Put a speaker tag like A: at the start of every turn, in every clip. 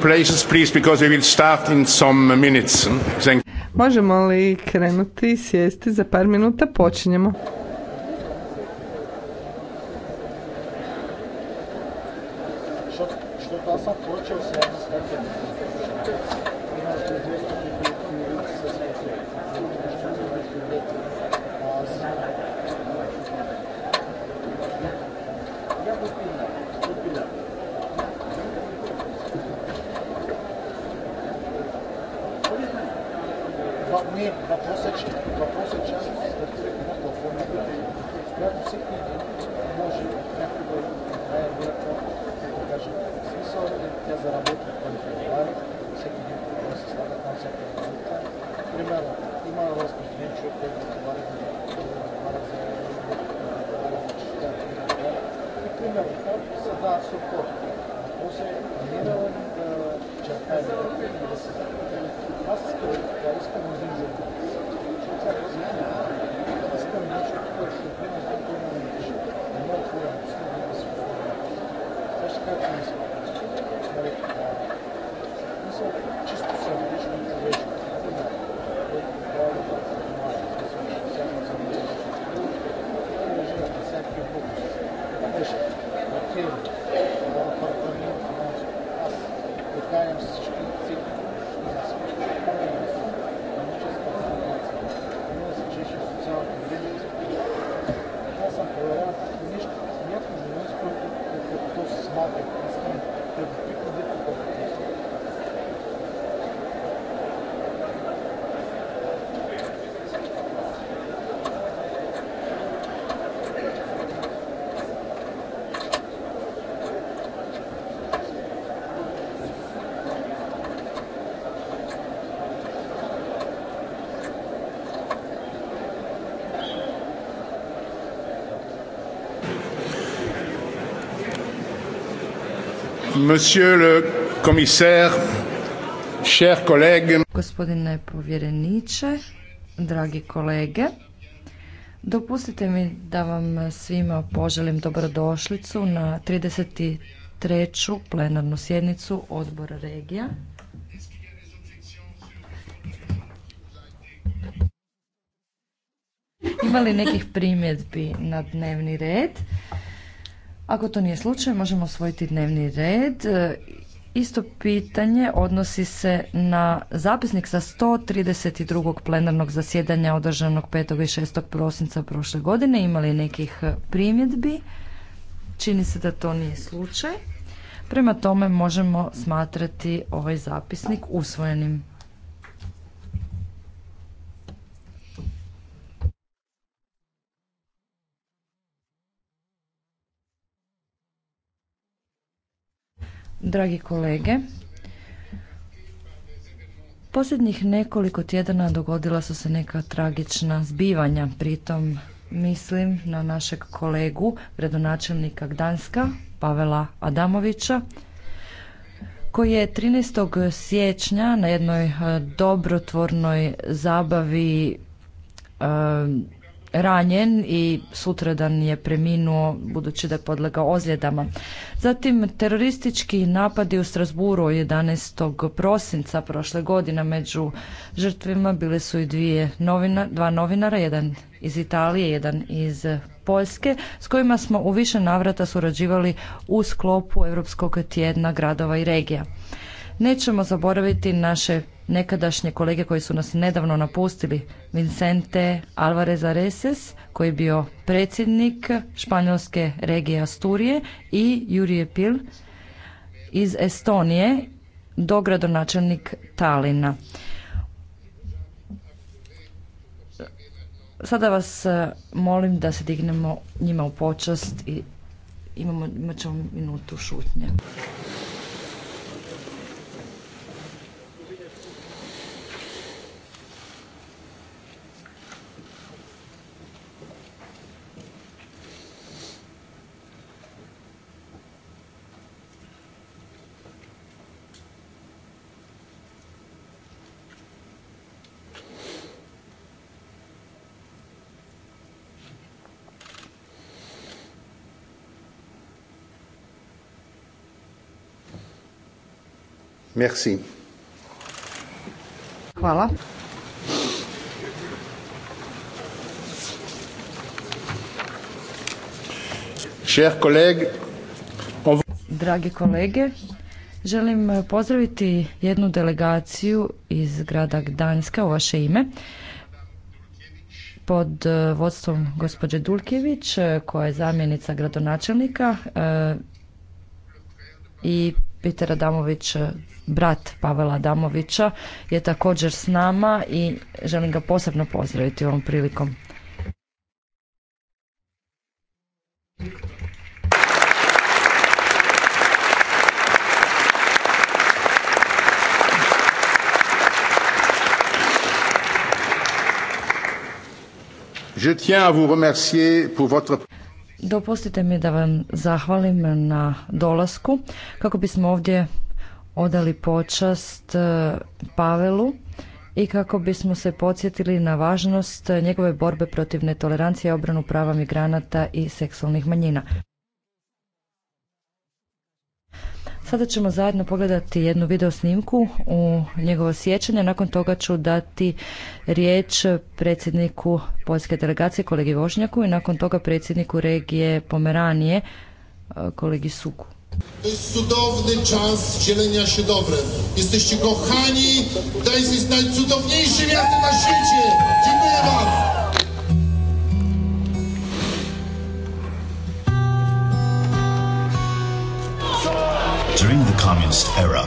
A: places, please, because we will start in some minutes. Thank
B: Možemo li krenuti sjesti za par minuta? Počinjemo.
A: Monsieur le commissaire,
C: chers collègues. Gospodine povjereniče, dragi kolege, dopustite mi da vam svima poželim dobrodošlicu na 33. plenarnu sjednicu odbora regija. Ima li nekih primjedbi na dnevni red? Ako to nije slučaj, možemo osvojiti dnevni red. E, isto pitanje odnosi se na zapisnik sa 132. plenarnog zasjedanja održanog 5. i 6. prosinca prošle godine. Imali nekih primjedbi? Čini se da to nije slučaj. Prema tome možemo smatrati ovaj zapisnik usvojenim. Dragi kolege, posljednjih nekoliko tjedana dogodila su se neka tragična zbivanja, pritom mislim na našeg kolegu, gradonačelnika Gdanska, Pavela Adamovića, koji je 13. siječnja na jednoj e, dobrotvornoj zabavi e, ranjen i sutradan je preminuo budući da je podlegao ozljedama. Zatim teroristički napadi u Strasburu 11. prosinca prošle godine među žrtvima bile su i dvije novina, dva novinara, jedan iz Italije, jedan iz Poljske, s kojima smo u više navrata surađivali u sklopu Europskog tjedna gradova i regija. Nećemo zaboraviti naše nekadašnje kolege koji su nas nedavno napustili, Vincente Alvarez Areses, koji je bio predsjednik španjolske regije Asturije i Jurije Pil iz Estonije, dogradonačelnik Talina. Sada vas e, molim da se dignemo njima u počast i imamo, imat ćemo minutu šutnje.
A: Merci.
D: Hvala.
C: Dragi kolege, želim pozdraviti jednu delegaciju iz grada Gdańska u vaše ime pod eh, vodstvom gospođe Dulkević eh, koja je zamjenica gradonačelnika eh, i Peter Adamović, e, brat Pavela Adamovića, je također s nama i želim ga posebno pozdraviti ovom prilikom.
A: Je tiens à vous remercier pour votre...
C: Dopustite mi da vam zahvalim na dolasku kako bismo ovdje odali počast e, Pavelu i kako bismo se podsjetili na važnost njegove borbe protiv netolerancije, obranu prava migranata i seksualnih manjina. Sada ćemo zajedno pogledati jednu video snimku u njegovo sjećanje. Nakon toga ću dati riječ predsjedniku poljske delegacije, kolegi Vožnjaku, i nakon toga predsjedniku regije Pomeranije, e, kolegi Suku. To
A: čas cudowny czas dzielenia się dobrem. Jesteście kochani, dajcie znać cudowniejszym miasto na świecie. Dziękuję Wam.
E: During the communist era,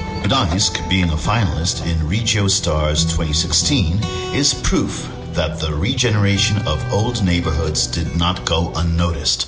E: Gdańsk being a finalist in Stars 2016 is proof that the regeneration of old neighborhoods did not go unnoticed.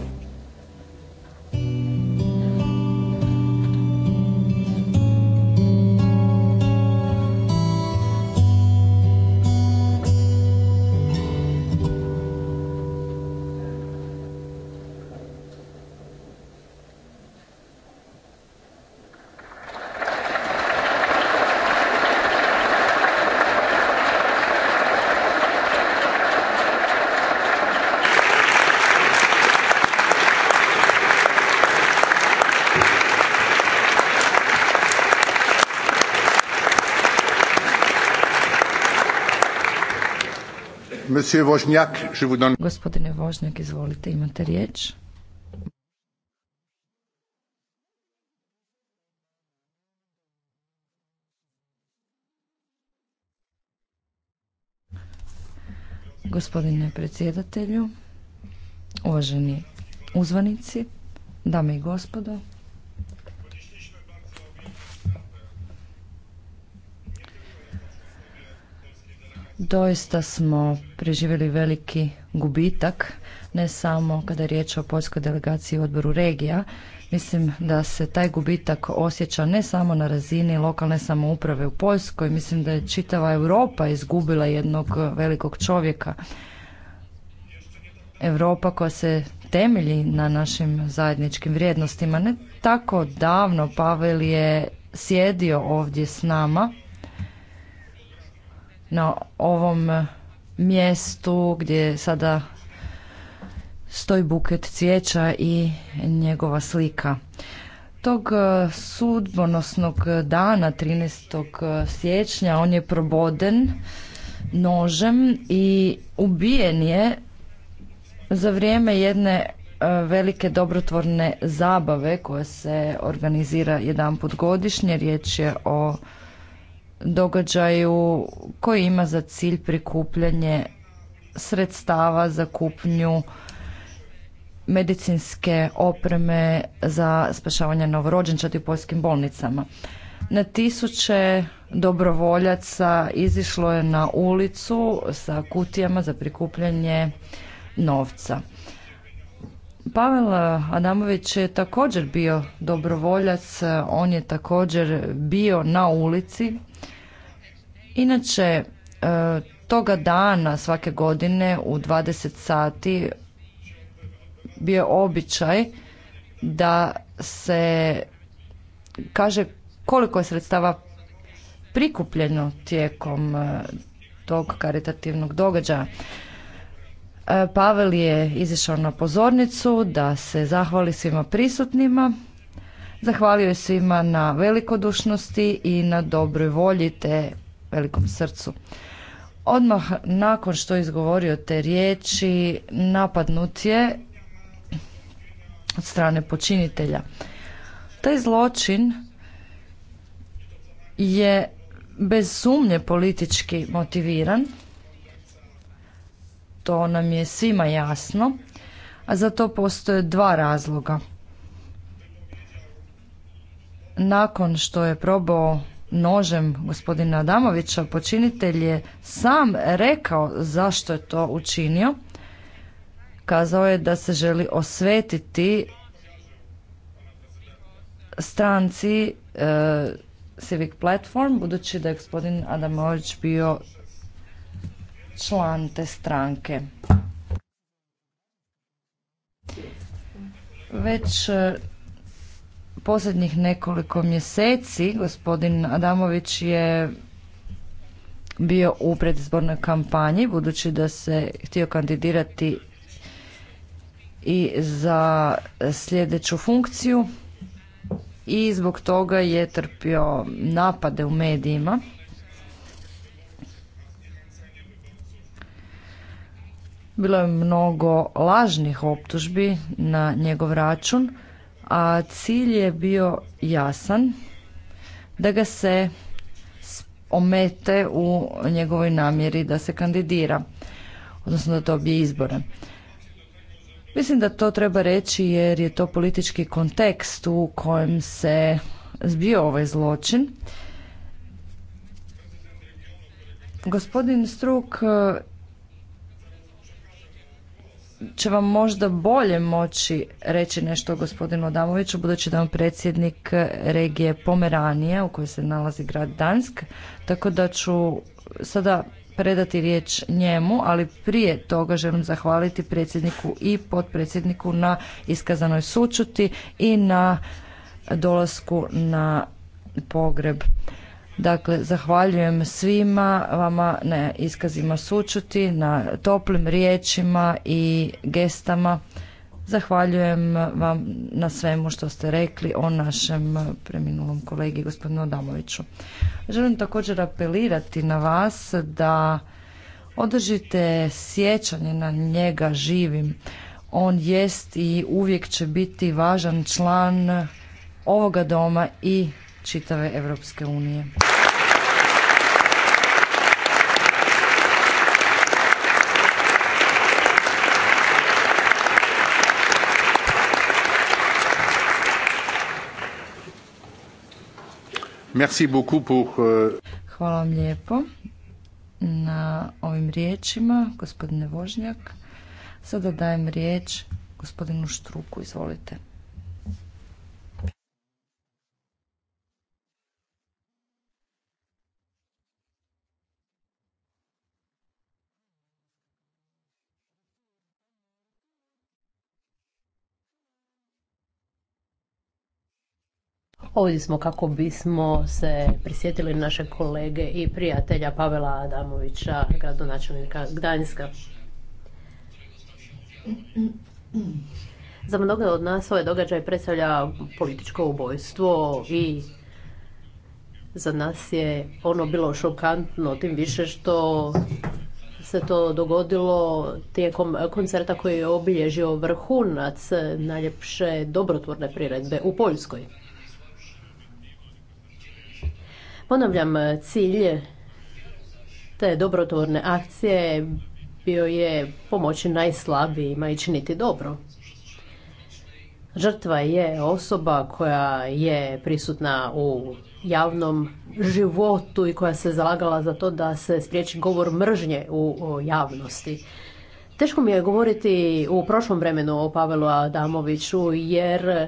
C: Monsieur je vous donne... Gospodine Vožnjak, izvolite, imate riječ. Gospodine predsjedatelju, uvaženi uzvanici, dame i gospodo, Doista smo preživjeli veliki gubitak, ne samo kada je riječ o poljskoj delegaciji u odboru regija. Mislim da se taj gubitak osjeća ne samo na razini lokalne samouprave u Poljskoj, mislim da je čitava Europa izgubila jednog velikog čovjeka. Europa koja se temelji na našim zajedničkim vrijednostima. Ne tako davno Pavel je sjedio ovdje s nama na ovom mjestu gdje sada stoji buket cvijeća i njegova slika. Tog e, sudbonosnog dana 13. E, siječnja on je proboden nožem i ubijen je za vrijeme jedne e, velike dobrotvorne zabave koja se organizira jedanput godišnje. Riječ je o događaju koji ima za cilj prikupljanje sredstava za kupnju medicinske opreme za spašavanje novorođenčadi u poljskim bolnicama. Na tisuće dobrovoljaca izišlo je na ulicu sa kutijama za prikupljanje novca. Pavel Adamović je također bio dobrovoljac, on je također bio na ulici Inače, e, toga dana svake godine u 20 sati bio je običaj da se kaže koliko je sredstava prikupljeno tijekom e, tog karitativnog događaja. E, Pavel je izišao na pozornicu da se zahvali svima prisutnima. Zahvalio je svima na velikodušnosti i na dobroj volji te velikom srcu. Odmah nakon što je izgovorio te riječi, napadnut je od strane počinitelja. Taj zločin je bez sumnje politički motiviran, to nam je svima jasno, a za to postoje dva razloga. Nakon što je probao nožem gospodina Adamovića, počinitelj je sam rekao zašto je to učinio. Kazao je da se želi osvetiti stranci e, Civic Platform, budući da je gospodin Adamović bio član te stranke. Već e, posljednjih nekoliko mjeseci gospodin Adamović je bio u predizbornoj kampanji budući da se htio kandidirati i za sljedeću funkciju i zbog toga je trpio napade u medijima. Bilo je mnogo lažnih optužbi na njegov račun a cilj je bio jasan da ga se omete u njegovoj namjeri da se kandidira, odnosno da dobije izbore. Mislim da to treba reći jer je to politički kontekst u kojem se zbio ovaj zločin. Gospodin Struk će vam možda bolje moći reći nešto gospodinu Adamoviću, budući da je on predsjednik regije Pomeranije u kojoj se nalazi grad Dansk, tako da ću sada predati riječ njemu, ali prije toga želim zahvaliti predsjedniku i potpredsjedniku na iskazanoj sučuti i na dolasku na pogreb. Dakle, zahvaljujem svima vama na iskazima sučuti, na toplim riječima i gestama. Zahvaljujem vam na svemu što ste rekli o našem preminulom kolegi gospodinu Adamoviću. Želim također apelirati na vas da održite sjećanje na njega živim. On jest i uvijek će biti važan član ovoga doma i čitave Europske unije.
A: Merci beaucoup pour... Euh,
C: Hvala vam lijepo na ovim riječima, gospodine Vožnjak. Sada dajem riječ gospodinu Štruku, izvolite.
F: Ovdje smo kako bismo se prisjetili našeg kolege i prijatelja Pavela Adamovića, gradonačelnika Gdańska. Za mnoge od nas ovaj događaj predstavlja političko ubojstvo i za nas je ono bilo šokantno, tim više što se to dogodilo tijekom koncerta koji je obilježio vrhunac najljepše dobrotvorne priredbe u Poljskoj. Ponavljam, e, cilj te dobrotvorne akcije bio je pomoći najslabijima i činiti dobro. Žrtva je osoba koja je prisutna u javnom životu i koja se zalagala za to da se spriječi govor mržnje u javnosti. Teško mi je govoriti u prošlom vremenu o Pavelu Adamoviću jer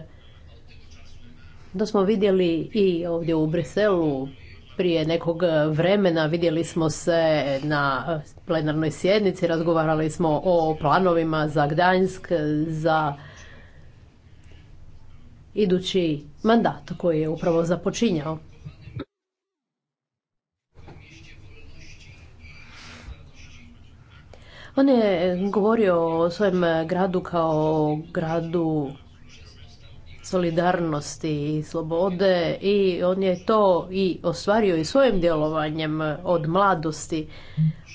F: da smo vidjeli i ovdje u Briselu prije nekog e, vremena vidjeli smo se na e, plenarnoj sjednici, razgovarali smo o planovima za Gdańsk, e, za idući mandat koji je upravo započinjao. On je govorio o svojem gradu kao gradu solidarnosti i slobode i on je to i ostvario i svojim djelovanjem od mladosti,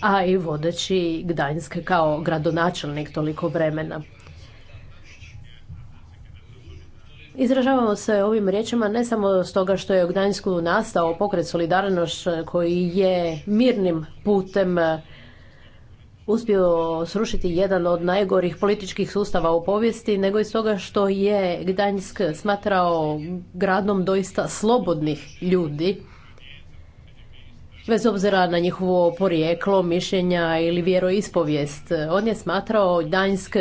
F: a i vodeći Gdańsk kao gradonačelnik toliko vremena. Izražavamo se ovim riječima ne samo stoga što je u Gdańsku nastao pokret Solidarnoš koji je mirnim putem uspio srušiti jedan od najgorih političkih sustava u povijesti, nego iz toga što je Gdanjsk smatrao gradom doista slobodnih ljudi, bez obzira na njihovo porijeklo, mišljenja ili vjeroispovijest. On je smatrao Gdanjsk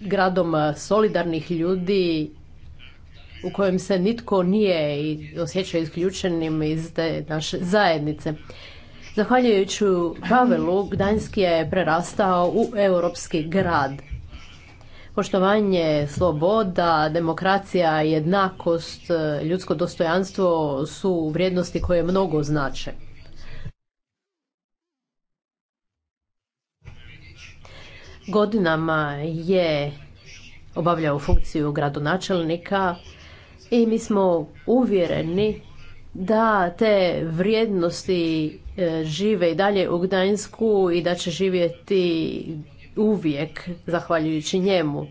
F: gradom solidarnih ljudi u kojem se nitko nije osjećao isključenim iz te naše zajednice. Zahvaljujući Pavelu, Gdanski je prerastao u europski grad. Poštovanje, sloboda, demokracija, jednakost, ljudsko dostojanstvo su vrijednosti koje mnogo znače. Godinama je obavljao funkciju gradonačelnika i mi smo uvjereni da te vrijednosti E, žive i dalje u Gdańsku i da će živjeti uvijek zahvaljujući njemu.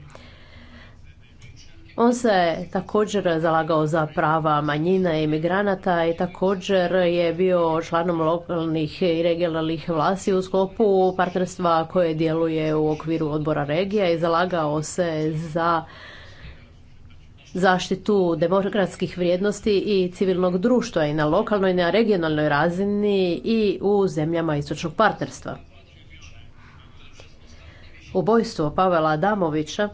F: On se također zalagao za prava manjina i imigranata i također je bio članom lokalnih i regionalnih vlasti u sklopu partnerstva koje djeluje u okviru odbora regija i zalagao se za zaštitu demokratskih vrijednosti i civilnog društva i na lokalnoj i na regionalnoj razini i u zemljama istočnog partnerstva. Ubojstvo Pavela Adamovića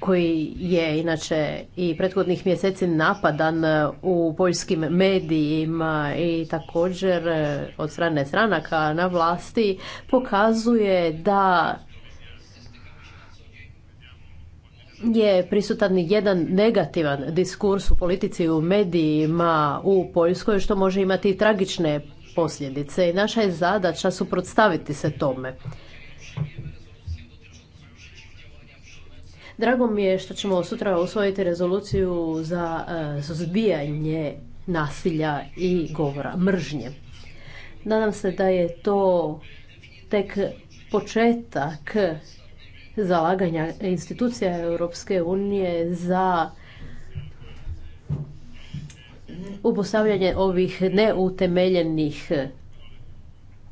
F: koji je inače i prethodnih mjeseci napadan u poljskim medijima i također od strane stranaka na vlasti pokazuje da je prisutan jedan negativan diskurs u politici u medijima u Poljskoj što može imati i tragične posljedice i naša je zadaća suprotstaviti se tome. Drago mi je što ćemo sutra usvojiti rezoluciju za e, suzbijanje nasilja i govora mržnje. Nadam se da je to tek početak zalaganja institucija Europske unije za upostavljanje ovih neutemeljenih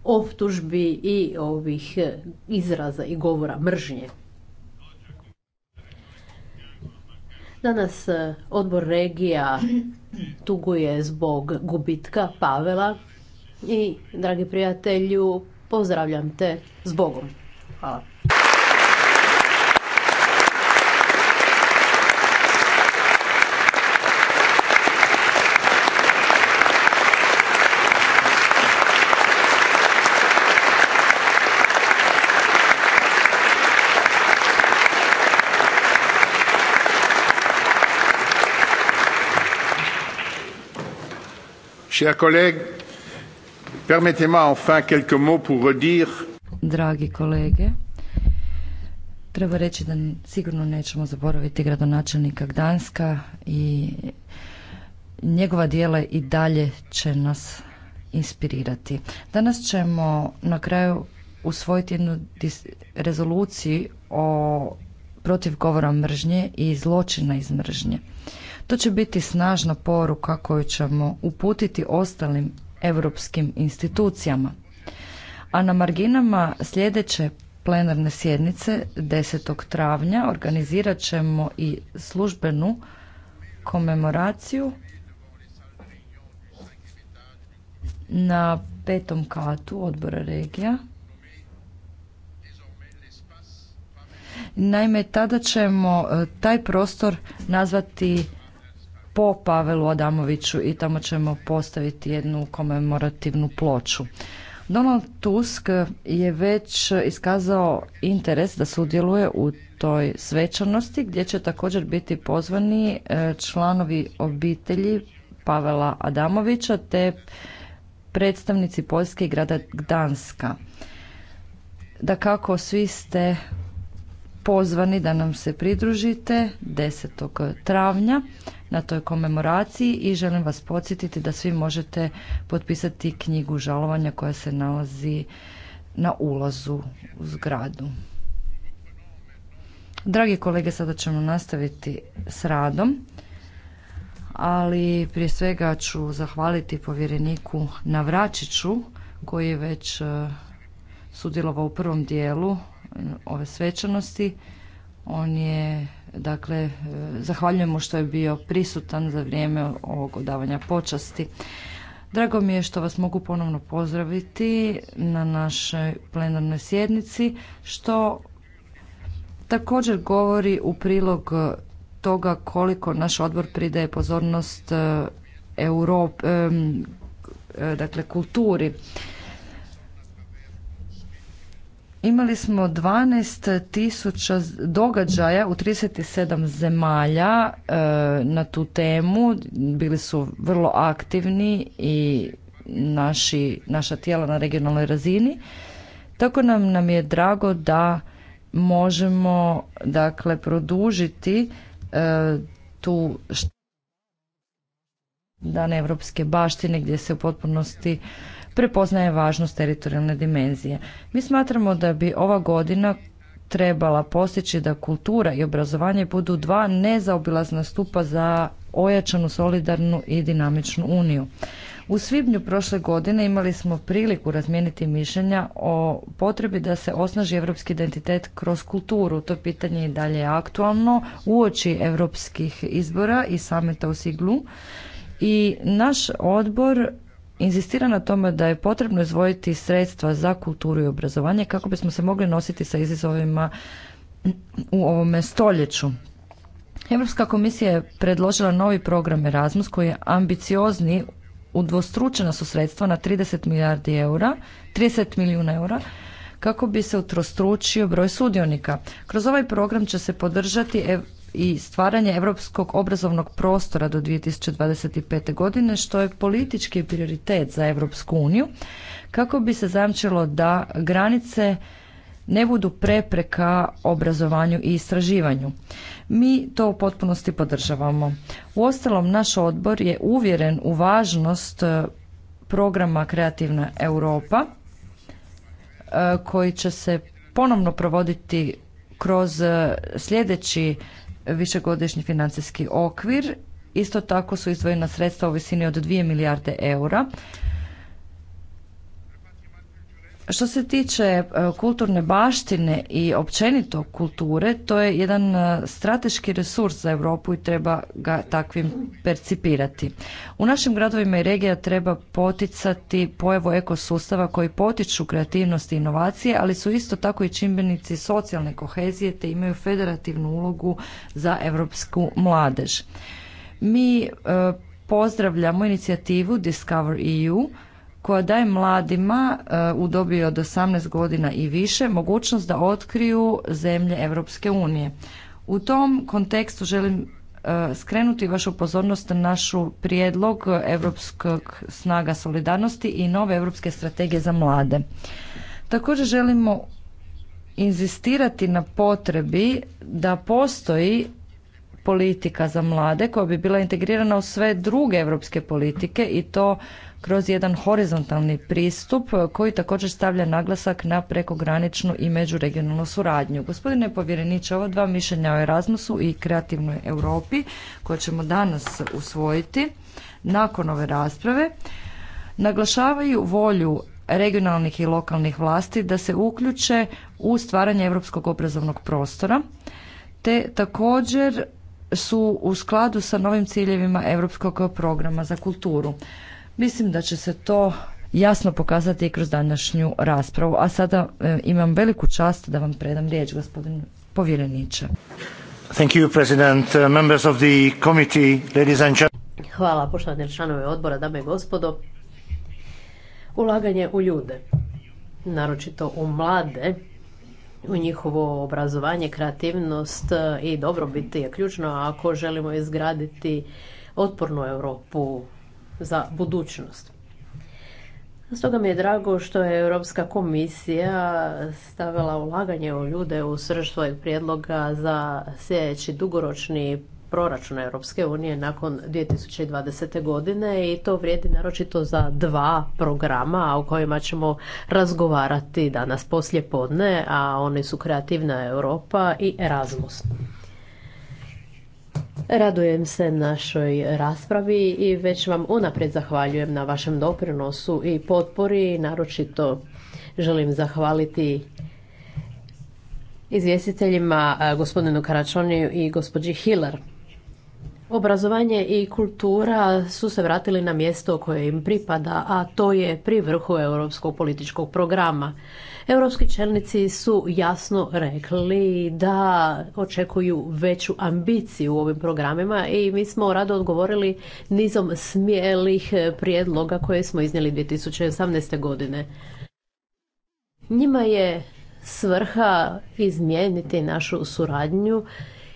F: optužbi i ovih izraza i govora mržnje. Danas odbor regija tuguje zbog gubitka Pavela i, dragi prijatelju, pozdravljam te s Bogom. Hvala.
A: Chers collègues, permettez-moi enfin quelques mots pour redire
C: Dragi kolege, treba reći da sigurno nećemo zaboraviti gradonačelnika Gdanska i njegova dijela i dalje će nas inspirirati. Danas ćemo na kraju usvojiti jednu rezoluciju o protiv govora mržnje i zločina iz mržnje. To će biti snažna poruka koju ćemo uputiti ostalim europskim institucijama. A na marginama sljedeće plenarne sjednice 10. travnja organizirat ćemo i službenu komemoraciju na petom katu odbora regija. Naime, tada ćemo e, taj prostor nazvati po Pavelu Adamoviću i tamo ćemo postaviti jednu komemorativnu ploču. Donald Tusk je već iskazao interes da sudjeluje u toj svečanosti gdje će također biti pozvani e, članovi obitelji Pavela Adamovića te predstavnici Poljske i grada Gdanska. Da kako svi ste pozvani da nam se pridružite 10. travnja na toj komemoraciji i želim vas podsjetiti da svi možete potpisati knjigu žalovanja koja se nalazi na ulazu u zgradu. Dragi kolege, sada ćemo nastaviti s radom, ali prije svega ću zahvaliti povjereniku Navračiću koji je već eh, sudjelovao u prvom dijelu ove svečanosti. On je, dakle, e, zahvaljujemo što je bio prisutan za vrijeme ovog odavanja počasti. Drago mi je što vas mogu ponovno pozdraviti na našoj plenarnoj sjednici, što također govori u prilog toga koliko naš odbor pridaje pozornost e, Europi dakle kulturi Imali smo 12 događaja u 37 zemalja e, na tu temu. Bili su vrlo aktivni i naši, naša tijela na regionalnoj razini. Tako nam, nam je drago da možemo dakle produžiti e, tu tu dan evropske baštine gdje se u potpunosti prepoznaje važnost teritorijalne dimenzije. Mi smatramo da bi ova godina trebala postići da kultura i obrazovanje budu dva nezaobilazna stupa za ojačanu, solidarnu i dinamičnu uniju. U svibnju prošle godine imali smo priliku razmijeniti mišljenja o potrebi da se osnaži europski identitet kroz kulturu. To pitanje i dalje aktualno uoči europskih izbora i sameta u Siglu. I naš odbor inzistira na tome da je potrebno izvojiti sredstva za kulturu i obrazovanje kako bismo se mogli nositi sa izazovima u ovome stoljeću. Europska komisija je predložila novi program Erasmus koji je ambiciozni, udvostručena su sredstva na 30 milijardi eura, 30 milijuna eura, kako bi se utrostručio broj sudionika. Kroz ovaj program će se podržati i stvaranje europskog obrazovnog prostora do 2025. godine što je politički prioritet za Europsku uniju kako bi se zamčilo da granice ne budu prepreka obrazovanju i istraživanju. Mi to u potpunosti podržavamo. Uostalom, naš odbor je uvjeren u važnost e, programa Kreativna Europa e, koji će se ponovno provoditi kroz e, sljedeći višegodišnji financijski okvir. Isto tako su izdvojena sredstva u visini od 2 milijarde eura što se tiče e, kulturne baštine i općenito kulture, to je jedan e, strateški resurs za Europu i treba ga takvim percipirati. U našim gradovima i regija treba poticati pojavu ekosustava koji potiču kreativnost i inovacije, ali su isto tako i čimbenici socijalne kohezije te imaju federativnu ulogu za europsku mladež. Mi e, pozdravljamo inicijativu Discover EU koja daje mladima eh, u dobi od 18 godina i više mogućnost da otkriju zemlje Europske unije. U tom kontekstu želim eh, skrenuti vašu pozornost na našu prijedlog Europskog snaga solidarnosti i nove europske strategije za mlade. Također želimo inzistirati na potrebi da postoji politika za mlade koja bi bila integrirana u sve druge europske politike i to kroz jedan horizontalni pristup koji također stavlja naglasak na prekograničnu i međuregionalnu suradnju. Gospodine povjereniče, ova dva mišljenja o Erasmusu i kreativnoj Europi koje ćemo danas usvojiti nakon ove rasprave naglašavaju volju regionalnih i lokalnih vlasti da se uključe u stvaranje europskog obrazovnog prostora te također su u skladu sa novim ciljevima europskog programa za kulturu. Mislim da će se to jasno pokazati i kroz današnju raspravu. A sada e, imam veliku čast da vam predam riječ, gospodin povjereniče.
G: Thank you, President, uh, members
F: Hvala, poštovani članovi odbora, dame i gospodo. Ulaganje u ljude, naročito u mlade, u njihovo obrazovanje, kreativnost e, i dobrobiti je ključno ako želimo izgraditi otpornu Europu za budućnost. Stoga mi je drago što je Europska komisija stavila ulaganje u ljude u srž svojeg prijedloga za sljedeći dugoročni proračun Europske unije nakon 2020. godine i to vrijedi naročito za dva programa o kojima ćemo razgovarati danas poslje podne, a oni su Kreativna Europa i Erasmus. Radujem se našoj raspravi i već vam unaprijed zahvaljujem na vašem doprinosu i potpori. Naročito želim zahvaliti izvjestiteljima gospodinu Karačoniju i gospođi Hiller. Obrazovanje i kultura su se vratili na mjesto koje im pripada, a to je pri vrhu europskog političkog programa. Europski čelnici su jasno rekli da očekuju veću ambiciju u ovim programima i mi smo rado odgovorili nizom smijelih prijedloga koje smo iznijeli 2018. godine. Njima je svrha izmijeniti našu suradnju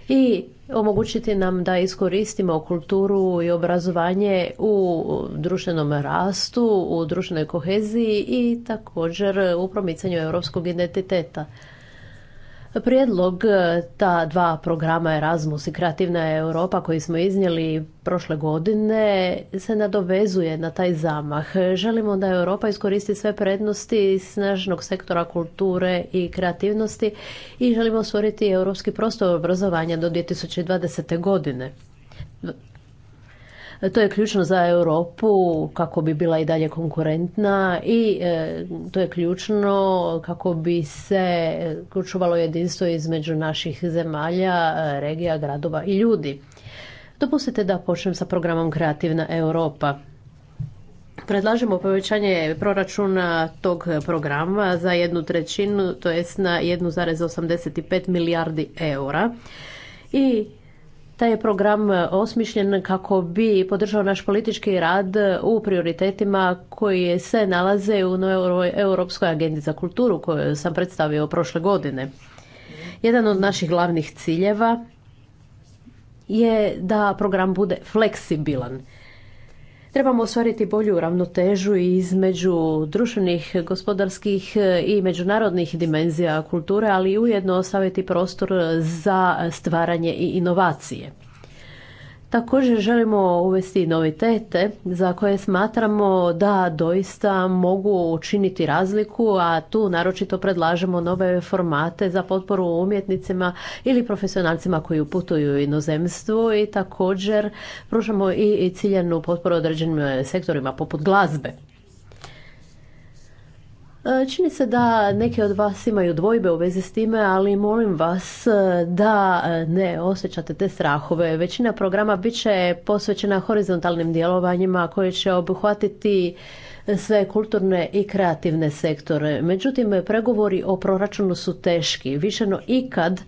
F: i omogućiti nam da iskoristimo kulturu i obrazovanje u društvenom rastu, u društvenoj koheziji i također u promicanju europskog identiteta. Prijedlog e, ta dva programa Erasmus i Kreativna Europa koji smo iznijeli prošle godine se nadovezuje na taj zamah. Želimo da Europa iskoristi sve prednosti snažnog sektora kulture i kreativnosti i želimo stvoriti europski prostor obrazovanja do 2020. godine. To je ključno za Europu kako bi bila i dalje konkurentna i e, to je ključno kako bi se ključovalo e, jedinstvo između naših zemalja, e, regija, gradova i ljudi. Dopustite da počnem sa programom Kreativna Europa. Predlažemo povećanje proračuna tog programa za jednu trećinu, to jest na 1,85 milijardi eura. I taj je program e, osmišljen kako bi podržao naš politički rad e, u prioritetima koji se nalaze u Europskoj agendi za kulturu koju sam predstavio prošle godine. Jedan od naših glavnih ciljeva je da program bude fleksibilan. Trebamo ostvariti bolju ravnotežu između društvenih, gospodarskih e, i međunarodnih dimenzija kulture, ali i ujedno ostaviti prostor za stvaranje i inovacije. Također želimo uvesti novitete za koje smatramo da doista mogu učiniti razliku, a tu naročito predlažemo nove formate za potporu umjetnicima ili profesionalcima koji putuju u inozemstvu i također pružamo i ciljenu potporu određenim sektorima poput glazbe. E, čini se da neki od vas imaju dvojbe u vezi s time, ali molim vas e, da e, ne osjećate te strahove. Većina programa bit će posvećena horizontalnim djelovanjima koje će obuhvatiti sve kulturne i kreativne sektore. Međutim, pregovori o proračunu su teški. Više no ikad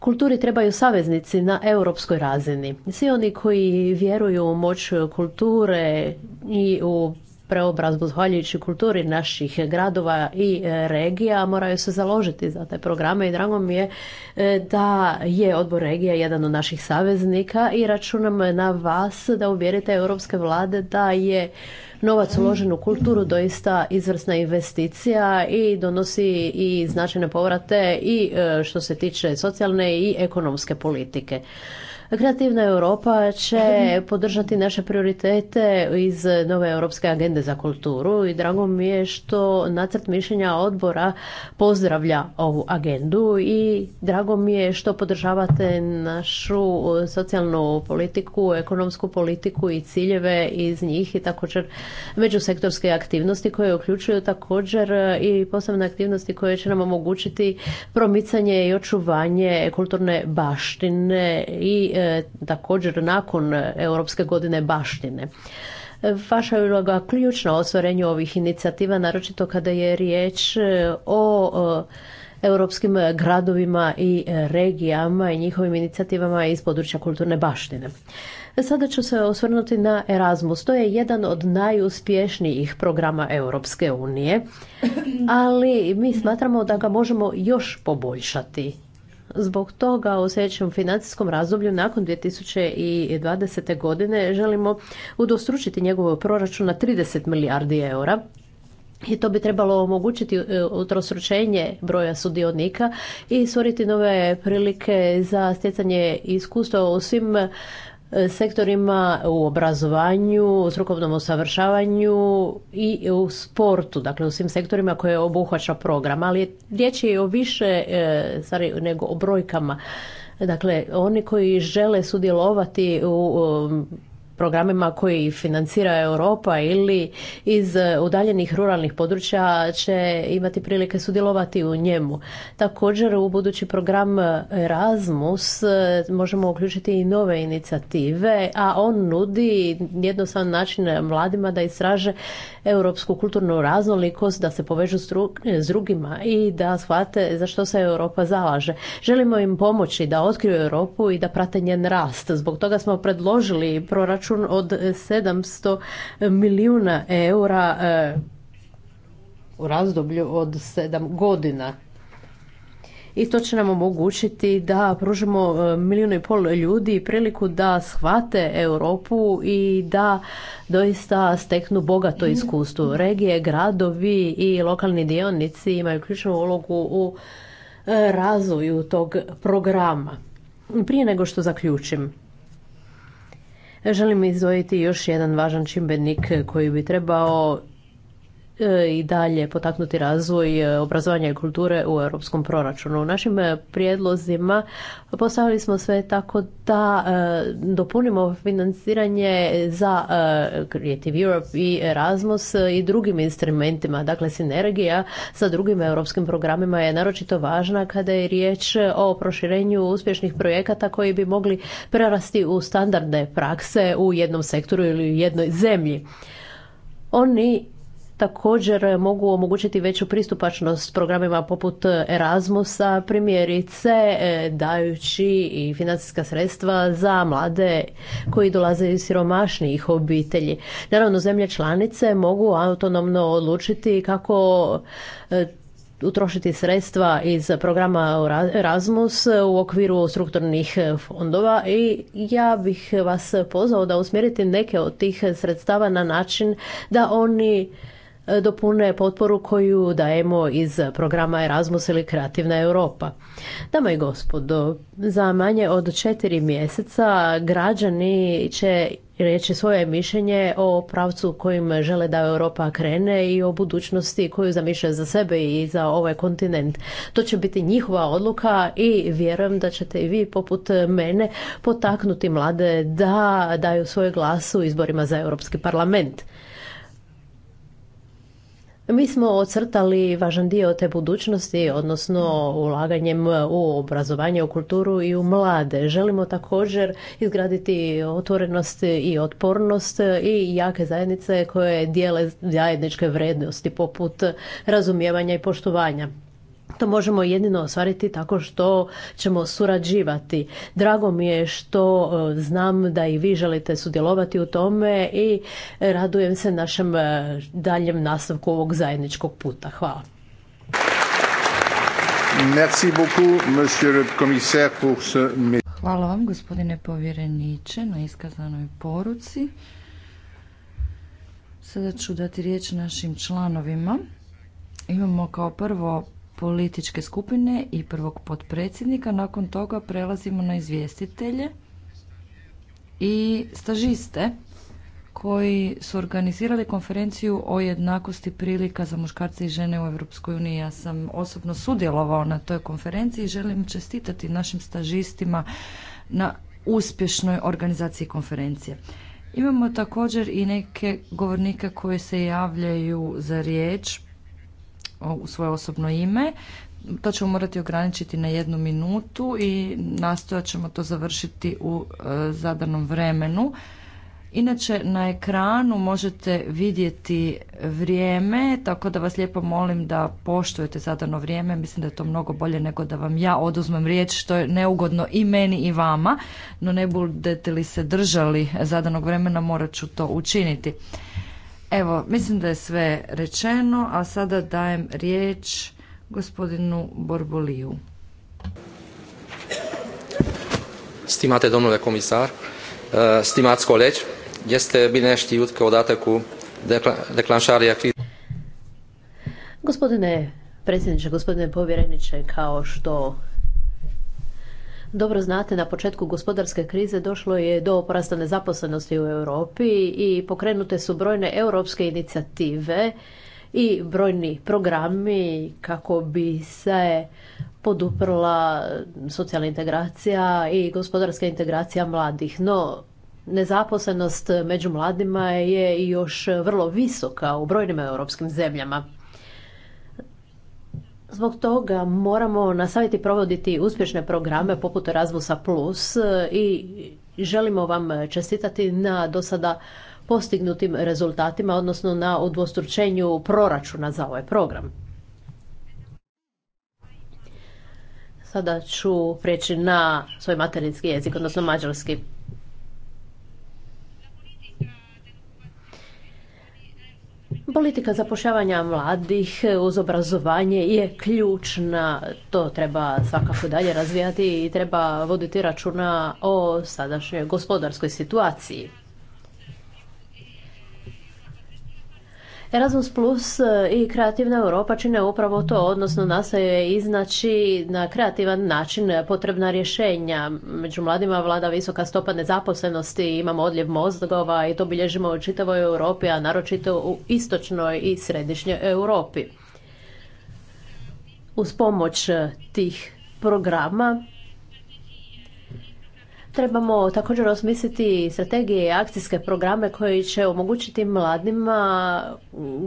F: Kulturi trebaju saveznici na europskoj razini. Svi oni koji vjeruju u moć kulture i u preobrazbu zahvaljujući kulturi naših gradova i e, regija moraju se založiti za te programe i drago mi je e, da je odbor regija jedan od naših saveznika i računam na vas da uvjerite europske vlade da je novac uložen u kulturu doista izvrsna investicija i donosi i značajne povrate i e, što se tiče socijalne i ekonomske politike. Kreativna Europa će mhm. podržati naše prioritete iz nove Europske agende za kulturu i drago mi je što nacrt mišljenja odbora pozdravlja ovu agendu i drago mi je što podržavate našu socijalnu politiku, ekonomsku politiku i ciljeve iz njih i također međusektorske aktivnosti koje uključuju također i posebne aktivnosti koje će nam omogućiti promicanje i očuvanje kulturne baštine i E, također nakon e, Europske godine baštine. E, vaša je uloga ključna u ostvarenju ovih inicijativa, naročito kada je riječ o europskim gradovima i regijama i njihovim inicijativama iz područja kulturne baštine. Sada ću se osvrnuti na Erasmus. To je jedan od najuspješnijih programa Europske unije, ali mi smatramo da ga možemo još poboljšati Zbog toga u sljedećem financijskom razdoblju nakon 2020. godine želimo udostručiti njegov proračun na 30 milijardi eura. I to bi trebalo omogućiti e, utrostručenje broja sudionika i stvoriti nove prilike za stjecanje iskustva u svim E, sektorima u obrazovanju, strukovnom usavršavanju i u sportu, dakle u svim sektorima koje obuhvaća program. Ali riječ je o više e, nego o brojkama. Dakle, oni koji žele sudjelovati u programima koji financira Europa ili iz e, udaljenih ruralnih područja će imati prilike sudjelovati u njemu. Također u budući program Erasmus e, možemo uključiti i nove inicijative, a on nudi jednostavan način mladima da istraže europsku kulturnu raznolikost, da se povežu s drugima i da shvate za što se Europa zalaže. Želimo im pomoći da otkriju Europu i da prate njen rast. Zbog toga smo predložili proračun od 700 milijuna eura eh, u razdoblju od 7 godina i to će nam omogućiti da pružimo e, milijun i pol ljudi priliku da shvate Europu i da doista steknu bogato mhm. iskustvo. Regije, gradovi i lokalni dionici imaju ključnu ulogu u e, razvoju tog programa. Prije nego što zaključim, želim izdvojiti još jedan važan čimbenik koji bi trebao E, i dalje potaknuti razvoj e, obrazovanja i kulture u europskom proračunu. U našim e, prijedlozima postavili smo sve tako da dopunimo financiranje za Creative Europe i Erasmus i drugim instrumentima. Dakle, sinergija sa drugim europskim programima je naročito važna kada je riječ o proširenju uspješnih projekata koji bi mogli prerasti u standardne prakse u jednom sektoru ili u jednoj zemlji. Oni također eh, mogu omogućiti veću pristupačnost programima poput eh, Erasmusa, primjerice eh, dajući i financijska sredstva za mlade koji dolaze iz siromašnijih obitelji. Naravno, zemlje članice mogu autonomno odlučiti kako utrošiti sredstva iz programa Erasmus u okviru strukturnih fondova i ja bih vas pozvao da usmjerite neke od tih sredstava na način da oni E, dopune potporu koju dajemo iz programa Erasmus ili Kreativna Europa. Dama i gospodo, za manje od četiri mjeseca građani će reći svoje mišljenje o pravcu kojim žele da Europa krene i o budućnosti koju zamišlja za sebe i za ovaj kontinent. To će biti njihova odluka i vjerujem da ćete i vi poput mene potaknuti mlade da daju svoj glas u izborima za Europski parlament. Mi smo ocrtali važan dio te budućnosti, odnosno ulaganjem u obrazovanje, u kulturu i u mlade. Želimo također izgraditi otvorenost i otpornost i jake zajednice koje dijele zajedničke vrednosti poput razumijevanja i poštovanja to možemo jedino ostvariti tako što ćemo surađivati. Drago mi je što e, znam da i vi želite sudjelovati u tome i radujem se našem e, daljem nastavku ovog zajedničkog puta.
C: Hvala. Hvala vam, gospodine povjereniče, na iskazanoj poruci. Sada ću dati riječ našim članovima. Imamo kao prvo političke skupine i prvog potpredsjednika. Nakon toga prelazimo na izvjestitelje i stažiste koji su organizirali konferenciju o jednakosti prilika za muškarce i žene u Europskoj uniji. Ja sam osobno sudjelovao na toj konferenciji i želim čestitati našim stažistima na uspješnoj organizaciji konferencije. Imamo također i neke govornike koji se javljaju za riječ u svoje osobno ime. To ćemo morati ograničiti na jednu minutu i nastojat ćemo to završiti u e, zadanom vremenu. Inače, na ekranu možete vidjeti vrijeme, tako da vas lijepo molim da poštujete zadano vrijeme. Mislim da je to mnogo bolje nego da vam ja oduzmem riječ, što je neugodno i meni i vama, no ne budete li se držali zadanog vremena, morat ću to učiniti. Evo, mislim da je sve rečeno, a sada dajem riječ gospodinu Borboliju.
G: Stimate domnule komisar, e, stimați colegi, este bi nešti că odată cu declanșarea crizei...
F: Gospodine predsjedniče, gospodine povjereniče, kao što dobro znate, na početku gospodarske krize došlo je do porasta nezaposlenosti u Europi i pokrenute su brojne europske inicijative i brojni programi kako bi se poduprla socijalna integracija i gospodarska integracija mladih. No, nezaposlenost među mladima je još vrlo visoka u brojnim europskim zemljama. Zbog toga moramo na provoditi uspješne programe poput Razvusa Plus e, i želimo vam čestitati na do sada postignutim rezultatima, odnosno na udvostručenju proračuna za ovaj program. Sada ću prijeći na svoj materinski jezik, odnosno mađarski. Politika zapošljavanja mladih uz obrazovanje je ključna, to treba svakako dalje razvijati i treba voditi računa o sadašnjoj gospodarskoj situaciji. Erasmus Plus e, i Kreativna Europa čine upravo to, odnosno je iznaći na kreativan način potrebna rješenja. Među mladima vlada visoka stopa nezaposlenosti, imamo odljev mozgova i to bilježimo u čitavoj Europi, a naročito u istočnoj i središnjoj Europi. Uz pomoć tih programa Trebamo također osmisliti strategije i akcijske programe koji će omogućiti mladima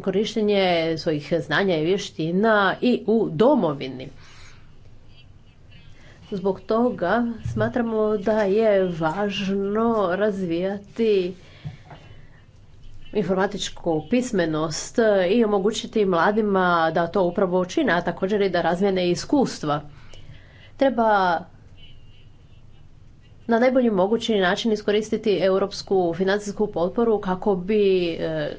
F: korištenje svojih znanja i vještina i u domovini. Zbog toga smatramo da je važno razvijati informatičku pismenost i omogućiti mladima da to upravo čine, a također i da razvijene iskustva. Treba na najbolji mogući način iskoristiti europsku financijsku potporu kako bi e,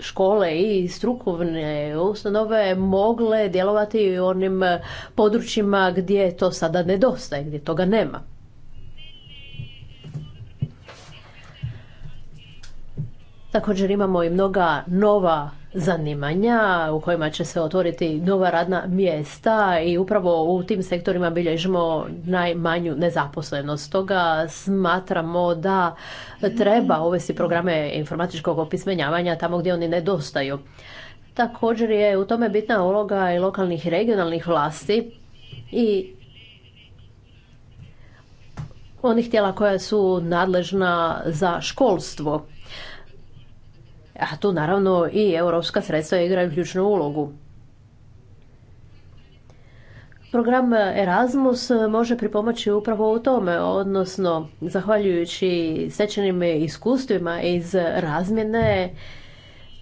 F: škole i strukovne ustanove mogle djelovati u onim područjima gdje to sada nedostaje, gdje toga nema. Također imamo i mnoga nova zanimanja u kojima će se otvoriti nova radna mjesta i upravo u tim sektorima bilježimo najmanju nezaposlenost. Stoga smatramo da treba uvesti programe informatičkog opismenjavanja tamo gdje oni nedostaju. Također je u tome bitna uloga i lokalnih i regionalnih vlasti i onih tijela koja su nadležna za školstvo. A tu naravno i europska sredstva igraju ključnu ulogu. Program Erasmus može pripomoći upravo u tome, odnosno zahvaljujući stečenim iskustvima iz razmjene,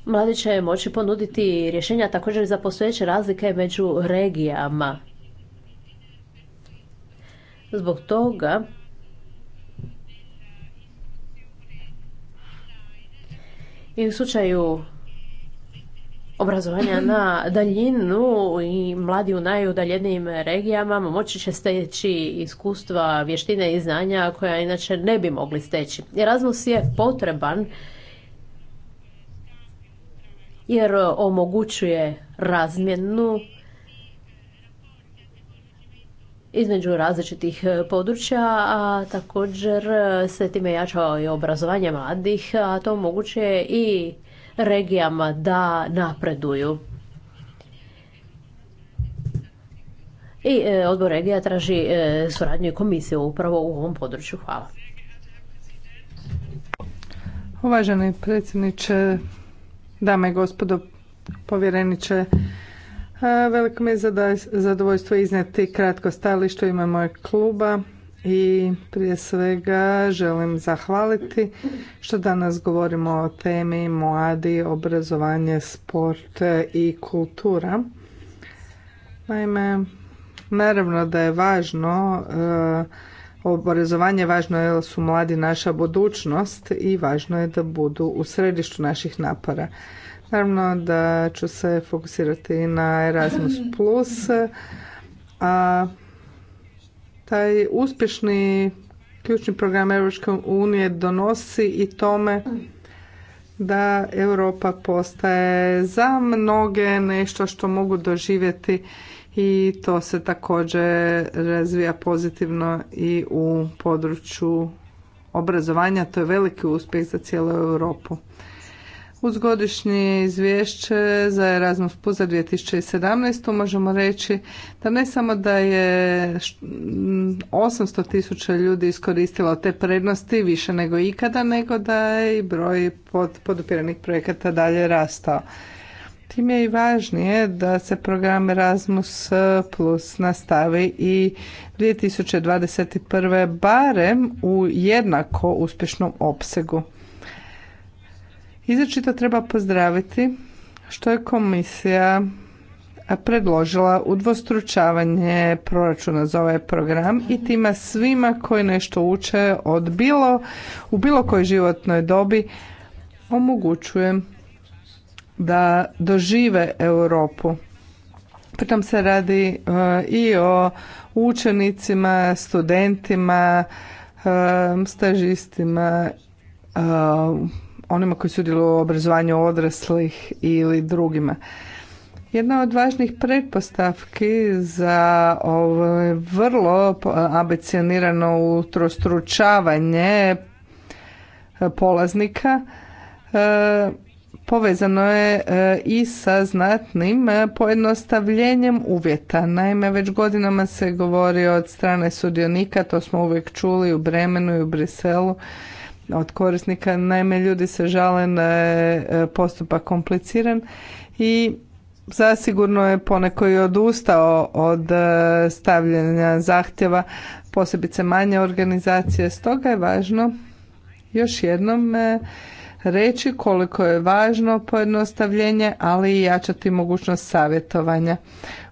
F: mladi će moći ponuditi rješenja također za postojeće razlike među regijama. Zbog toga I u slučaju
E: obrazovanja
F: na daljinu i mladi u najudaljenijim regijama moći će steći iskustva, vještine i znanja koja inače ne bi mogli steći. Razmus je potreban jer omogućuje razmjenu između različitih e, područja, a također e, se time jača i obrazovanje mladih, a to moguće i regijama da napreduju. I e, odbor regija traži suradnju i komisiju upravo u ovom području. Hvala.
B: Uvaženi predsjedniče, dame i gospodo, povjereniče, Veliko mi je zadovoljstvo iznijeti kratko stajalište u ime mojeg kluba i prije svega želim zahvaliti što danas govorimo o temi mladi, obrazovanje, sport i kultura. Naime, naravno da je važno e, obrazovanje važno je su mladi naša budućnost i važno je da budu u središtu naših napora. Naravno da ću se fokusirati na Erasmus+, plus. a taj uspješni ključni program Europske unije donosi i tome da Europa postaje za mnoge nešto što mogu doživjeti i to se također razvija pozitivno i u području obrazovanja. To je veliki uspjeh za cijelu Europu. Uz godišnje izvješće za Erasmus Plus za 2017. možemo reći da ne samo da je 800 tisuća ljudi iskoristilo te prednosti više nego ikada, nego da je i broj podupiranih projekata dalje rastao. Tim je i važnije da se program Erasmus e, Plus nastavi i 2021. barem u jednako uspješnom opsegu. Izračito treba pozdraviti što je komisija predložila udvostručavanje proračuna za ovaj program i tima svima koji nešto uče od bilo, u bilo kojoj životnoj dobi omogućuje da dožive Europu. Pritom se radi e, i o učenicima, studentima, e, stažistima, e, onima koji sudjeluju u obrazovanju odraslih ili drugima. Jedna od važnih pretpostavki za ovo vrlo ambicionirano utrostručavanje e, polaznika e, povezano je e, i sa znatnim pojednostavljenjem uvjeta. Naime, već godinama se govori od strane sudionika, to smo uvijek čuli u Bremenu i u Briselu, od korisnika. Naime, ljudi se žale da je postupak kompliciran i zasigurno je poneko i odustao od e, stavljanja zahtjeva, posebice manje organizacije. Stoga je važno još jednom e, reći koliko je važno pojednostavljenje, ali i jačati mogućnost savjetovanja.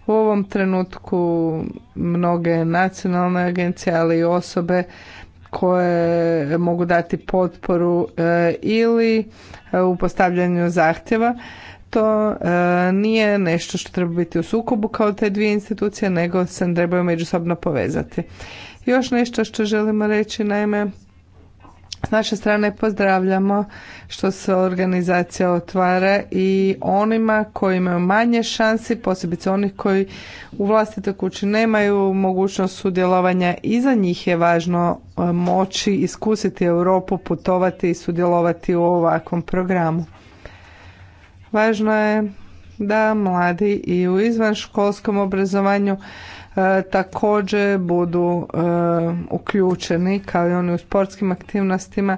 B: U ovom trenutku mnoge nacionalne agencije, ali i osobe koje mogu dati potporu e, ili e, u postavljanju zahtjeva to e, nije nešto što treba biti u sukobu kao te dvije institucije nego se trebaju međusobno povezati. Još nešto što želimo reći naime s naše strane pozdravljamo što se organizacija otvara i onima koji imaju manje šansi, posebice onih koji u vlastitoj kući nemaju mogućnost sudjelovanja i za njih je važno e, moći iskusiti Europu, putovati i sudjelovati u ovakvom programu. Važno je da mladi i u izvanškolskom obrazovanju E, također budu e, uključeni kao i oni u sportskim aktivnostima.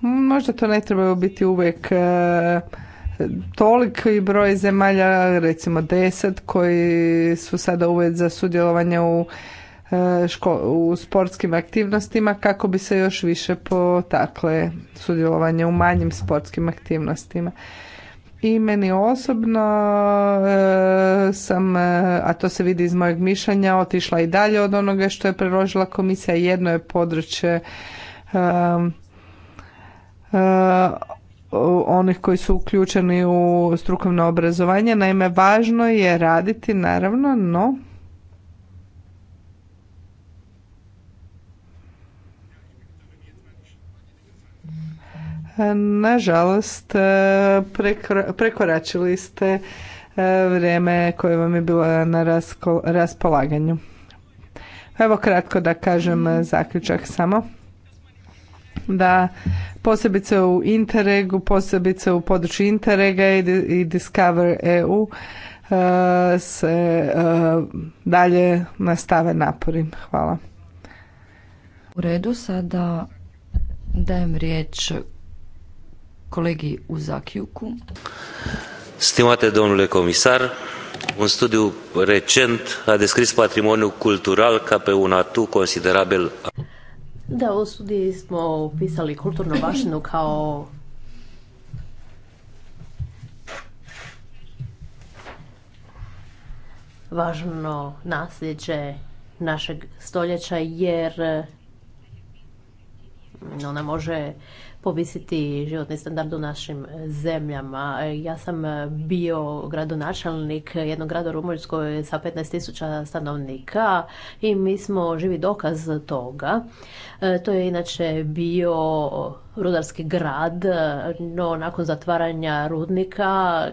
B: Možda to ne trebaju biti uvijek e, toliki broj zemalja, recimo deset koji su sada uvjet za sudjelovanje u, u sportskim aktivnostima kako bi se još više potakle sudjelovanje u manjim sportskim aktivnostima i meni osobno e, sam, e, a to se vidi iz mojeg mišljenja, otišla i dalje od onoga što je predložila komisija. Jedno je područje e, onih koji su uključeni u strukovno obrazovanje. Naime, važno je raditi, naravno, no Nažalost, e, prekoračili ste e, vrijeme koje vam je bilo na raspolaganju. Evo kratko da kažem zaključak samo da posebice u Interregu, posebice u području Interrega i Discover EU e, se dalje nastave napori.
C: Hvala. U redu sada dajem riječ kolegi Zakijuku.
G: Stimate domnule komisar, un studiu recent a descris patrimoniul cultural ca pe un atu considerabil.
F: Da, u studiji smo opisali kulturnu baštinu kao važno nasljeđe našeg stoljeća jer ona može povisiti životni standard u našim e, zemljama. E, ja sam e, bio gradonačelnik jednog grada u Rumunjskoj sa 15.000 stanovnika i mi smo živi dokaz toga. To je inače bio rudarski grad, no nakon zatvaranja rudnika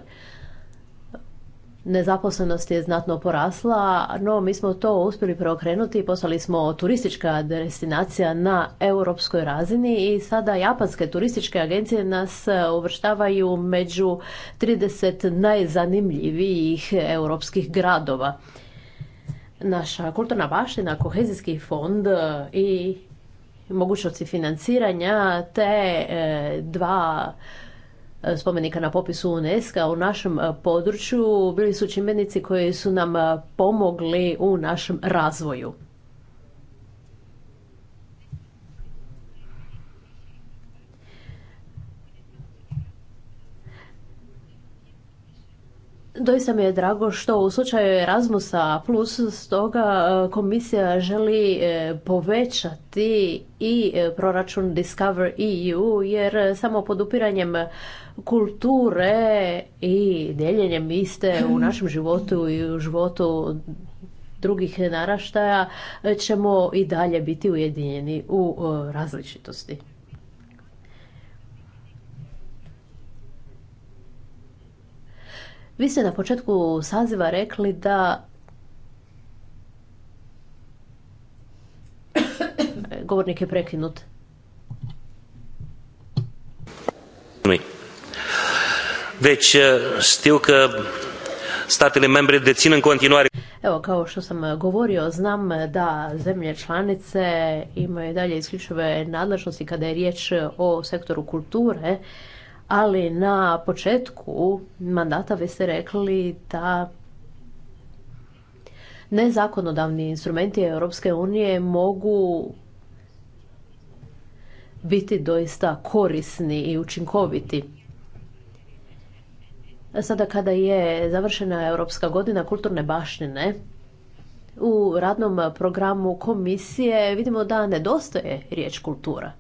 F: Nezaposlenost je znatno porasla, no mi smo to uspjeli preokrenuti i postali smo turistička destinacija na europskoj razini i sada japanske turističke agencije nas e, uvrštavaju među 30 najzanimljivijih europskih gradova. Naša kulturna baština, kohezijski fond e, i mogućnosti financiranja te e, dva E, spomenika na popisu UNESCO u našem e, području bili su čimbenici koji su nam e, pomogli u našem razvoju. Doista mi je drago što u slučaju Erasmusa plus stoga e, komisija želi e, povećati i e, proračun Discover EU jer samo podupiranjem kulture i dijeljenjem iste u našem životu i u životu drugih naraštaja ćemo i dalje biti ujedinjeni u različitosti. Vi ste na početku saziva rekli da govornik je prekinut.
G: Deci eh, știu că
D: statele membre dețin în continuare
F: Evo, kao što sam govorio, znam da zemlje članice imaju dalje isključive nadležnosti kada je riječ o sektoru kulture, ali na početku mandata vi ste rekli da nezakonodavni instrumenti Europske unije mogu biti doista korisni i učinkoviti. Sada kada je završena Europska godina kulturne baštine, u radnom programu komisije vidimo da nedostaje riječ kultura.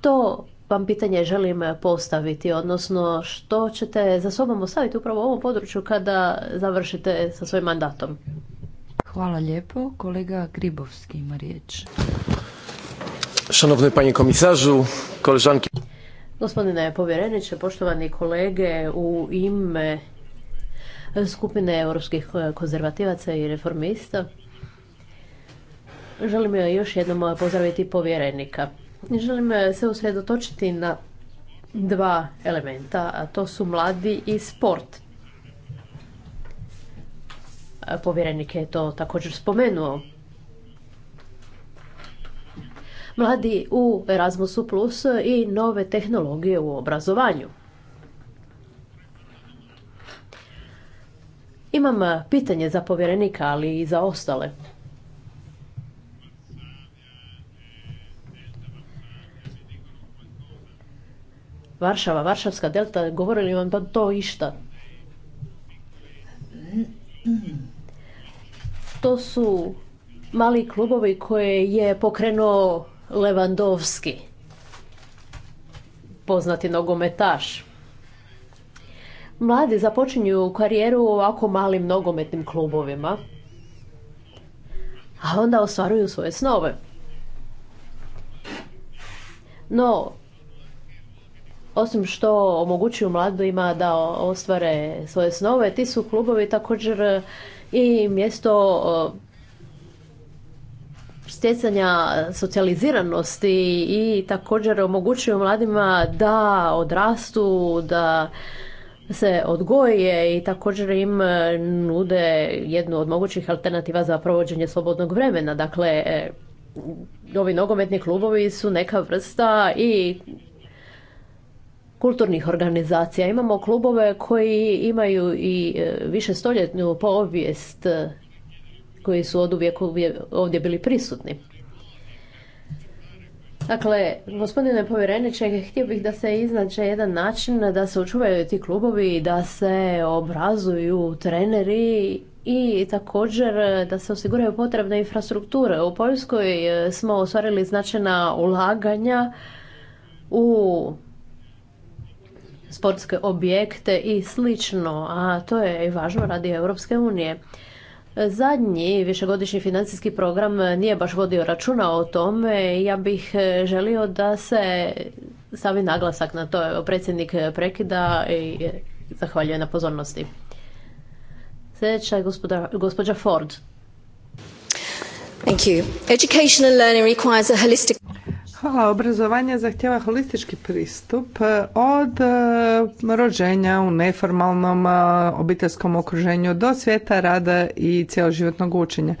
F: to vam pitanje želim postaviti, odnosno što ćete za sobom ostaviti upravo u ovom području kada završite sa svojim
C: mandatom? Hvala lijepo. Kolega Gribovski ima riječ.
F: Gospodine povjereniče, poštovani kolege, u ime skupine europskih konzervativaca i reformista želim još jednom pozdraviti povjerenika. Želim eh, se usredotočiti na dva elementa, a to su mladi i sport. Eh, povjerenik je to također spomenuo. Mladi u Erasmusu Plus i nove tehnologije u obrazovanju. Imam eh, pitanje za povjerenika, ali i za ostale. Varšava, Varšavska delta, govori li vam to išta? To su mali klubovi koje je pokrenuo Levandovski, poznati nogometaš. Mladi započinju karijeru u ovako malim nogometnim klubovima, a onda ostvaruju svoje snove. No, osim što omogućuju mladima da ostvare svoje snove, ti su klubovi također i mjesto stjecanja socijaliziranosti i također omogućuju mladima da odrastu, da se odgoje i također im nude jednu od mogućih alternativa za provođenje slobodnog vremena. Dakle, e, ovi nogometni klubovi su neka vrsta i kulturnih organizacija. Imamo klubove koji imaju i e, više stoljetnu povijest e, koji su od uvijek ovdje bili prisutni. Dakle, gospodine povjereniče, htio bih da se iznače jedan način da se očuvaju ti klubovi, da se obrazuju treneri i također da se osiguraju potrebne infrastrukture. U Poljskoj e, smo ostvarili značajna ulaganja u sportske objekte i slično, a to je i važno radi Europske unije. Zadnji višegodišnji financijski program nije baš vodio računa o tome. Ja bih e, želio da se stavi naglasak na to. Predsjednik prekida i e, zahvaljuje na pozornosti. Sljedeća je gospođa Ford. Thank you. learning requires
B: Hvala. Obrazovanje zahtjeva holistički pristup e, od e, rođenja u neformalnom e, obiteljskom okruženju do svijeta rada i cjeloživotnog učenja.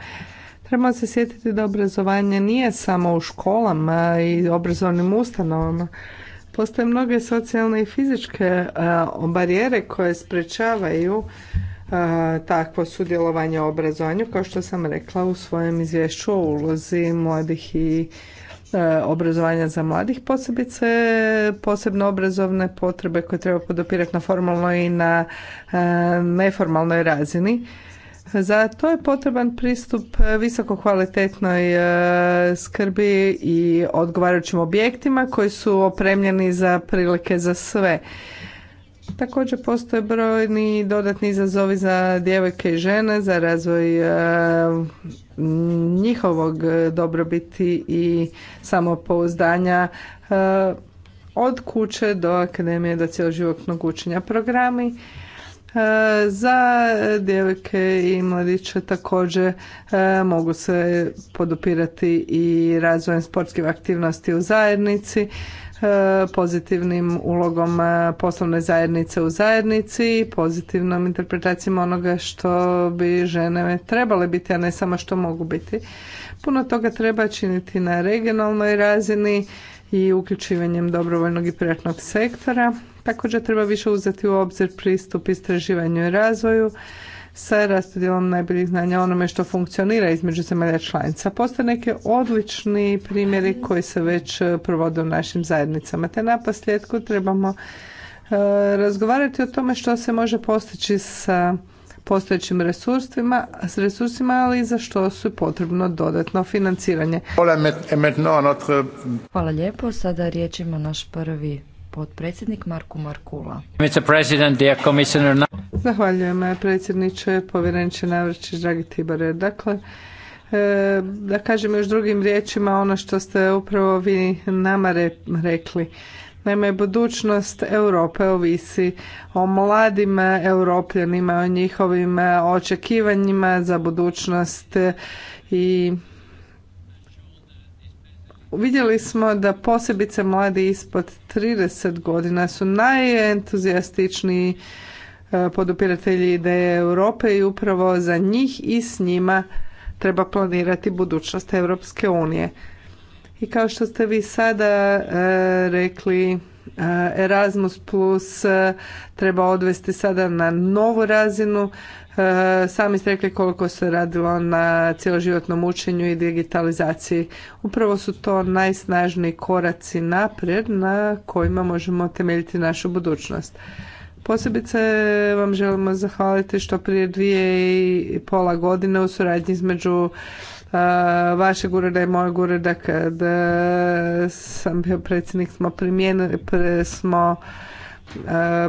B: Trebamo se sjetiti da obrazovanje nije samo u školama i obrazovnim ustanovama. Postoje mnoge socijalne i fizičke barijere koje sprečavaju takvo sudjelovanje u obrazovanju, kao što sam rekla u svojem izvješću o ulozi mladih i E, obrazovanja za mladih, posebice posebno obrazovne potrebe koje treba podopirati na formalnoj i na e, neformalnoj razini. Za to je potreban pristup visokokvalitetnoj kvalitetnoj skrbi i odgovarajućim objektima koji su opremljeni za prilike za sve. Također postoje brojni dodatni izazovi za djevojke i žene, za razvoj e, njihovog dobrobiti i samopouzdanja e, od kuće do akademije do cjeloživotnog učenja programi. E, za djevojke i mladiće također mogu se podupirati i razvojem sportskih aktivnosti u zajednici E, pozitivnim ulogom e, poslovne zajednice u zajednici, pozitivnom interpretacijom onoga što bi žene trebale biti, a ne samo što mogu biti. Puno toga treba činiti na regionalnoj razini i uključivanjem dobrovoljnog i privatnog sektora. Također treba više uzeti u obzir pristup istraživanju i razvoju, sa raspodjelom najboljih znanja onome što funkcionira između zemalja članica. Postoje neke odlični primjeri koji se već e, provode u našim zajednicama. Te na trebamo e, razgovarati o tome što se može postići sa postojećim resursima, s resursima, ali i za što su potrebno dodatno financiranje.
C: Hvala lijepo. Sada riječ ima naš prvi potpredsjednik Marko Markula. Zahvaljujem
B: eh, predsjedniče,
C: povjerenče Navrčić,
B: dragi Tibore. Dakle, eh, da kažem još drugim riječima ono što ste upravo vi nama rekli. Naime, budućnost Europe ovisi o mladim eh, europljanima, o njihovim očekivanjima za budućnost i Vidjeli smo da posebice mladi ispod 30 godina su najentuzijastičniji e, podupiratelji ideje Europe i upravo za njih i s njima treba planirati budućnost Europske unije. I kao što ste vi sada e, rekli, e, Erasmus Plus treba odvesti sada na novu razinu E, sami ste rekli koliko se radilo na cjeloživotnom učenju i digitalizaciji. Upravo su to najsnažniji koraci naprijed na kojima možemo temeljiti našu budućnost. Posebice vam želimo zahvaliti što prije dvije i pola godine u suradnji između e, vašeg ureda i mojeg ureda kad e, sam bio predsjednik smo primijenili smo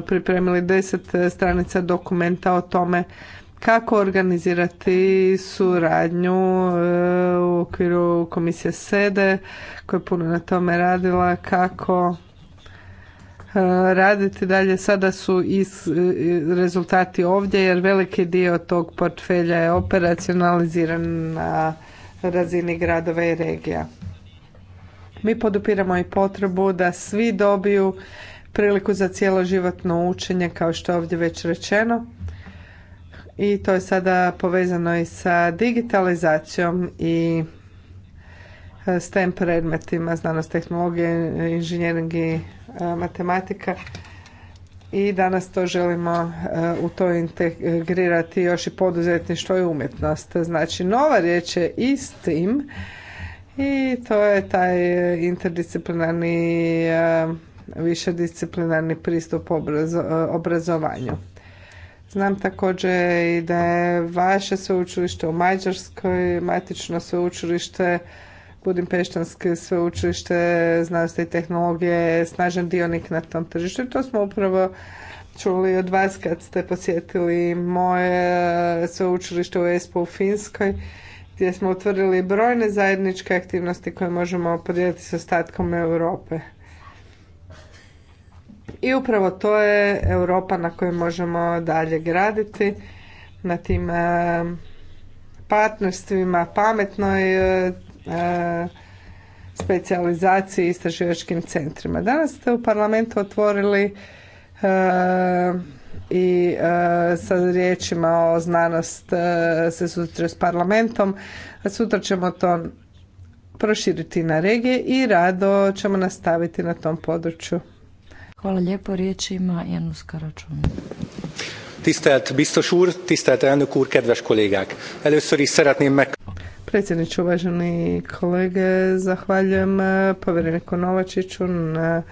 B: pripremili deset stranica dokumenta o tome kako organizirati suradnju e, u okviru komisije SEDE koja je puno na tome radila, kako e, raditi dalje. Sada su e, rezultati ovdje jer veliki dio tog portfelja je operacionaliziran na razini gradova i regija. Mi podupiramo i potrebu da svi dobiju priliku za cijelo učenje kao što je ovdje već rečeno i to je sada povezano i sa digitalizacijom i e, STEM predmetima, znanost, tehnologije, inženjering i e, matematika. I danas to želimo e, u to integrirati još i poduzetništvo i umjetnost. Znači nova riječ je i tim i to je taj interdisciplinarni, višedisciplinarni pristup obrazovanju. Znam također i da je vaše sveučilište u Mađarskoj, matično sveučilište, Budimpeštanske sveučilište znanosti i tehnologije snažan dionik na tom tržištu i to smo upravo čuli od vas kad ste posjetili moje sveučilište u ESPO u Finskoj gdje smo utvrdili brojne zajedničke aktivnosti koje možemo podijeliti s ostatkom Europe. I upravo to je Europa na kojoj možemo dalje graditi, na tim e, partnerstvima, pametnoj e, e, specijalizaciji i istraživačkim centrima. Danas ste u parlamentu otvorili i sa riječima o znanost se sutra s parlamentom, a sutra ćemo to proširiti na regije i rado ćemo nastaviti na tom području. Hvala lijepo, riječ ima Janus Karačun.
H: Tisztelt biztos úr, tisztelt elnök úr, kedves kollégák! Először is szeretném meg...
B: Predsjedniče, uvaženi kolege, zahvaljujem eh, povjereniku Novačiću na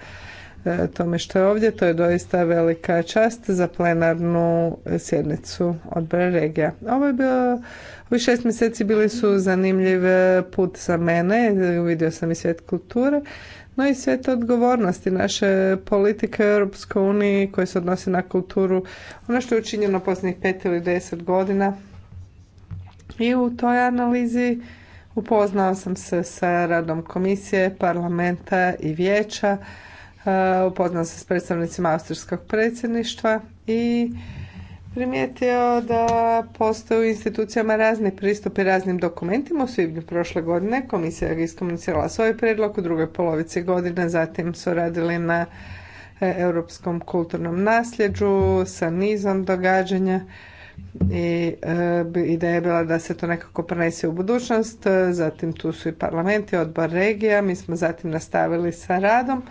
B: eh, tome što je ovdje. To je doista velika čast za plenarnu sjednicu odbora regija. Ovo je bilo, ovi šest mjeseci bili su zanimljiv eh, put za mene, vidio sam i svijet kulture, no i sve te odgovornosti naše politike Europskoj uniji koje se odnose na kulturu, ono što je učinjeno posljednjih pet ili deset godina. I u toj analizi upoznao sam se sa radom komisije, parlamenta i vijeća, e, upoznao se s predstavnicima austrijskog predsjedništva i primijetio da postoje u institucijama razni pristupi raznim dokumentima. U svibnju prošle godine komisija je iskomunicirala svoj predlog u drugoj polovici godine, zatim su radili na e, europskom kulturnom nasljeđu sa nizom događanja i e, ideja je bila da se to nekako prenese u budućnost, zatim tu su i parlamenti, odbor regija, mi smo zatim nastavili sa radom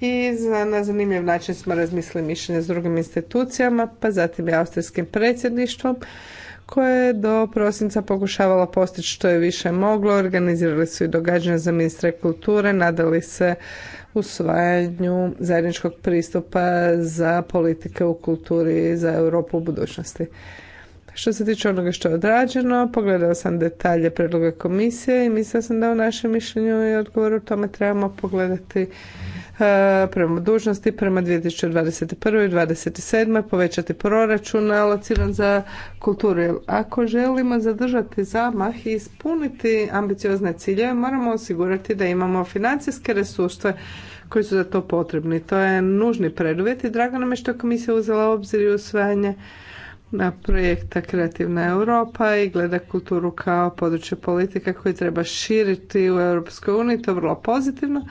B: i na zanimljiv način smo razmislili mišljenje s drugim institucijama, pa zatim i austrijskim predsjedništvom koje je do prosinca pokušavalo postići što je više moglo. Organizirali su i događanja za ministre kulture, nadali se usvajanju zajedničkog pristupa za politike u kulturi za Europu u budućnosti. Što se tiče onoga što je odrađeno, pogledao sam detalje predloga komisije i mislio sam da u našem mišljenju i odgovoru tome trebamo pogledati E, prema dužnosti prema 2021. i 2027. povećati proračun alociran za kulturu. ako želimo zadržati zamah i ispuniti ambiciozne ciljeve, moramo osigurati da imamo financijske resurse koji su za to potrebni. To je nužni preduvjet i drago nam je što komisija uzela obzir i usvajanje na projekta Kreativna Europa i gleda kulturu kao područje politika koje treba širiti u Europskoj uniji, to je vrlo pozitivno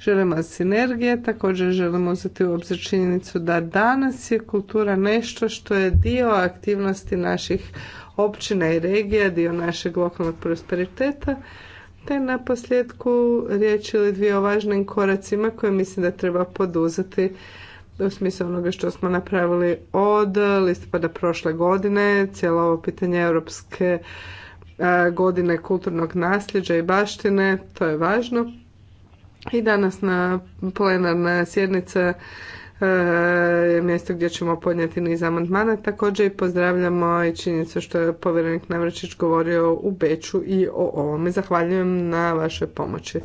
B: Želimo sinergije, također želimo uzeti u obzir činjenicu da danas je kultura nešto što je dio aktivnosti naših općina i regija, dio našeg lokalnog prosperiteta, te na posljedku riječ dvije o važnim koracima koje mislim da treba poduzeti u smislu onoga što smo napravili od listopada prošle godine, cijelo ovo pitanje europske godine kulturnog nasljeđa i baštine, to je važno. I danas na plenarna sjednica e, je mjesto gdje ćemo podnijeti niz amandmana. Također i pozdravljamo i činjenicu što je povjerenik Navračić govorio u Beću i o ovome. Zahvaljujem na vašoj pomoći.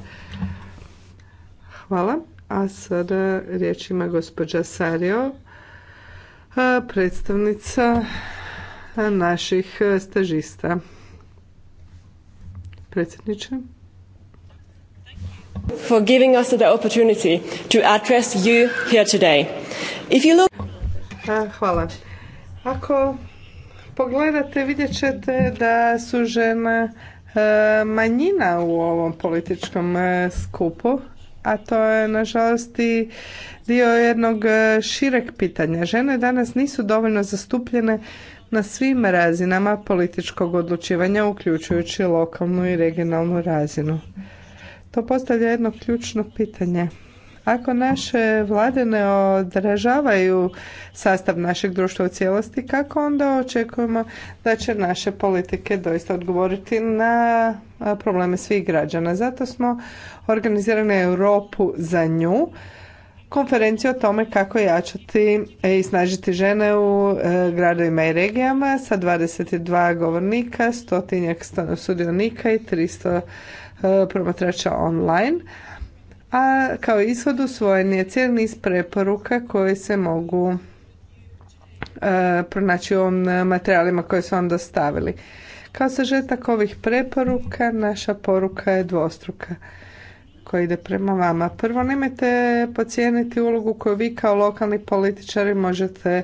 B: Hvala. A sada riječ ima gospođa Sario, e, predstavnica naših stažista.
I: Predsjedniče for giving us the opportunity to address you here today. If you look...
B: Hvala. Ako pogledate vidjet ćete da su žene e, manjina u ovom političkom e, skupu, a to je nažalost i dio jednog e, šireg pitanja. Žene danas nisu dovoljno zastupljene na svim razinama političkog odlučivanja, uključujući lokalnu i regionalnu razinu to postavlja jedno ključno pitanje. Ako naše vlade ne odražavaju sastav našeg društva u cijelosti, kako onda očekujemo da će naše politike doista odgovoriti na probleme svih građana? Zato smo organizirali Europu za nju, konferenciju o tome kako jačati i snažiti žene u e, gradovima i regijama sa 22 govornika, stotinjak sudionika i 300 E, promatrača online a kao ishod usvojen je cijeli niz preporuka koje se mogu e, pronaći u ovim materijalima koje su vam dostavili. Kao sažetak ovih preporuka, naša poruka je dvostruka koja ide prema vama. Prvo, nemojte pocijeniti ulogu koju vi kao lokalni političari možete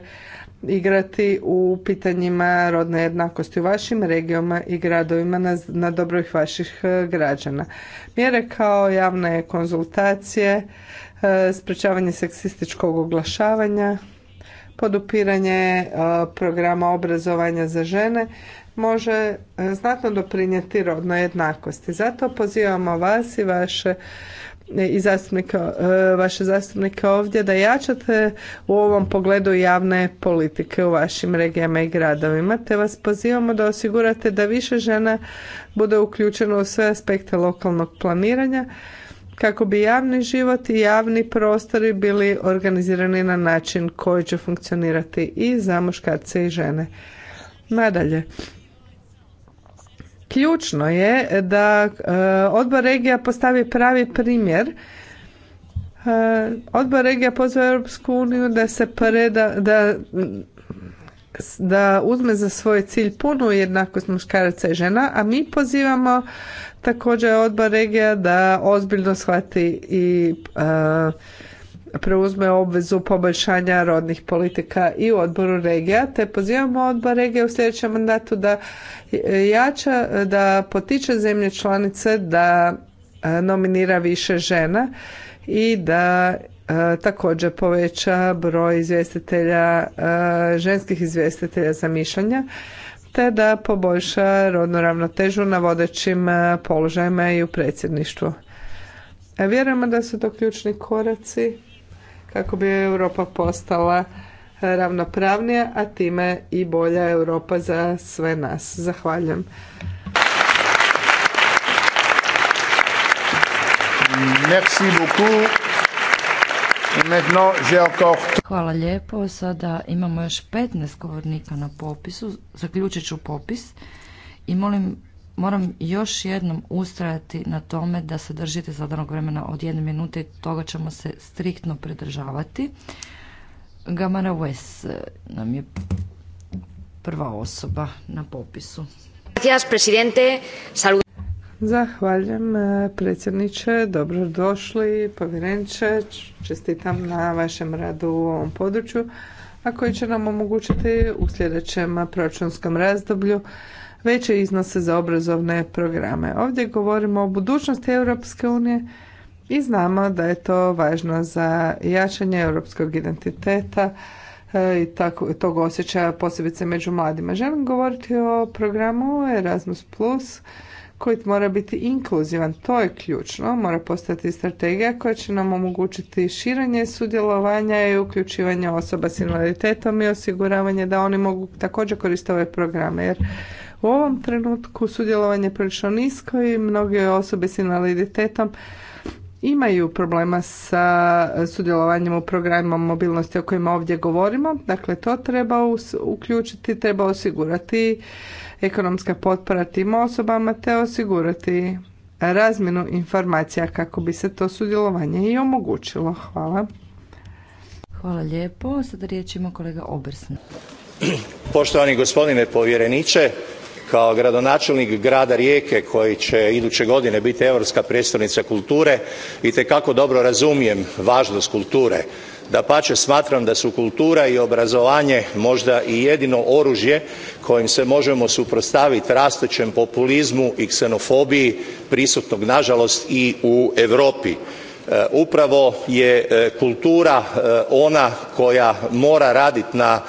B: igrati u pitanjima rodne jednakosti u vašim regijama i gradovima na, na dobrojih vaših e, građana. Mjere kao javne konzultacije, e, sprečavanje seksističkog oglašavanja, podupiranje e, programa obrazovanja za žene može znatno doprinijeti rodnoj jednakosti. Zato pozivamo vas i vaše E, i zastupnika, e, vaše zastupnike ovdje da jačate u ovom pogledu javne politike u vašim regijama i gradovima, te vas pozivamo da osigurate da više žena bude uključeno u sve aspekte lokalnog planiranja kako bi javni život i javni prostori bili organizirani na način koji će funkcionirati i za muškarce i žene. Nadalje, Ključno je da e, odbor regija postavi pravi primjer e, Odbor regija pozva Europsku uniju da se preda, da, da uzme za svoj cilj punu jednakost muškaraca i žena, a mi pozivamo također odbor regija da ozbiljno shvati i e, preuzme obvezu poboljšanja rodnih politika i u odboru regija, te pozivamo odbor regija u sljedećem mandatu da jača, da potiče zemlje članice da e, nominira više žena i da e, također poveća broj izvjestitelja, e, ženskih izvjestitelja za mišljenja te da poboljša rodnu ravnotežu na vodećim položajima i u predsjedništvu. Vjerujemo da su to ključni koraci kako bi Europa postala ravnopravnija, a time i bolja Europa za sve nas. Zahvaljujem.
C: Merci Hvala lijepo. Sada imamo još 15 govornika na popisu. Zaključit ću popis i molim moram još jednom ustrajati na tome da se držite zadanog vremena od jedne minute i toga ćemo se striktno pridržavati. Gamara Wes eh, nam je prva osoba na popisu.
B: Zahvaljujem eh, predsjedniče, došli povjerenče, čestitam na vašem radu u ovom području, a koji će nam omogućiti u sljedećem proračunskom razdoblju veće iznose za obrazovne programe. Ovdje govorimo o budućnosti Europske unije i znamo da je to važno za jačanje europskog identiteta e, i tog osjećaja posebice među mladima. Želim govoriti o programu Erasmus+, koji mora biti inkluzivan, to je ključno, mora postati strategija koja će nam omogućiti širenje sudjelovanja i uključivanje osoba s invaliditetom i osiguravanje da oni mogu također koristiti ove programe, jer u ovom trenutku sudjelovanje je prilično nisko i mnoge osobe s invaliditetom imaju problema sa sudjelovanjem u programima mobilnosti o kojima ovdje govorimo. Dakle, to treba uključiti, treba osigurati ekonomska potpora tim osobama te osigurati razmjenu informacija kako bi se to
C: sudjelovanje i omogućilo. Hvala. Hvala lijepo. Sada riječ ima kolega Obersen.
G: Poštovani gospodine povjereniče, kao gradonačelnik grada Rijeke koji će iduće godine biti europska predstavnica kulture i kako dobro razumijem važnost kulture. Da Dapače, smatram da su kultura i obrazovanje možda i jedino oružje kojim se možemo suprotstaviti rastućem populizmu i ksenofobiji prisutnog nažalost i u Europi. E, upravo je e, kultura e, ona koja mora raditi na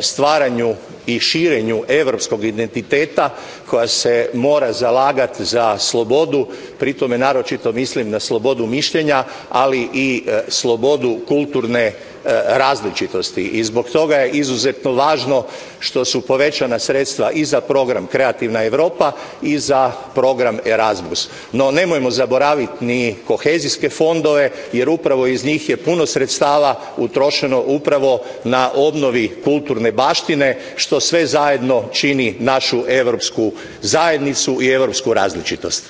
G: stvaranju i širenju europskog identiteta koja se mora zalagati za slobodu, pri tome naročito mislim na slobodu mišljenja, ali i e, slobodu kulturne E, različitosti i zbog toga je izuzetno važno što su povećana sredstva i za program Kreativna Europa i za program Erasmus. No nemojmo zaboraviti ni kohezijske fondove jer upravo iz njih je puno sredstava utrošeno upravo na obnovi kulturne baštine što sve zajedno čini našu europsku zajednicu i europsku različitost.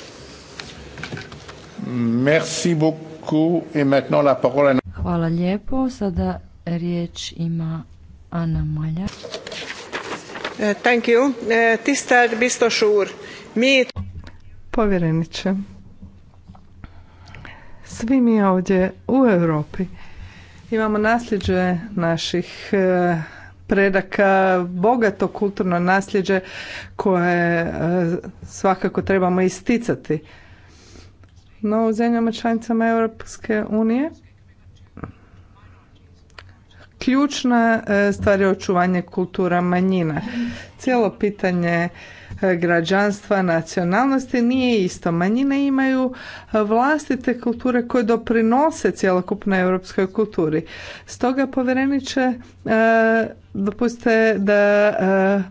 C: Hvala lijepo. Sada riječ ima Ana Malja. E, thank you. E, tistar
B: mi... Povjereniče, svi mi ovdje u Europi imamo nasljeđe naših e, predaka, bogato kulturno nasljeđe koje svakako trebamo isticati. No u zemljama članicama Europske unije ključna e, stvar je očuvanje kultura manjina. Cijelo pitanje e, građanstva, nacionalnosti nije isto. Manjine imaju e, vlastite kulture koje doprinose cjelokupnoj europskoj kulturi. Stoga povjereniče dopustite da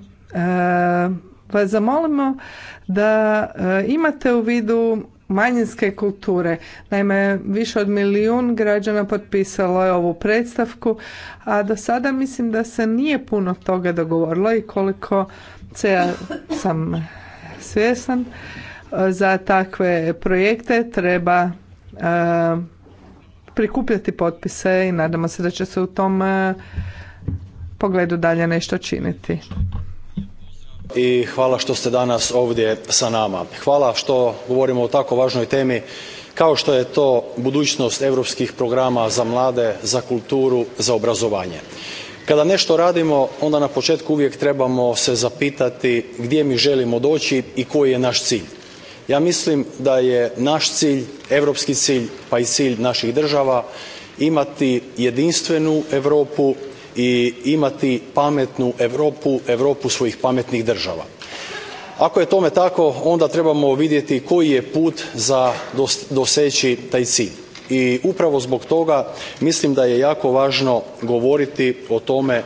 B: vas zamolimo da imate u vidu manjinske kulture. Naime, više od milijun građana potpisalo je ovu predstavku, a do sada mislim da se nije puno toga dogovorilo i koliko se ja sam svjesan e, za takve projekte treba e, prikupljati potpise i nadamo se da će se u tom e, pogledu dalje nešto činiti
J: i hvala što ste danas ovdje sa nama. Hvala što govorimo o tako važnoj temi kao što je to budućnost europskih programa za mlade, za kulturu, za obrazovanje. Kada nešto radimo onda na početku uvijek trebamo se zapitati gdje mi želimo doći i koji je naš cilj. Ja mislim da je naš cilj, europski cilj pa i cilj naših država imati jedinstvenu Europu i imati pametnu Europu, Europu svojih pametnih država. Ako je tome tako onda trebamo vidjeti koji je put za doseći taj cilj. I upravo zbog toga mislim da je jako važno govoriti o tome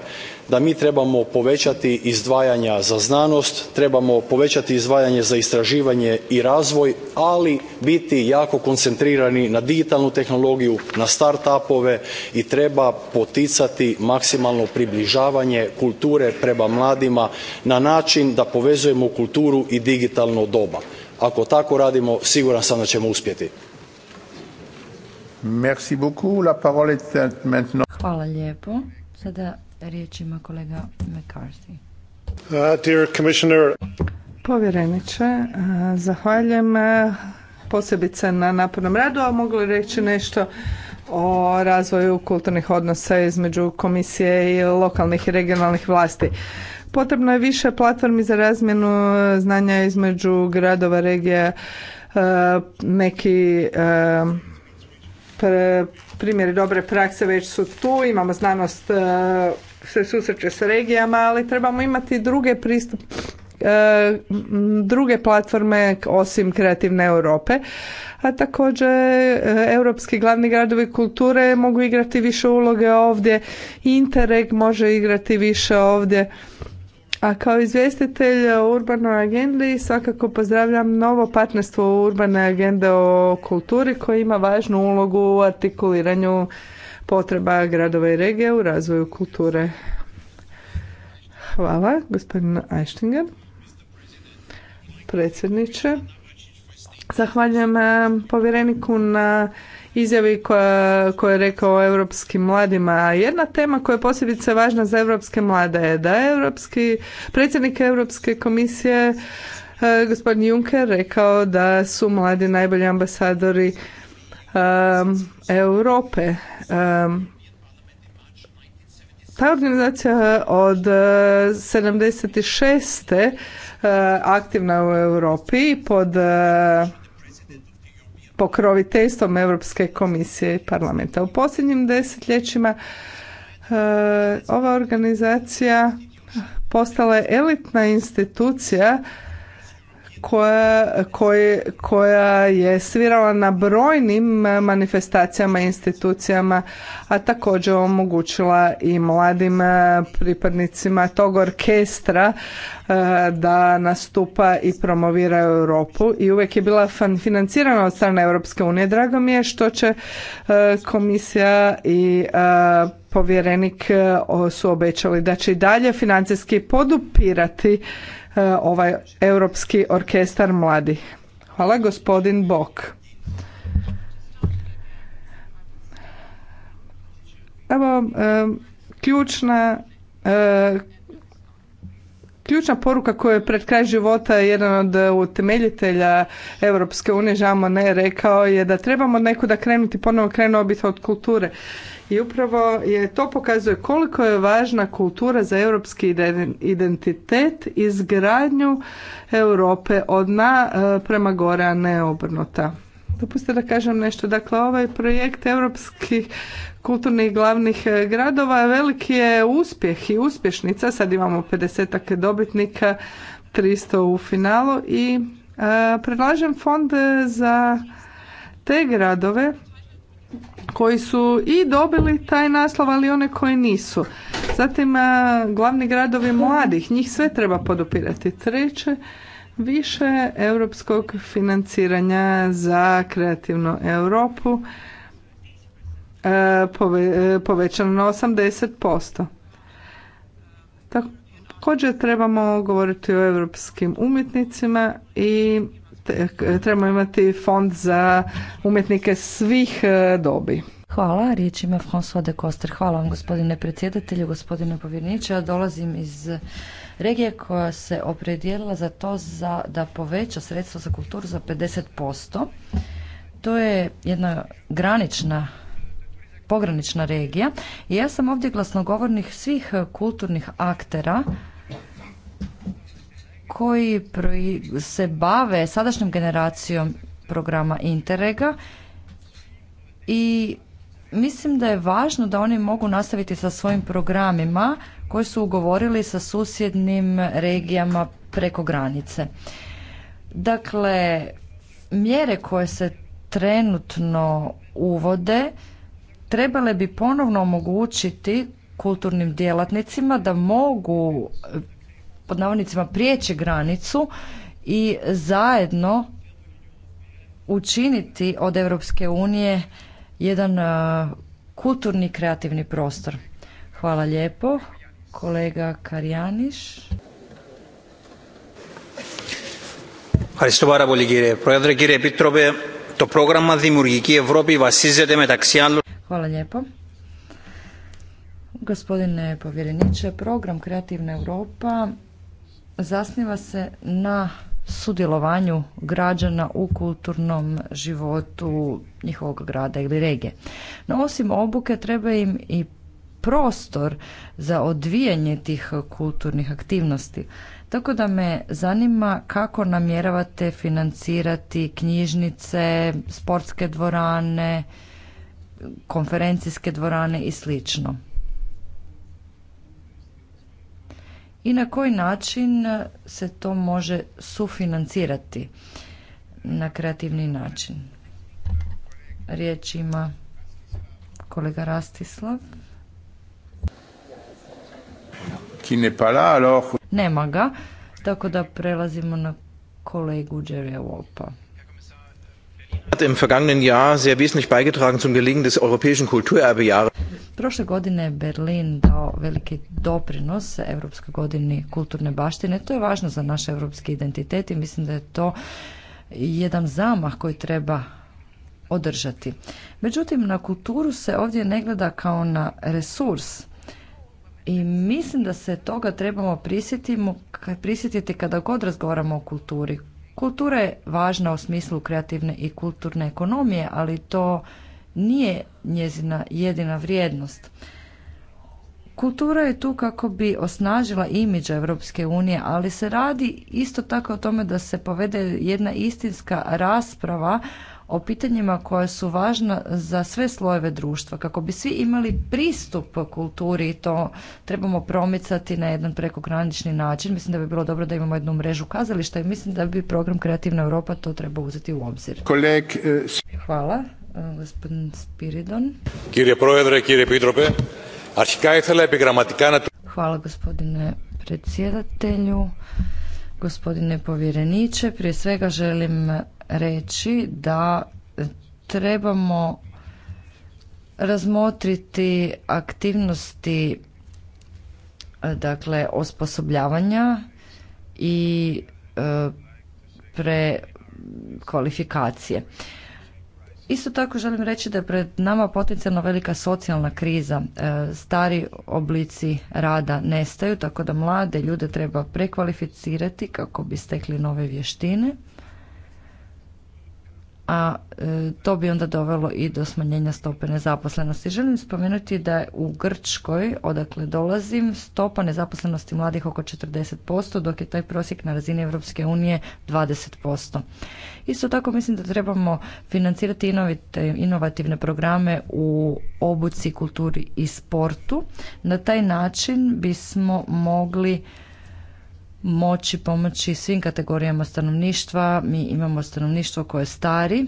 J: da mi trebamo povećati izdvajanja za znanost, trebamo povećati izdvajanje za istraživanje i razvoj, ali biti jako koncentrirani na digitalnu tehnologiju, na start upove i treba poticati maksimalno približavanje kulture prema mladima na način da povezujemo kulturu i digitalno doba. Ako tako radimo, siguran sam da ćemo uspjeti.
C: Hvala lijepo. Riječ ima
E: kolega McCarthy. Uh,
C: Povjereniče,
B: uh, zahvaljujem uh, posebice na napornom radu, a mogu li reći nešto o razvoju kulturnih odnosa između komisije i lokalnih i regionalnih vlasti. Potrebno je više platformi za razmjenu znanja između gradova, regija, neki primjeri dobre prakse već su tu, imamo znanost se susreće s regijama, ali trebamo imati druge pristup e, druge platforme osim Kreativne Europe. A također e, europski glavni gradovi kulture mogu igrati više uloge ovdje. Interreg može igrati više ovdje. A kao izvjestitelj o urbanoj agendi svakako pozdravljam novo partnerstvo urbane agende o kulturi koji ima važnu ulogu u artikuliranju potreba gradova i regija u razvoju kulture. Hvala, gospodin Eichtinger. Predsjedniče, zahvaljujem eh, povjereniku na izjavi koja, je rekao o europskim mladima. Jedna tema koja je posebice važna za europske mlade je da je predsjednik Europske komisije eh, gospodin Juncker rekao da su mladi najbolji ambasadori um, Europe. Um, ta organizacija od 76. E, e, aktivna u Europi pod e, pokroviteljstvom Europske komisije i parlamenta. U posljednjim desetljećima ova organizacija postala je elitna institucija koja, je svirala na brojnim eh, manifestacijama i institucijama, a također omogućila i mladim eh, pripadnicima tog orkestra eh, da nastupa i promovira Europu i uvijek je bila financirana od strane Europske unije. Drago mi je što će komisija i povjerenik su obećali da će i dalje financijski podupirati E, ovaj Europski orkestar mladih. Hvala gospodin Bok. Evo, e, ključna e, ključna poruka koju je pred kraj života jedan od utemeljitelja Europske unije Jean rekao je da trebamo nekuda krenuti, ponovo krenuo biti od kulture. I upravo je to pokazuje koliko je važna kultura za europski identitet i izgradnju Europe od na e, prema gore, a ne obrnuta. Dopustite da kažem nešto. Dakle, ovaj projekt europskih kulturnih glavnih e, gradova veliki je uspjeh i uspješnica. Sad imamo 50 dobitnika, 300 u finalu i e, predlažem fond za te gradove koji su i dobili taj naslov, ali one koji nisu. Zatim glavni gradovi mladih, njih sve treba podupirati. Treće, više europskog financiranja za kreativnu Europu e, povećano na 80%. Također trebamo govoriti o europskim umjetnicima
C: i trebamo imati fond za umjetnike svih e, dobi. Hvala, riječ ima François de Koster. Hvala vam gospodine predsjedatelju, gospodine povjerniče. Ja dolazim iz regije koja se opredijelila za to za, da poveća sredstvo za kulturu za 50%. To je jedna granična pogranična regija i ja sam ovdje glasnogovornik svih kulturnih aktera koji se bave sadašnjom generacijom programa Interrega i mislim da je važno da oni mogu nastaviti sa svojim programima koji su ugovorili sa susjednim regijama preko granice. Dakle, mjere koje se trenutno uvode trebale bi ponovno omogućiti kulturnim djelatnicima da mogu pod navodnicima prijeći granicu i zajedno učiniti od Europske unije jedan e, kulturni kreativni prostor. Hvala lijepo. Kolega Karjaniš.
K: Ευχαριστώ πάρα πολύ κύριε Πρόεδρε. Κύριε Επίτροπε, το πρόγραμμα Δημιουργική Ευρώπη βασίζεται μεταξύ
C: Hvala lijepo. Gospodine povjereniče, program Kreativna Europa zasniva se na sudjelovanju građana u kulturnom životu njihovog grada ili regije. No osim obuke treba im i prostor za odvijanje tih kulturnih aktivnosti. Tako da me zanima kako namjeravate financirati knjižnice, sportske dvorane, konferencijske dvorane i slično. i na koji način se to može sufinancirati na kreativni način. Riječ ima kolega Rastislav. Nema ga, tako da prelazimo na kolegu Jerrya Wolpa
H: hat im vergangenen Jahr sehr wesentlich beigetragen zum Gelingen des europäischen Kulturerbejahres.
C: Prošle godine je Berlin dao veliki doprinos Europskoj godini kulturne baštine. To je važno za naš europski identitet i mislim da je to jedan zamah koji treba održati. Međutim, na kulturu se ovdje ne gleda kao na resurs i mislim da se toga trebamo prisjetiti kada god razgovaramo o kulturi. Kultura je važna u smislu kreativne i kulturne ekonomije, ali to nije njezina jedina vrijednost. Kultura je tu kako bi osnažila imidž Europske unije, ali se radi isto tako o tome da se povede jedna istinska rasprava o pitanjima koja su važna za sve slojeve društva. Kako bi svi imali pristup kulturi i to trebamo promicati na jedan prekogranični način. Mislim da bi bilo dobro da imamo jednu mrežu kazališta i mislim da bi program Kreativna Europa to treba uzeti u obzir. Koleg, eh, Hvala, eh, gospodin Spiridon.
G: Kirje kirje
C: Hvala gospodine predsjedatelju, gospodine povjereniče. Prije svega želim reći da trebamo razmotriti aktivnosti e, dakle osposobljavanja i e, prekvalifikacije. Isto tako želim reći da je pred nama potencijalno velika socijalna kriza. E, stari oblici rada nestaju, tako da mlade ljude treba prekvalificirati kako bi stekli nove vještine a e, to bi onda dovelo i do smanjenja stope nezaposlenosti. Želim spomenuti da je u Grčkoj, odakle dolazim, stopa nezaposlenosti mladih oko 40%, dok je taj prosjek na razini Europske unije 20%. Isto tako mislim da trebamo financirati inovativne programe u obuci, kulturi i sportu. Na taj način bismo mogli moći pomoći svim kategorijama stanovništva. Mi imamo stanovništvo koje je stari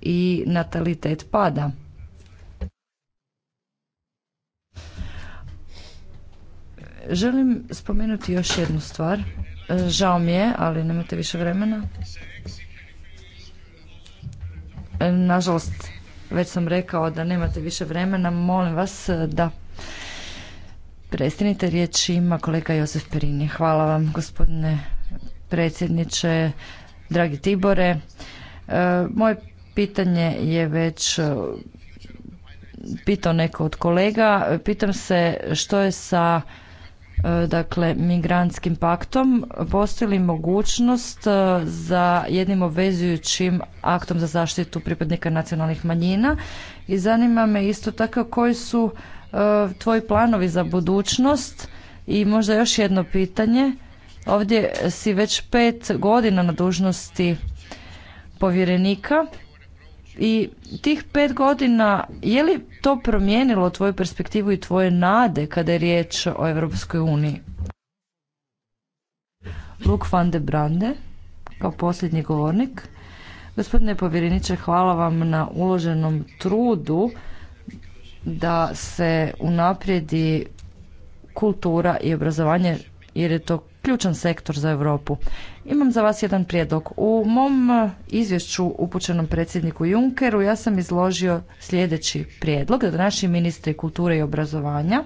C: i natalitet pada. Želim spomenuti još jednu stvar. Žao mi je, ali nemate više vremena. Nažalost, već sam rekao da nemate više vremena. Molim vas da predsjednite. riječi ima kolega Josef Perini. Hvala vam gospodine predsjedniče, dragi Tibore. E, moje pitanje je već e, pitao neko od kolega. Pitam se što je sa e, dakle migrantskim paktom postoji li mogućnost za jednim obvezujućim aktom za zaštitu pripadnika nacionalnih manjina i zanima me isto tako koji su E, tvoji planovi za budućnost? I možda još jedno pitanje. Ovdje si već pet godina na dužnosti povjerenika i tih pet godina je li to promijenilo tvoju perspektivu i tvoje nade kada je riječ o Europskoj uniji? Luk van de Brande kao posljednji govornik. Gospodine povjereniče, hvala vam na uloženom trudu da se unaprijedi kultura i obrazovanje jer je to ključan sektor za Europu. Imam za vas jedan prijedlog. U mom izvješću upućenom predsjedniku Junkeru ja sam izložio sljedeći prijedlog da naši ministri kulture i obrazovanja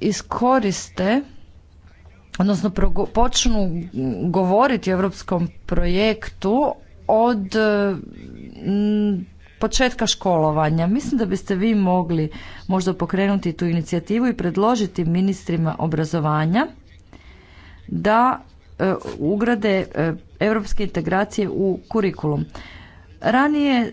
C: iskoriste odnosno počnu govoriti o europskom projektu od početka školovanja. Mislim da biste vi mogli možda pokrenuti tu inicijativu i predložiti ministrima obrazovanja da e, ugrade europske integracije u kurikulum. Ranije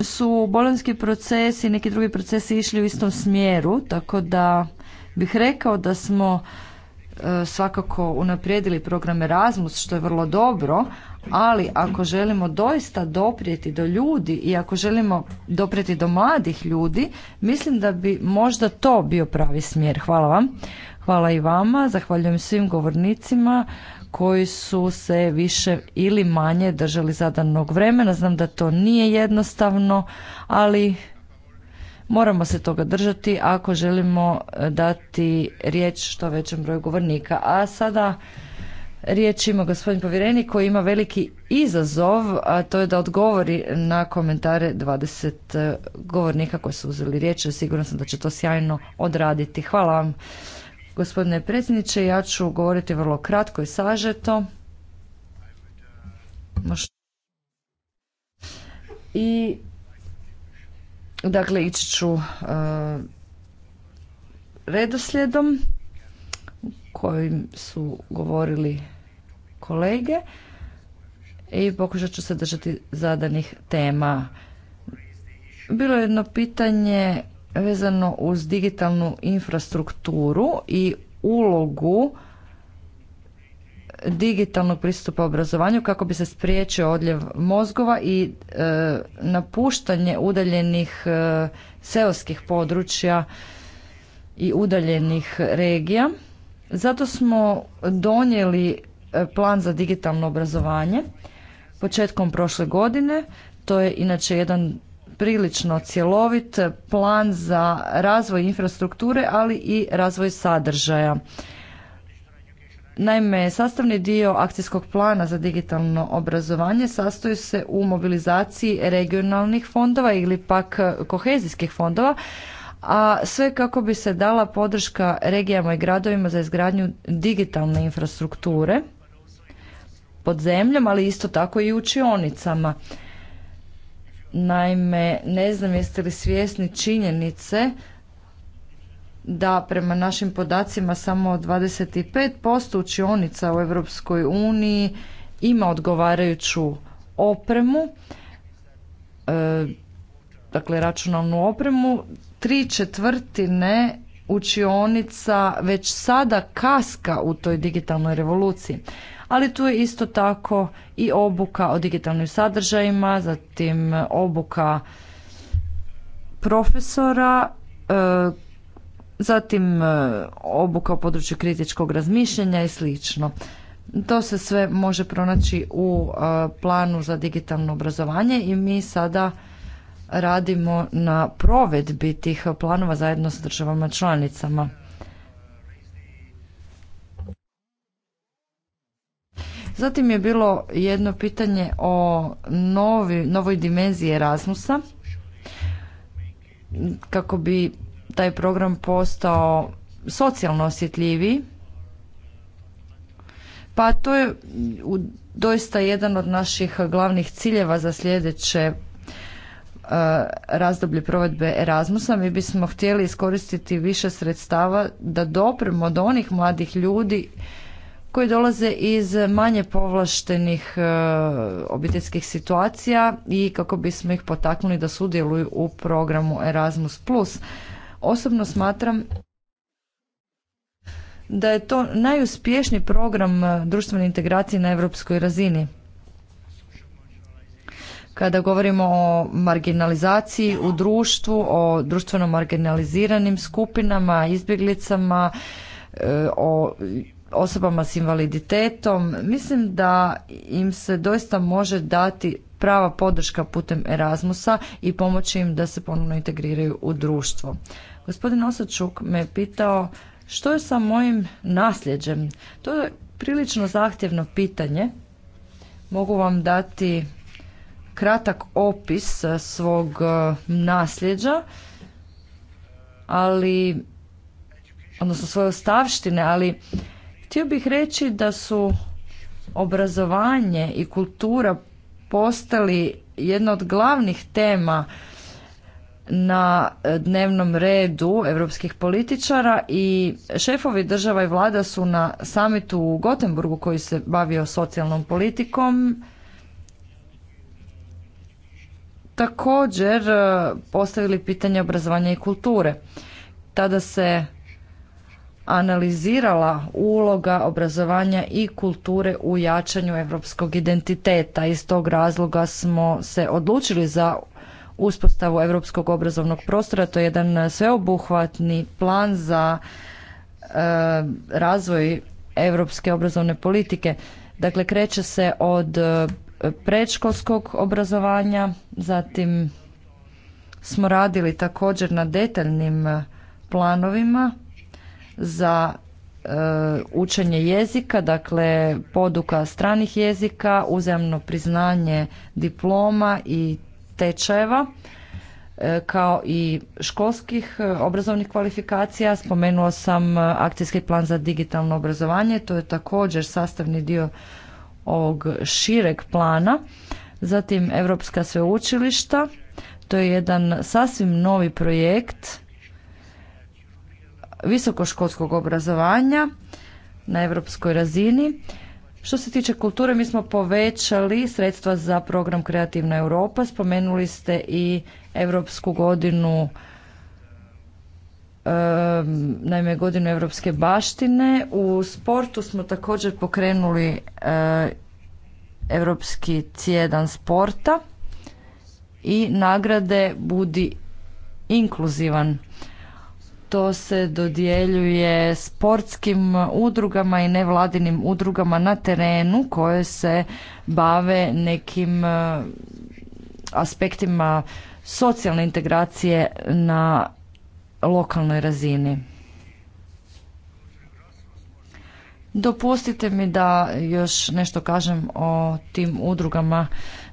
C: su bolonski procesi i neki drugi procesi išli u istom smjeru, tako da bih rekao da smo e, svakako unaprijedili program Erasmus, što je vrlo dobro, ali ako želimo doista doprijeti do ljudi i ako želimo doprijeti do mladih ljudi, mislim da bi možda to bio pravi smjer. Hvala vam. Hvala i vama. Zahvaljujem svim govornicima koji su se više ili manje držali zadanog vremena. Znam da to nije jednostavno, ali moramo se toga držati ako želimo dati riječ što većem broju govornika. A sada Riječ ima gospodin povjerenik koji ima veliki izazov, a to je da odgovori na komentare 20 eh, govornika koji su uzeli riječ. Sigurno sam da će to sjajno odraditi. Hvala vam gospodine predsjedniče. Ja ću govoriti vrlo kratko i sažeto. I dakle ići ću eh, redoslijedom kojim su govorili kolege i pokušat ću se držati zadanih tema. Bilo je jedno pitanje vezano uz digitalnu infrastrukturu i ulogu digitalnog pristupa obrazovanju kako bi se spriječio odljev mozgova i e, napuštanje udaljenih e, seoskih područja i udaljenih regija. Zato smo donijeli plan za digitalno obrazovanje početkom prošle godine. To je inače jedan prilično cjelovit plan za razvoj infrastrukture, ali i razvoj sadržaja. Naime, sastavni dio akcijskog plana za digitalno obrazovanje sastoji se u mobilizaciji regionalnih fondova ili pak kohezijskih fondova, a sve kako bi se dala podrška regijama i gradovima za izgradnju digitalne infrastrukture pod zemljom, ali isto tako i učionicama. Naime, ne znam jeste li svjesni činjenice da prema našim podacima samo 25% učionica u Europskoj uniji ima odgovarajuću opremu, e, dakle računalnu opremu, tri četvrtine učionica već sada kaska u toj digitalnoj revoluciji ali tu je isto tako i obuka o digitalnim sadržajima, zatim obuka profesora, e, zatim e, obuka o području kritičkog razmišljanja i slično. To se sve može pronaći u e, planu za digitalno obrazovanje i mi sada radimo na provedbi tih planova zajedno s državama članicama. Zatim je bilo jedno pitanje o novoj dimenziji Erasmusa kako bi taj program postao socijalno osjetljiviji. Pa to je doista jedan od naših glavnih ciljeva za sljedeće e, razdoblje provedbe Erasmusa, mi bismo htjeli iskoristiti više sredstava da dopremo do onih mladih ljudi koji dolaze iz manje povlaštenih e, obiteljskih situacija i kako bismo ih potaknuli da sudjeluju u programu Erasmus+. Osobno smatram da je to najuspješniji program e, društvene integracije na europskoj razini. Kada govorimo o marginalizaciji u društvu, o društveno marginaliziranim skupinama, izbjeglicama, e, o osobama s invaliditetom, mislim da im se doista može dati prava podrška putem Erasmusa i pomoći im da se ponovno integriraju u društvo. Gospodin Osačuk me pitao što je sa mojim nasljeđem? To je prilično zahtjevno pitanje. Mogu vam dati kratak opis eh, svog eh, nasljeđa, ali odnosno svoje ostavštine, ali Htio bih reći da su obrazovanje i kultura postali jedna od glavnih tema na dnevnom redu europskih političara i šefovi država i vlada su na samitu u Gotemburgu koji se bavio socijalnom politikom također postavili pitanje obrazovanja i kulture. Tada se analizirala uloga obrazovanja i kulture u jačanju europskog identiteta. Iz tog razloga smo se odlučili za uspostavu europskog obrazovnog prostora. To je jedan sveobuhvatni plan za e, razvoj europske obrazovne politike. Dakle, kreće se od e, predškolskog obrazovanja, zatim smo radili također na detaljnim e, planovima za e, učenje jezika, dakle poduka stranih jezika, uzajamno priznanje diploma i tečajeva e, kao i školskih e, obrazovnih kvalifikacija. Spomenuo sam akcijski plan za digitalno obrazovanje, to je također sastavni dio ovog šireg plana. Zatim Europska sveučilišta, to je jedan sasvim novi projekt visokoškolskog obrazovanja na europskoj razini. Što se tiče kulture, mi smo povećali sredstva za program Kreativna Europa. Spomenuli ste i Europsku godinu naime godinu europske baštine. U sportu smo također pokrenuli europski eh, cijedan sporta i nagrade budi inkluzivan to se dodjeljuje sportskim udrugama i nevladinim udrugama na terenu koje se bave nekim e, aspektima socijalne integracije na lokalnoj razini. Dopustite mi da još nešto kažem o tim udrugama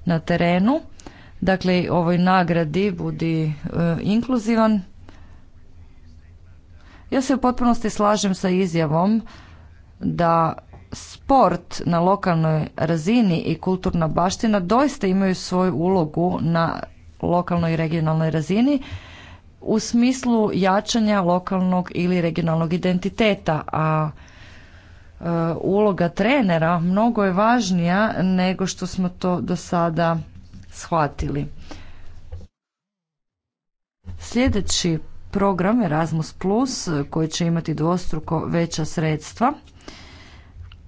C: na terenu. Dakle, ovoj nagradi budi e, inkluzivan. Ja se u potpunosti slažem sa izjavom da sport na lokalnoj razini i kulturna baština doista imaju svoju ulogu na lokalnoj i regionalnoj razini u smislu jačanja lokalnog ili regionalnog identiteta, a e, uloga trenera mnogo je važnija nego što smo to do sada shvatili. Sljedeći program Erasmus Plus e, koji će imati dvostruko veća sredstva.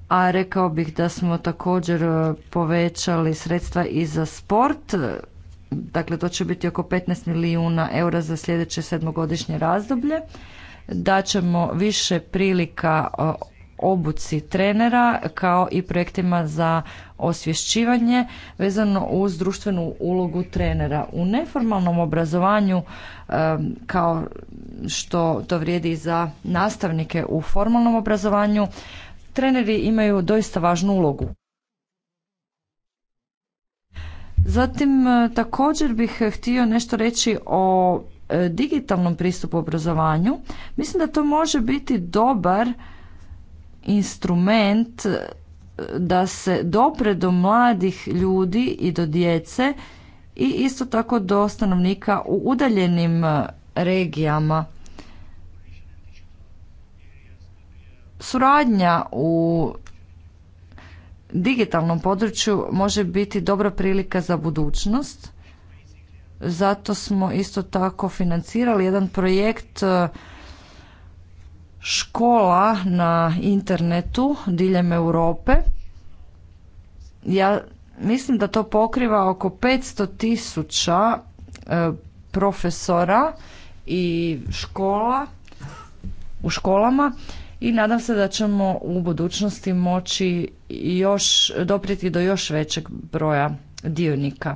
C: A rekao bih da smo također e, povećali sredstva i za sport. E, dakle, to će biti oko 15 milijuna eura za sljedeće sedmogodišnje razdoblje. ćemo više prilika obuci trenera kao i projektima za osvješćivanje vezano uz društvenu ulogu trenera. U neformalnom obrazovanju kao što to vrijedi za nastavnike u formalnom obrazovanju, treneri imaju doista važnu ulogu. Zatim e, također bih htio nešto reći o e, digitalnom pristupu obrazovanju. Mislim da to može biti dobar instrument da se dopre do mladih ljudi i do djece i isto tako do stanovnika u udaljenim e, regijama. Suradnja u digitalnom području može biti dobra prilika za budućnost. Zato smo isto tako financirali jedan projekt e, škola na internetu diljem Europe. Ja mislim da to pokriva oko 500 tisuća e, profesora i škola u školama i nadam se da ćemo u budućnosti moći još doprijeti do još većeg broja dionika.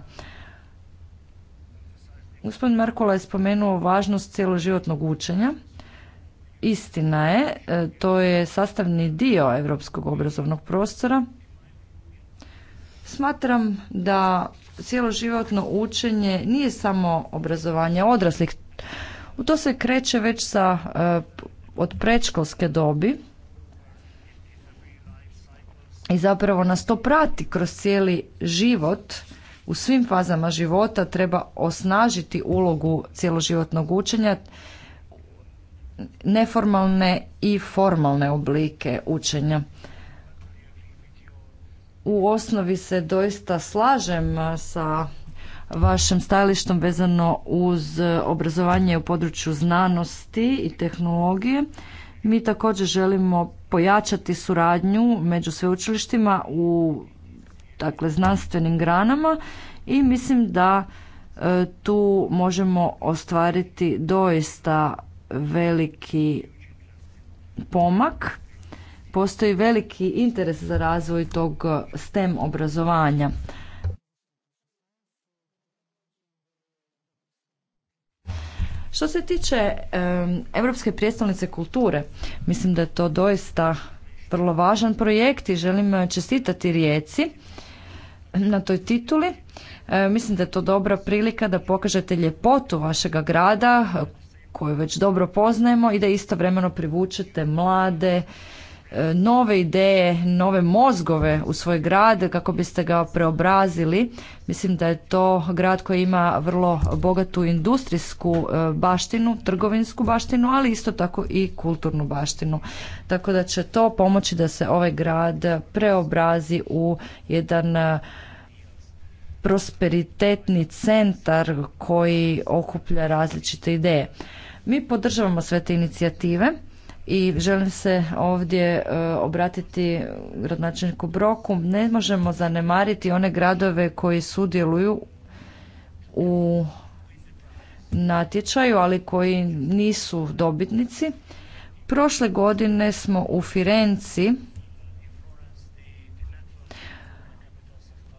C: Gospodin Merkola je spomenuo važnost cjeloživotnog učenja. Istina je, e, to je sastavni dio europskog obrazovnog prostora. Smatram da cjeloživotno učenje nije samo obrazovanje odraslih. U to se kreće već sa, e, od predškolske dobi i zapravo nas to prati kroz cijeli život u svim fazama života treba osnažiti ulogu cjeloživotnog učenja neformalne i formalne oblike učenja. U osnovi se doista slažem sa vašim stajalištom vezano uz e, obrazovanje u području znanosti i tehnologije. Mi također želimo pojačati suradnju među sveučilištima u dakle znanstvenim granama i mislim da e, tu možemo ostvariti doista veliki pomak. Postoji veliki interes za razvoj tog STEM obrazovanja. Što se tiče Europske prijestolnice kulture, mislim da je to doista vrlo važan projekt i želim eh, čestitati Rijeci na toj tituli. Eh, mislim da je to dobra prilika da pokažete ljepotu vašega grada, koju već dobro poznajemo i da istovremeno privučete mlade, e, nove ideje, nove mozgove u svoj grad kako biste ga preobrazili. Mislim da je to grad koji ima vrlo bogatu industrijsku e, baštinu, trgovinsku baštinu, ali isto tako i kulturnu baštinu. Tako da će to pomoći da se ovaj grad preobrazi u jedan e, prosperitetni centar koji okuplja različite ideje. Mi podržavamo sve te inicijative i želim se ovdje e, obratiti gradonačelniku Broku. Ne možemo zanemariti one gradove koji sudjeluju u natječaju, ali koji nisu dobitnici. Prošle godine smo u Firenci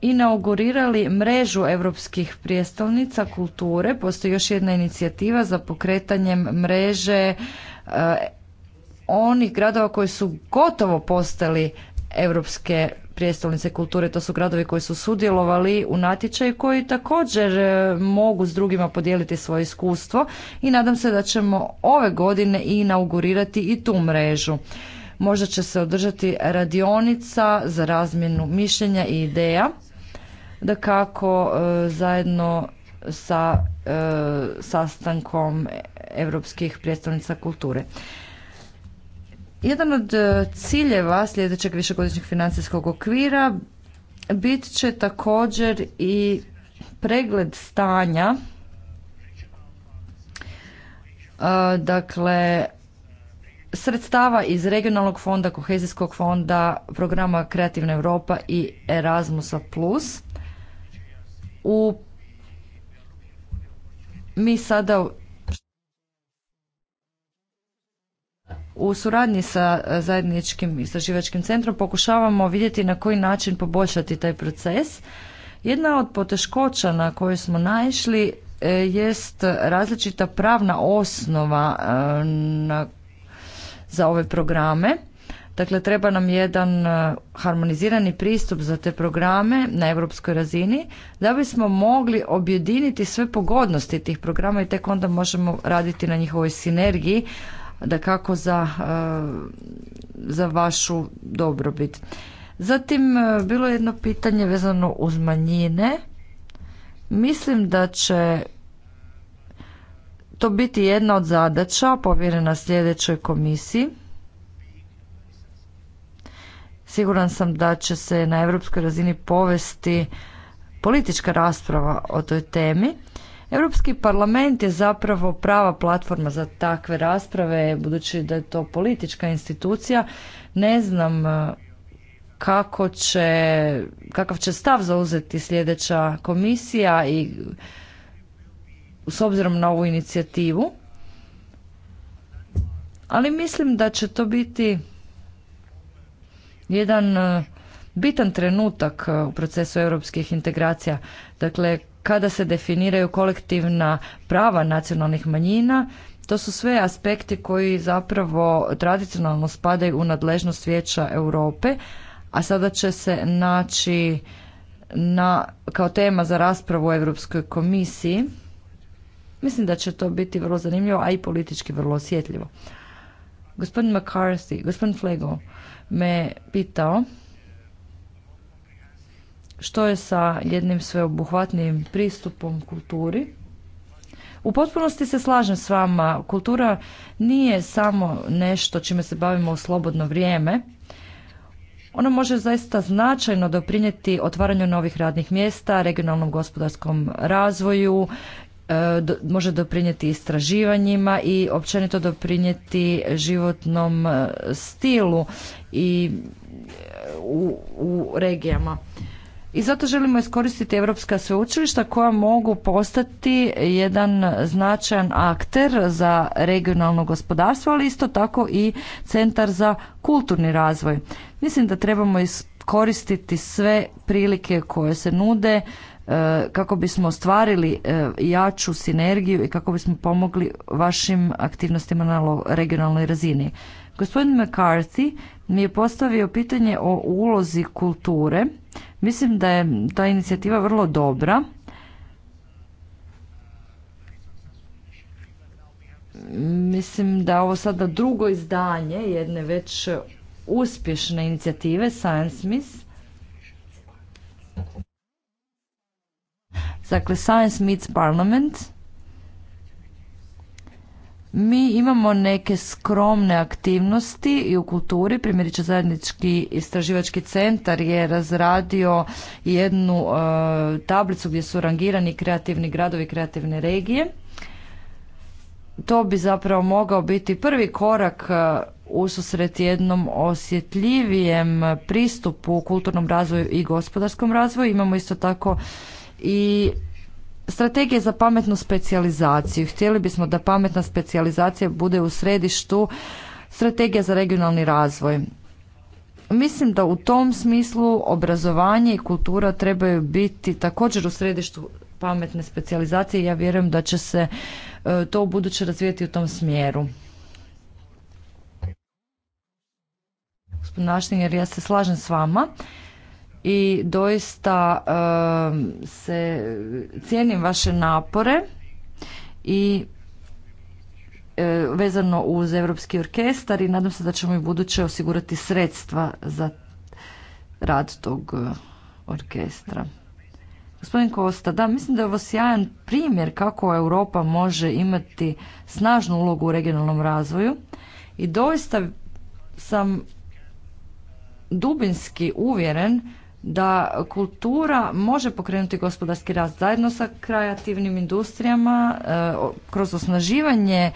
C: inaugurirali mrežu europskih prijestolnica kulture. Postoji još jedna inicijativa za pokretanjem mreže e, onih gradova koji su gotovo postali europske prijestolnice kulture, to su gradovi koji su sudjelovali u natječaju koji također e, mogu s drugima podijeliti svoje iskustvo i nadam se da ćemo ove godine inaugurirati i tu mrežu. Možda će se održati radionica za razmjenu mišljenja i ideja da kako e, zajedno sa e, sastankom europskih predstavnica kulture. Jedan od e, ciljeva sljedećeg višegodišnjeg financijskog okvira bit će također i pregled stanja dakle sredstava iz regionalnog fonda, kohezijskog fonda, programa Kreativna Europa i Erasmusa plus u mi sada u suradnji sa zajedničkim istraživačkim centrom pokušavamo vidjeti na koji način poboljšati taj proces. Jedna od poteškoća na koju smo naišli e, jest različita pravna osnova e, na, za ove programe Dakle, treba nam jedan e, harmonizirani pristup za te programe na europskoj razini da bismo mogli objediniti sve pogodnosti tih programa i tek onda možemo raditi na njihovoj sinergiji da kako za, e, za vašu dobrobit. Zatim, e, bilo je jedno pitanje vezano uz manjine. Mislim da će to biti jedna od zadaća povjerena sljedećoj komisiji Siguran sam da će se na europskoj razini povesti politička rasprava o toj temi. Europski parlament je zapravo prava platforma za takve rasprave, budući da je to politička institucija. Ne znam e, kako će, kakav će stav zauzeti sljedeća komisija i s obzirom na ovu inicijativu. Ali mislim da će to biti jedan e, bitan trenutak e, u procesu europskih integracija. Dakle, kada se definiraju kolektivna prava nacionalnih manjina, to su sve aspekti koji zapravo tradicionalno spadaju u nadležnost Vijeća Europe, a sada će se naći na, kao tema za raspravu u Europskoj komisiji. Mislim da će to biti vrlo zanimljivo, a i politički vrlo osjetljivo. Gospodin McCarthy, gospodin Flego, me pitao što je sa jednim sveobuhvatnijim pristupom kulturi. U potpunosti se slažem s vama, kultura nije samo nešto čime se bavimo u slobodno vrijeme. Ona može zaista značajno doprinijeti otvaranju novih radnih mjesta, regionalnom gospodarskom razvoju E, može doprinijeti istraživanjima i općenito doprinijeti životnom e, stilu i e, u, u regijama. I zato želimo iskoristiti europska sveučilišta koja mogu postati jedan značajan akter za regionalno gospodarstvo, ali isto tako i centar za kulturni razvoj. Mislim da trebamo iskoristiti sve prilike koje se nude kako bismo ostvarili e, jaču sinergiju i kako bismo pomogli vašim aktivnostima na regionalnoj razini. Gospodin McCarthy mi je postavio pitanje o ulozi kulture. Mislim da je ta inicijativa vrlo dobra. Mislim da je ovo sada drugo izdanje jedne već uspješne inicijative Science Miss Dakle, Science Meets Parliament. Mi imamo neke skromne aktivnosti i u kulturi, primjerice zajednički istraživački centar je razradio jednu e, tablicu gdje su rangirani kreativni gradovi, kreativne regije. To bi zapravo mogao biti prvi korak e, ususret jednom osjetljivijem pristupu kulturnom razvoju i gospodarskom razvoju. Imamo isto tako i strategije za pametnu specijalizaciju. Htjeli bismo da pametna specijalizacija bude u središtu strategija za regionalni razvoj. Mislim da u tom smislu obrazovanje i kultura trebaju biti također u središtu pametne specijalizacije i ja vjerujem da će se e, to u buduće razvijeti u tom smjeru. Gospodin jer ja se slažem s vama i doista se cijenim vaše napore i e, vezano uz Europski orkestar i nadam se da ćemo i buduće osigurati sredstva za rad tog e, orkestra. Gospodin Kosta, da, mislim da je ovo sjajan primjer kako Europa može imati snažnu ulogu u regionalnom razvoju i doista sam dubinski uvjeren da kultura može pokrenuti gospodarski rast zajedno sa kreativnim industrijama e, kroz osnaživanje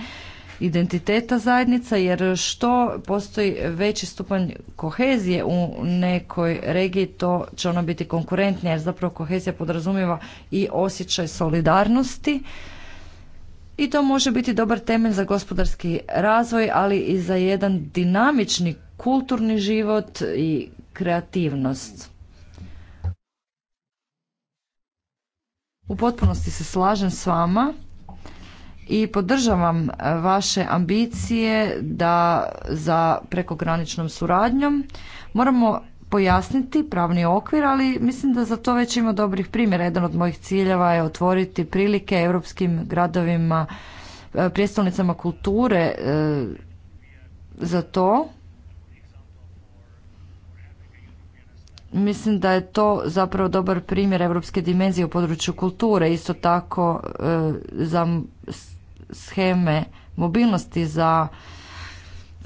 C: identiteta zajednica jer što postoji veći stupanj kohezije u nekoj regiji to će ona biti konkurentnija jer zapravo kohezija podrazumijeva i osjećaj solidarnosti i to može biti dobar temelj za gospodarski razvoj ali i za jedan dinamični kulturni život i kreativnost. U potpunosti se slažem s vama i podržavam e, vaše ambicije da za prekograničnom suradnjom moramo pojasniti pravni okvir, ali mislim da za to već ima dobrih primjera. Jedan od mojih ciljeva je otvoriti prilike europskim gradovima, e, prijestolnicama kulture e, za to Mislim da je to zapravo dobar primjer europske dimenzije u području kulture, isto tako e, za scheme mobilnosti za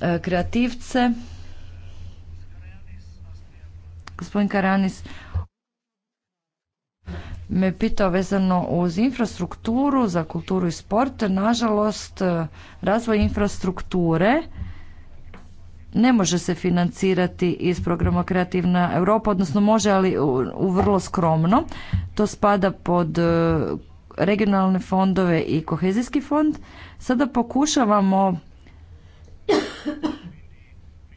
C: e, kreativce. Gospodin Karanis me pitao vezano uz infrastrukturu za kulturu i sport. Nažalost, e, razvoj infrastrukture ne može se financirati iz programa Kreativna Europa, odnosno može, ali u, vrlo skromno. To spada pod e, regionalne fondove i kohezijski fond. Sada pokušavamo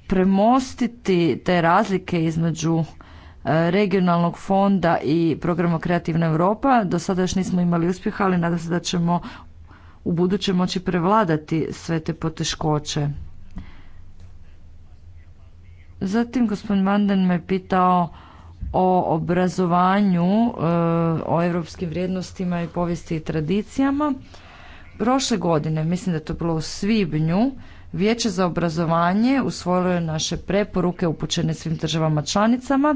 C: premostiti te razlike između e, regionalnog fonda i programa Kreativna Europa. Do sada još nismo imali uspjeha, ali nadam se da ćemo u buduće moći prevladati sve te poteškoće. Zatim gospodin Vanden me pitao o obrazovanju, e, o europskim vrijednostima i povijesti i tradicijama. Prošle godine, mislim da je to bilo u svibnju, Vijeće za obrazovanje usvojilo je naše preporuke upućene svim državama članicama,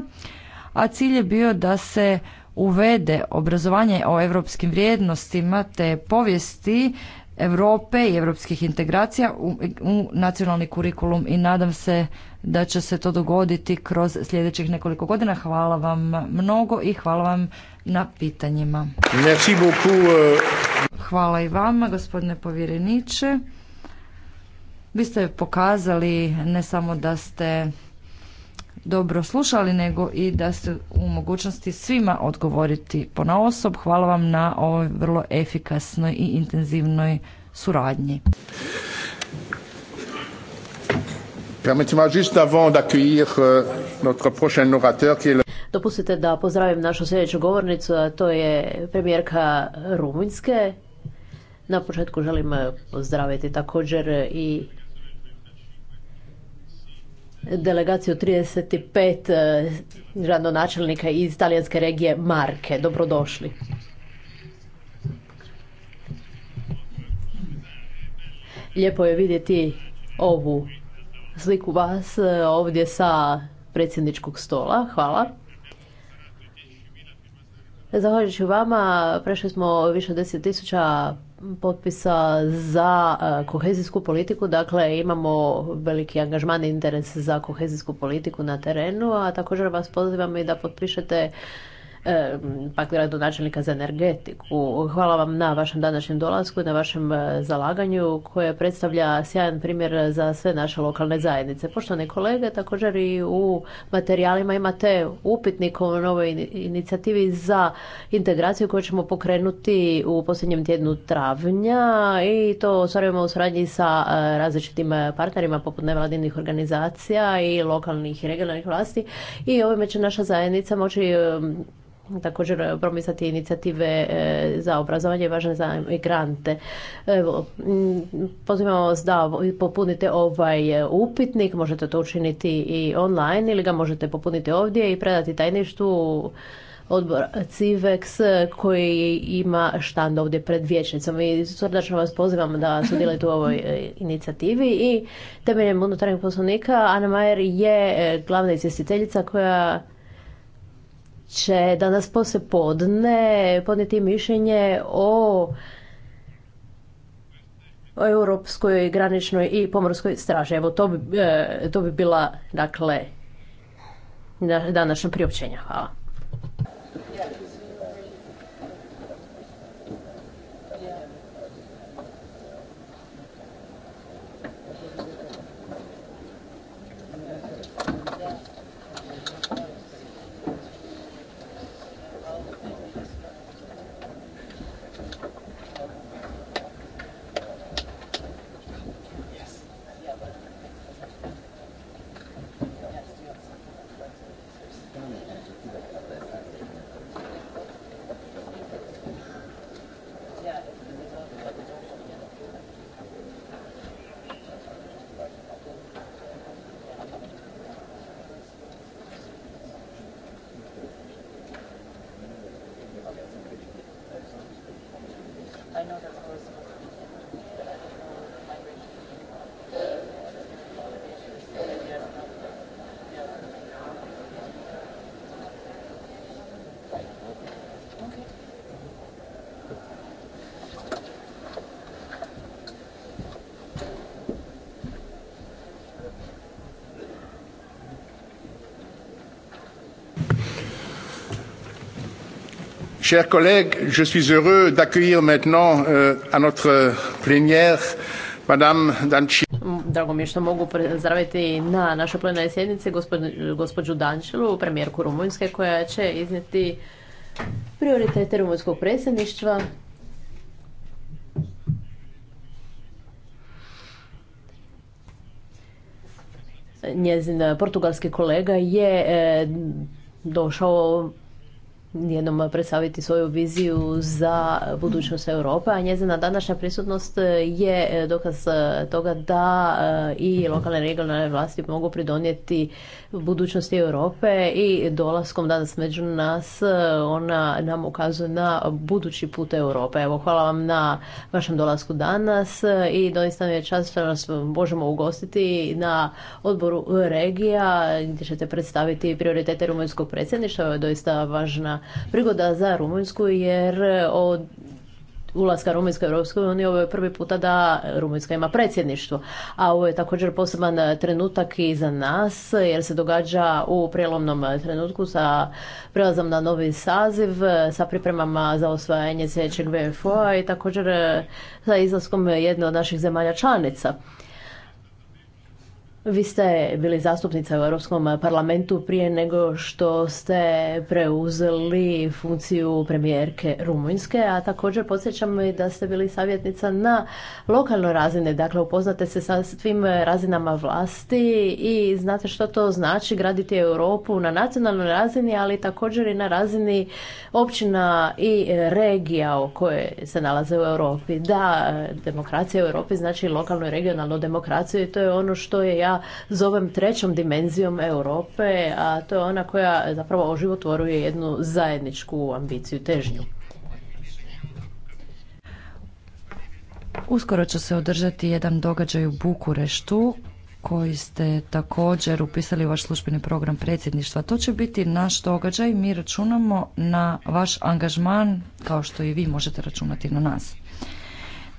C: a cilj je bio da se uvede obrazovanje o europskim vrijednostima te povijesti Europe i europskih integracija u nacionalni kurikulum i nadam se da će se to dogoditi kroz sljedećih nekoliko godina. Hvala vam mnogo i hvala vam na pitanjima. Euh. Hvala i vama, gospodine povjereniče. Vi ste pokazali ne samo da ste dobro slušali, nego i da ste u mogućnosti svima odgovoriti po osob. Hvala vam na ovoj vrlo efikasnoj i intenzivnoj suradnji.
A: Permettez-moi juste avant d'accueillir euh, notre prochain orateur qui
F: Dopustite da pozdravim našu sljedeću govornicu, a to je premijerka Rumunjske. Na početku želim e, pozdraviti također e, i delegaciju 35 e, gradonačelnika iz talijanske regije Marke. Dobrodošli. Lijepo je vidjeti ovu sliku vas e, ovdje sa predsjedničkog stola. Hvala. Zahvaljujući vama, prešli smo više deset tisuća potpisa za e, kohezijsku politiku, dakle imamo veliki angažman i interes za kohezijsku politiku na terenu, a također vas pozivam i da potpišete pak gradonačelnika za energetiku. Hvala vam na vašem današnjem dolasku i na vašem e, zalaganju koje predstavlja sjajan primjer za sve naše lokalne zajednice. Poštovane kolege, također i u materijalima imate upitnik o novoj inicijativi za integraciju koju ćemo pokrenuti u posljednjem tjednu travnja i to ostvarujemo u suradnji sa e, različitim e, partnerima poput nevladinih organizacija i lokalnih i regionalnih vlasti i ovime će naša zajednica moći također e, promicati inicijative e, za obrazovanje važne za migrante. Evo, pozivamo vas da popunite ovaj e, upitnik, možete to učiniti i online ili ga možete popuniti ovdje i predati tajništu odbor CIVEX koji ima štand ovdje pred vječnicom i srdačno vas pozivam da sudjelujete u ovoj inicijativi i temeljem unutarnjeg poslovnika Ana Majer je glavna izvjestiteljica koja će danas posle podne podnijeti mišljenje o o europskoj graničnoj i pomorskoj straži. Evo to bi, e, to bi bila dakle današnja priopćenja. Hvala.
A: Chers collègues, je suis heureux d'accueillir maintenant euh, à notre plénière Madame Danci.
F: Drago mi je što mogu pozdraviti na našoj plenarnoj sjednici gospođu, gospođu Dančilu, premijerku Rumunjske, koja će iznijeti prioritete rumunjskog predsjedništva njezin portugalski kolega je eh, došao jednom predstaviti svoju viziju za budućnost Europe, a njezina današnja prisutnost je dokaz toga da e, i lokalne i regionalne vlasti mogu pridonijeti budućnosti Europe i dolaskom danas među nas e, ona nam ukazuje na budući put Europe. Evo, hvala vam na vašem dolasku danas e, i doista mi je čast što nas možemo ugostiti na odboru regija gdje ćete predstaviti prioritete rumunjskog predsjedništva. Ovo je doista važna prigoda za Rumunjsku jer e, od ulaska Rumunjske u Europsku uniju ovo je prvi puta da Rumunjska ima predsjedništvo. A ovo je također poseban trenutak i za nas jer se događa u prijelomnom trenutku sa prelazom na novi saziv, sa pripremama za osvajanje sljedećeg VFO-a i također e, sa izlaskom jedne od naših zemalja članica. Vi ste bili zastupnica u Europskom parlamentu prije nego što ste preuzeli funkciju premijerke Rumunjske, a također podsjećam i da ste bili savjetnica na lokalnoj razini, dakle upoznate se sa svim razinama vlasti i znate što to znači graditi Europu na nacionalnoj razini, ali također i na razini općina i regija o koje se nalaze u Europi. Da, demokracija u Europi znači lokalnu i regionalnu demokraciju i to je ono što je ja s zovem trećom dimenzijom Europe, a to je ona koja zapravo oživotvoruje jednu zajedničku ambiciju, težnju.
C: Uskoro će se održati jedan događaj u Bukureštu koji ste također upisali u vaš službeni program predsjedništva. To će biti naš događaj. Mi računamo na vaš angažman kao što i vi možete računati na nas.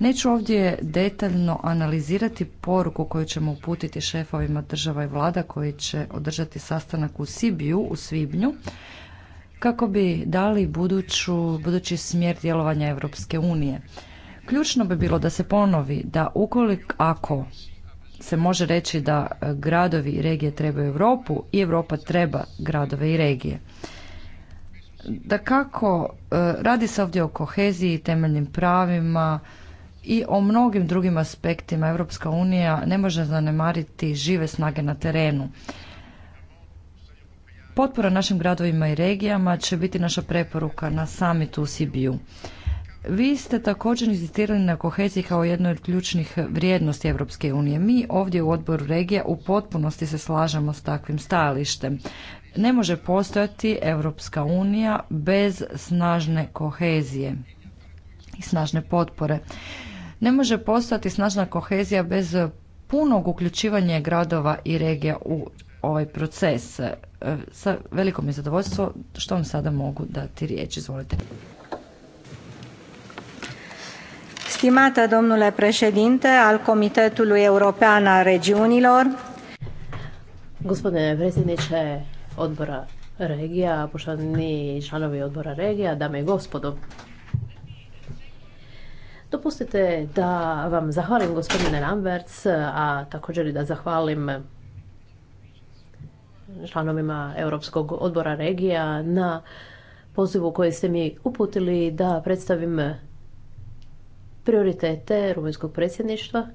C: Neću ovdje detaljno analizirati poruku koju ćemo uputiti šefovima država i vlada koji će održati sastanak u Sibiju u svibnju kako bi dali buduću, budući smjer djelovanja Europske unije. Ključno bi bilo da se ponovi da ukoliko ako se može reći da gradovi i regije trebaju Europu i Europa treba gradove i regije. Da kako e, radi se ovdje o koheziji, temeljnim pravima, i o mnogim drugim aspektima Europska unija ne može zanemariti žive snage na terenu. Potpora našim gradovima i regijama će biti naša preporuka na samitu u Sibiju. Vi ste također inzistirali na koheziji kao jednoj od ključnih vrijednosti Europske unije. Mi ovdje u odboru regija u potpunosti se slažemo s takvim stajalištem. Ne može postojati Europska unija bez snažne kohezije i snažne potpore. Ne može postati snažna kohezija bez punog uključivanja gradova i regija u ovaj proces. E, sa veliko mi je zadovoljstvo što vam sada mogu dati riječ. Izvolite. Stimata domnule președinte al Comitetului European
F: a Regiunilor. Gospodine predsjedniče odbora regija, poštovani članovi odbora regija, dame i gospodo. Dopustite da vam zahvalim gospodine Lamberts, a također i da zahvalim članovima Europskog odbora regija na pozivu koji ste mi uputili da predstavim prioritete rumunjskog predsjedništva.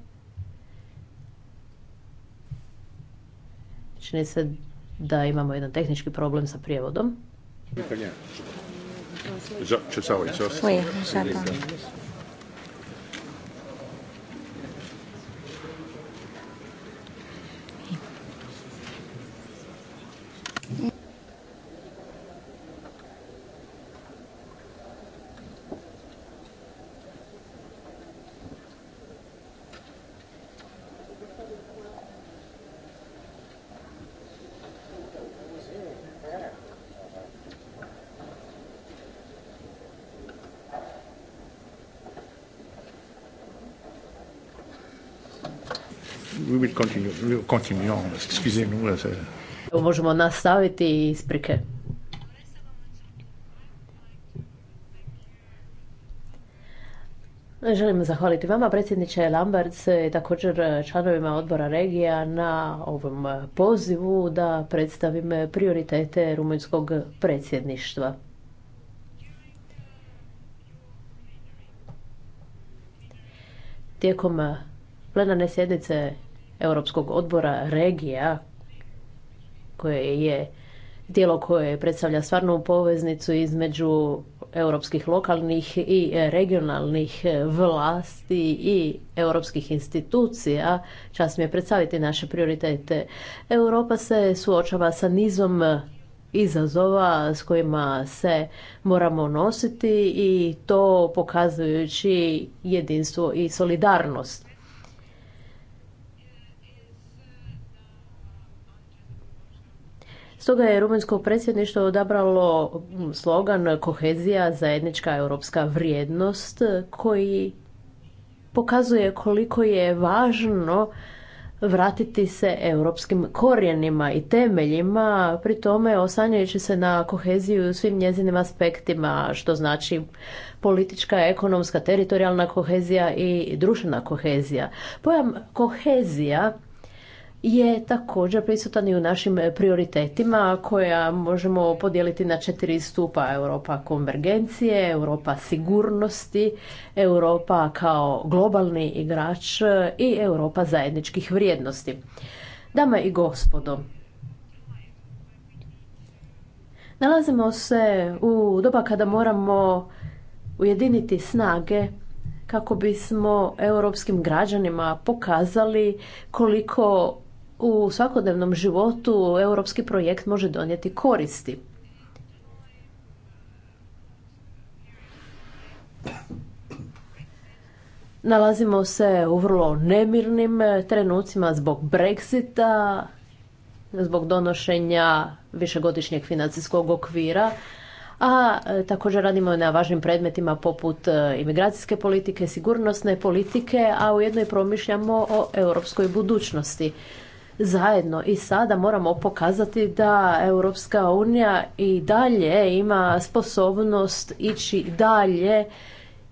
F: Čini se da imamo jedan tehnički problem sa prijevodom. Možemo nastaviti isprike. Želim zahvaliti vama, predsjedniče Lamberts i također članovima odbora regija na ovom pozivu da predstavim prioritete rumunjskog predsjedništva. Tijekom plenarne sjednice Europskog odbora regija koje je tijelo koje predstavlja stvarnu poveznicu između europskih lokalnih i regionalnih vlasti i europskih institucija. Čas mi je predstaviti naše prioritete. Europa se suočava sa nizom izazova s kojima se moramo nositi i to pokazujući jedinstvo i solidarnost. Stoga je rumunjsko predsjedništvo odabralo mm, slogan kohezija zajednička europska vrijednost koji pokazuje koliko je važno vratiti se europskim korijenima i temeljima, pri tome osanjajući se na koheziju u svim njezinim aspektima, što znači politička, ekonomska, teritorijalna kohezija i društvena kohezija. Pojam kohezija je također prisutan i u našim prioritetima koja možemo podijeliti na četiri stupa. Europa konvergencije, Europa sigurnosti, Europa kao globalni igrač i Europa zajedničkih vrijednosti. Dame i gospodo, nalazimo se u doba kada moramo ujediniti snage kako bismo europskim građanima pokazali koliko u svakodnevnom životu europski projekt može donijeti koristi. Nalazimo se u vrlo nemirnim trenucima zbog Brexita, zbog donošenja višegodišnjeg financijskog okvira, a također radimo na važnim predmetima poput e, imigracijske politike, sigurnosne politike, a ujedno i promišljamo o europskoj budućnosti zajedno i sada moramo pokazati da Europska unija i dalje ima sposobnost ići dalje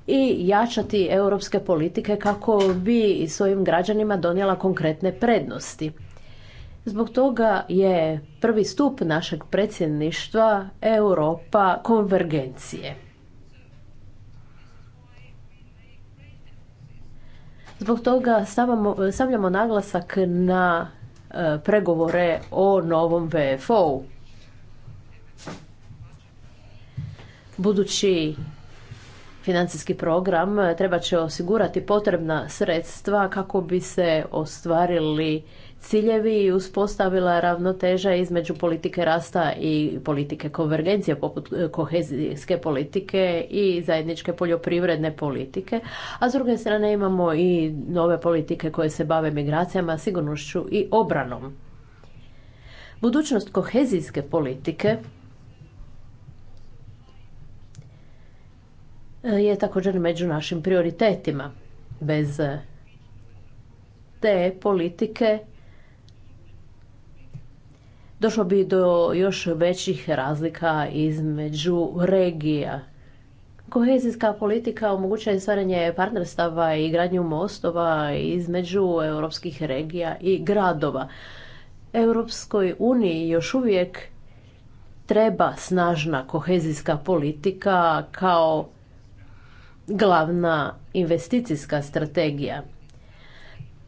F: i jačati europske politike kako bi svojim građanima donijela konkretne prednosti. Zbog toga je prvi stup našeg predsjedništva Europa konvergencije. Zbog toga stavljamo naglasak na E, pregovore o novom VFO-u. Budući financijski program e, treba će osigurati potrebna sredstva kako bi se ostvarili ciljevi i uspostavila ravnoteža između politike rasta i politike konvergencije poput e, kohezijske politike i zajedničke poljoprivredne politike. A s druge strane imamo i nove politike koje se bave migracijama, sigurnošću i obranom. Budućnost kohezijske politike e, je također među našim prioritetima. Bez te politike došlo bi do još većih razlika između regija. Kohezijska politika omogućuje stvaranje partnerstava i gradnju mostova između europskih regija i gradova. Europskoj uniji još uvijek treba snažna kohezijska politika kao glavna investicijska strategija.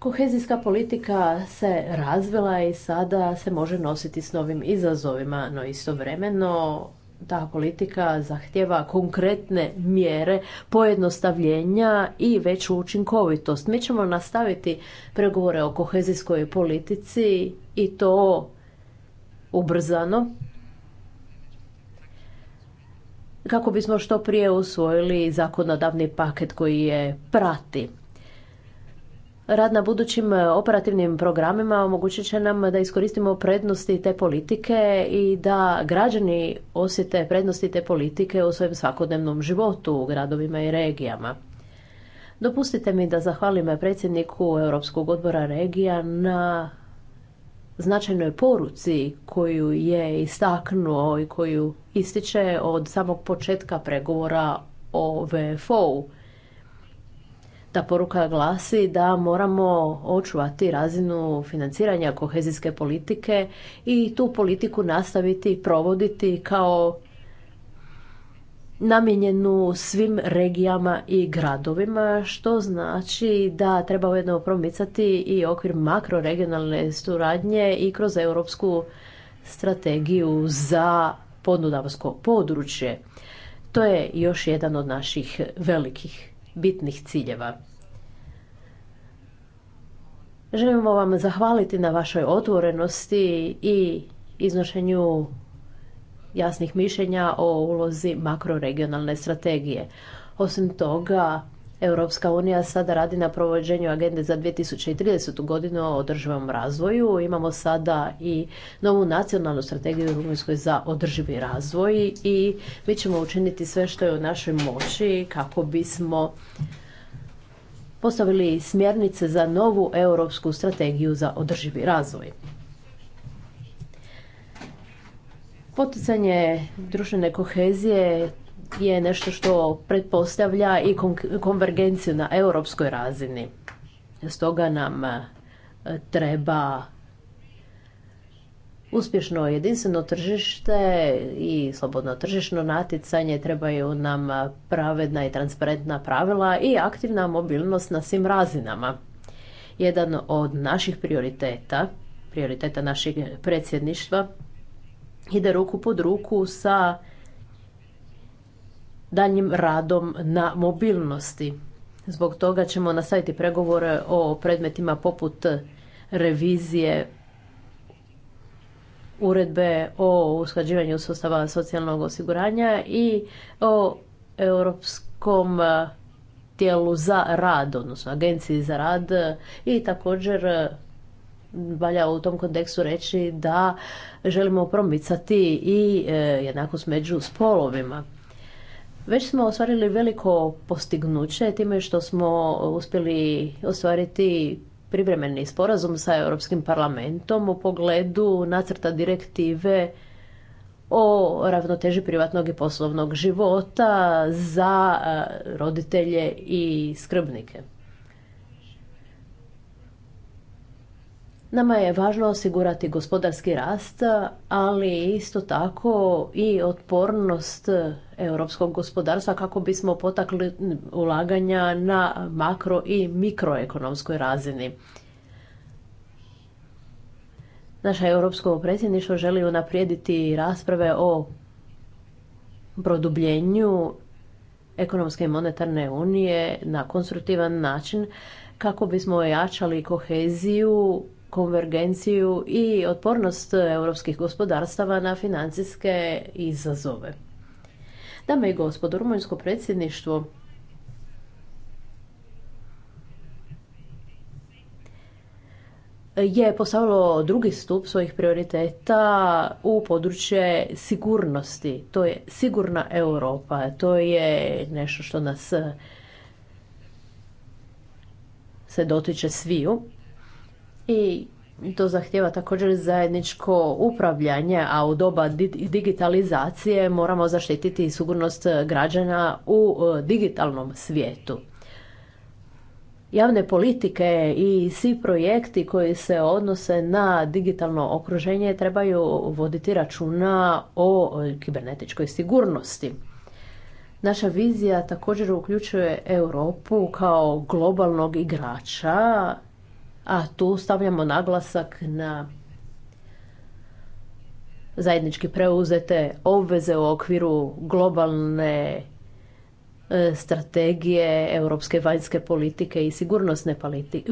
F: Kohezijska politika se razvila i sada se može nositi s novim izazovima, no istovremeno ta politika zahtjeva konkretne mjere pojednostavljenja i veću učinkovitost. Mi ćemo nastaviti pregovore o kohezijskoj politici i to ubrzano kako bismo što prije usvojili zakonodavni paket koji je prati. Rad na budućim e, operativnim programima omogućit će nam da iskoristimo prednosti te politike i da građani osjete prednosti te politike u svojem svakodnevnom životu u gradovima i regijama. Dopustite mi da zahvalim predsjedniku Europskog odbora regija na značajnoj poruci koju je istaknuo i koju ističe od samog početka pregovora o VFO-u. Ta poruka glasi da moramo očuvati razinu financiranja kohezijske politike i tu politiku nastaviti provoditi kao namijenjenu svim regijama i gradovima, što znači da treba ujedno promicati i okvir makroregionalne suradnje i kroz europsku strategiju za podnudavsko područje. To je još jedan od naših velikih bitnih ciljeva. Želimo vam zahvaliti na vašoj otvorenosti i iznošenju jasnih mišljenja o ulozi makroregionalne strategije. Osim toga, Europska unija sada radi na provođenju agende za 2030. godinu o održivom razvoju. Imamo sada i novu nacionalnu strategiju Rumunjskoj za održivi razvoj i mi ćemo učiniti sve što je u našoj moći kako bismo postavili smjernice za novu europsku strategiju za održivi razvoj. Poticanje društvene kohezije je nešto što pretpostavlja i konvergenciju na europskoj razini. Stoga nam e, treba uspješno jedinstveno tržište i slobodno tržišno natjecanje, trebaju nam pravedna i transparentna pravila i aktivna mobilnost na svim razinama. Jedan od naših prioriteta, prioriteta našeg predsjedništva, ide ruku pod ruku sa daljnjim radom na mobilnosti. Zbog toga ćemo nastaviti pregovore o predmetima poput revizije uredbe o usklađivanju sustava socijalnog osiguranja i o europskom e, tijelu za rad, odnosno agenciji za rad i također valja u tom kontekstu reći da želimo promicati i e, jednakost među spolovima. Već smo ostvarili veliko postignuće time što smo uspjeli ostvariti privremeni sporazum sa Europskim parlamentom u pogledu nacrta direktive o ravnoteži privatnog i poslovnog života za e, roditelje i skrbnike. Nama je važno osigurati gospodarski rast, ali isto tako i otpornost europskog gospodarstva kako bismo potakli ulaganja na makro i mikroekonomskoj razini. Naše europsko predsjedništvo želi unaprijediti rasprave o produbljenju ekonomske i monetarne unije na konstruktivan način kako bismo ojačali koheziju, konvergenciju i otpornost europskih gospodarstava na financijske izazove. Dame i gospodo, rumunjsko predsjedništvo je postavilo drugi stup svojih prioriteta u područje sigurnosti. To je sigurna Europa. To je nešto što nas se dotiče sviju. I to zahtjeva također zajedničko upravljanje, a u doba digitalizacije moramo zaštititi sigurnost građana u e, digitalnom svijetu. Javne politike i svi projekti koji se odnose na digitalno okruženje trebaju voditi računa o e, kibernetičkoj sigurnosti. Naša vizija također uključuje Europu kao globalnog igrača a tu stavljamo naglasak na zajednički preuzete obveze u okviru globalne e, strategije europske vanjske politike i sigurnosne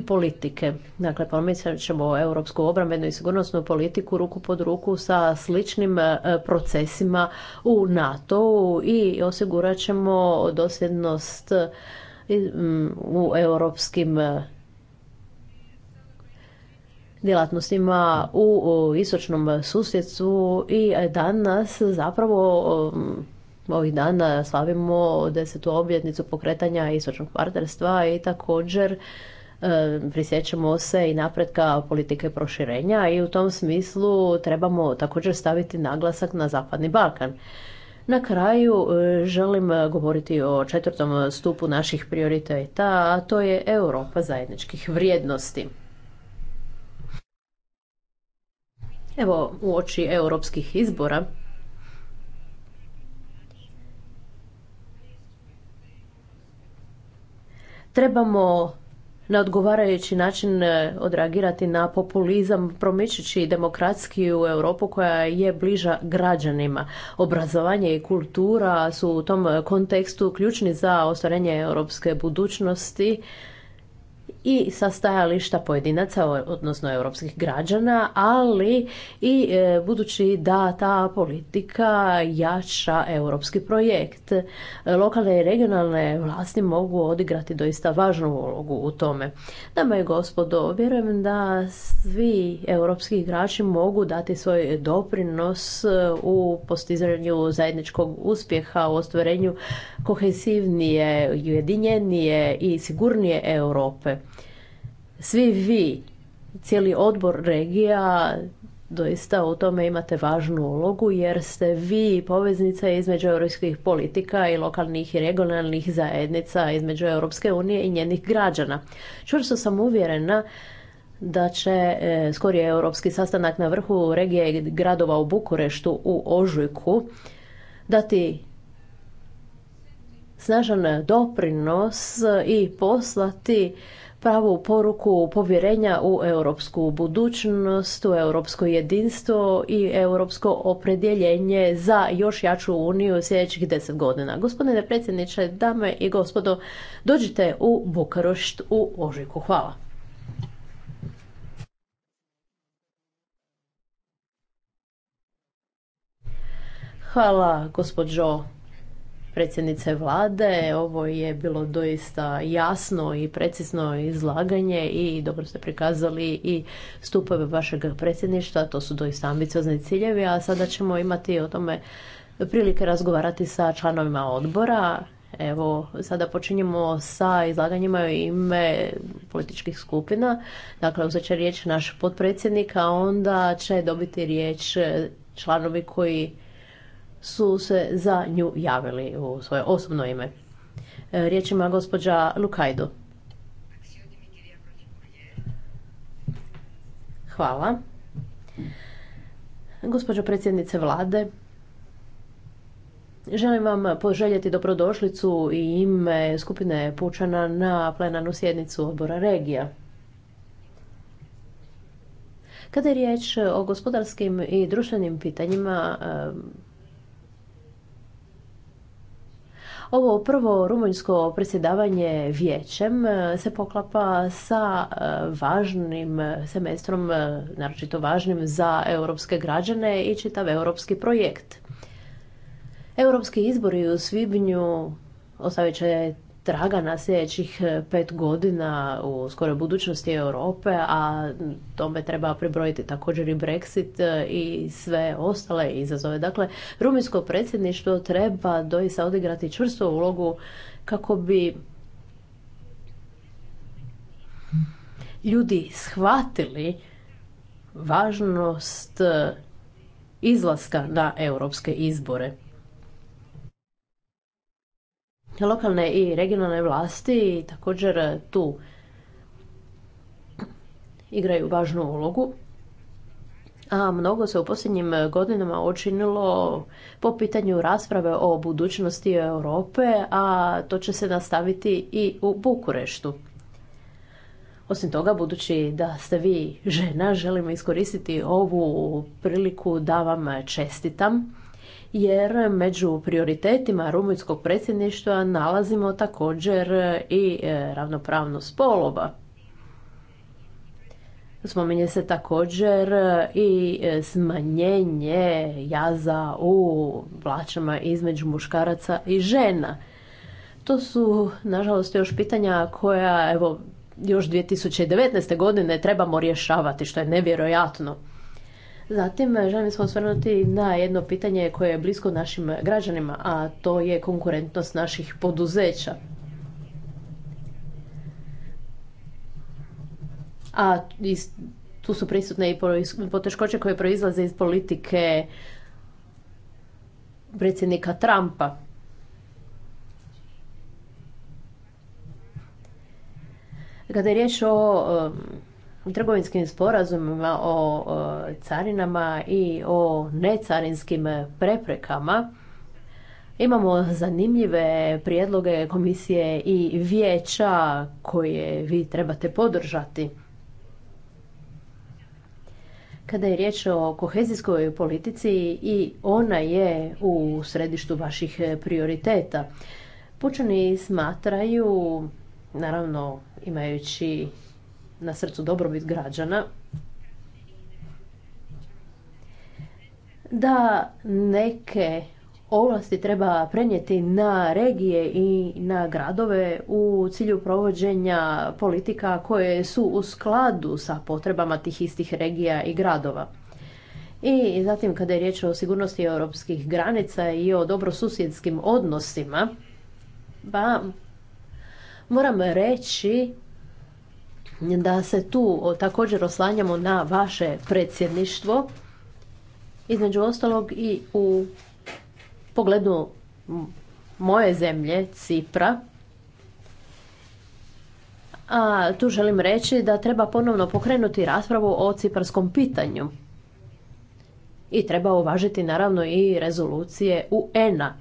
F: politike. Dakle, pomicat ćemo europsku obrambenu i sigurnosnu politiku ruku pod ruku sa sličnim e, procesima u NATO-u i osigurat ćemo dosljednost u europskim djelatnostima u istočnom susjedstvu i danas zapravo um, ovih dana slavimo desetu obljetnicu pokretanja istočnog partnerstva i također um, prisjećamo se i napretka politike proširenja i u tom smislu trebamo također staviti naglasak na Zapadni Balkan. Na kraju um, želim govoriti o četvrtom stupu naših prioriteta, a to je Europa zajedničkih vrijednosti. Evo, u oči europskih izbora, trebamo na odgovarajući način e, odreagirati na populizam promičući demokratski u Europu koja je bliža građanima. Obrazovanje i kultura su u tom kontekstu ključni za ostvarenje europske budućnosti, i sa stajališta pojedinaca, odnosno europskih građana, ali i e, budući da ta politika jača europski projekt. Lokalne i regionalne vlasti mogu odigrati doista važnu ulogu u tome. Dame i gospodo, vjerujem da svi europski igrači mogu dati svoj doprinos e, u postizanju zajedničkog uspjeha, u ostvarenju kohesivnije, ujedinjenije i sigurnije Europe svi vi, cijeli odbor regija, doista u tome imate važnu ulogu jer ste vi poveznica između europskih politika i lokalnih i regionalnih zajednica između Europske unije i njenih građana. Čvrsto sam uvjerena da će e, skorije europski sastanak na vrhu regije gradova u Bukureštu u Ožujku dati snažan doprinos i poslati pravu poruku povjerenja u europsku budućnost, u europsko jedinstvo i europsko opredjeljenje za još jaču uniju sljedećih deset godina. Gospodine predsjedniče, dame i gospodo, dođite u Bukarošt u Ožujku. Hvala. Hvala, gospođo predsjednice vlade. Ovo je bilo doista jasno i precizno izlaganje i dobro ste prikazali i stupove vašeg predsjedništva. To su doista ambiciozni ciljevi, a sada ćemo imati o tome prilike razgovarati sa članovima odbora. Evo, sada počinjemo sa izlaganjima u ime političkih skupina. Dakle, uzet će riječ naš potpredsjednik, a onda će dobiti riječ članovi koji su se za nju javili u svoje osobno ime. E, riječ ima gospođa Lukajdu. Hvala. Gospođo predsjednice vlade, Želim vam poželjeti dobrodošlicu i ime skupine Pučana na plenarnu sjednicu odbora regija. Kada je riječ o gospodarskim i društvenim pitanjima, Ovo prvo rumunjsko predsjedavanje vijećem e, se poklapa sa e, važnim semestrom, e, naročito važnim za europske građane i čitav europski projekt. Europski izbori u svibnju ostavit će traga na sljedećih e, pet godina u skoroj budućnosti Europe, a tome treba pribrojiti također i Brexit e, i sve ostale izazove. Dakle, ruminsko predsjedništvo treba doista odigrati čvrstu ulogu kako bi ljudi shvatili važnost e, izlaska na europske izbore lokalne i regionalne vlasti također e, tu igraju važnu ulogu. A mnogo se u posljednjim godinama očinilo po pitanju rasprave o budućnosti Europe, a to će se nastaviti i u Bukureštu. Osim toga, budući da ste vi žena, želimo iskoristiti ovu priliku da vam čestitam jer među prioritetima rumunjskog predsjedništva nalazimo također i e, ravnopravnost spolova. Spominje se također i e, smanjenje jaza u plaćama između muškaraca i žena. To su, nažalost, još pitanja koja, evo, još 2019. godine trebamo rješavati, što je nevjerojatno. Zatim želim se osvrnuti na jedno pitanje koje je blisko našim građanima, a to je konkurentnost naših poduzeća. A tu su prisutne i poteškoće koje proizlaze iz politike predsjednika Trumpa. Kada je riječ o trgovinskim sporazumima o carinama i o necarinskim preprekama imamo zanimljive prijedloge komisije i vijeća koje vi trebate podržati. Kada je riječ o kohezijskoj politici i ona je u središtu vaših prioriteta. Pučani smatraju, naravno imajući na srcu dobrobit građana, da neke ovlasti treba prenijeti na regije i na gradove u cilju provođenja politika koje su u skladu sa potrebama tih istih regija i gradova. I zatim kada je riječ o sigurnosti europskih granica i o dobrosusjedskim odnosima, pa moram reći da se tu također oslanjamo na vaše predsjedništvo, između ostalog i u pogledu moje zemlje, Cipra. A tu želim reći da treba ponovno pokrenuti raspravu o ciparskom pitanju. I treba uvažiti naravno i rezolucije UN-a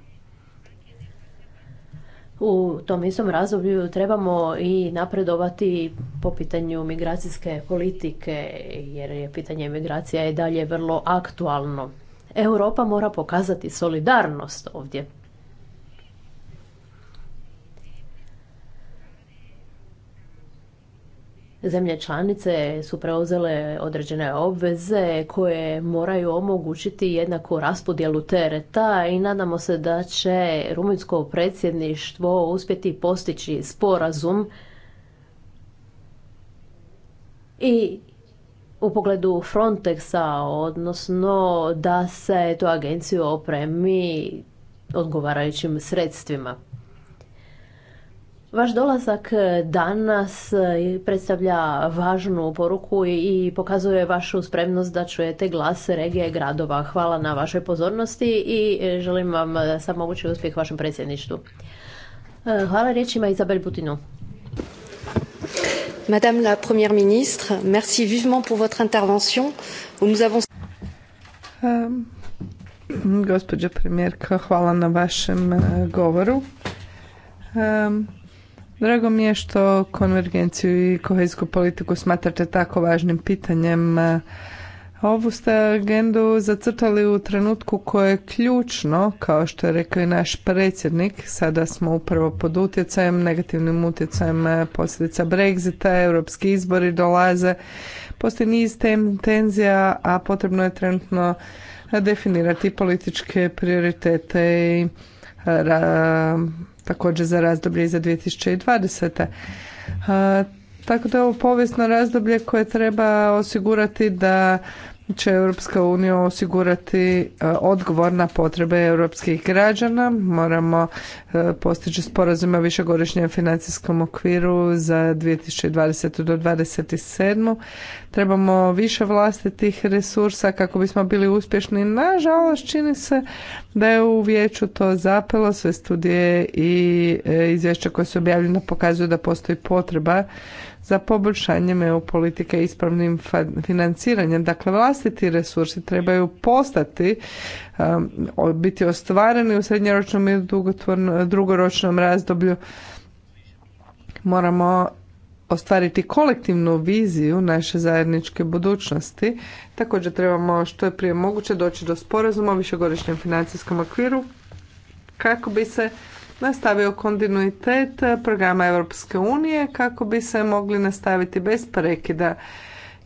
F: u tom istom razdoblju trebamo i napredovati po pitanju migracijske politike, jer je pitanje migracija i dalje vrlo aktualno. Europa mora pokazati solidarnost ovdje. zemlje članice su preuzele određene obveze koje moraju omogućiti jednaku raspodjelu tereta i nadamo se da će rumunjsko predsjedništvo uspjeti postići sporazum i u pogledu Frontexa, odnosno da se tu agenciju opremi odgovarajućim sredstvima. Vaš dolazak danas eh, predstavlja važnu poruku i pokazuje vašu spremnost da čujete glas regije gradova. Hvala na vašoj pozornosti i eh, želim vam eh, sam mogući uspjeh vašem predsjedništvu. Hvala riječima Izabel Butinu. Madame la première ministre, merci vivement pour votre
B: intervention. Nous avons... Ehm, premijerka, hvala na vašem govoru. Ehm, Drago mi je što konvergenciju i kohezijsku politiku smatrate tako važnim pitanjem. Ovu ste agendu zacrtali u trenutku koje je ključno, kao što je rekao i naš predsjednik, sada smo upravo pod utjecajem, negativnim utjecajem eh, posljedica Brexita, europski izbori dolaze, postoji niz tenzija, a potrebno je trenutno definirati političke prioritete i eh, također za razdoblje i za 2020. Tako da je ovo povijesno razdoblje koje treba osigurati da će Europska unija osigurati e, odgovor na potrebe europskih građana. Moramo e, postići sporazume o višegodišnjem financijskom okviru za 2020. do 2027. Trebamo više vlastitih resursa kako bismo bili uspješni. Nažalost, čini se da je u vijeću to zapelo. Sve studije i e, izvješća koje su objavljene pokazuju da postoji potreba za poboljšanjem EU politike ispravnim financiranjem. Dakle, vlastiti resursi trebaju postati, um, biti ostvareni u srednjoročnom i dugoročnom razdoblju. Moramo ostvariti kolektivnu viziju naše zajedničke budućnosti. Također trebamo što je prije moguće doći do sporazuma o višegodišnjem financijskom okviru kako bi se nastavio kontinuitet programa Europske unije kako bi se mogli nastaviti bez prekida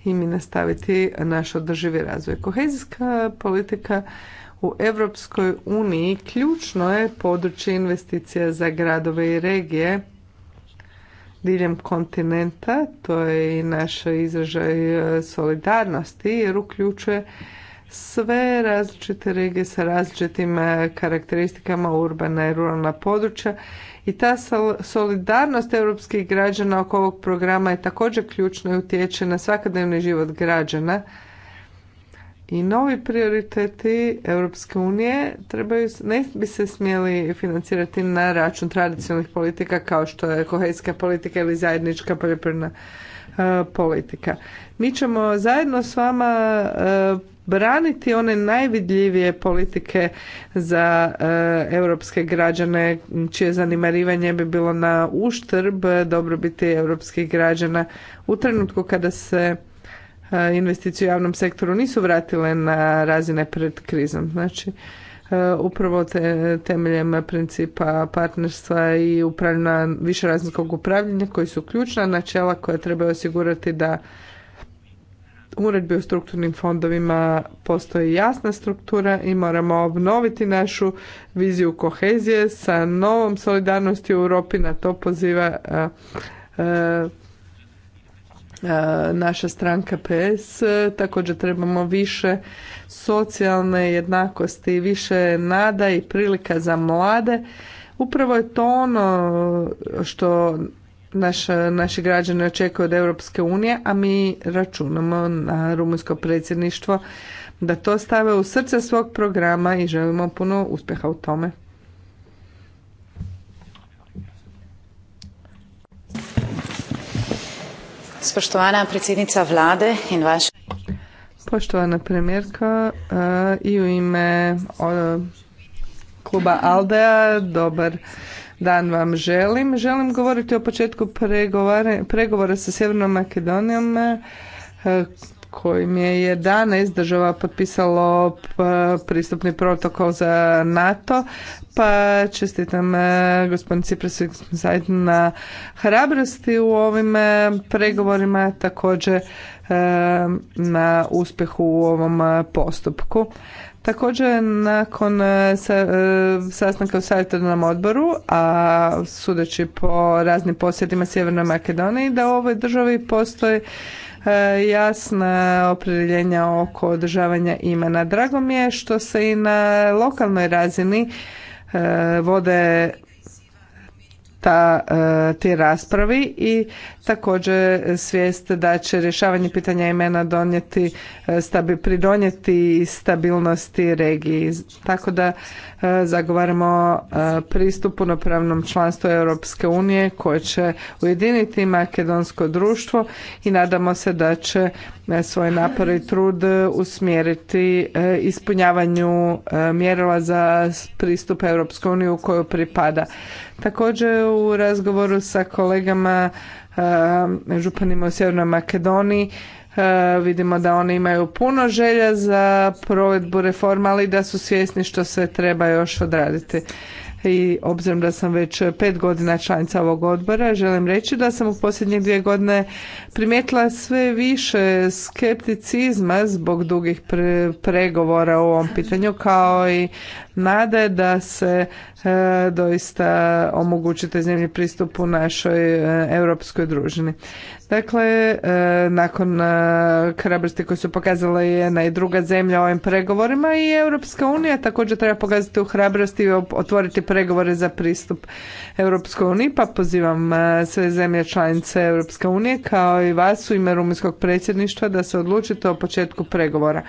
B: i mi nastaviti naš održivi razvoj. Kohezijska politika u Europskoj uniji ključno je područje investicija za gradove i regije diljem kontinenta, to je i naš izražaj solidarnosti jer uključuje sve različite regije sa različitim e, karakteristikama urbana i ruralna područja i ta solidarnost europskih građana oko ovog programa je također ključna i utječe na svakodnevni život građana i novi prioriteti Europske unije trebaju, ne bi se smjeli financirati na račun tradicionalnih politika kao što je kohezijska politika ili zajednička poljoprivredna politika E, politika. Mi ćemo zajedno s vama e, braniti one najvidljivije politike za e, europske građane čije zanimarivanje bi bilo na uštrb dobrobiti europskih građana u trenutku kada se investicije u javnom sektoru nisu vratile na razine pred krizom. Znači, E, upravo te, temeljem principa partnerstva i upravljena višerazinskog upravljanja koji su ključna načela koja treba osigurati da uredbi o strukturnim fondovima postoji jasna struktura i moramo obnoviti našu viziju kohezije sa novom solidarnosti u Europi na to poziva e, e, E, naša stranka PS, e, također trebamo više socijalne jednakosti, više nada i prilika za mlade. Upravo je to ono što naši građani očekuju od Europske unije, a mi računamo na rumunjsko predsjedništvo da to stave u srce svog programa i želimo puno uspjeha u tome.
D: Spoštovana predsjednica vlade in vaš.
B: Poštovana premijerka eh, i u ime kluba Aldea, dobar dan vam želim. Želim govoriti o početku pregovora sa Sjevernom Makedonijom eh, kojim je 11 država potpisalo pristupni protokol za NATO, pa čestitam e, gospodin zajedno na hrabrosti u ovim e, pregovorima, također e, na uspjehu u ovom postupku. Također nakon sastanka u savjetodavnom odboru, a sudeći po raznim posjedima Sjevernoj Makedoniji, da u ovoj državi postoji E, jasna opredjeljenja oko održavanja imena. Drago mi je što se i na lokalnoj razini e, vode ta, te raspravi i također svijest da će rješavanje pitanja imena donijeti, e, pridonijeti stabilnosti regiji. Tako da e, zagovaramo e, pristup punopravnom članstvu Europske unije koje će ujediniti makedonsko društvo i nadamo se da će svoje napore i trud usmjeriti ispunjavanju mjerila za pristup Europskoj uniji u koju pripada. Također u razgovoru sa kolegama Eh, županima u Sjevernoj Makedoniji. Eh, vidimo da oni imaju puno želja za provedbu reforma, ali da su svjesni što se treba još odraditi. I obzirom da sam već pet godina članica ovog odbora, želim reći da sam u posljednje dvije godine primijetila sve više skepticizma zbog dugih pregovora u ovom pitanju, kao i nade da se e, doista omogući toj zemlji pristup u našoj e, europskoj družini. Dakle, e, nakon hrabrosti koju su pokazala jedna i druga zemlja o ovim pregovorima i Europska unija također treba pokazati u hrabrosti i otvoriti pregovore za pristup Europskoj uniji, pa pozivam sve zemlje članice Europske unije kao i vas u ime rumunjskog predsjedništva da se odlučite o početku pregovora.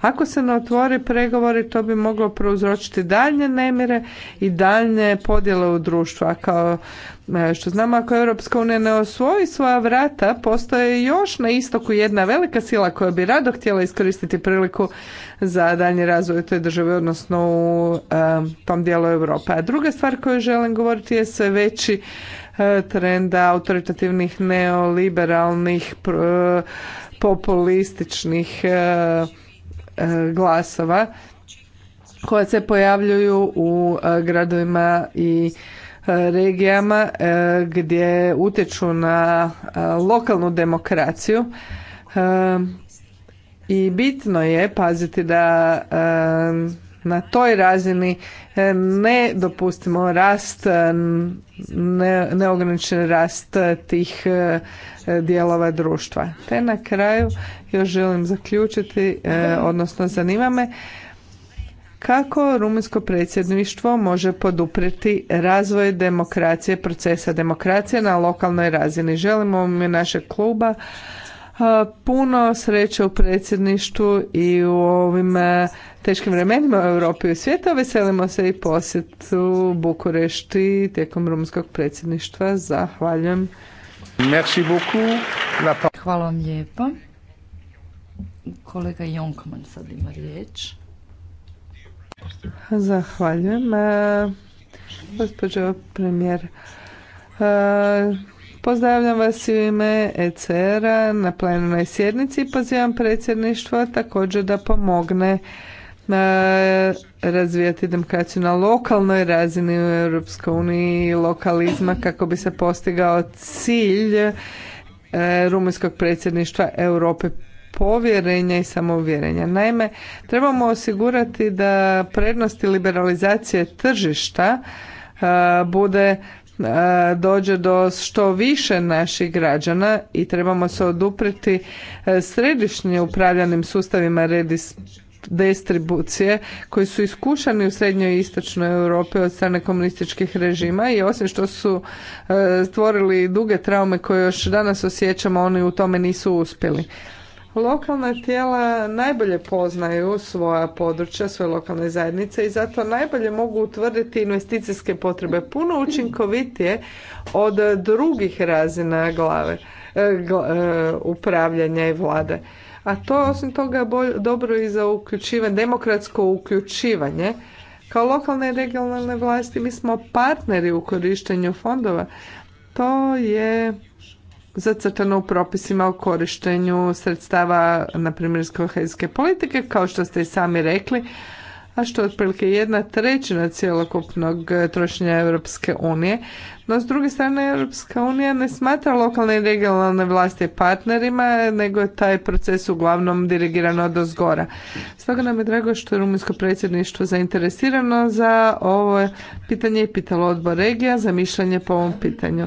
B: Ako se ne otvore pregovori, to bi moglo prouzročiti daljnje nemire i daljnje podjele u društvu. A kao e, što znamo, ako Europska unija ne osvoji svoja vrata, postoje još na istoku jedna velika sila koja bi rado htjela iskoristiti priliku za daljnji razvoj toj države, odnosno u e, tom dijelu Europe. A druga stvar koju želim govoriti je sve veći e, trenda autoritativnih neoliberalnih populističnih E, glasova koja se pojavljuju u e, gradovima i e, regijama gdje utječu na lokalnu demokraciju i bitno je paziti da na toj razini ne dopustimo rast, neograničen rast tih E, dijelova društva. Te na kraju još želim zaključiti, e, odnosno zanima me kako rumunjsko predsjedništvo može poduprijeti razvoj demokracije, procesa demokracije na lokalnoj razini. Želimo mi našeg kluba e, puno sreće u predsjedništvu i u ovim teškim vremenima u Europi i svijetu. Veselimo se i posjetu Bukurešti tijekom rumskog predsjedništva. Zahvaljujem.
C: Merci beaucoup. Hvala vam lijepa. Kolega Jonkman sad ima riječ. Zahvaljujem.
B: E, gospođo premijer, e, Pozdravljam vas u ime ECR-a na plenarnoj sjednici pozivam predsjedništvo također da pomogne E, razvijati demokraciju na lokalnoj razini u Europskoj uniji i lokalizma kako bi se postigao cilj e, rumunjskog predsjedništva Europe povjerenja i samouvjerenja. Naime, trebamo osigurati da prednosti liberalizacije tržišta e, bude dođe do što više naših građana i trebamo se odupriti središnje upravljanim sustavima distribucije koji su iskušani u srednjoj i istočnoj Europi od strane komunističkih režima i osim što su e, stvorili duge traume koje još danas osjećamo, oni u tome nisu uspjeli. Lokalna tijela najbolje poznaju svoja područja, svoje lokalne zajednice i zato najbolje mogu utvrditi investicijske potrebe puno učinkovitije od drugih razina glave e, e, upravljanja i vlade a to osim toga je bolj, dobro i za uključivanje, demokratsko uključivanje. Kao lokalne i regionalne vlasti mi smo partneri u korištenju fondova. To je zacrtano u propisima o korištenju sredstava, na primjer, iz kohezijske politike, kao što ste i sami rekli, a što je otprilike jedna trećina cjelokupnog trošenja Europske unije. No s druge strane Europska unija ne smatra lokalne i regionalne vlasti partnerima, nego je taj proces uglavnom dirigiran od ozgora. Stoga nam je drago što je rumunjsko predsjedništvo zainteresirano za ovo pitanje i pitalo odbor regija za mišljenje po ovom pitanju.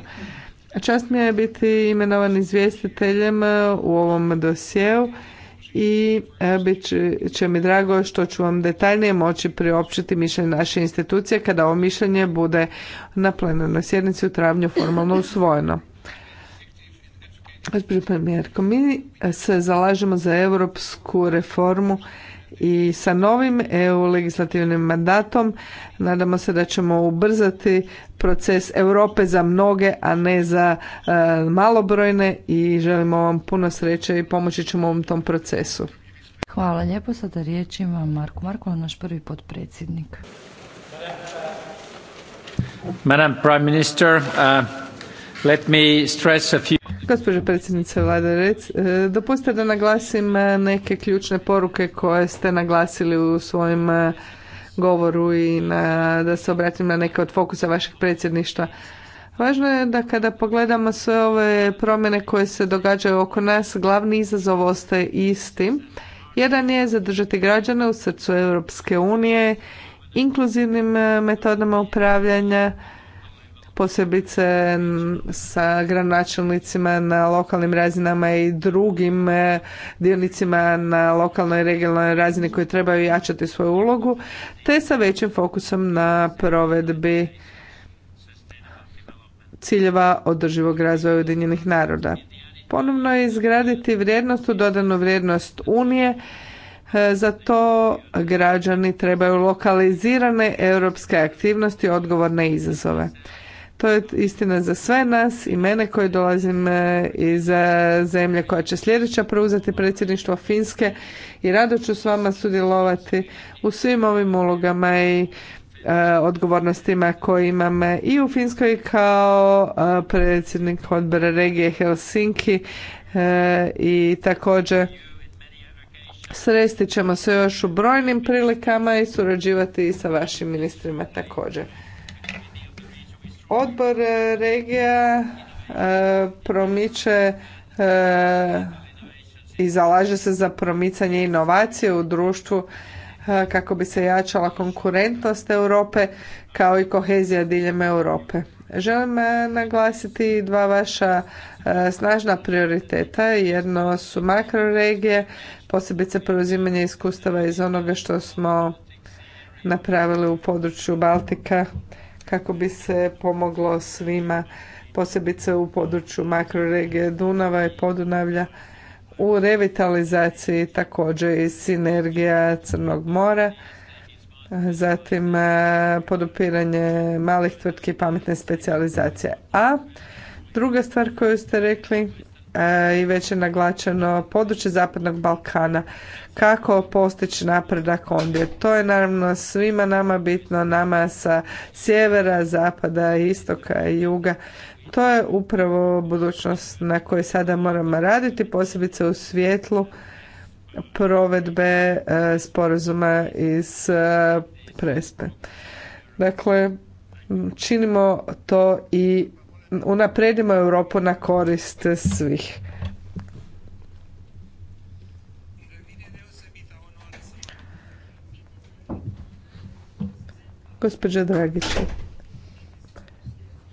B: Čast mi je biti imenovan izvjestiteljem u ovom dosjeu i e, bit će mi drago što ću vam detaljnije moći priopćiti mišljenje naše institucije kada ovo mišljenje bude na plenarnoj sjednici u travnju formalno usvojeno. Gospođo premijerko, mi se zalažemo za europsku reformu i sa novim EU legislativnim mandatom nadamo se da ćemo ubrzati proces Europe za mnoge, a ne za e, malobrojne i želimo vam puno sreće i pomoći ćemo vam tom procesu.
C: Hvala lijepo, sada riječ ima Marko Marko, naš prvi potpredsjednik.
K: Madam Prime Minister, uh, let me stress a few...
B: Gospođo predsjednice vlade, e, dopustite da naglasim e, neke ključne poruke koje ste naglasili u svojim e, govoru i na, da se obratim na neke od fokusa vašeg predsjedništva. Važno je da kada pogledamo sve ove promjene koje se događaju oko nas, glavni izazov ostaje isti. Jedan je zadržati građane u srcu Europske unije, inkluzivnim metodama upravljanja, posebice sa gradonačelnicima na lokalnim razinama i drugim e, dionicima na lokalnoj i regionalnoj razini koji trebaju jačati svoju ulogu, te sa većim fokusom na provedbi ciljeva održivog razvoja Ujedinjenih naroda. Ponovno je izgraditi vrijednost u dodanu vrijednost Unije e, za to građani trebaju lokalizirane europske aktivnosti odgovorne izazove. To je istina za sve nas i mene koji dolazim e, iz e, zemlje koja će sljedeća preuzeti predsjedništvo Finske i rado ću s vama sudjelovati u svim ovim ulogama i e, odgovornostima koje imam i u Finskoj kao predsjednik odbora regije Helsinki i također sresti ćemo se još u brojnim prilikama i surađivati i sa vašim ministrima također. Odbor e, regija e, promiče e, i zalaže se za promicanje inovacije u društvu kako bi se jačala konkurentnost Europe kao i kohezija diljem Europe. Želim naglasiti dva vaša snažna prioriteta. Jedno su makroregije, posebice preuzimanje iskustava iz onoga što smo napravili u području Baltika kako bi se pomoglo svima, posebice u području makroregije Dunava i Podunavlja, u revitalizaciji također i sinergija Crnog mora, zatim podupiranje malih tvrtki pametne specijalizacije. A druga stvar koju ste rekli i već je naglačeno područje Zapadnog Balkana. Kako postići napredak ondje? To je naravno svima nama bitno, nama sa sjevera, zapada, istoka i juga. To je upravo budućnost na kojoj sada moramo raditi, posebice u svijetlu provedbe e, sporazuma iz e, Prespe. Dakle, činimo to i unaprijedimo Europu na korist svih. Gospođa Dragići.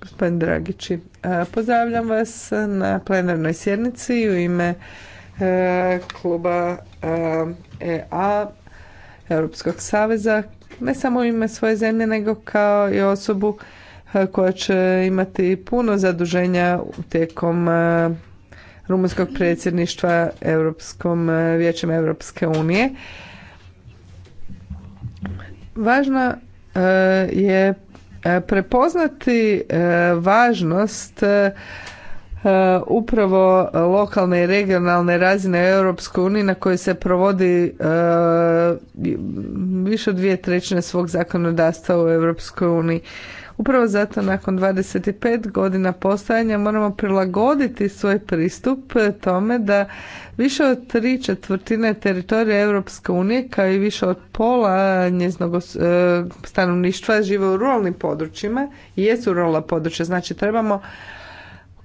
B: Gospodin Dragići, e, pozdravljam vas na plenarnoj sjednici u ime e, kluba EA e Europskog saveza, ne samo u ime svoje zemlje, nego kao i osobu Eh, koja će imati puno zaduženja tijekom eh, rumunskog predsjedništva Europskom eh, vijećem Europske unije. Važno je prepoznati važnost upravo lokalne i regionalne razine Europske unije na kojoj se provodi više od dvije trećine svog zakonodavstva u Europskoj uniji. Upravo zato nakon 25 godina postajanja moramo prilagoditi svoj pristup tome da više od tri četvrtine teritorija Europske unije kao i više od pola njeznog eh, stanovništva žive u ruralnim područjima i jesu ruralna područja. Znači trebamo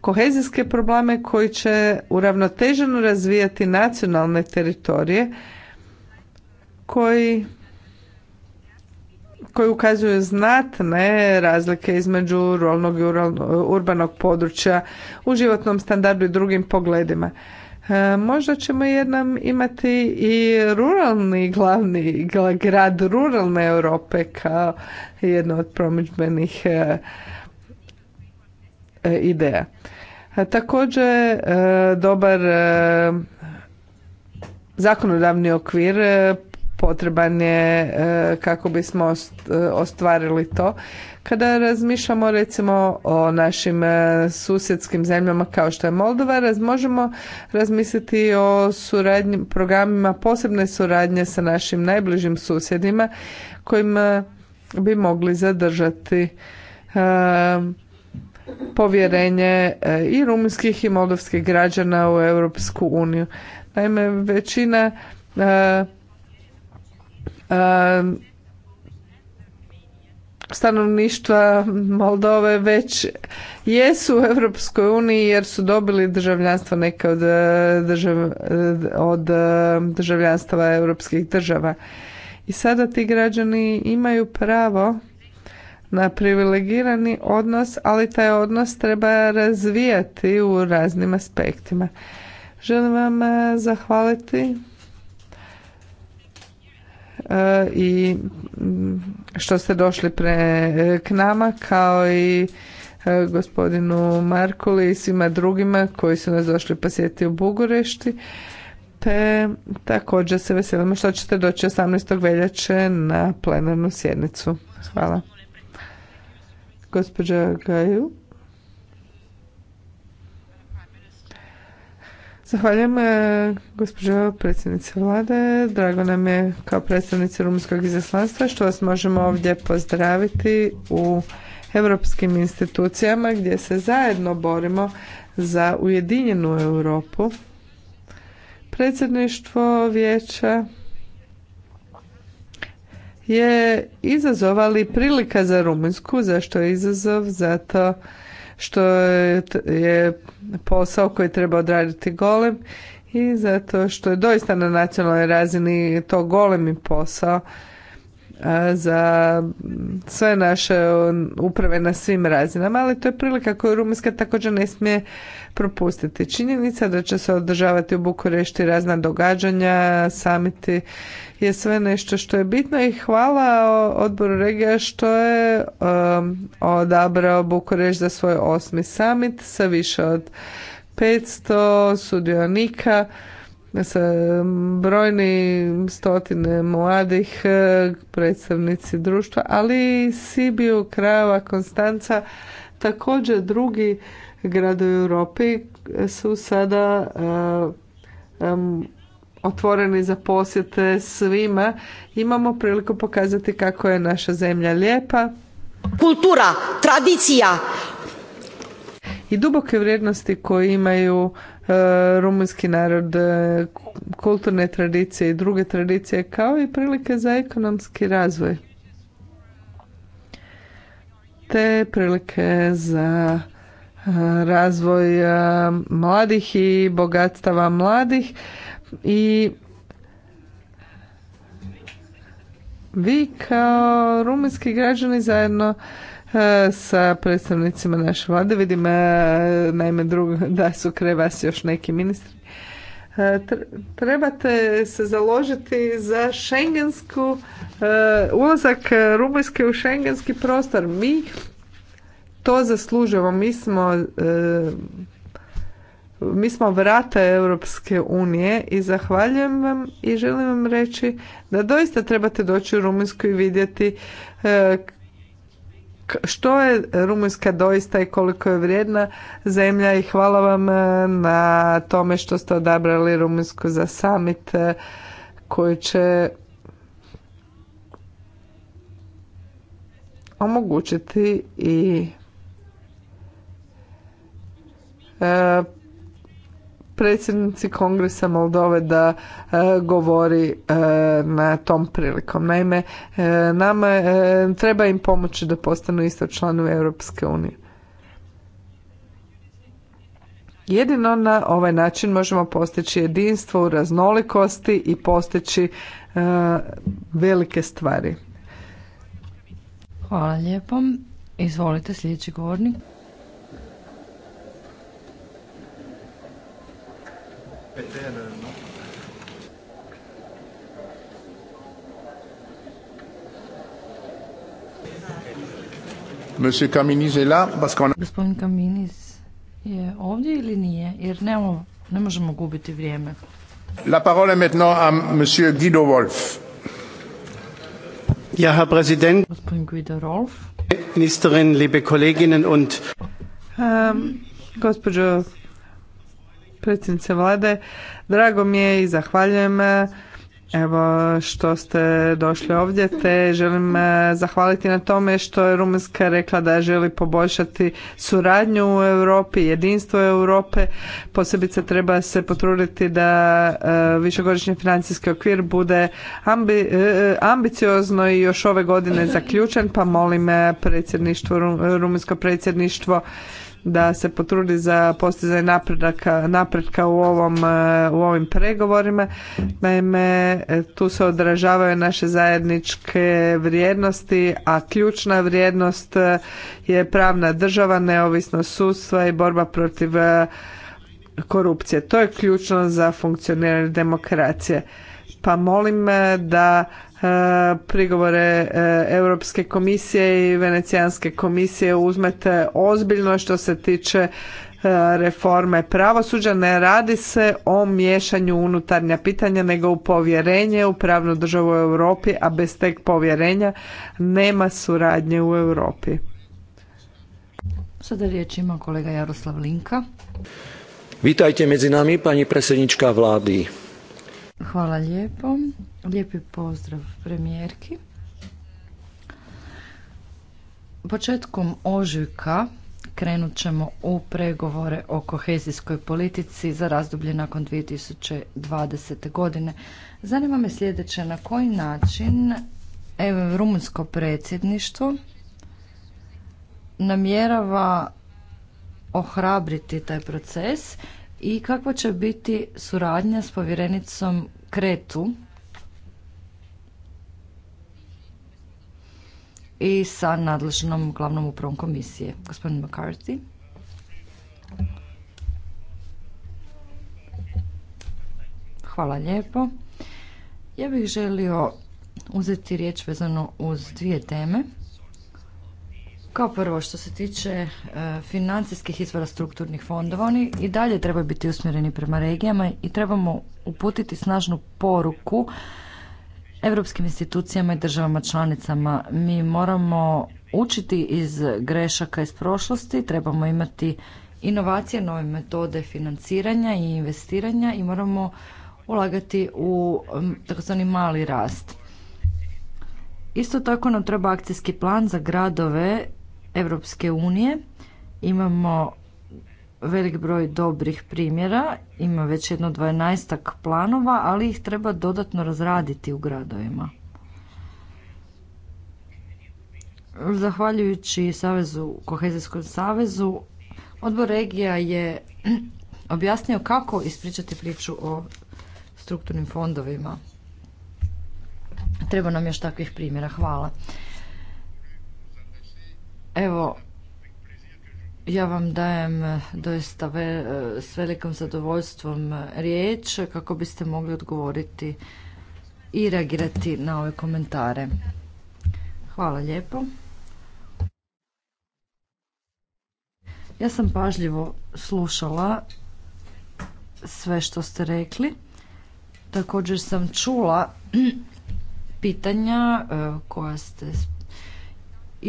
B: kohezijske probleme koji će uravnoteženo razvijati nacionalne teritorije koji koji ukazuju znatne razlike između ruralnog i urbanog područja u životnom standardu i drugim pogledima. E, možda ćemo jednom imati i ruralni glavni grad ruralne Europe kao jedno od promidžbenih e, e, ideja. Također dobar zakonodavni okvir potreban je e, kako bismo e, ostvarili to. Kada razmišljamo recimo o našim e, susjedskim zemljama kao što je Moldova, možemo razmisliti o programima posebne suradnje sa našim najbližim susjedima kojim bi mogli zadržati povjerenje i rumunskih i moldovskih građana u Europsku uniju. Naime, većina stanovništva Moldove već jesu u Europskoj uniji jer su dobili državljanstvo neke od, e, držav, e, od e, državljanstva europskih država. I sada ti građani imaju pravo na privilegirani odnos, ali taj odnos treba razvijati u raznim aspektima. Želim vam zahvaliti E, i mm, što ste došli pre e, k nama kao i e, gospodinu Markuli i svima drugima koji su nas došli posjetiti u Bugurešti. Te također se veselimo što ćete doći 18. veljače na plenarnu sjednicu. Hvala. Gospođa Gaju. Zahvaljujem e, gospođo predsjednice vlade. Drago nam je kao predstavnici rumunskog izaslanstva što vas možemo ovdje pozdraviti u europskim institucijama gdje se zajedno borimo za ujedinjenu Europu. Predsjedništvo vijeća je izazov, ali prilika za Rumunjsku. Zašto je izazov? Zato što je posao koji treba odraditi golem i zato što je doista na nacionalnoj razini to golemi posao za sve naše uprave na svim razinama, ali to je prilika koju Rumunjska također ne smije propustiti. Činjenica da će se održavati u Bukurešti razna događanja, samiti je sve nešto što je bitno i hvala odboru regija što je um, odabrao Bukurešt za svoj osmi summit sa više od 500 sudionika sa brojni stotine mladih uh, predstavnici društva, ali i Sibiju, Krajeva, Konstanca, također drugi gradovi Europi su sada uh, um, otvoreni za posjete svima. Imamo priliku pokazati kako je naša zemlja lijepa.
J: Kultura, tradicija.
B: I duboke vrijednosti koje imaju e, rumunski narod, e, kulturne tradicije i druge tradicije, kao i prilike za ekonomski razvoj. Te prilike za e, razvoj mladih i bogatstava mladih i vi kao rumunski građani zajedno e, sa predstavnicima naše vlade, vidim e, naime drugo, da su kraj vas još neki ministri, e, trebate se založiti za šengensku ulazak Rumunjske u šengenski prostor. Mi to zaslužujemo. Mi smo mi smo vrata Europske unije i zahvaljujem vam i želim vam reći da doista trebate doći u Rumunjsku i vidjeti e, što je Rumunjska doista i koliko je vrijedna zemlja i hvala vam e, na tome što ste odabrali Rumunjsku za summit e, koji će omogućiti i predsjednici Kongresa Moldove da e, govori e, na tom prilikom. Naime, e, nama e, treba im pomoći da postanu isto članovi Europske unije. Jedino na ovaj način možemo postići jedinstvo u raznolikosti i postići
C: velike stvari. Hvala lijepo. Izvolite sljedeći govornik.
A: Monsieur Kaminis est là, parce qu'on... Gospodin Kaminis
C: je ovdje ili nije, jer ne možemo gubiti vrijeme.
A: La parole est maintenant à monsieur Guido Wolf. Ja, Herr Präsident.
C: Gospodin Guido Wolf.
A: Ministerin, liebe Kolleginnen und...
B: Um, gospođo predsjednice vlade. Drago mi je i zahvaljujem e, evo što ste došli ovdje te želim e, zahvaliti na tome što je Rumunjska rekla da želi poboljšati suradnju u Europi, jedinstvo Europe. Posebice treba se potruditi da e, višegodišnji financijski okvir bude ambiciozno i još ove godine zaključen pa molim predsjedništvo, rumunjsko predsjedništvo da se potrudi za postizanje napretka u, ovom, e, u ovim pregovorima. Naime, e, tu se odražavaju naše zajedničke vrijednosti, a ključna vrijednost e, je pravna država, neovisnost sudstva i borba protiv korupcije. To je ključno za funkcioniranje demokracije pa molim e, da e, prigovore e, Europske komisije i Venecijanske komisije uzmete ozbiljno što se tiče reforme pravosuđa. Ne radi se o miješanju unutarnja pitanja, nego u povjerenje u pravnu državu u Europi, a bez tek povjerenja nema suradnje u Europi.
C: Sada riječ ima kolega Jaroslav Linka.
J: Vitajte među nami, pani predsjednička vladi.
C: Hvala lijepo. Lijepi pozdrav premijerki. Početkom ožujka krenut ćemo u pregovore o kohezijskoj politici za razdoblje nakon 2020. godine. Zanima me sljedeće, na koji način evo, rumunsko predsjedništvo namjerava ohrabriti taj proces i kakva će biti suradnja s povjerenicom Kretu i sa nadležnom glavnom upravom komisije, gospodin McCarthy. Hvala lijepo. Ja bih želio uzeti riječ vezano uz dvije teme. Kao prvo što se tiče e, financijskih izvora strukturnih fondova, oni i dalje trebaju biti usmjereni prema regijama i trebamo uputiti snažnu poruku europskim institucijama i državama članicama. Mi moramo učiti iz grešaka iz prošlosti, trebamo imati inovacije, nove metode financiranja i investiranja i moramo ulagati u takozvani mali rast. Isto tako nam treba akcijski plan za gradove Europske unije. Imamo velik broj dobrih primjera, ima već jedno dvanaestak planova, ali ih treba dodatno razraditi u gradovima. Zahvaljujući Savezu, Kohezijskom savezu, odbor regija je objasnio kako ispričati priču o strukturnim fondovima. Treba nam još takvih primjera. Hvala. Evo, ja vam dajem e, doista e, s velikom zadovoljstvom e, riječ kako biste mogli odgovoriti i reagirati na ove komentare. Hvala lijepo. Ja sam pažljivo slušala sve što ste rekli. Također sam čula pitanja koja ste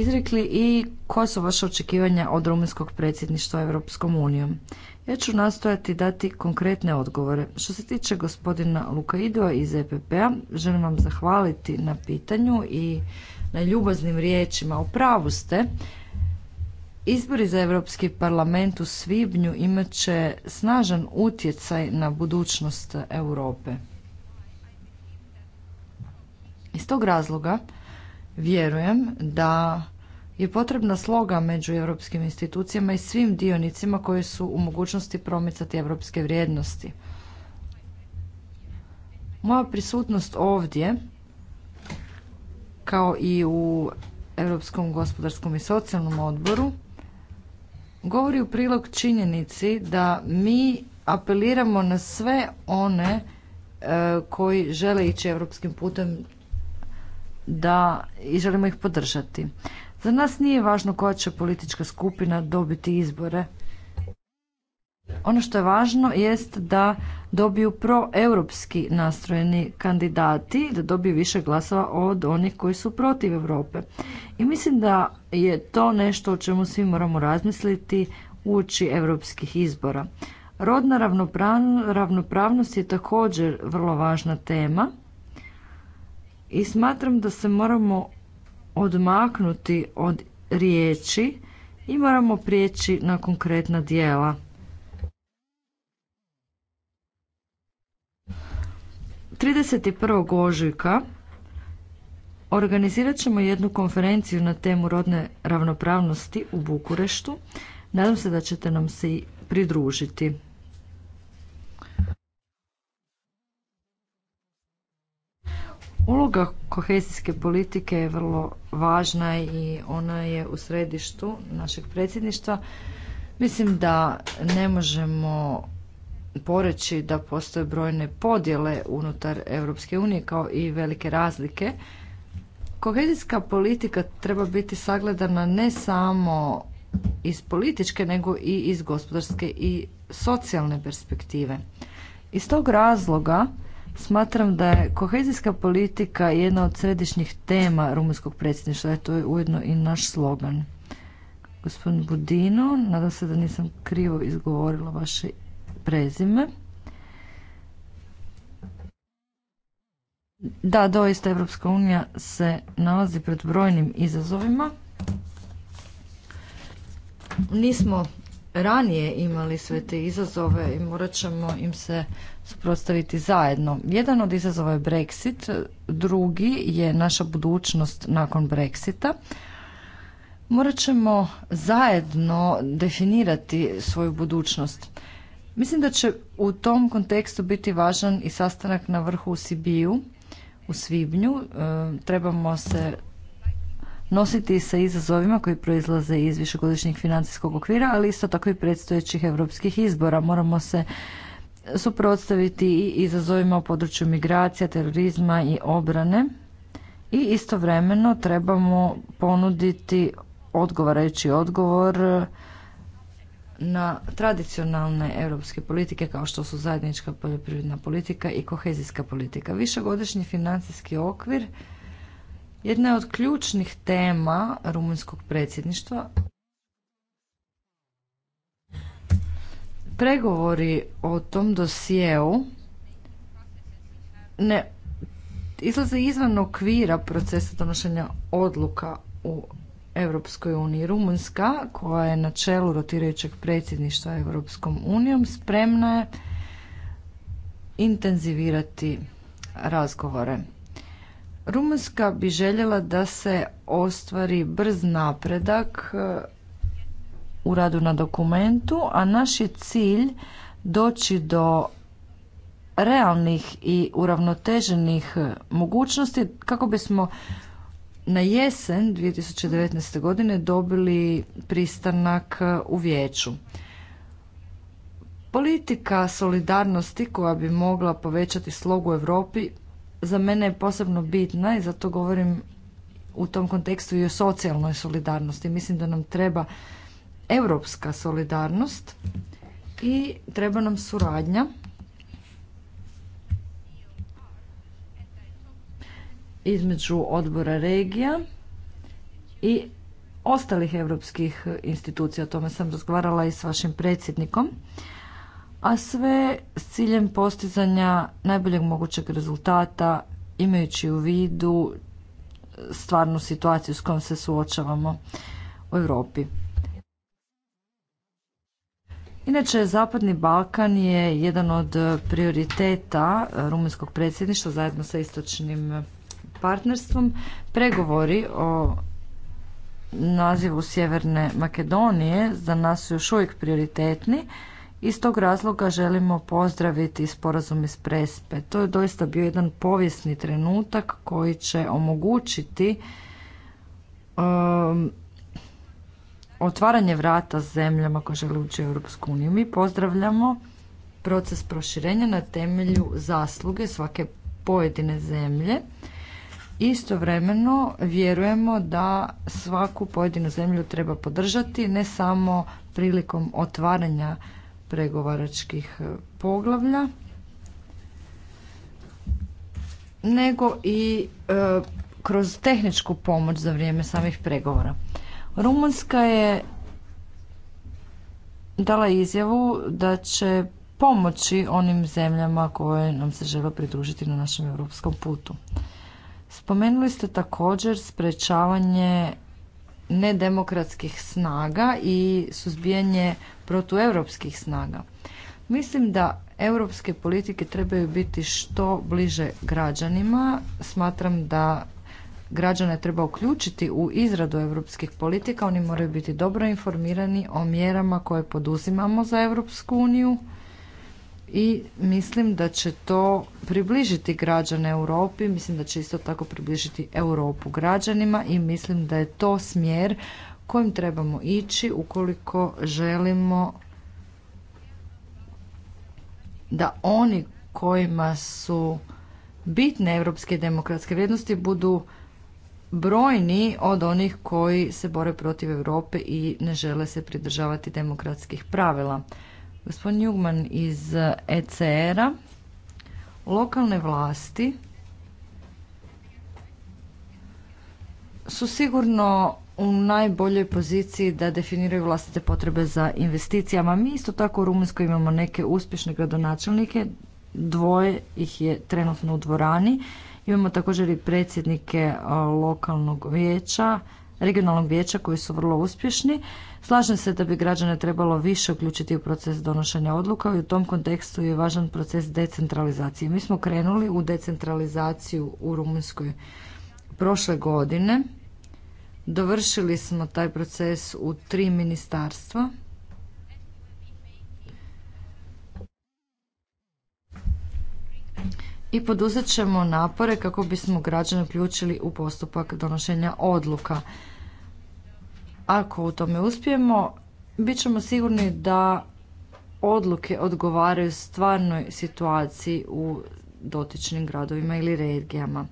C: izrekli i koja su vaše očekivanja od rumunjskog predsjedništva Europskom unijom. Ja ću nastojati dati konkretne odgovore. Što se tiče gospodina Luka iz EPP-a, želim vam zahvaliti na pitanju i na ljubaznim riječima. U pravu ste, Izbori za Europski parlament u svibnju imat će snažan utjecaj na budućnost Europe. Iz tog razloga Vjerujem da je potrebna sloga među europskim institucijama i svim dionicima koji su u mogućnosti promicati europske vrijednosti. Moja prisutnost ovdje, kao i u Europskom gospodarskom i socijalnom odboru, govori u prilog činjenici da mi apeliramo na sve one e, koji žele ići europskim putem da i želimo ih podržati. Za nas nije važno koja će politička skupina dobiti izbore. Ono što je važno jest da dobiju proeuropski nastrojeni kandidati, da dobiju više glasova od onih koji su protiv Europe. I mislim da je to nešto o čemu svi moramo razmisliti uoči europskih izbora. Rodna ravnopravnost je također vrlo važna tema i smatram da se moramo odmaknuti od riječi i moramo prijeći na konkretna dijela. 31. ožujka organizirat ćemo jednu konferenciju na temu rodne ravnopravnosti u Bukureštu. Nadam se da ćete nam se i pridružiti. Uloga kohezijske politike je vrlo važna i ona je u središtu našeg predsjedništva. Mislim da ne možemo poreći da postoje brojne podjele unutar Europske unije kao i velike razlike. Kohezijska politika treba biti sagledana ne samo iz političke nego i iz gospodarske i socijalne perspektive. Iz tog razloga Smatram da je kohezijska politika jedna od središnjih tema rumunskog predsjedništva, to je ujedno i naš slogan. Gospodin Budino, nadam se da nisam krivo izgovorila vaše prezime. Da, doista Evropska unija se nalazi pred brojnim izazovima. Nismo ranije imali sve te izazove i morat ćemo im se suprotstaviti zajedno. Jedan od izazova je Brexit, drugi je naša budućnost nakon Brexita. Morat ćemo zajedno definirati svoju budućnost. Mislim da će u tom kontekstu biti važan i sastanak na vrhu u Sibiju u svibnju. E, trebamo se nositi sa izazovima koji proizlaze iz višegodišnjeg financijskog okvira, ali isto tako i predstojećih europskih izbora. Moramo se suprotstaviti i izazovima u području migracija, terorizma i obrane i istovremeno trebamo ponuditi odgovarajući odgovor na tradicionalne europske politike kao što su zajednička poljoprivredna politika i kohezijska politika. Višegodišnji financijski okvir jedna je od ključnih tema rumunjskog predsjedništva Pregovori o tom dosjeu ne izlaze izvan okvira procesa donošenja odluka u Europskoj uniji. Rumunjska, koja je na čelu rotirajućeg predsjedništva Europskom unijom, spremna je intenzivirati razgovore. Rumunjska bi željela da se ostvari brz napredak u radu na dokumentu, a naš je cilj doći do realnih i uravnoteženih e, mogućnosti kako bismo na jesen 2019. godine dobili pristanak e, u vijeću. Politika solidarnosti koja bi mogla povećati slog u Europi za mene je posebno bitna i zato govorim u tom kontekstu i o socijalnoj solidarnosti. Mislim da nam treba europska solidarnost i treba nam suradnja između odbora regija i ostalih europskih institucija. O tome sam razgovarala i s vašim predsjednikom. A sve s ciljem postizanja najboljeg mogućeg rezultata imajući u vidu stvarnu situaciju s kojom se suočavamo u Europi. Inače, Zapadni Balkan je jedan od prioriteta e, rumunjskog predsjedništva zajedno sa istočnim partnerstvom. Pregovori o nazivu Sjeverne Makedonije za nas su još uvijek prioritetni. Iz tog razloga želimo pozdraviti sporazum iz Prespe. To je doista bio jedan povijesni trenutak koji će omogućiti e, otvaranje vrata zemljama koje žele ući u Europsku uniju. Mi pozdravljamo proces proširenja na temelju zasluge svake pojedine zemlje. Istovremeno vjerujemo da svaku pojedinu zemlju treba podržati ne samo prilikom otvaranja pregovaračkih e, poglavlja, nego i e, kroz tehničku pomoć za vrijeme samih pregovora. Rumunska je dala izjavu da će pomoći onim zemljama koje nam se žele pridružiti na našem europskom putu. Spomenuli ste također sprečavanje nedemokratskih snaga i suzbijanje protueuropskih snaga. Mislim da europske politike trebaju biti što bliže građanima. Smatram da građane treba uključiti u izradu europskih politika, oni moraju biti dobro informirani o mjerama koje poduzimamo za Europsku uniju i mislim da će to približiti građane Europi, mislim da će isto tako približiti Europu građanima i mislim da je to smjer kojim trebamo ići ukoliko želimo da oni kojima su bitne europske demokratske vrijednosti budu brojni od onih koji se bore protiv Europe i ne žele se pridržavati demokratskih pravila. Gospodin Jugman iz ECR-a, lokalne vlasti su sigurno u najboljoj poziciji da definiraju vlastite potrebe za investicijama. Mi isto tako u Rumunjskoj imamo neke uspješne gradonačelnike, dvoje ih je trenutno u dvorani Imamo također i predsjednike e, lokalnog vijeća, regionalnog vijeća koji su vrlo uspješni. Slažem se da bi građane trebalo više uključiti u proces donošenja odluka i u tom kontekstu je važan proces decentralizacije. Mi smo krenuli u decentralizaciju u Rumunjskoj prošle godine. Dovršili smo taj proces u tri ministarstva i poduzet ćemo napore kako bismo građane uključili u postupak donošenja odluka. Ako u tome uspijemo, bit ćemo sigurni da odluke odgovaraju stvarnoj situaciji u dotičnim gradovima ili regijama.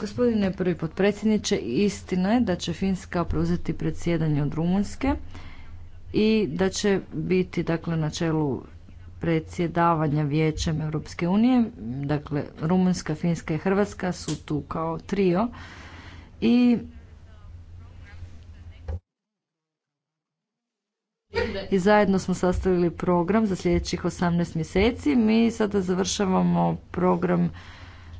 C: Gospodine prvi potpredsjedniče, istina je da će Finska preuzeti predsjedanje od Rumunjske i da će biti dakle na čelu predsjedavanja Vijećem Europske unije, dakle Rumunjska, Finska i Hrvatska su tu kao trio i I zajedno smo sastavili program za sljedećih 18 mjeseci. Mi sada završavamo program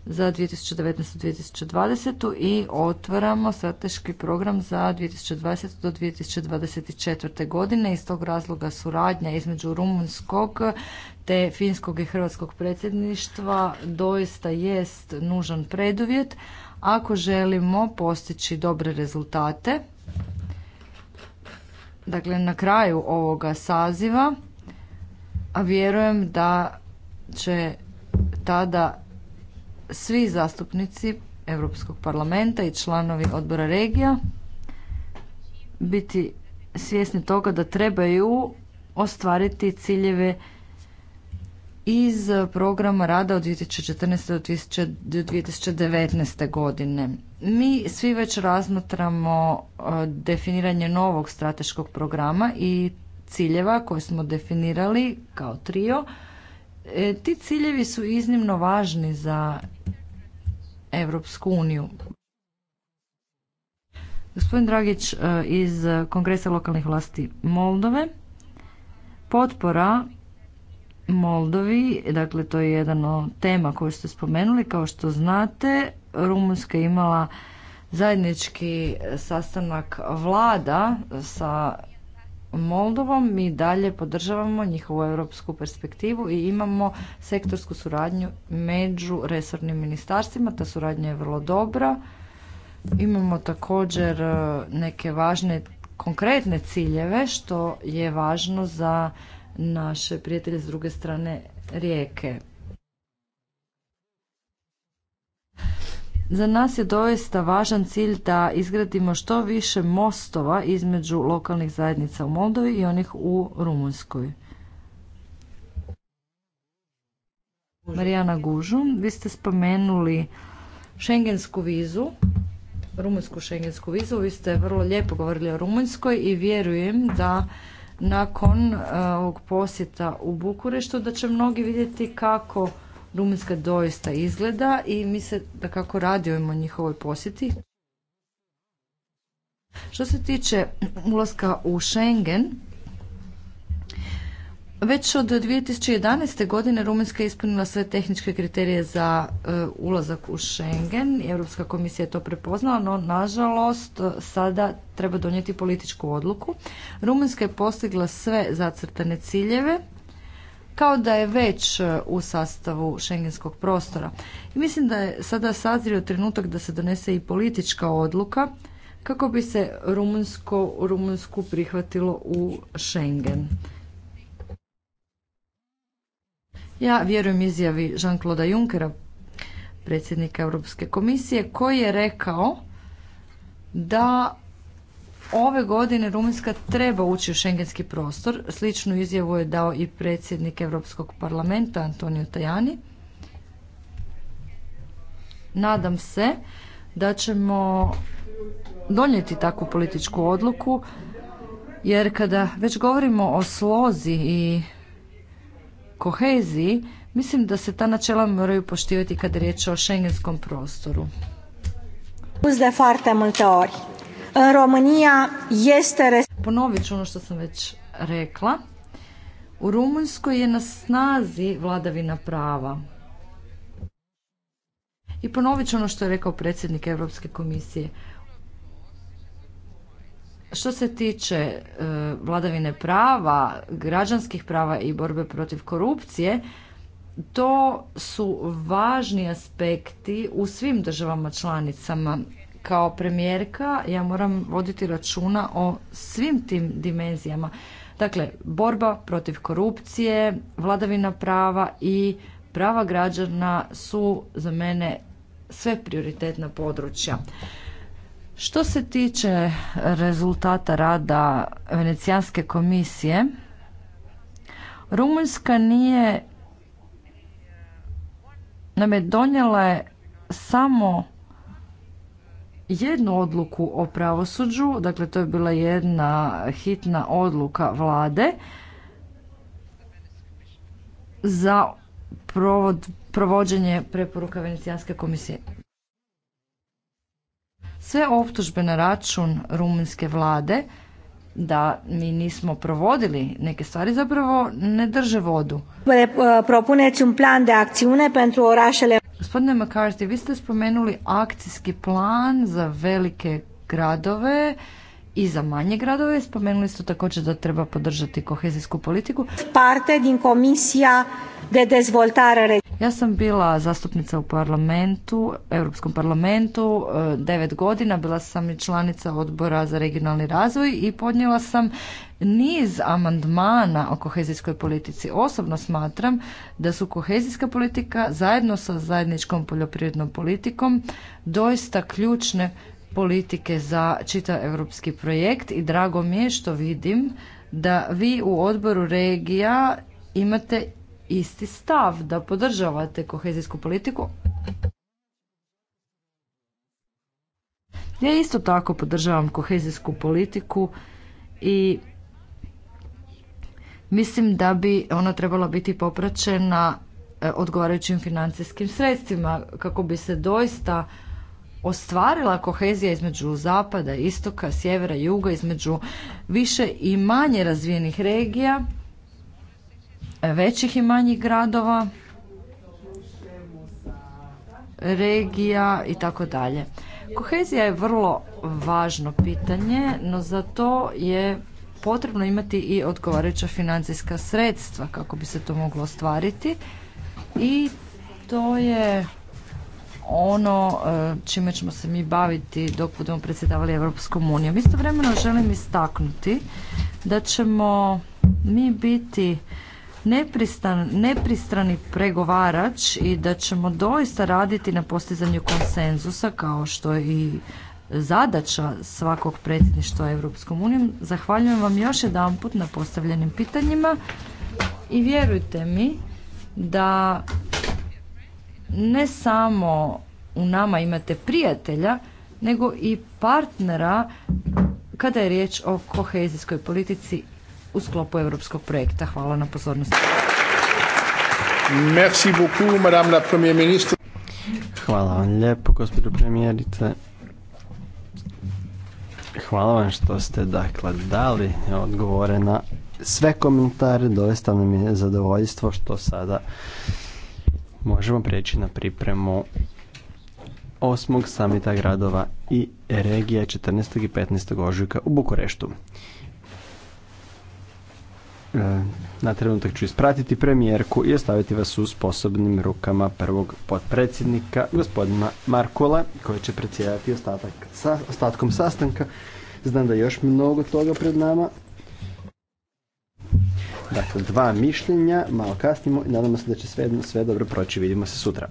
C: za 2019-2020 i otvaramo strateški program za 2020 do 2024. godine. Iz tog razloga suradnja između rumunskog te finskog i hrvatskog predsjedništva doista jest nužan preduvjet ako želimo postići dobre rezultate. Dakle, na kraju ovoga saziva, a vjerujem da će tada svi zastupnici Europskog parlamenta i članovi odbora regija biti svjesni toga da trebaju ostvariti ciljeve iz programa rada od 2014. do 2019. godine. Mi svi već razmatramo e, definiranje novog strateškog programa i ciljeva koje smo definirali kao trio E, ti ciljevi su iznimno važni za Europsku uniju. Gospodin Dragić e, iz Kongresa lokalnih vlasti Moldove. Potpora Moldovi, dakle to je jedan od tema koju ste spomenuli, kao što znate, Rumunjska je imala zajednički sastanak vlada sa Moldovom. Mi dalje podržavamo njihovu europsku perspektivu i imamo sektorsku suradnju među resornim ministarstvima. Ta suradnja je vrlo dobra. Imamo također e, neke važne konkretne ciljeve što je važno za naše prijatelje s druge strane rijeke. Za nas je doista važan cilj da izgradimo što više mostova između lokalnih zajednica u Moldovi i onih u Rumunjskoj. Marijana Gužu, vi ste spomenuli šengensku vizu, rumunjsku šengensku vizu, vi ste vrlo lijepo govorili o Rumunjskoj i vjerujem da nakon eh, ovog posjeta u Bukureštu da će mnogi vidjeti kako Rumunjska doista izgleda i mi se da kako radujemo njihovoj posjeti. Što se tiče ulaska u Schengen, već od 2011. godine Rumunjska je ispunila sve tehničke kriterije za e, ulazak u Schengen. Europska komisija je to prepoznala, no nažalost e, sada treba donijeti političku odluku. Rumunjska je postigla sve zacrtane ciljeve kao da je već e, u sastavu šengenskog prostora. I mislim da je sada sazrio trenutak da se donese i politička odluka kako bi se Rumunsko, Rumunjsku prihvatilo u Schengen. Ja vjerujem izjavi Jean-Claude Junckera, predsjednika Europske komisije, koji je rekao da ove godine Rumunjska treba ući u šengenski prostor. Sličnu izjavu je dao i predsjednik Europskog parlamenta Antonio Tajani. Nadam se da ćemo donijeti takvu političku odluku jer kada već govorimo o slozi i koheziji, mislim da se ta načela moraju poštivati kada je riječ o šengenskom prostoru.
G: Uzde foarte multe Romunija jeste...
C: Ponovit ću ono što sam već rekla. U Rumunjskoj je na snazi vladavina prava. I ponovit ću ono što je rekao predsjednik Europske komisije. Što se tiče e, vladavine prava, građanskih prava i borbe protiv korupcije, to su važni aspekti u svim državama članicama kao premijerka ja moram voditi računa o svim tim dimenzijama. Dakle, borba protiv korupcije, vladavina prava i prava građana su za mene sve prioritetna područja. Što se tiče rezultata rada Venecijanske komisije, Rumunjska nije nam je donijela samo jednu odluku o pravosuđu, dakle to je bila jedna hitna odluka vlade za provod, provođenje preporuka Venecijanske komisije. Sve optužbe na račun rumunjske vlade da mi nismo provodili neke stvari zapravo ne drže vodu. Propuneți un plan de acțiune pentru orașele Gospodine McCarthy, vi ste spomenuli akcijski plan za velike gradove i za manje gradove. Spomenuli ste također da treba podržati kohezijsku politiku. Parte din komisija de Ja sam bila zastupnica u parlamentu, Europskom parlamentu, e, devet godina, bila sam i članica odbora za regionalni razvoj i podnijela sam niz amandmana o kohezijskoj politici. Osobno smatram da su kohezijska politika zajedno sa zajedničkom poljoprivrednom politikom doista ključne politike za čitav europski projekt i drago mi je što vidim da vi u odboru regija imate isti stav, da podržavate kohezijsku politiku. Ja isto tako podržavam kohezijsku politiku i mislim da bi ona trebala biti popraćena e, odgovarajućim financijskim sredstvima kako bi se doista ostvarila kohezija između zapada, istoka, sjevera, i juga, između više i manje razvijenih regija, većih i manjih gradova, regija i tako dalje. Kohezija je vrlo važno pitanje, no za to je potrebno imati i odgovarajuća financijska sredstva kako bi se to moglo ostvariti i to je ono e, čime ćemo se mi baviti dok budemo predsjedavali Europskom unijom. vremeno želim istaknuti da ćemo mi biti nepristan, nepristrani pregovarač i da ćemo doista raditi na postizanju konsenzusa kao što je i zadaća svakog predsjedništva Europskom unijom. Zahvaljujem vam još jedanput na postavljenim pitanjima i vjerujte mi da ne samo u nama imate prijatelja, nego i partnera kada je riječ o kohezijskoj politici u sklopu Evropskog projekta. Hvala na pozornosti.
A: Merci beaucoup, madame la première ministre. Hvala vam lijepo, gospođo
L: premijerice. Hvala vam što ste dakle dali odgovore na sve komentare. Doista mi je zadovoljstvo što sada možemo prijeći na pripremu osmog samita gradova i regija 14. i 15. ožujka u Bukureštu. E, na trenutak ću ispratiti premijerku i ostaviti vas u sposobnim rukama prvog potpredsjednika, gospodina Markola, koji će predsjedati ostatak, ostatkom sastanka. Znam da je još mnogo toga pred nama, Dakle, dva mišljenja, malo kasnimo i nadamo se da će sve, sve dobro proći. Vidimo se sutra.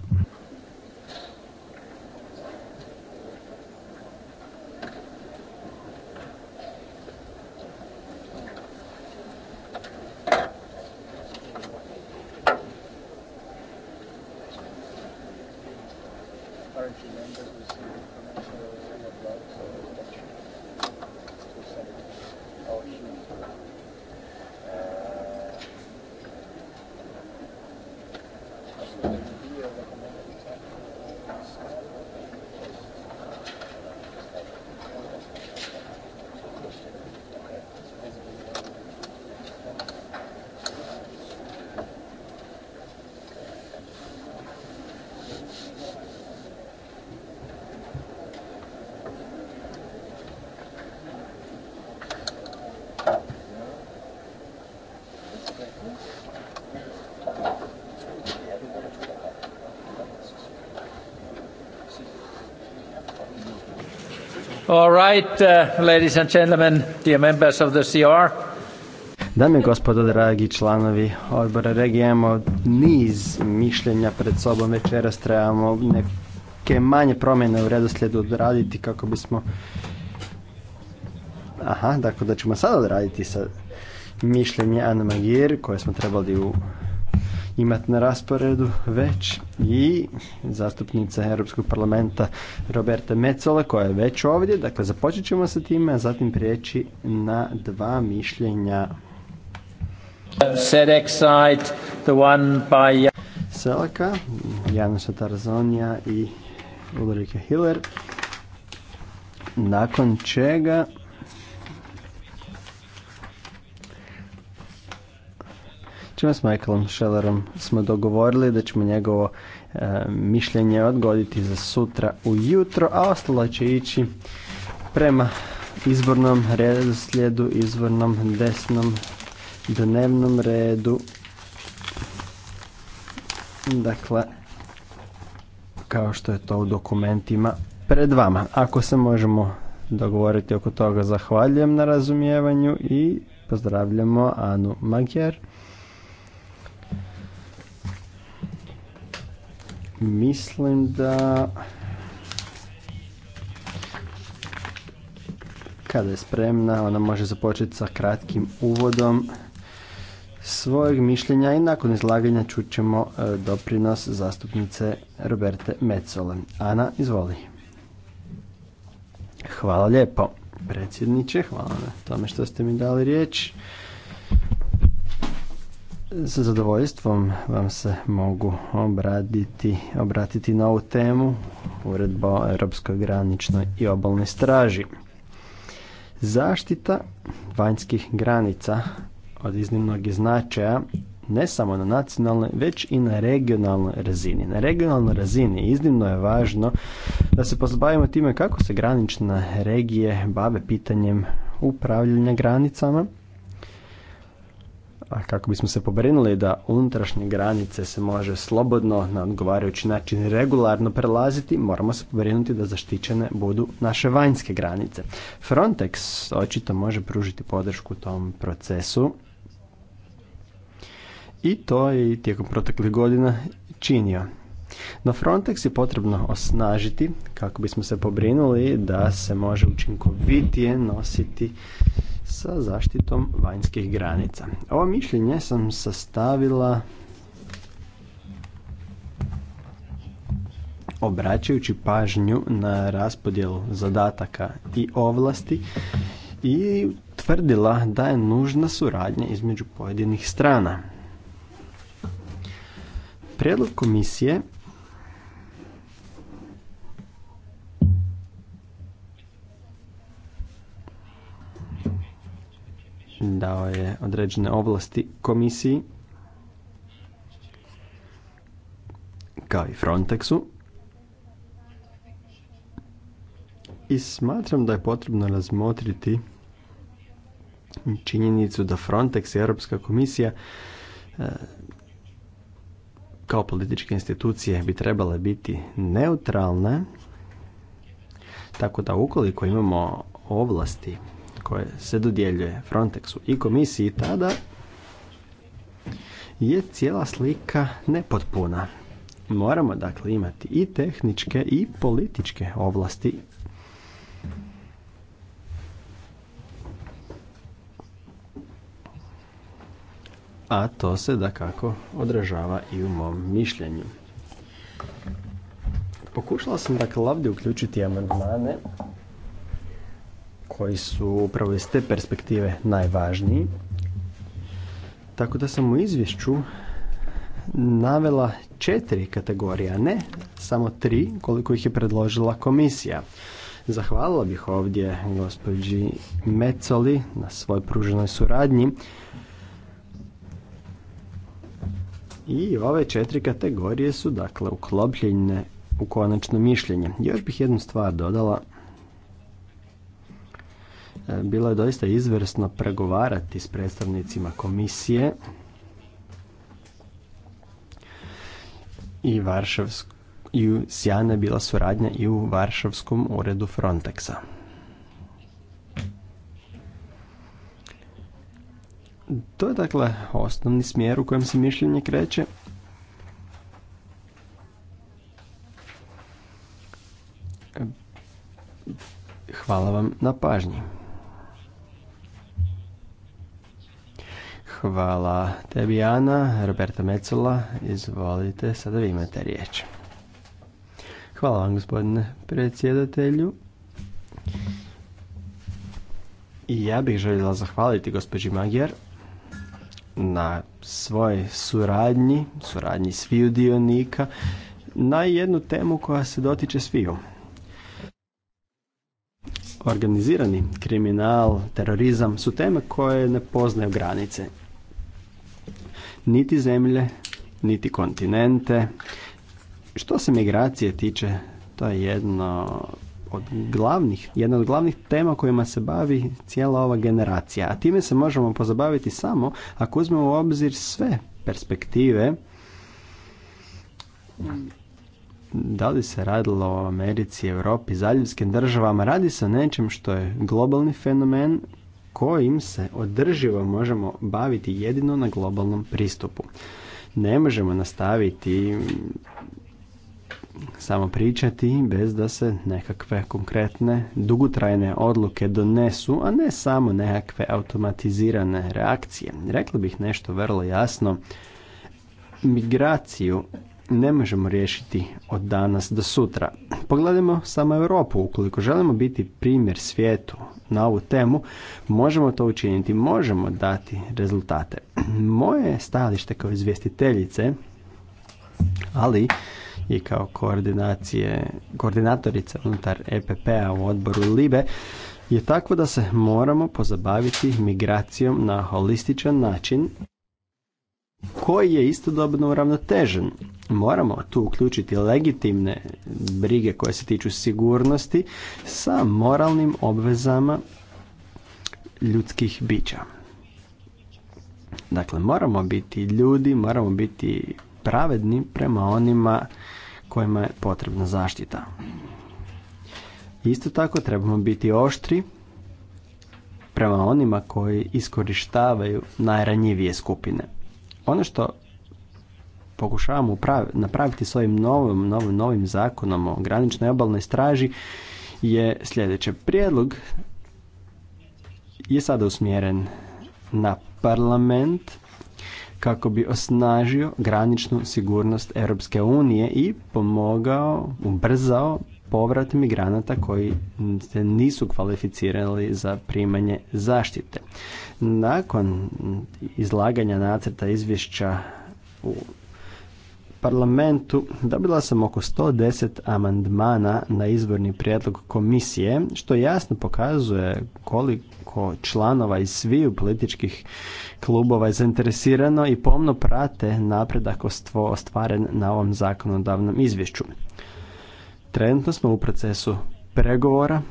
K: right, uh, ladies and gentlemen, dear members of the CR.
L: Dame i gospodo, dragi članovi odbora regije, imamo niz mišljenja pred sobom. Večeras trebamo neke manje promjene u redoslijedu odraditi kako bismo... Aha, dakle da ćemo sada odraditi sa mišljenje Anna Magir koje smo trebali u imati na rasporedu već i zastupnica Europskog parlamenta Roberta Mecola koja je već ovdje. Dakle, započet ćemo sa time, a zatim prijeći na dva mišljenja. Selaka, Janusa Tarzonija i Ulrike Hiller. Nakon čega čime s Michaelom Schellerom smo dogovorili da ćemo njegovo e, mišljenje odgoditi za sutra ujutro, a ostalo će ići prema izbornom redu, slijedu, izvornom desnom dnevnom redu. Dakle, kao što je to u dokumentima pred vama. Ako se možemo dogovoriti oko toga, zahvaljujem na razumijevanju i pozdravljamo Anu Magjer. Mislim da kada je spremna ona može započeti sa kratkim uvodom svojeg mišljenja i nakon izlaganja čućemo e, doprinos zastupnice Roberte Mecole. Ana, izvoli. Hvala lijepo, predsjedniče, hvala na tome što ste mi dali riječ. Sa zadovoljstvom vam se mogu obraditi, obratiti na ovu temu, uredba o Europskoj graničnoj i obalnoj straži. Zaštita vanjskih granica od iznimnog je značaja ne samo na nacionalnoj, već i na regionalnoj razini. Na regionalnoj razini iznimno je važno da se pozabavimo time kako se granične regije bave pitanjem upravljanja granicama, a kako bismo se pobrinuli da unutrašnje granice se može slobodno na odgovarajući način regularno prelaziti, moramo se pobrinuti da zaštićene budu naše vanjske granice. Frontex očito može pružiti podršku tom procesu i to je i tijekom proteklih godina činio. No Frontex je potrebno osnažiti kako bismo se pobrinuli da se može učinkovitije nositi sa zaštitom vanjskih granica. Ovo mišljenje sam sastavila obraćajući pažnju na raspodjelu zadataka i ovlasti i tvrdila da je nužna suradnja između pojedinih strana. Prijedlog komisije dao je određene ovlasti komisiji kao i Frontexu i smatram da je potrebno razmotriti činjenicu da Frontex i Europska komisija e, kao političke institucije bi trebale biti neutralne tako da ukoliko imamo ovlasti koje se dodjeljuje Frontexu i komisiji tada je cijela slika nepotpuna. Moramo dakle imati i tehničke i političke ovlasti a to se da kako odražava i u mom mišljenju. Pokušala sam dakle ovdje uključiti amandmane koji su upravo iz te perspektive najvažniji. Tako da sam u izvješću navela četiri kategorije, ne samo tri koliko ih je predložila komisija. Zahvalila bih ovdje gospođi Mecoli na svoj pruženoj suradnji. I ove četiri kategorije su dakle uklopljene u konačno mišljenje. Još bih jednu stvar dodala. E, bilo je doista izvrsno pregovarati s predstavnicima komisije i Varšavsku i je bila suradnja i u Varšavskom uredu Frontexa. To je dakle osnovni smjer u kojem se mišljenje kreće. Hvala vam na pažnji. Hvala tebi, Ana. Roberta Mecola, izvolite, sada vi imate riječ. Hvala vam, gospodine predsjedatelju. I ja bih željela zahvaliti gospođi Magjer na svoj suradnji, suradnji sviju dionika, na jednu temu koja se dotiče sviju. Organizirani kriminal, terorizam su teme koje ne poznaju granice niti zemlje, niti kontinente. Što se migracije tiče, to je jedno od glavnih, jedna od glavnih tema kojima se bavi cijela ova generacija. A time se možemo pozabaviti samo ako uzmemo u obzir sve perspektive da li se radilo o Americi, Europi, zaljevskim državama, radi se o nečem što je globalni fenomen kojim se održivo možemo baviti jedino na globalnom pristupu. Ne možemo nastaviti samo pričati bez da se nekakve konkretne dugotrajne odluke donesu, a ne samo nekakve automatizirane reakcije. Rekla bih nešto vrlo jasno. Migraciju ne možemo riješiti od danas do sutra. Pogledajmo samo Europu, ukoliko želimo biti primjer svijetu na ovu temu, možemo to učiniti, možemo dati rezultate. Moje stajalište kao izvjestiteljice, ali i kao koordinacije, koordinatorica unutar EPP-a u odboru LIBE, je tako da se moramo pozabaviti migracijom na holističan način koji je istodobno uravnotežen. Moramo tu uključiti legitimne brige koje se tiču sigurnosti sa moralnim obvezama ljudskih bića. Dakle, moramo biti ljudi, moramo biti pravedni prema onima kojima je potrebna zaštita. Isto tako trebamo biti oštri prema onima koji iskorištavaju najranjivije skupine. Ono što pokušavamo napraviti s ovim novim, novim, novim zakonom o graničnoj obalnoj straži je sljedeće. Prijedlog je sada usmjeren na parlament kako bi osnažio graničnu sigurnost Europske unije i pomogao, ubrzao povrat migranata koji se nisu kvalificirali za primanje zaštite. Nakon izlaganja nacrta izvješća u parlamentu dobila sam oko 110 amandmana na izvorni prijedlog komisije, što jasno pokazuje koliko članova iz sviju političkih klubova je zainteresirano i pomno prate napredak ostvaren na ovom zakonodavnom izvješću. Trenutno smo u procesu pregovora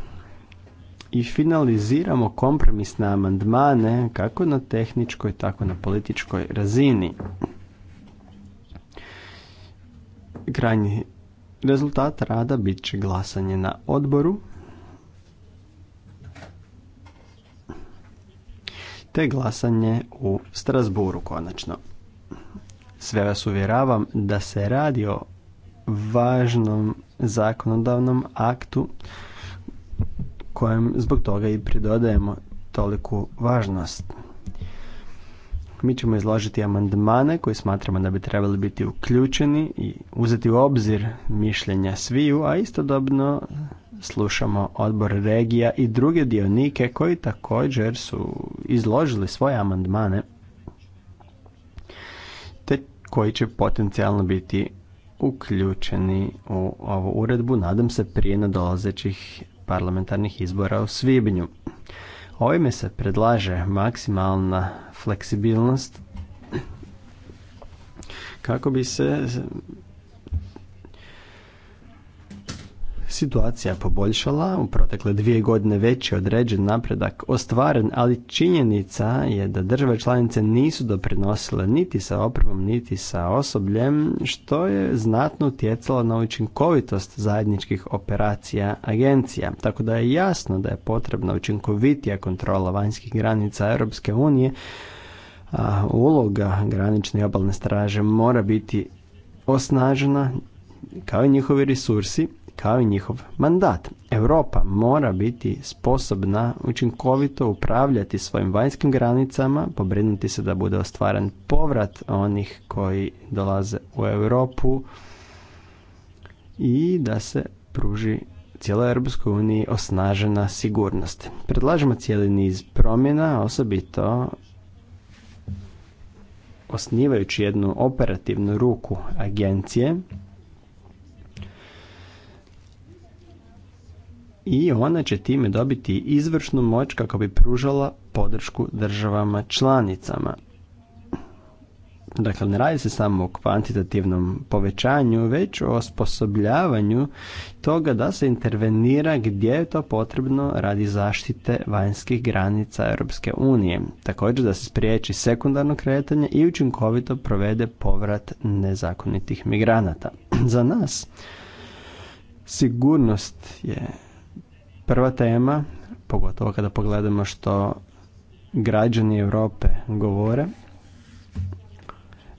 L: i finaliziramo kompromisne amandmane kako na tehničkoj tako na političkoj razini. Krajnji rezultat rada bit će glasanje na odboru. te glasanje u Strasburu konačno. Sve vas uvjeravam da se radi o važnom zakonodavnom aktu kojem zbog toga i pridodajemo toliku važnost. Mi ćemo izložiti amandmane koji smatramo da bi trebali biti uključeni i uzeti u obzir mišljenja sviju, a istodobno slušamo odbor regija i druge dionike koji također su izložili svoje amandmane te koji će potencijalno biti uključeni u ovu uredbu, nadam se, prije nadolazećih parlamentarnih izbora u svibnju. Ovime se predlaže maksimalna fleksibilnost kako bi se situacija poboljšala, u protekle dvije godine već je određen napredak ostvaren, ali činjenica je da države članice nisu doprinosile niti sa opremom, niti sa osobljem, što je znatno utjecalo na učinkovitost zajedničkih operacija agencija. Tako da je jasno da je potrebna učinkovitija kontrola vanjskih granica Europske unije, a uloga granične i obalne straže mora biti osnažena kao i njihovi resursi kao i njihov mandat. Europa mora biti sposobna učinkovito upravljati svojim vanjskim granicama, pobrinuti se da bude ostvaren povrat onih koji dolaze u Europu i da se pruži cijeloj Europskoj uniji osnažena sigurnost. Predlažemo cijeli niz promjena, osobito osnivajući jednu operativnu ruku agencije i ona će time dobiti izvršnu moć kako bi pružala podršku državama članicama. Dakle, ne radi se samo o kvantitativnom povećanju, već o osposobljavanju toga da se intervenira gdje je to potrebno radi zaštite vanjskih granica Europske unije. Također da se spriječi sekundarno kretanje i učinkovito provede povrat nezakonitih migranata. Za nas sigurnost je prva tema, pogotovo kada pogledamo što građani Europe govore,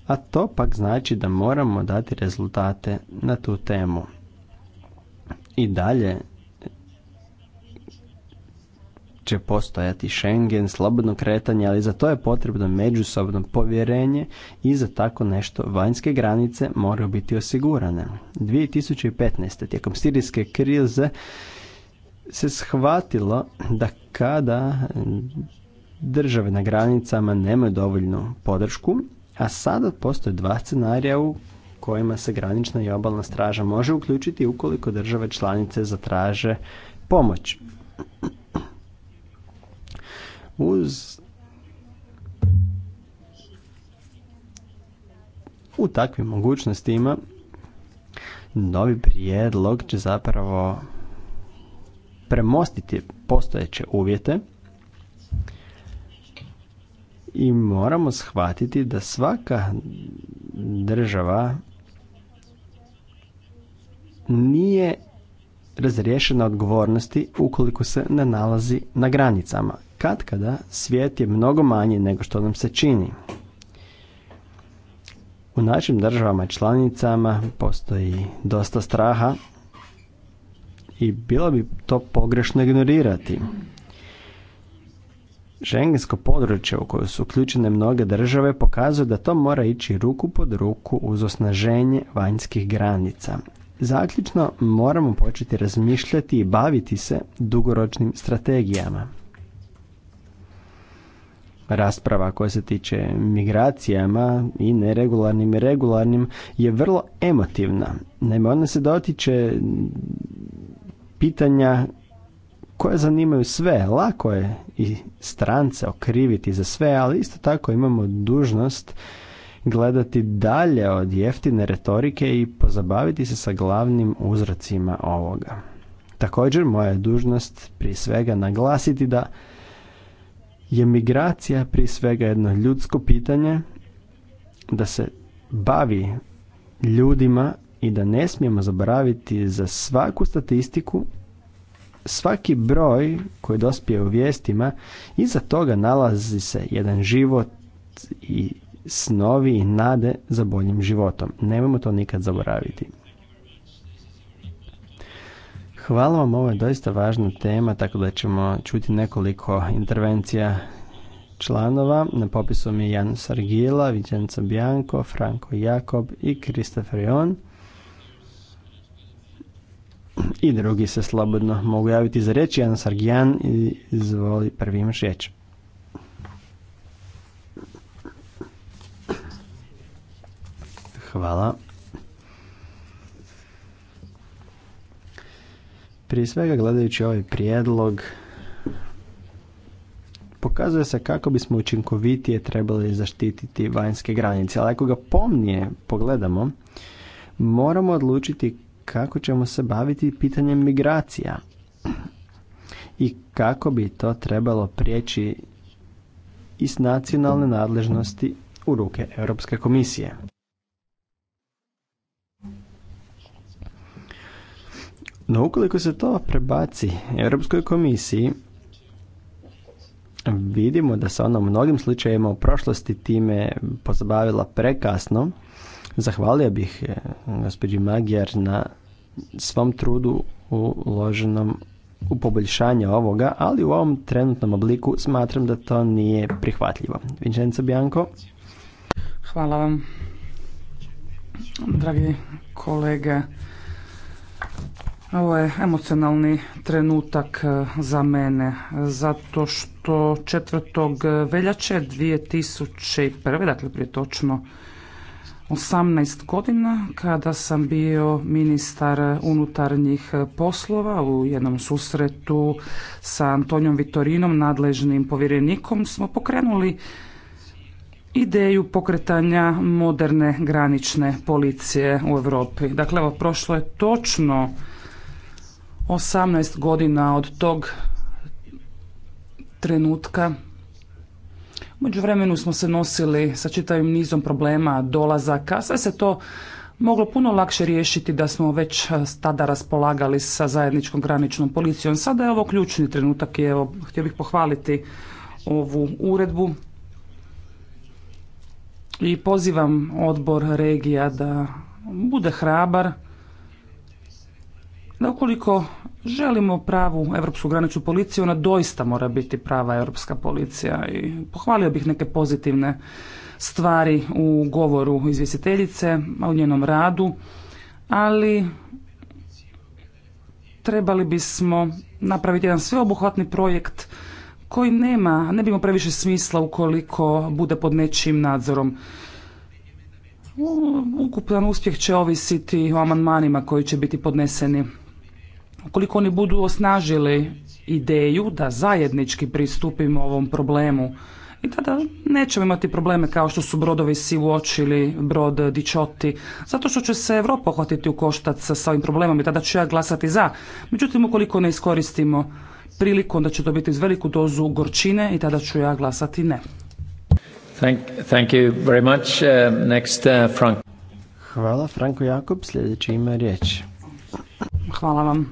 L: a to pak znači da moramo dati rezultate na tu temu. I dalje će postojati Schengen, slobodno kretanje, ali za to je potrebno međusobno povjerenje i za tako nešto vanjske granice moraju biti osigurane. 2015. tijekom sirijske krize se shvatilo da kada države na granicama nemaju dovoljnu podršku, a sada postoje dva scenarija u kojima se granična i obalna straža može uključiti ukoliko države članice zatraže pomoć. Uz u takvim mogućnostima novi prijedlog će zapravo premostiti postojeće uvjete i moramo shvatiti da svaka država nije razriješena odgovornosti ukoliko se ne nalazi na granicama. Kad kada svijet je mnogo manji nego što nam se čini. U našim državama i članicama postoji dosta straha i bilo bi to pogrešno ignorirati. Šengensko područje u koje su uključene mnoge države pokazuje da to mora ići ruku pod ruku uz osnaženje vanjskih granica. Zaključno moramo početi razmišljati i baviti se dugoročnim strategijama. Rasprava koja se tiče migracijama i neregularnim i regularnim je vrlo emotivna. Naime, ona se dotiče pitanja koje zanimaju sve. Lako je i strance okriviti za sve, ali isto tako imamo dužnost gledati dalje od jeftine retorike i pozabaviti se sa glavnim uzrocima ovoga. Također, moja je dužnost prije svega naglasiti da je migracija prije svega jedno ljudsko pitanje, da se bavi ljudima i da ne smijemo zaboraviti za svaku statistiku, svaki broj koji dospije u vijestima, iza toga nalazi se jedan život i snovi i nade za boljim životom. Nemojmo to nikad zaboraviti. Hvala vam, ovo je doista važna tema, tako da ćemo čuti nekoliko intervencija članova. Na popisu mi je Jan Sargila, Vincenzo Bianco, Franco Jakob i Christopher Jon. I drugi se slobodno mogu javiti za reći. Jan Sargijan izvoli prvi imaš riječ. Hvala. Prije svega gledajući ovaj prijedlog pokazuje se kako bismo učinkovitije trebali zaštititi vanjske granice. Ali ako ga pomnije pogledamo, moramo odlučiti kako ćemo se baviti pitanjem migracija i kako bi to trebalo prijeći iz nacionalne nadležnosti u ruke Europske komisije. No ukoliko se to prebaci Europskoj komisiji, vidimo da se ona u mnogim slučajevima u prošlosti time pozabavila prekasno Zahvalio bih e, gospođi Magijar na svom trudu uloženom u poboljšanje ovoga, ali u ovom trenutnom obliku smatram da to nije
D: prihvatljivo. Vincenzo Bianco. Hvala vam. Dragi kolege, ovo je emocionalni trenutak e, za mene, zato što 4. veljače 2001. dakle prije točno 18 godina kada sam bio ministar unutarnjih poslova u jednom susretu sa Antonijom Vitorinom, nadležnim povjerenikom, smo pokrenuli ideju pokretanja moderne granične policije u Europi. Dakle, evo, prošlo je točno 18 godina od tog trenutka međuvremenu smo se nosili sa čitavim nizom problema, dolazaka, sve se to moglo puno lakše riješiti da smo već e, tada raspolagali sa zajedničkom graničnom policijom. Sada je ovo ključni trenutak i evo, htio bih pohvaliti ovu uredbu i pozivam odbor regija da bude hrabar da ukoliko želimo pravu europsku graničnu policiju, ona doista mora biti prava europska policija i pohvalio bih neke pozitivne stvari u govoru izvjestiteljice, u njenom radu, ali trebali bismo napraviti jedan sveobuhvatni projekt koji nema, ne bi imao previše smisla ukoliko bude pod nečijim nadzorom. Ukupan uspjeh će ovisiti o amandmanima koji će biti podneseni Ukoliko oni budu osnažili ideju da zajednički pristupimo ovom problemu i tada nećemo imati probleme kao što su brodovi si uočili ili brod Dičoti, zato što će se Europa hvatiti u koštac sa ovim problemom i tada ću ja glasati za. Međutim, ukoliko ne iskoristimo priliku, onda će to biti iz veliku dozu gorčine i tada ću ja glasati ne.
K: Uh, uh, Frank.
D: Hvala, Franko Jakob. Sljedeći ima riječ. Hvala vam.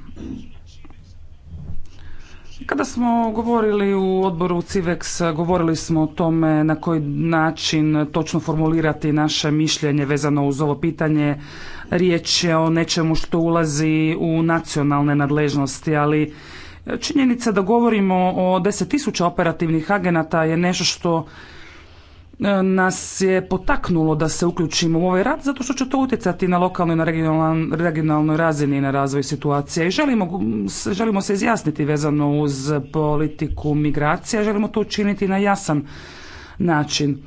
D: Kada smo govorili u odboru CIVEX, govorili smo o tome na koji način točno formulirati naše mišljenje vezano uz ovo pitanje. Riječ je o nečemu što ulazi u nacionalne nadležnosti, ali činjenica da govorimo o 10.000 operativnih agenata je nešto što E, nas je potaknulo da se uključimo u ovaj rad zato što će to utjecati na lokalnoj i na regionalnoj razini na razvoj situacije. I želimo, želimo se izjasniti vezano uz politiku migracija, želimo to učiniti na jasan način.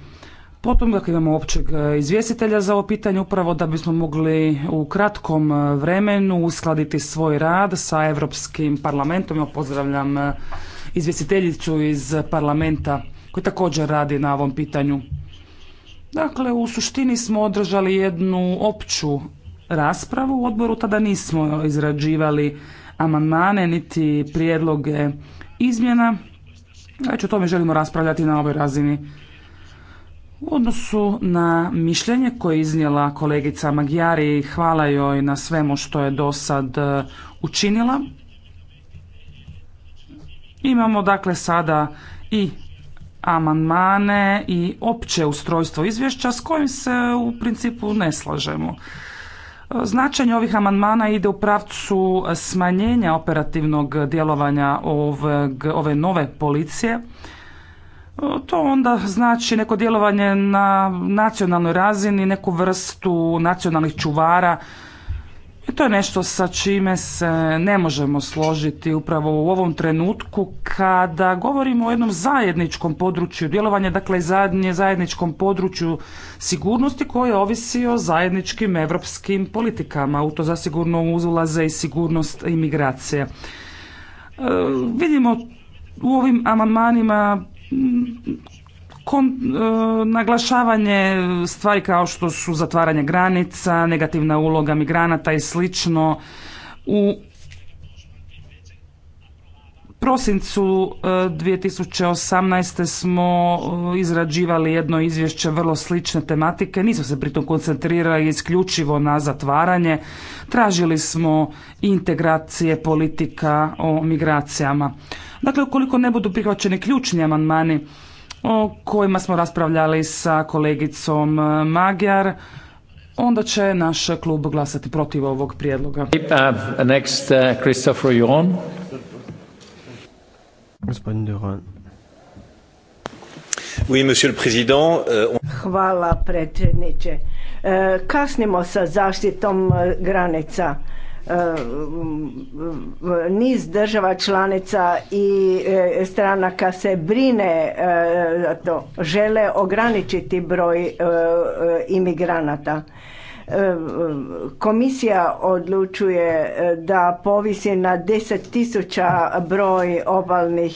D: Potom dakle, imamo općeg e, izvjestitelja za ovo pitanje upravo da bismo mogli u kratkom e, vremenu uskladiti svoj rad sa Europskim parlamentom. Ja pozdravljam izvjestiteljicu iz parlamenta koji također radi na ovom pitanju. Dakle, u suštini smo održali jednu opću raspravu u odboru, tada nismo izrađivali amandmane niti prijedloge izmjena. Već o tome želimo raspravljati na ovoj razini. U odnosu na mišljenje koje je iznijela kolegica Magijari, hvala joj na svemu što je do sad e, učinila. Imamo dakle sada i amandmane i opće ustrojstvo izvješća s kojim se u principu ne slažemo. E, značenje ovih amandmana ide u pravcu smanjenja operativnog djelovanja ove nove policije. E, to onda znači neko djelovanje na nacionalnoj razini, neku vrstu nacionalnih čuvara i to je nešto sa čime se ne možemo složiti upravo u ovom trenutku kada govorimo o jednom zajedničkom području djelovanja, dakle zadnje zajedničkom području sigurnosti koje ovisi o zajedničkim europskim politikama. U to zasigurno ulaze i sigurnost imigracije. E, vidimo u ovim amandmanima E, naglašavanje stvari kao što su zatvaranje granica, negativna uloga migranata i slično u prosincu 2018. E, smo e, izrađivali jedno izvješće vrlo slične tematike. Nismo se pritom koncentrirali isključivo na zatvaranje. Tražili smo integracije politika o migracijama. Dakle, ukoliko ne budu prihvaćeni ključni amandmani o kojima smo raspravljali sa kolegicom e, Magyar, onda će naš klub glasati protiv ovog prijedloga. Next, Christopher
I: Hvala predsjedniče. E, kasnimo sa zaštitom e, granica E, niz država članica i e, stranaka se brine e, to, žele ograničiti broj imigranata. Komisija odlučuje da povisi na 10.000 broj obalnih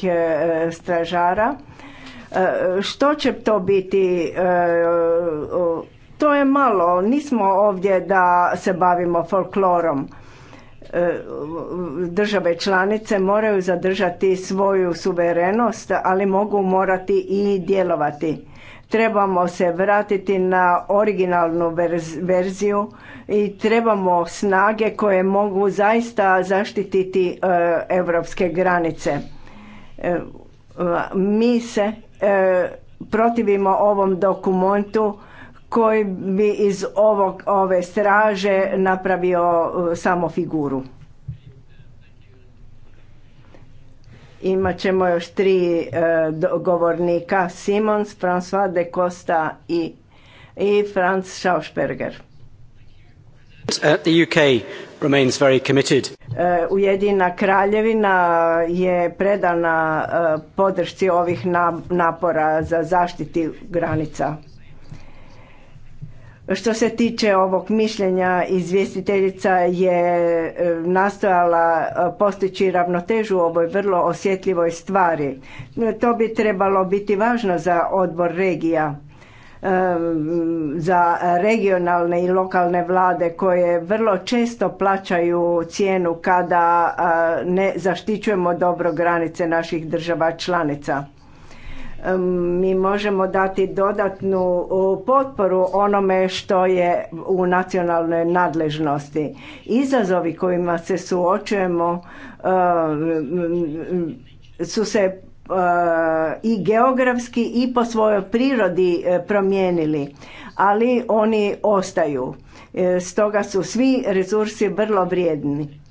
I: stražara. Što će to biti? To je malo, nismo ovdje da se bavimo folklorom države članice moraju zadržati svoju suverenost, ali mogu morati i djelovati. Trebamo se vratiti na originalnu verziju i trebamo snage koje mogu zaista zaštititi europske granice. E, mi se e, protivimo ovom dokumentu koji bi iz ovog, ove straže napravio e, samo figuru. Imat ćemo još tri e, govornika, Simons, François de Costa i, i Franz Schausperger.
L: UK uh,
I: e, Ujedina kraljevina je predana podršci ovih napora za zaštiti granica. Što se tiče ovog mišljenja, izvjestiteljica je e, nastojala e, postići ravnotežu u ovoj vrlo osjetljivoj stvari. E, to bi trebalo biti važno za odbor regija, za regionalne i lokalne vlade koje vrlo često plaćaju cijenu kada ne zaštićujemo dobro granice naših država članica mi možemo dati dodatnu potporu onome što je u nacionalnoj nadležnosti. Izazovi kojima se suočujemo su se eh, i geografski i po svojoj prirodi eh, promijenili, ali oni ostaju. Eh, stoga su svi resursi vrlo vrijedni.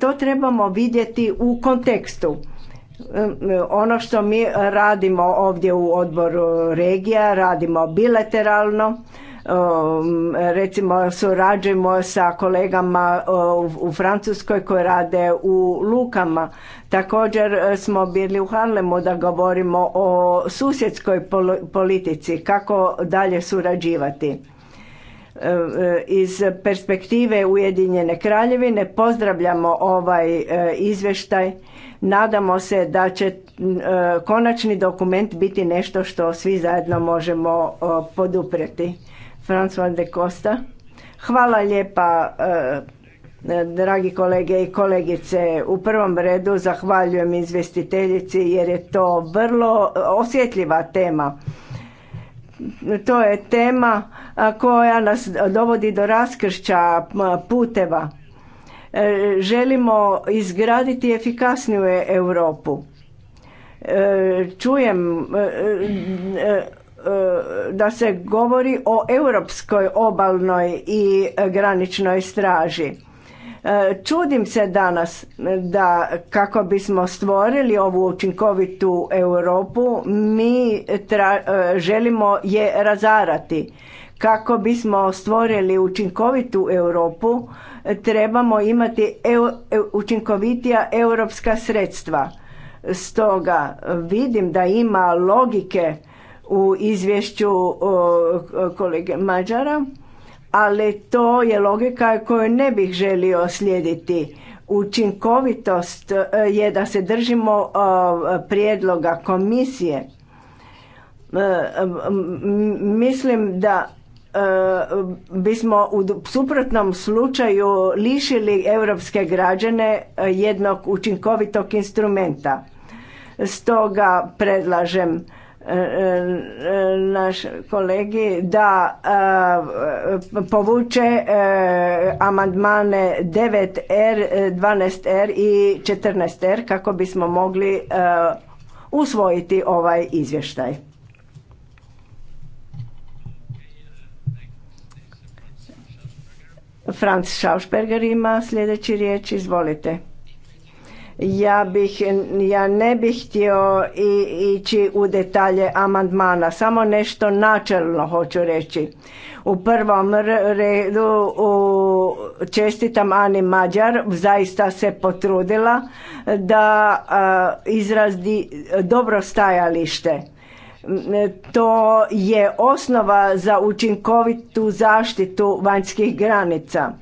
I: To trebamo vidjeti u kontekstu ono što mi radimo ovdje u odboru regija, radimo bilateralno, um, recimo surađujemo sa kolegama uh, u Francuskoj koji rade u lukama. Također uh, smo bili u Harlemu da govorimo o susjedskoj politici, kako dalje surađivati uh, iz perspektive Ujedinjene kraljevine pozdravljamo ovaj izvještaj Nadamo se da će e, konačni dokument biti nešto što svi zajedno možemo e, podupreti. François de Costa. Hvala lijepa e, dragi kolege i kolegice. U prvom redu zahvaljujem izvjestiteljici jer je to vrlo osjetljiva tema. To je tema koja nas dovodi do raskršća puteva E, želimo izgraditi efikasniju e, Europu. E, čujem da se govori o europskoj obalnoj i graničnoj straži. Čudim se danas da kako bismo stvorili ovu učinkovitu Europu mi želimo je razarati kako bismo stvorili učinkovitu Europu trebamo imati učinkovitija europska sredstva. Stoga vidim da ima logike u izvješću kolege Mađara, ali to je logika koju ne bih želio slijediti. Učinkovitost e, je da se držimo prijedloga komisije. E, mislim da E, bismo u suprotnom slučaju lišili europske građane e, jednog učinkovitog instrumenta. Stoga predlažem e, naš kolegi da povuče amandmane 9R, er, 12R er i 14R er kako bismo mogli usvojiti ovaj izvještaj. Franz Schausperger ima sljedeći riječ, izvolite. Ja, bih, ja ne bih htio i, ići u detalje amandmana, samo nešto načelno hoću reći. U prvom redu u, čestitam Ani Mađar, zaista se potrudila da a, izrazi dobro stajalište to je osnova za učinkovitu zaštitu vanjskih granica.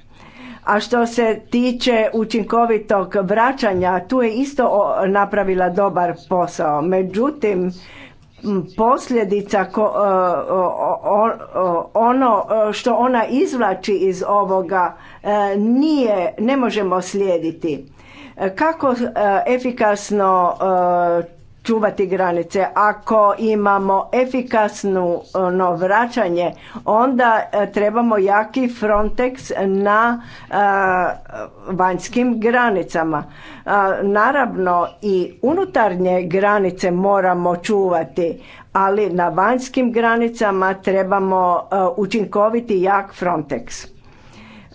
I: A što se tiče učinkovitog vraćanja, tu je isto napravila dobar posao. Međutim, posljedica e, ono e, što ona izvlači iz ovoga e, nije, ne možemo slijediti. Kako efikasno čuvati granice. Ako imamo efikasno no, vraćanje, onda e, trebamo jaki Frontex na e, vanjskim granicama. E, naravno i unutarnje granice moramo čuvati, ali na vanjskim granicama trebamo a, učinkoviti jak Frontex.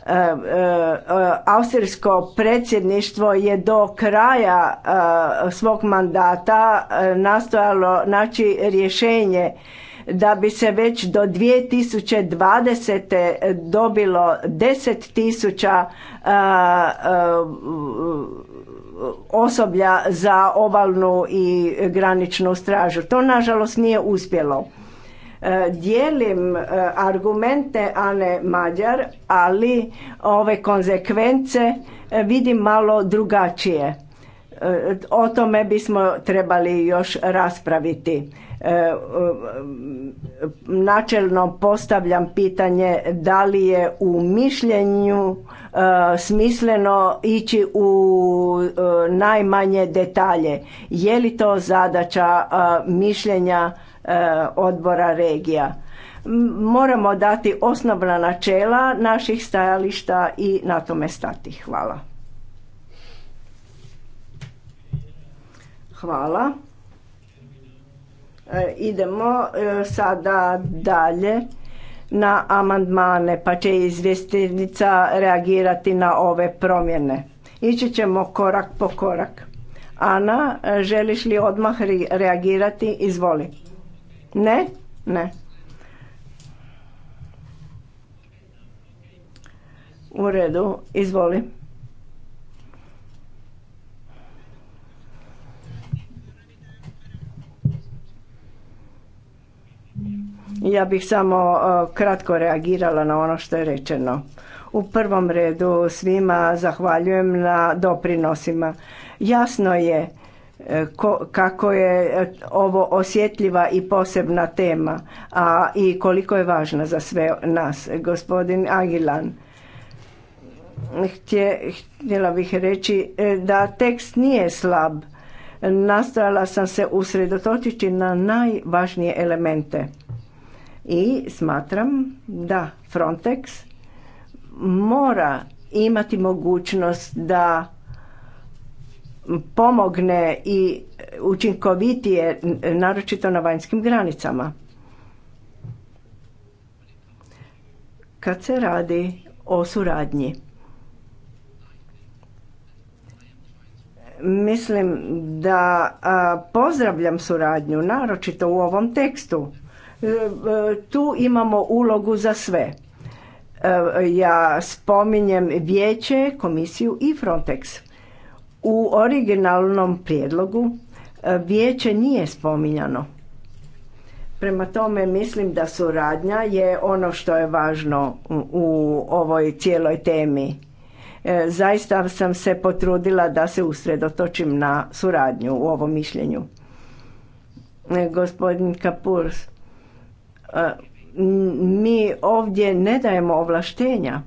I: E, e, austrijsko predsjedništvo je do kraja e, svog mandata nastojalo naći rješenje da bi se već do 2020. dobilo 10.000 osoblja za obalnu i graničnu stražu. To nažalost nije uspjelo. E, dijelim e, argumente Ane Mađar, ali ove konzekvence e, vidim malo drugačije. O tome bismo trebali još raspraviti. Načelno postavljam pitanje da li je u mišljenju smisleno ići u najmanje detalje. Je li to zadaća mišljenja E, odbora regija. Moramo dati osnovna načela naših stajališta i na tome stati. Hvala. Hvala. E, idemo e, sada dalje na amandmane, pa će izvjestiteljica reagirati na ove promjene. Ići ćemo korak po korak. Ana, želiš li odmah reagirati? Izvoli. Ne? Ne. U redu, izvoli. Ja bih samo uh, kratko reagirala na ono što je rečeno. U prvom redu svima zahvaljujem na doprinosima. Jasno je kako je e, ovo osjetljiva i posebna tema a i koliko je važna za sve nas. Gospodin Agilan, htjela bih reći e, da tekst nije slab. Nastojala sam se usredotočiti na najvažnije elemente i smatram da Frontex mora imati mogućnost da pomogne i učinkovitije, naročito na vanjskim granicama. Kad se radi o suradnji. Mislim da pozdravljam suradnju, naročito u ovom tekstu. E, e, tu imamo ulogu za sve. E, ja spominjem vijeće, komisiju i Frontex u originalnom prijedlogu e, vijeće nije spominjano. Prema tome mislim da suradnja je ono što je važno u ovoj cijeloj temi. E, zaista sam se potrudila da se usredotočim na suradnju u ovom mišljenju. E, gospodin Kapurs, mi ovdje ne dajemo ovlaštenja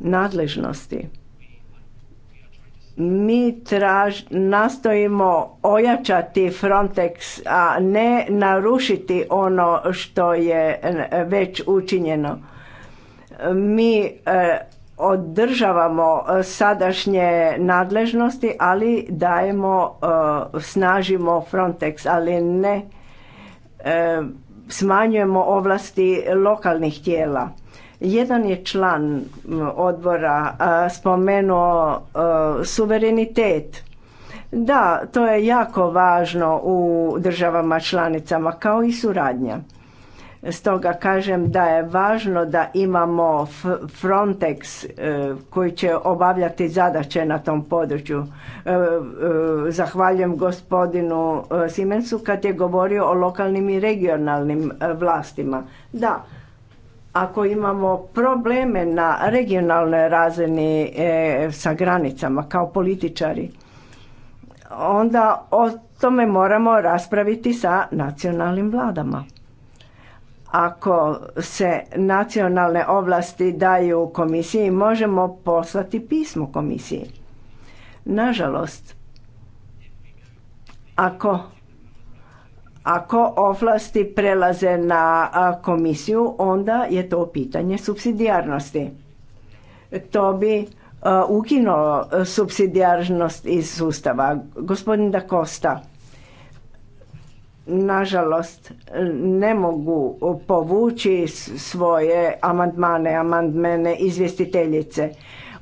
I: nadležnosti mi nastojimo ojačati Frontex, a ne narušiti ono što je već učinjeno. Mi e, održavamo sadašnje nadležnosti, ali dajemo, e, snažimo Frontex, ali ne e, smanjujemo ovlasti lokalnih tijela jedan je član odbora spomenuo e, suverenitet. Da, to je jako važno u državama članicama kao i suradnja. Stoga kažem da je važno da imamo Frontex e, koji će obavljati zadaće na tom području. E, zahvaljujem gospodinu Simensu kad je govorio o lokalnim i regionalnim vlastima. Da, ako imamo probleme na regionalnoj razini e, sa granicama kao političari, onda o tome moramo raspraviti sa nacionalnim vladama. Ako se nacionalne ovlasti daju komisiji, možemo poslati pismo komisiji. Nažalost, ako ako ovlasti prelaze na komisiju, onda je to pitanje subsidijarnosti. To bi ukinulo subsidijarnost iz sustava. Gospodin Da Costa, nažalost, ne mogu povući svoje amandmane, amandmene izvjestiteljice.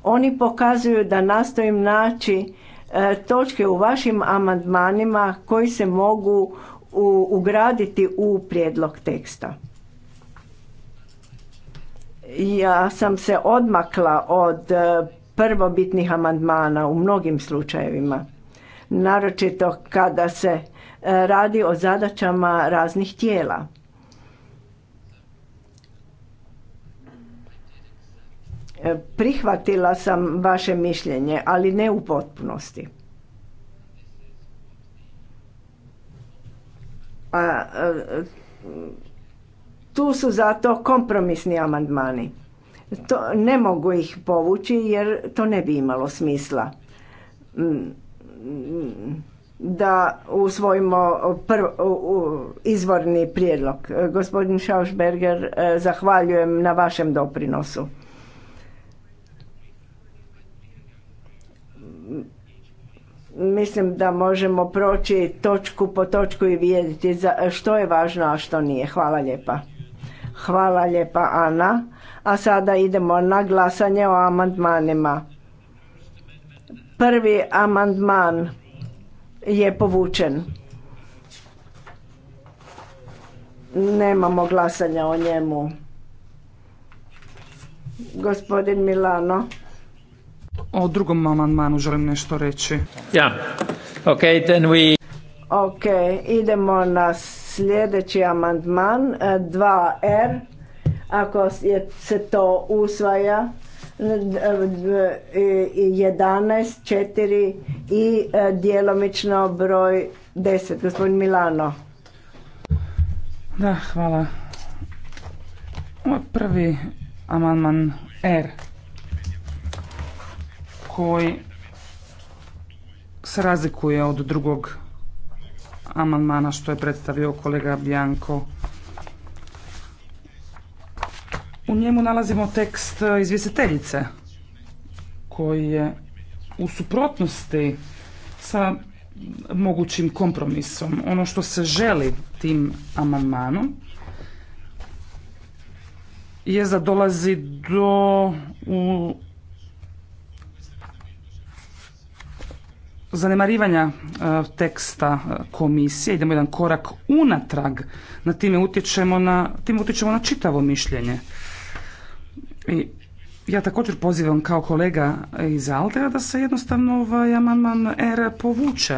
I: Oni pokazuju da nastojim naći e, točke u vašim amandmanima koji se mogu u, ugraditi u prijedlog teksta. Ja sam se odmakla od e, prvobitnih amandmana u mnogim slučajevima, naročito kada se e, radi o zadaćama raznih tijela. E, prihvatila sam vaše mišljenje, ali ne u potpunosti. a, pa, e, tu su zato kompromisni amandmani. To, ne mogu ih povući jer to ne bi imalo smisla. Mm, da usvojimo prv, izvorni prijedlog. Gospodin Schausberger, e, zahvaljujem na vašem doprinosu. Mislim da možemo proći točku po točku i vidjeti što je važno, a što nije. Hvala lijepa. Hvala lijepa Ana. A sada idemo na glasanje o amandmanima. Prvi amandman je povučen. Nemamo glasanja o njemu. Gospodin Milano.
D: O drugom amandmanu želim nešto reći. Ja. Okay, then we...
I: Ok, idemo na sljedeći amandman 2R. E, Ako se to usvaja 11, 4 e, e, i dijelomično broj 10. Gospodin Milano.
D: Da, hvala. Prvi amandman R koji se razlikuje od drugog amandmana što je predstavio kolega Bjanko. U njemu nalazimo tekst izvjestiteljice koji je u suprotnosti sa mogućim kompromisom. Ono što se želi tim amandmanom je da dolazi do u zanemarivanja e, teksta e, komisije, idemo jedan korak unatrag, na time utječemo na, time utječemo na čitavo mišljenje. I ja također pozivam kao kolega iz Aldera da se jednostavno ovaj amandman R povuče.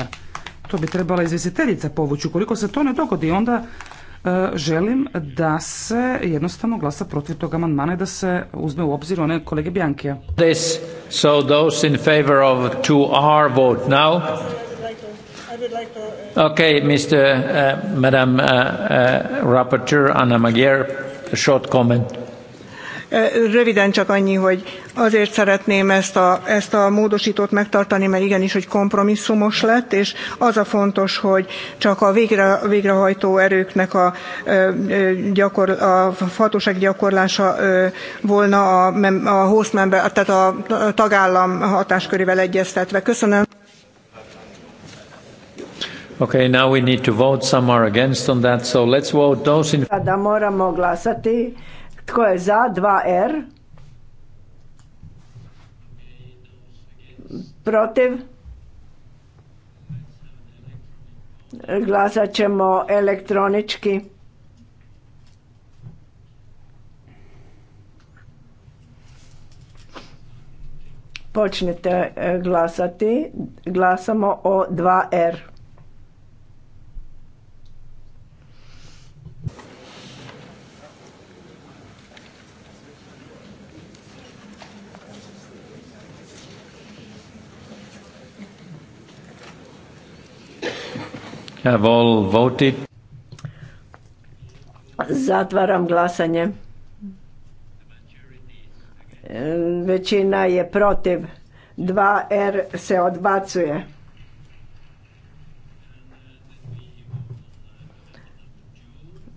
D: To bi trebala izvjestiteljica povući. Ukoliko se to ne dogodi, onda E, želim da se jednostavno glasa protiv tog amandmana i da se uzme u obzir one kolege Bjankija.
K: This, so those in favor of 2R vote now. Okay, Mr. Uh, Madam uh, uh, Rapporteur Anna Magier, a short comment.
B: Röviden csak annyi, hogy azért szeretném ezt a, ezt a módosítót megtartani, mert igenis, hogy kompromisszumos lett, és az a fontos, hogy csak a végre, végrehajtó erőknek a, gyakor, a hatóság gyakorlása volna a, a host member, tehát a tagállam hatáskörével egyeztetve. Köszönöm.
K: Okay, now we need to vote. Some are against on that, so let's vote those in.
I: Tko je za? 2R. Protiv? Glasat ćemo elektronički. Počnite e, glasati. Glasamo o 2R.
K: Have all voted.
I: Zatvaram glasanje. Većina je protiv. 2R se odbacuje.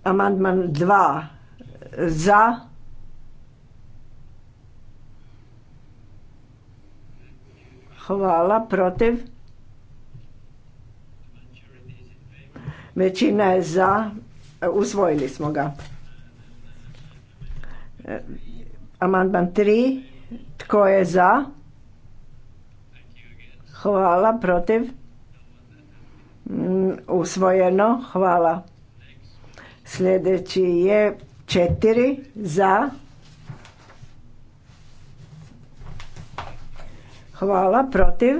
I: Amandman 2 za. Hvala, protiv. Većina je za, e, usvojili smo ga. E, amandman 3, tko je za? Hvala, protiv? Mm, usvojeno, hvala. Sljedeći je 4, za? Hvala, protiv?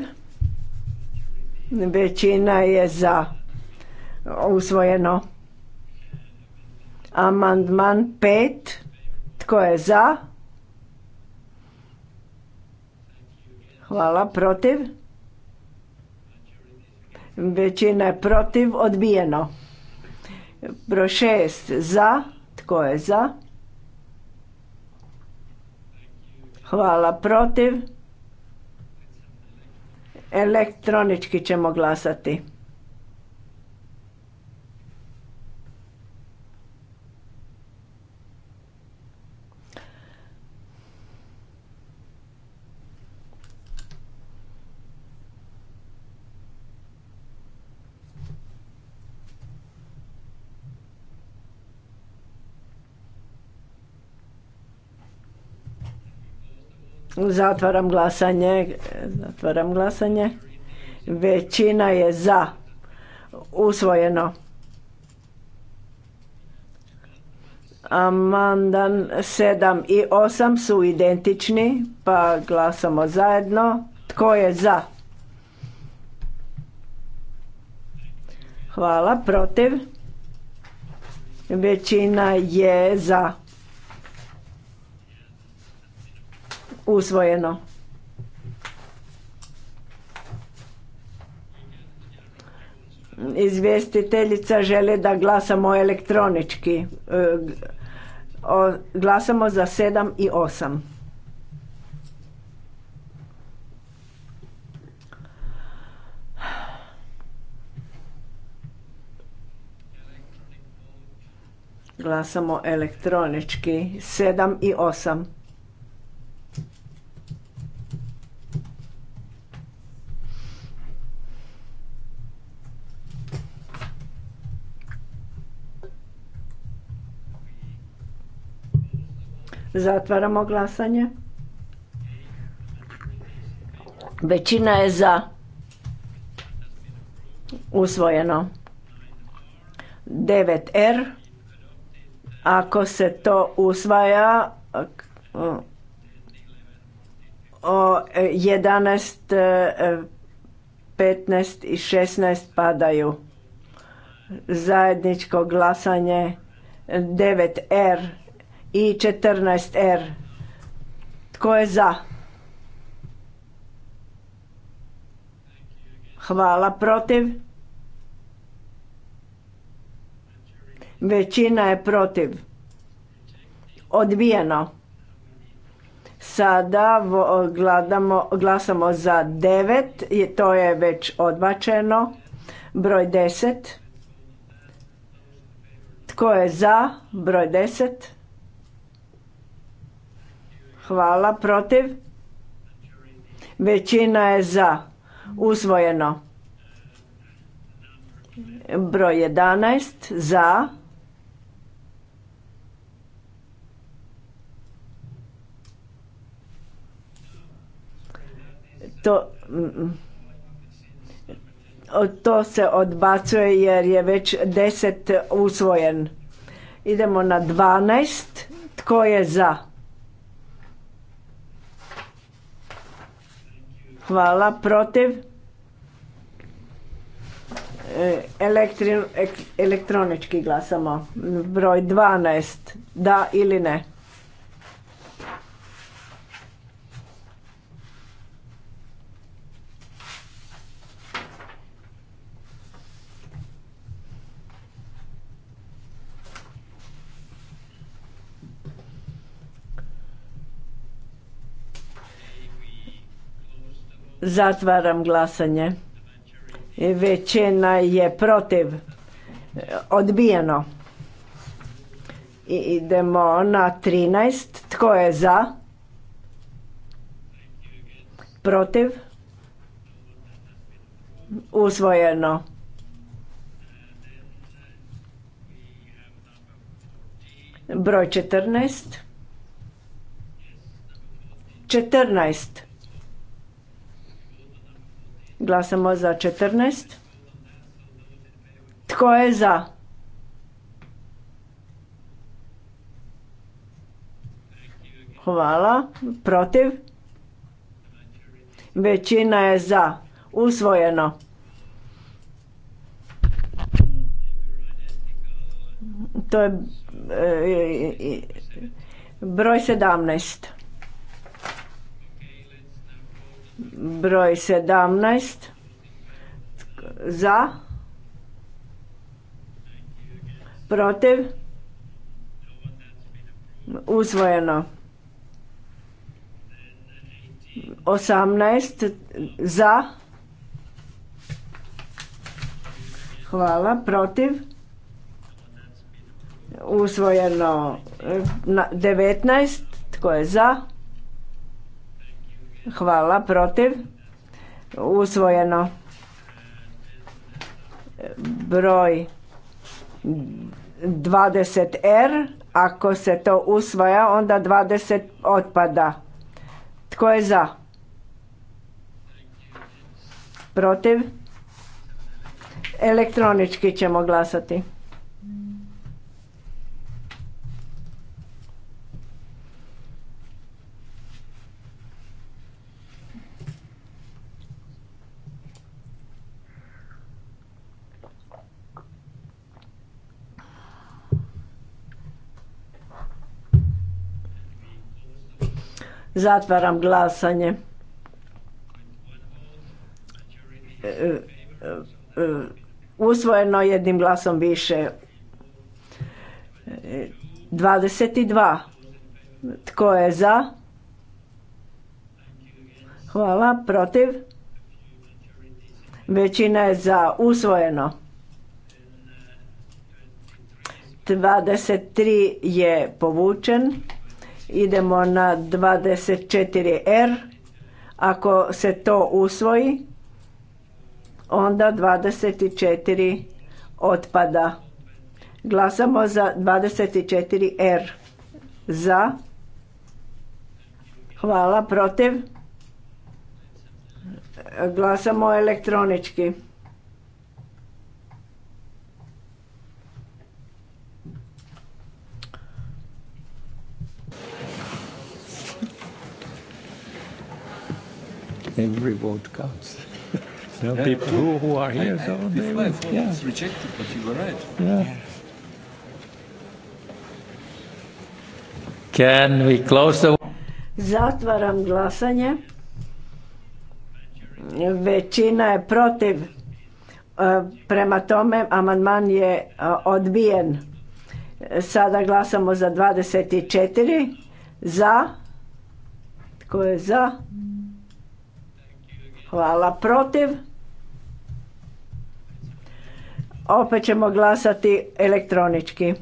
I: Većina je za usvojeno. Amandman 5. Tko je za? Hvala. Protiv? Većina je protiv. Odbijeno. Broj 6. Za? Tko je za? Hvala. Protiv? Elektronički ćemo glasati. Zatvaram glasanje. Zatvaram glasanje. Većina je za. Usvojeno. Amandan 7 i 8 su identični, pa glasamo zajedno. Tko je za? Hvala. Protiv? Većina je za. usvojeno. Izvjestiteljica želi da glasamo elektronički. E, glasamo za sedam i osam. Glasamo elektronički Sedam i osam. Zatvaramo glasanje. Većina je za. Usvojeno. 9R. Ako se to usvaja, 11, 15 i 16 padaju. Zajedničko glasanje 9R i 14R. Tko je za? Hvala protiv. Većina je protiv. Odbijeno. Sada gladamo, glasamo za 9, to je već odbačeno. Broj 10. Tko je za? Broj 10. Hvala protiv. Većina je za. Usvojeno. Broj 11 za. To, mm, mm. to se odbacuje jer je već 10 usvojen. Idemo na 12. Tko je za? Hvala. Protiv? E, elektronički glasamo. Broj 12. Da ili ne? Zatvaram glasanje. Većina je protiv. Odbijeno. I idemo na 13. Tko je za? Protiv? Usvojeno. Broj 14. 14. Glasamo za 14. Tko je za? Hvala. Protiv? Većina je za. Usvojeno. To je e, e, e, broj 17 broj 17 za protiv usvojeno osamnaest za hvala protiv usvojeno devetnaest tko je za Hvala. Protiv? Usvojeno. Broj 20R. Er. Ako se to usvaja, onda 20 otpada. Tko je za? Protiv? Elektronički ćemo glasati. Zatvaram glasanje. Usvojeno jednim glasom više. 22. Tko je za? Hvala. Protiv? Većina je za usvojeno. 23 je povučen. Idemo na 24R. Er. Ako se to usvoji, onda 24 otpada. Glasamo za 24R. Er. Za. Hvala. Protiv. Glasamo elektronički.
K: every vote counts. there are people who, who are here, I, so I, they vote yeah. was
I: rejected, but you were right.
K: Yeah. yeah. Can we close the...
I: Zatvaram glasanje. Većina je protiv. E, prema tome, amandman je e, odbijen. Sada glasamo za 24. Za. Tko je za? Hvala protiv. Opet ćemo glasati elektronički.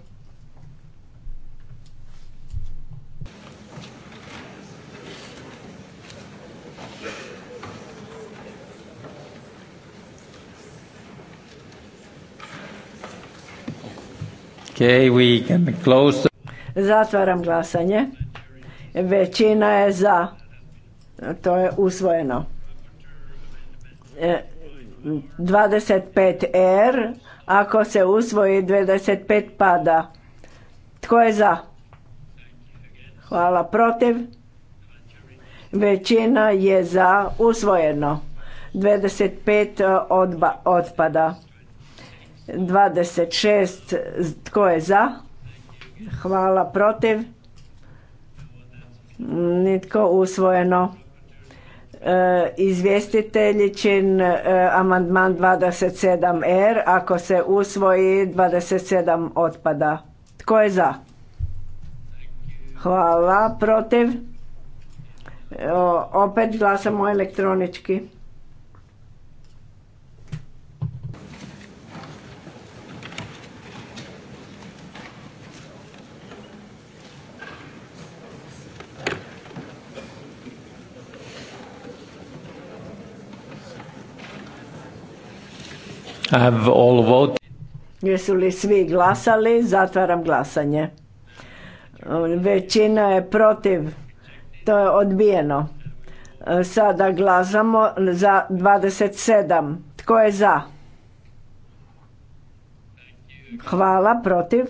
I: Zatvaram glasanje. Većina je za. To je usvojeno. 25R, er, ako se usvoji 25 pada. Tko je za? Hvala. Protiv? Većina je za usvojeno. 25 odba, odpada. 26 tko je za? Hvala. Protiv? Nitko usvojeno. E, izvjestitelji čin e, amandman 27R er, ako se usvoji 27 otpada tko je za hvala protiv e, opet glasamo elektronički
K: Have all voted.
I: Jesu li svi glasali? Zatvaram glasanje. Većina je protiv. To je odbijeno. Sada glasamo za 27. Tko je za? Hvala, protiv.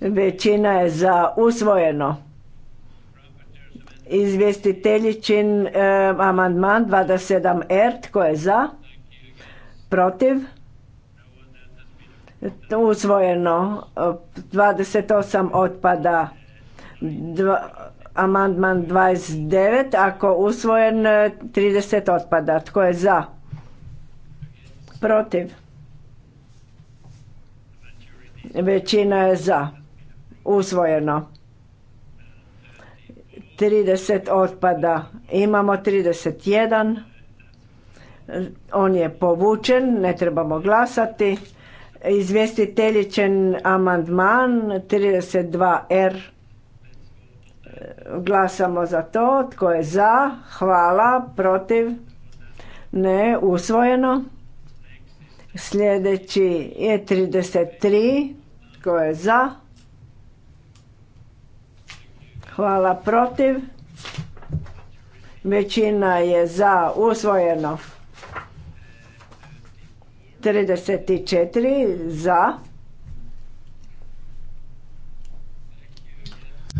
I: Većina je za usvojeno čin eh, amandman 27R. Tko je za? Protiv? Usvojeno. 28 otpada. Amandman 29. Ako usvojen 30 eh, otpada. Tko je za? Protiv? Većina je za. Usvojeno. 30 otpada. Imamo 31. On je povučen, ne trebamo glasati. Izvjestiteljičen amandman 32R. Glasamo za to. Tko je za? Hvala. Protiv? Ne. Usvojeno. Sljedeći je 33. Tko je za? Hvala protiv. Većina je za usvojeno. 34 za.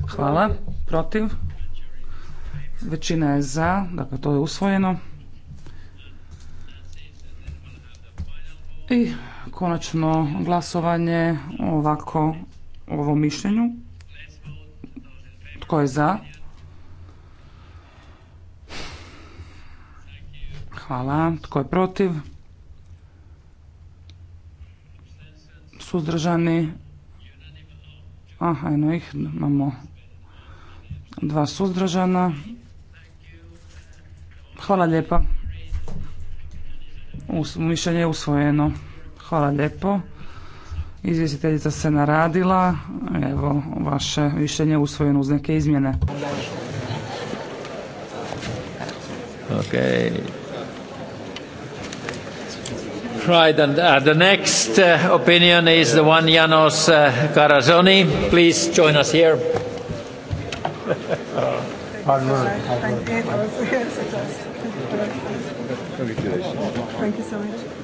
D: Hvala. Protiv. Većina je za. Dakle, to je usvojeno. I konačno glasovanje ovako o ovom mišljenju. Tko je za? Hvala. Tko je protiv? Suzdržani? Aha, ih, imamo dva suzdržana. Hvala lijepa. Mišljenje je usvojeno. Hvala lijepo. Izvjestiteljica se naradila. Evo, vaše mišljenje usvojeno uz neke izmjene. Okay.
K: Right, and uh, the next uh, opinion is the one Janos uh, Karazoni. Please join us here. Thank
M: you so much.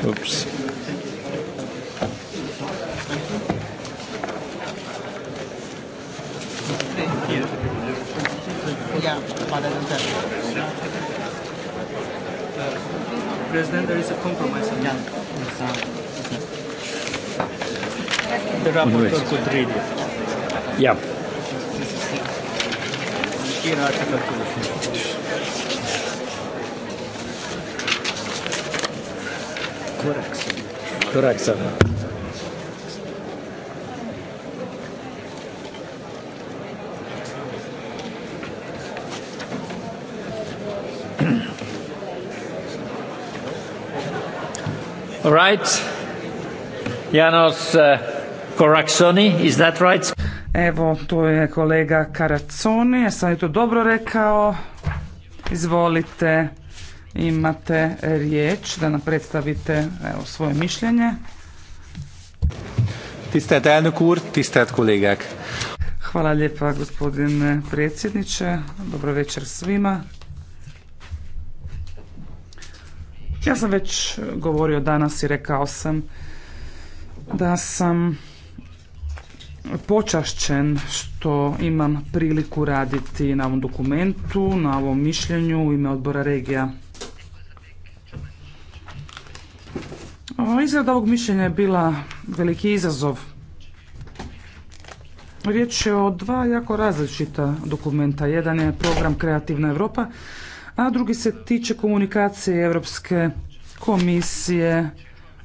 N: Pa
B: President, there is a compromise
H: The rapporteur
K: could read it. Yeah. Korak samo.
D: Right. Janos uh, Koraksoni, is that right? Evo, tu je kolega Karaconi, ja sam je to dobro rekao. Izvolite. Imate riječ da nam predstavite svoje mišljenje.
H: Tistet elnök
D: Hvala lijepa gospodine predsjedniče, dobro večer svima. Ja sam već govorio danas i rekao sam da sam počašćen što imam priliku raditi na ovom dokumentu, na ovom mišljenju u ime odbora regija. Izrada ovog mišljenja je bila veliki izazov. Riječ je o dva jako različita dokumenta. Jedan je program Kreativna Europa, a drugi se tiče komunikacije Europske komisije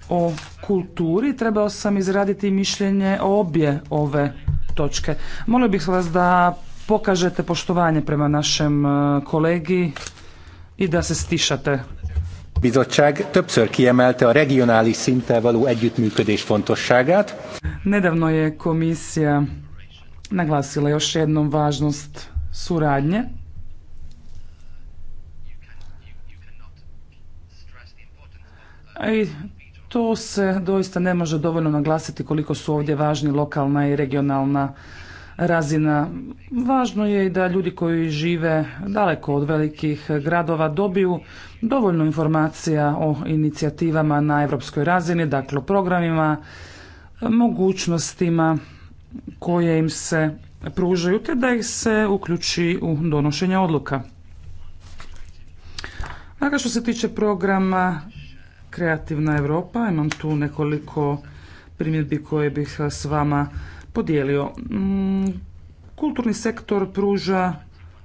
D: o kulturi. Trebao sam izraditi mišljenje o obje ove točke. Molio bih vas da pokažete poštovanje prema našem e, kolegi i da se stišate.
H: Bizottság többször kiemelte a regionális szinttel való együttműködés fontosságát.
D: Nedavno je komisija naglasila još jednom važnost suradnje I to se doista ne može dovoljno naglasiti koliko su ovdje važni lokalna i regionalna razina. Važno je i da ljudi koji žive daleko od velikih gradova dobiju dovoljno informacija o inicijativama na europskoj razini, dakle o programima, mogućnostima koje im se pružaju te da ih se uključi u donošenje odluka. Dakle, što se tiče programa Kreativna Europa, imam tu nekoliko primjedbi koje bih s vama podijelio. Mm, kulturni sektor pruža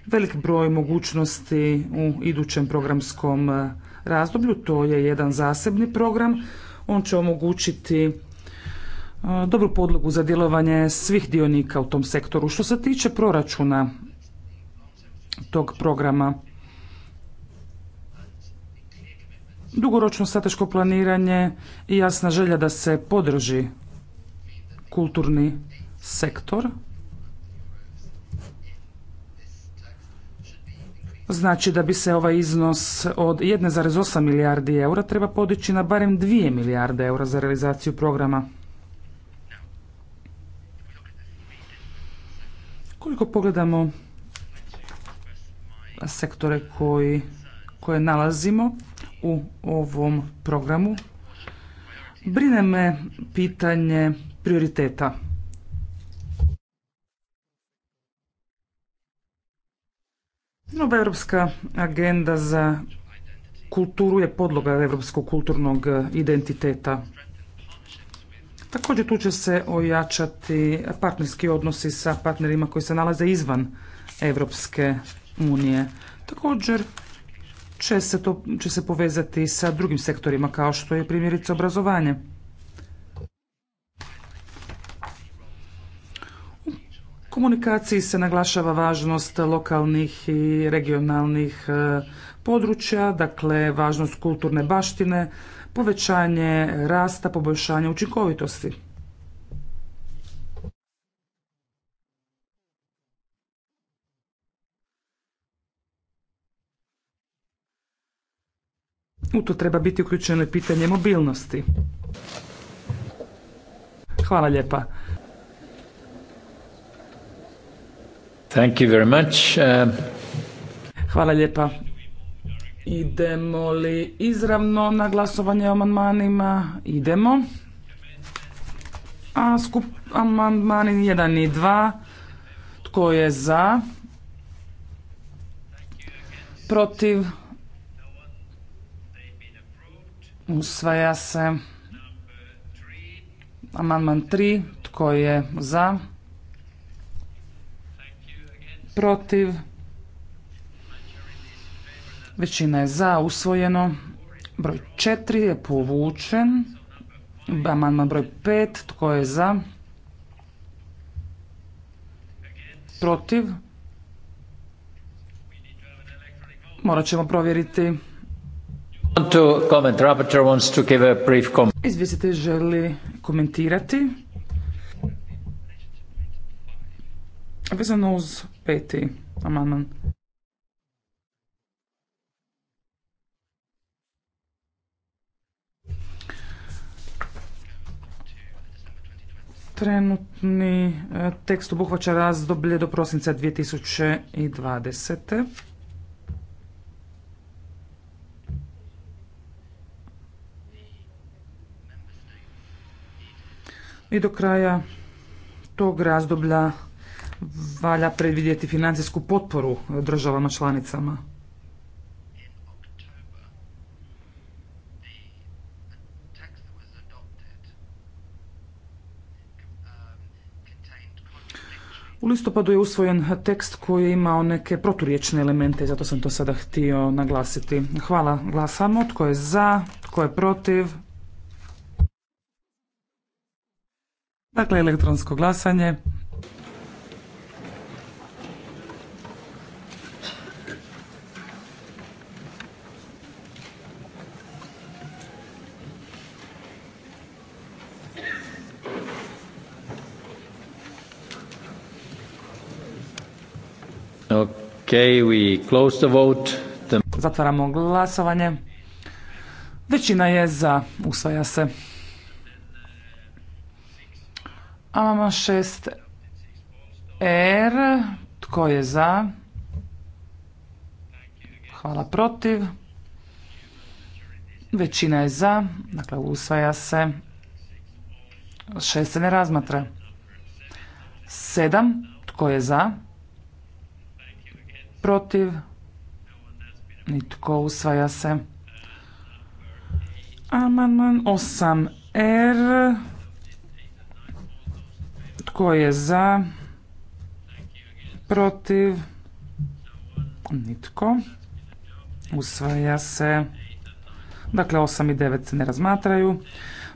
D: velik broj mogućnosti u idućem programskom e, razdoblju. To je jedan zasebni program. On će omogućiti e, dobru podlogu za djelovanje svih dionika u tom sektoru. Što se tiče proračuna tog programa, dugoročno strateško planiranje i jasna želja da se podrži kulturni sektor. Znači da bi se ovaj iznos od 1,8 milijardi eura treba podići na barem 2 milijarde eura za realizaciju programa. Koliko pogledamo sektore koji, koje nalazimo u ovom programu, brine me pitanje prioriteta. Nova europska agenda za kulturu je podloga europskog kulturnog identiteta. Također tu će se ojačati partnerski odnosi sa partnerima koji se nalaze izvan Evropske unije. Također će se, to, će se povezati sa drugim sektorima kao što je primjerice obrazovanje. komunikaciji se naglašava važnost lokalnih i regionalnih e, područja, dakle važnost kulturne baštine, povećanje rasta, poboljšanje učinkovitosti. U to treba biti uključeno i pitanje mobilnosti. Hvala lijepa.
K: Thank you very much. Uh,
D: Hvala lijepa. Idemo li izravno na glasovanje o amandmanima? Idemo. A skup amandmani 1 i 2. Tko je za? Protiv? Usvaja se. Amandman 3. Tko je za? protiv, većina je za, usvojeno, broj 4 je povučen, amandman broj 5, tko je za, protiv, morat ćemo provjeriti. Izvjestitelj želi komentirati. Vezano uz peti amandman. Trenutni e, tekst obuhvaća razdoblje do prosinca 2020. I do kraja tog razdoblja valja predvidjeti financijsku potporu državama članicama. U listopadu je usvojen tekst koji je imao neke proturječne elemente i zato sam to sada htio naglasiti. Hvala. Glasamo. Tko je za? Tko je protiv? Dakle, elektronsko glasanje. Okay, we close vote. Zatvaramo glasovanje. Većina je za. Usvaja se. Imamo šest. R. Tko je za? Hvala protiv. Većina je za. Dakle, usvaja se. Šest se ne razmatra. Sedam. Tko je za? protiv, nitko usvaja se. Amandman 8R, tko je za, protiv, nitko, usvaja se. Dakle, 8 i 9 se ne razmatraju.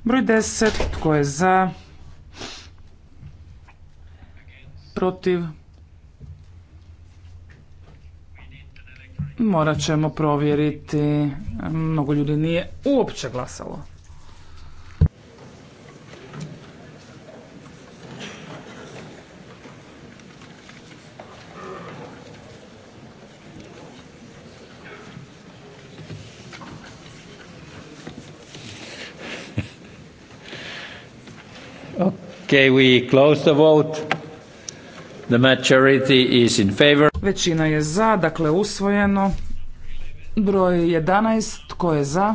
D: Broj 10, tko je za, protiv, Morat ćemo provjeriti. Mnogo ljudi nije uopće glasalo.
K: Okay, we close the vote.
D: Većina je za, dakle usvojeno. Broj 11, tko je za?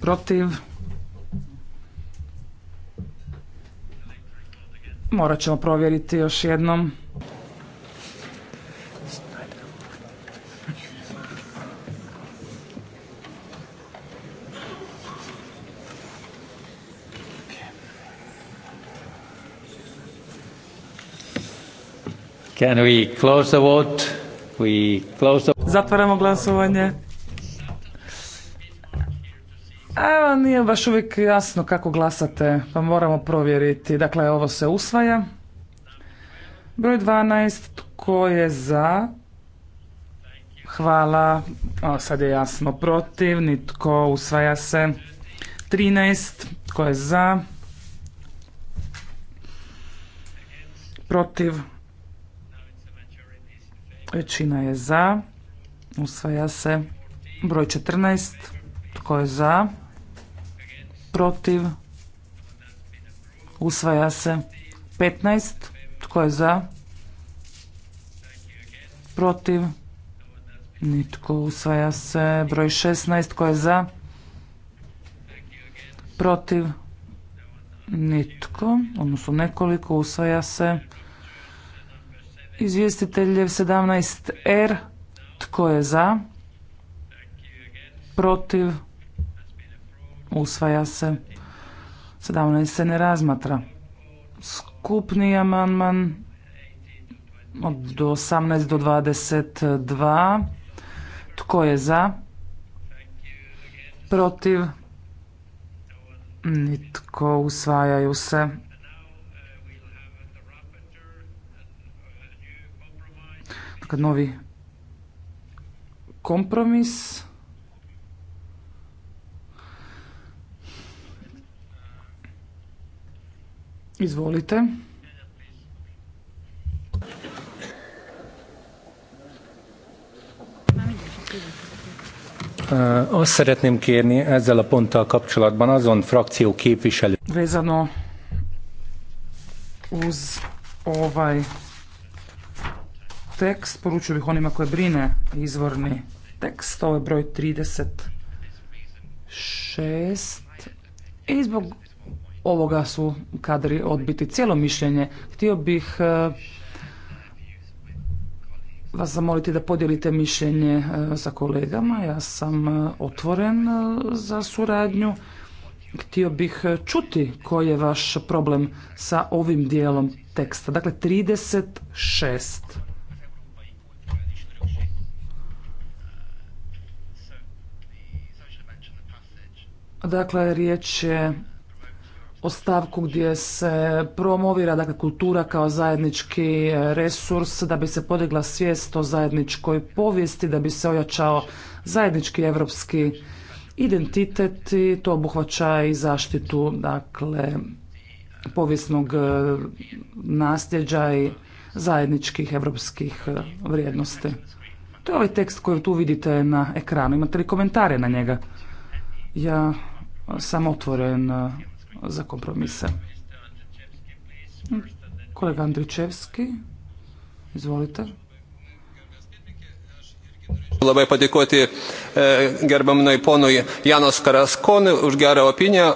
D: protiv? Morat ćemo provjeriti još jednom. Zatvaramo glasovanje. Evo, nije baš uvijek jasno kako glasate, pa moramo provjeriti. Dakle, ovo se usvaja. Broj 12, tko je za? Hvala. O, sad je jasno protiv, nitko usvaja se. 13, tko je za? Protiv. Većina je za. Usvaja se broj 14. Tko je za? Protiv? Usvaja se 15. Tko je za? Protiv? Nitko. Usvaja se broj 16. Tko je za? Protiv? Nitko. Odnosno nekoliko. Usvaja se Izvjestitelj 17R. Tko je za? Protiv? Usvaja se. 17 se ne razmatra. Skupni amandman od 18 do 22. Tko je za? Protiv? Nitko. Usvajaju se. kad novi kompromis Izvolite.
H: Azt szeretném kérni ezzel a ponttal kapcsolatban azon frakció képviselő.
D: Vezano uz ovaj tekst, poručio bih onima koje brine izvorni tekst, ovo je broj 36 i zbog ovoga su kadri odbiti cijelo mišljenje. Htio bih e, vas zamoliti da podijelite mišljenje e, sa kolegama. Ja sam e, otvoren za suradnju. Htio bih čuti koji je vaš problem sa ovim dijelom teksta. Dakle, 36. Dakle, riječ je o stavku gdje se promovira dakle, kultura kao zajednički e, resurs, da bi se podigla svijest o zajedničkoj povijesti, da bi se ojačao zajednički evropski identitet i to obuhvaća i zaštitu dakle, povijesnog e, nasljeđa i zajedničkih evropskih e, vrijednosti. To je ovaj tekst koji tu vidite na ekranu. Imate li komentare na njega? ja sam otvoren e, za kompromise. Kolega Andričevski, izvolite.
G: Labai padėkoti i e, ponui Janos Karaskonui už gerą opiniją.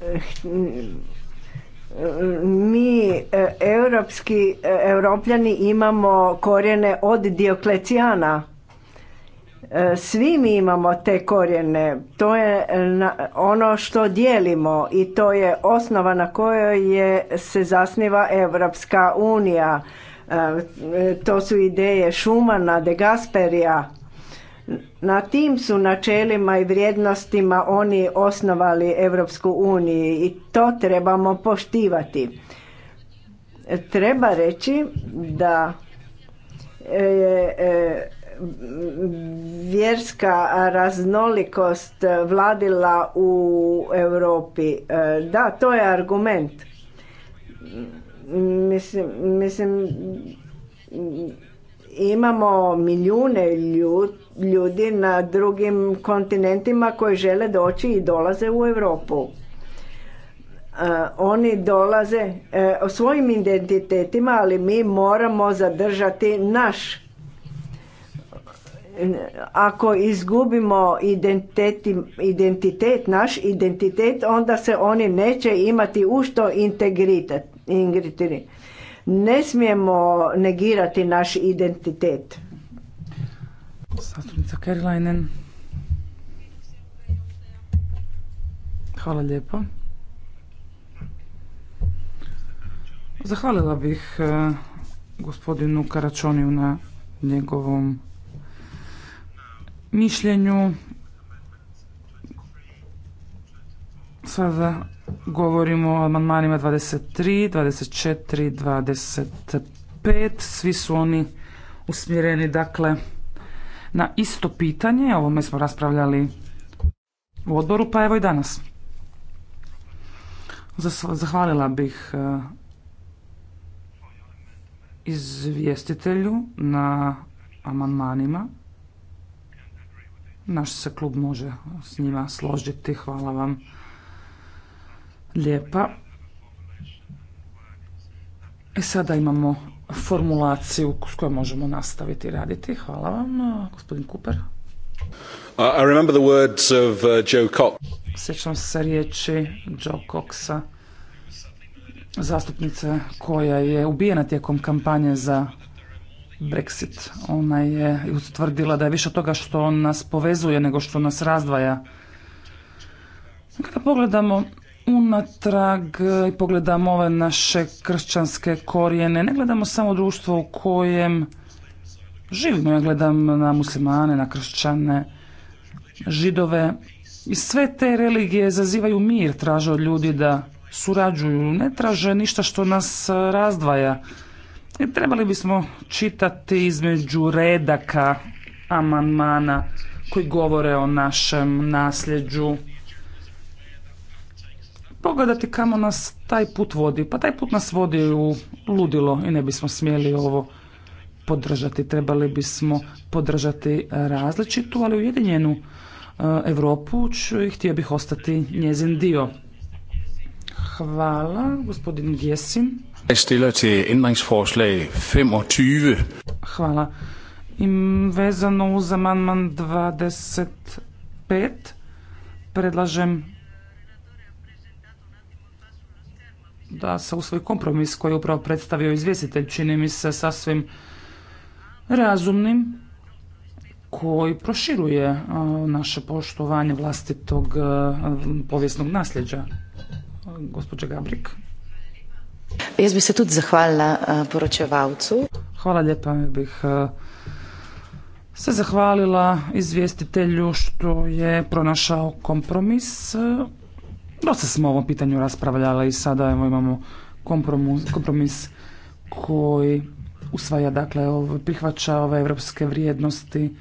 I: E, mi e, europski e, europljani imamo korijene od Dioklecijana e, svi mi imamo te korijene to je ono što dijelimo i to je osnova na kojoj je se zasniva Europska unija to su ideje Šumana, De Gasperija na tim su načelima i vrijednostima oni osnovali Europsku uniju i to trebamo poštivati. Treba reći da je e, vjerska raznolikost vladila u Europi. E, da, to je argument. Mislim, imamo milijune ljudi ljudi na drugim kontinentima koji žele doći i dolaze u Europu. E, oni dolaze e, o svojim identitetima, ali mi moramo zadržati naš. Ako izgubimo identitet, identitet, naš identitet, onda se oni neće imati u što integritet. Ne smijemo negirati naš identitet.
D: Zastupnica Kerlajnen. Hvala lijepo. Zahvalila bih e, gospodinu Karačoniju na njegovom mišljenju. Sada govorimo o amandmanima 23, 24, 25. Svi su oni usmjereni, dakle, na isto pitanje, o ovome smo raspravljali u odboru, pa evo i danas. Zahvalila bih e, izvjestitelju na amandmanima. Naš se klub može s njima složiti. Hvala vam lijepa. E sada imamo formulaciju s kojom možemo nastaviti raditi. Hvala vam, gospodin Cooper.
E: Uh,
D: Sjećam se riječi Joe Coxa, zastupnice koja je ubijena tijekom kampanje za Brexit. Ona je utvrdila da je više toga što nas povezuje nego što nas razdvaja. Kada pogledamo unatrag eh, i pogledamo ove naše kršćanske korijene, ne gledamo samo društvo u kojem živimo, ja gledam na muslimane, na kršćane, židove i sve te religije zazivaju mir, traže od ljudi da surađuju, ne traže ništa što nas eh, razdvaja. I e, trebali bismo čitati između redaka amanmana koji govore o našem nasljeđu, pogledati kamo nas taj put vodi. Pa taj put nas vodi u ludilo i ne bismo smjeli ovo podržati. Trebali bismo podržati različitu, ali ujedinjenu e, Europu i htio bih ostati njezin dio. Hvala, gospodin Gjesin. Hvala. vezano uz amandman 25 predlažem da se svoj kompromis koji je upravo predstavio izvjestitelj, čini mi se sasvim razumnim, koji proširuje naše poštovanje vlastitog povijesnog nasljeđa. Gospođa Gabrik. Jaz bi se tudi zahvalila poročevalcu. Hvala lijepa bih se zahvalila izvjestitelju što je pronašao kompromis Dosta smo o ovom pitanju raspravljali i sada evo, imamo kompromis, koji usvaja, dakle, prihvaća ove evropske vrijednosti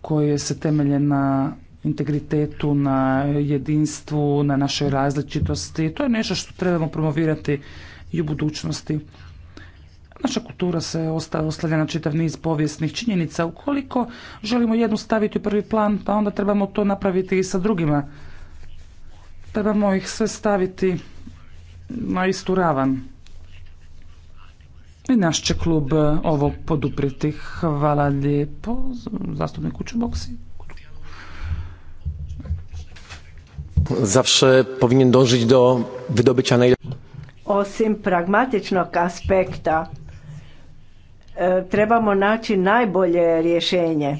D: koje se temelje na integritetu, na jedinstvu, na našoj različitosti. To je nešto što trebamo promovirati i u budućnosti. Naša kultura se ostavlja na čitav niz povijesnih činjenica. Ukoliko želimo jednu staviti u prvi plan, pa onda trebamo to napraviti i sa drugima. Trebamo ih sve staviti na istu ravan. I naš će klub e, ovo podupriti. Hvala lijepo zastupniku Čuboksi.
J: Zawsze powinien dążyć do wydobycia
I: Osim pragmatičnog aspekta, e, trebamo naći najbolje rješenje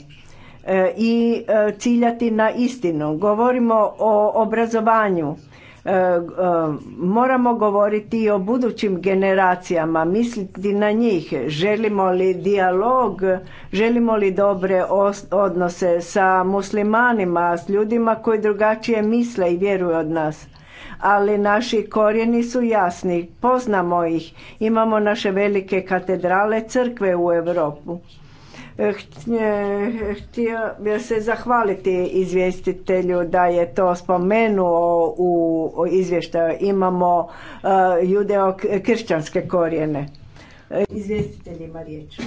I: E, i e, ciljati na istinu. Govorimo o obrazovanju, e, moramo govoriti i o budućim generacijama, misliti na njih, želimo li dijalog, želimo li dobre odnose sa muslimanima, s ljudima koji drugačije misle i vjeruju od nas. Ali naši korijeni su jasni, poznamo ih, imamo naše velike katedrale, crkve u Europu E, e, htio bih se zahvaliti izvjestitelju da je to spomenuo u izvještaju. Imamo e, judeo-kršćanske korijene. Izvjestitelj ima riječ.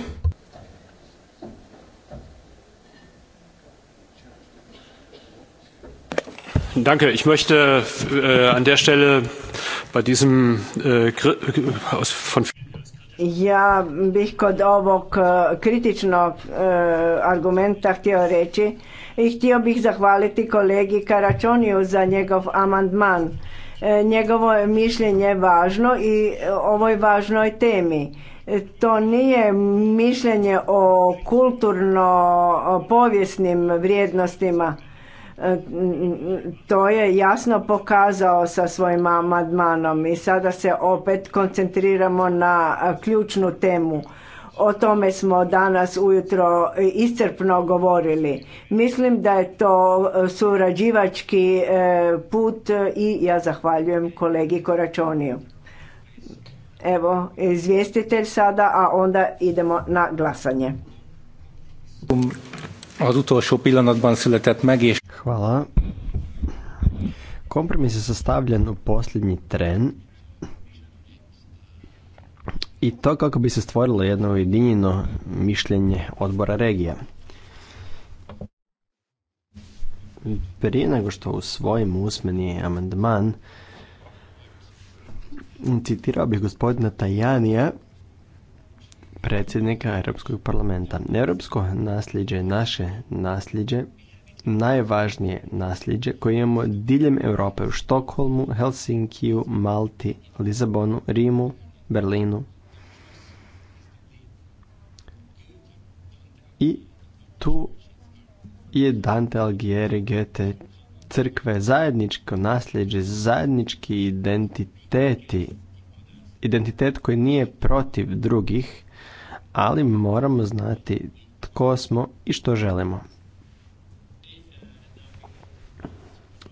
J: Danke. Ich möchte äh, an der Stelle bei diesem äh, aus,
I: ja bih kod ovog e, kritičnog e, argumenta htio reći i htio bih zahvaliti kolegi Karačoniju za njegov amandman. E, njegovo je mišljenje važno i ovoj važnoj temi. To nije mišljenje o kulturno-povijesnim vrijednostima E, to je jasno pokazao sa svojim amandmanom i sada se opet koncentriramo na e, ključnu temu. O tome smo danas ujutro iscrpno govorili. Mislim da je to e, surađivački put i ja zahvaljujem kolegi Koračoniju. Evo, izvjestitelj sada, a onda idemo na glasanje.
H: Um, az utolsó pillanatban született meg, és... Hvala.
L: Kompromis je sastavljen u posljednji tren i to kako bi se stvorilo jedno ujedinjeno mišljenje odbora regija. Prije nego što svojim usmeni amandman, citirao bih gospodina Tajanija predsjednika Europskog parlamenta. Europsko nasljeđe je naše nasljeđe, najvažnije nasljeđe koje imamo diljem Europe u Štokholmu, Helsinkiju, Malti, Lizabonu, Rimu, Berlinu. I tu je Dante Algieri Goethe crkve zajedničko nasljeđe, zajednički identiteti, identitet koji nije protiv drugih, ali moramo znati tko smo i što želimo.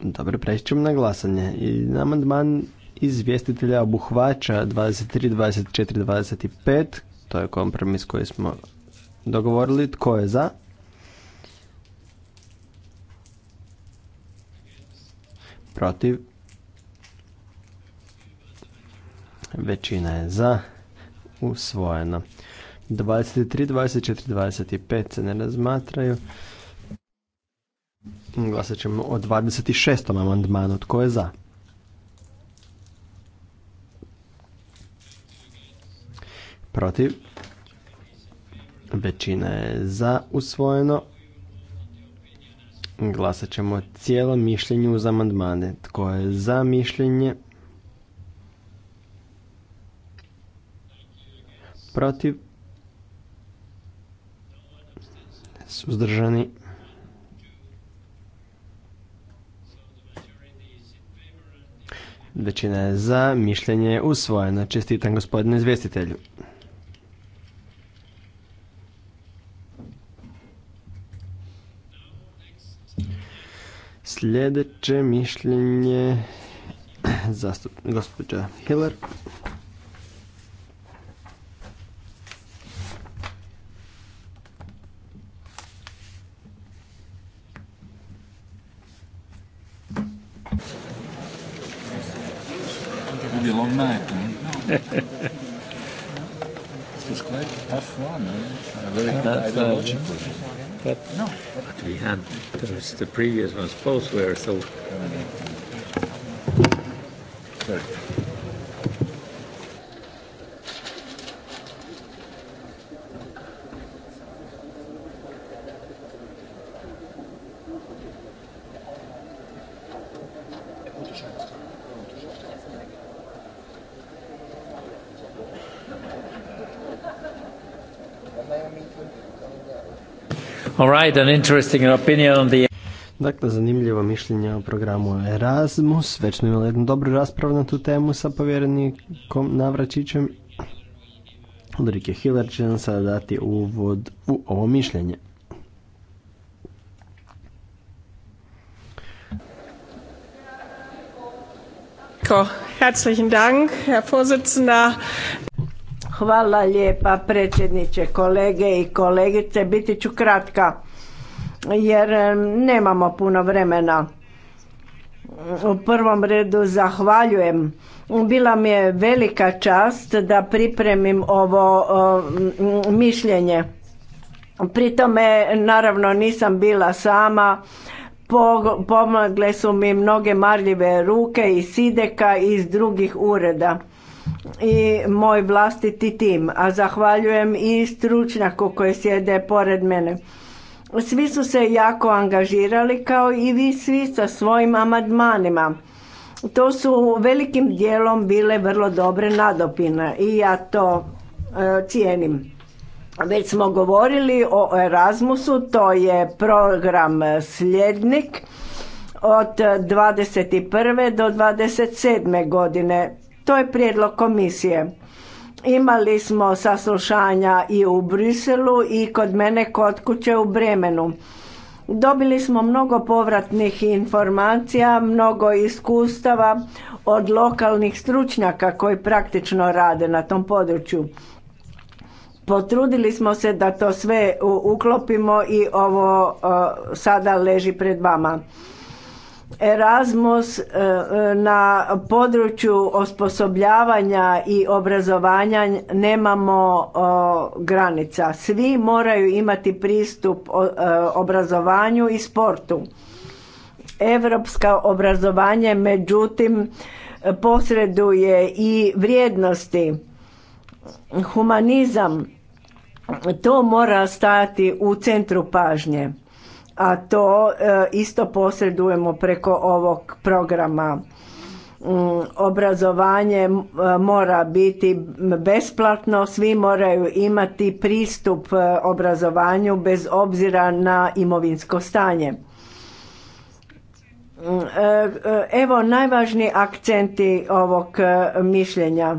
L: Dobro, preći ćemo na glasanje. I amandman izvjestitelja obuhvaća 23, 24, 25. To je kompromis koji smo dogovorili. Tko je za? Protiv? Većina je za. Usvojeno. 23, 24, 25 se ne razmatraju. Glasat ćemo o 26. amandmanu. Tko je za? Protiv? Većina je za usvojeno. Glasat ćemo o cijelom mišljenju uz amandmane. Tko je za mišljenje? Protiv? suzdržani. Većina je za, mišljenje je usvojeno. Čestitam gospodine izvjestitelju. Sljedeće mišljenje zastupnika gospođa Hiller.
H: be long night. was quite tough one.
K: But, no. but we had the previous ones both were so. All right, an interesting opinion on the... Dakle, zanimljivo
L: mišljenje o programu Erasmus. Već smo imali jednu dobru raspravu na tu temu sa povjerenikom Navračićem. Ulrike Hiller će nam sada dati uvod u ovo mišljenje.
I: Herzlichen Dank, Herr Vorsitzender. Hvala lijepa predsjedniče, kolege i kolegice. Biti ću kratka jer nemamo puno vremena. U prvom redu zahvaljujem. Bila mi je velika čast da pripremim ovo mišljenje. Pri tome naravno nisam bila sama. Pomogle su mi mnoge marljive ruke iz Sideka i iz drugih ureda i moj vlastiti tim, a zahvaljujem i stručnjaku koji sjede pored mene. Svi su se jako angažirali kao i vi svi sa svojim amadmanima To su velikim dijelom bile vrlo dobre nadopine i ja to e, cijenim. Već smo govorili o Erasmusu, to je program sljednik od 21. do 27. godine to je prijedlog komisije. Imali smo saslušanja i u Briselu i kod mene kod kuće u Bremenu. Dobili smo mnogo povratnih informacija, mnogo iskustava od lokalnih stručnjaka koji praktično rade na tom području. Potrudili smo se da to sve uklopimo i ovo sada leži pred vama. Erasmus e, na području osposobljavanja i obrazovanja nemamo granica. Svi moraju imati pristup e, obrazovanju i sportu. Europska obrazovanje međutim posreduje i vrijednosti. Humanizam to mora stajati u centru pažnje a to e, isto posredujemo preko ovog programa mm, obrazovanje mora biti besplatno, svi moraju imati pristup e, obrazovanju bez obzira na imovinsko stanje. Mm, e, evo najvažniji akcenti ovog mišljenja.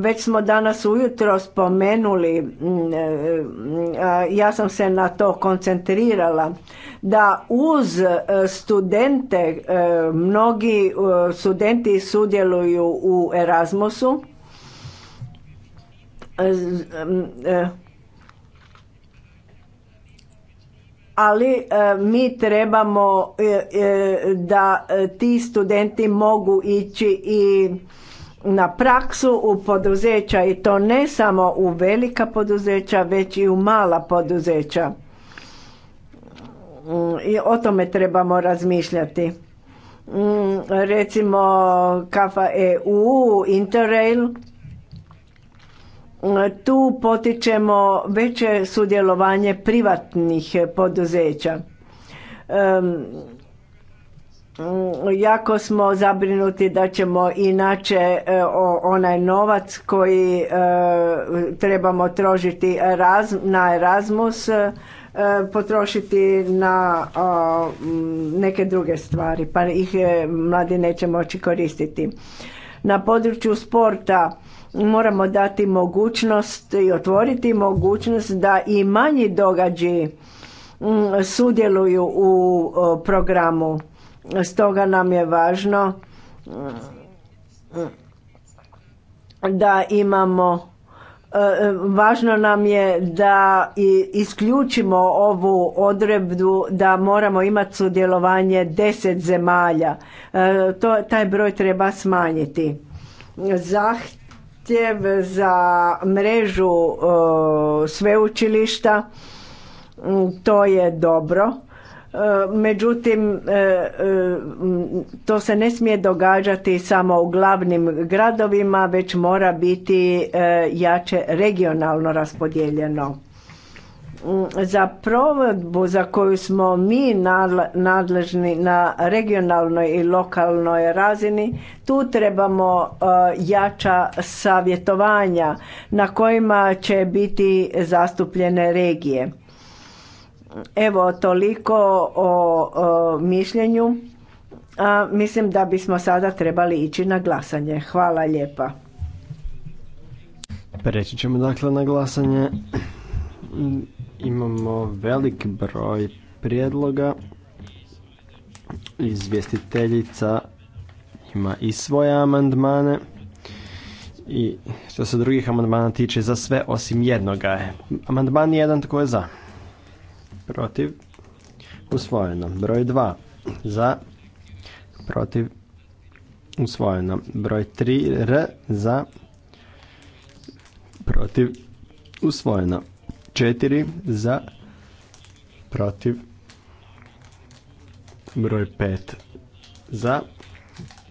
I: Već smo danas ujutro spomenuli, e, ja sam se na to koncentrirala, da uz e, studente, e, mnogi studenti sudjeluju u Erasmusu, ali mi trebamo da ti studenti mogu ići i na praksu u poduzeća i to ne samo u velika poduzeća već i u mala poduzeća. Mm, I o tome trebamo razmišljati. Mm, recimo Kafa EU, Interrail, mm, tu potičemo veće sudjelovanje privatnih poduzeća. Mm, jako smo zabrinuti da ćemo inače e, onaj novac koji e, trebamo trošiti na Erasmus e, potrošiti na mm, neke druge stvari pa ih mladi neće moći koristiti. Na području sporta moramo dati mogućnost i otvoriti mogućnost da i manji događaji mm, sudjeluju u programu Stoga nam je važno mm, da imamo e, važno nam je da isključimo ovu odredbu da moramo imati sudjelovanje deset zemalja. E, to, taj broj treba smanjiti. Zahtjev za mrežu e, sveučilišta mm, to je dobro Međutim, e, e, to se ne smije događati samo u glavnim gradovima, već mora biti e, jače regionalno raspodijeljeno. Mm, za provedbu za koju smo mi nadležni na regionalnoj i lokalnoj razini, tu trebamo jača savjetovanja na kojima će biti zastupljene regije Evo toliko o, mišljenju. A, mislim da bismo sada trebali ići na glasanje. Hvala lijepa.
L: Preći ćemo dakle na glasanje. Imamo velik broj prijedloga. Izvjestiteljica ima i svoje amandmane. I što se drugih amandmana tiče za sve osim jednoga je. Amandman jedan tko je za protiv, usvojeno. Broj 2 za, protiv, usvojeno. Broj 3 R za, protiv, usvojeno. 4 za, protiv, broj 5 za,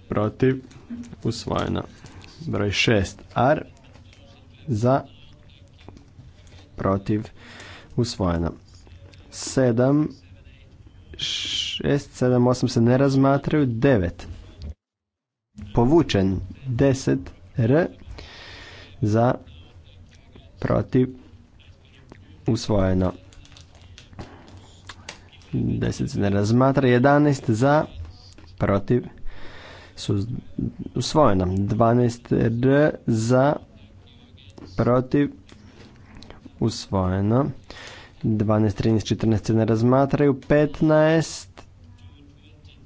L: protiv, usvojeno. Broj 6 R za, protiv, usvojeno. 7, 6, 7, 8 se ne razmatraju, 9. Povučen 10 R za protiv usvojeno. 10 se ne razmatra, 11 za protiv su usvojena. 12 R za protiv usvojeno. 12, 13, 14 se ne razmatraju, 15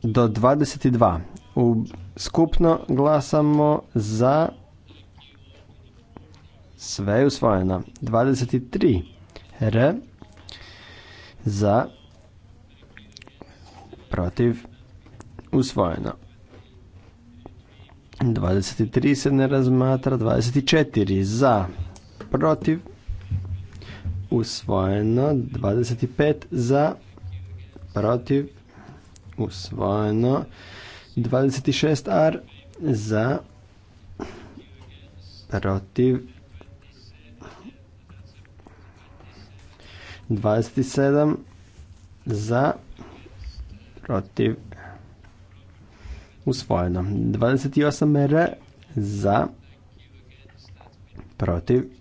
L: do 22. U skupno glasamo za sve je usvojeno. 23 R za protiv usvojeno. 23 se ne razmatra, 24 za protiv usvojeno 25 za protiv usvojeno 26R za protiv 27 za protiv usvojeno 28R za protiv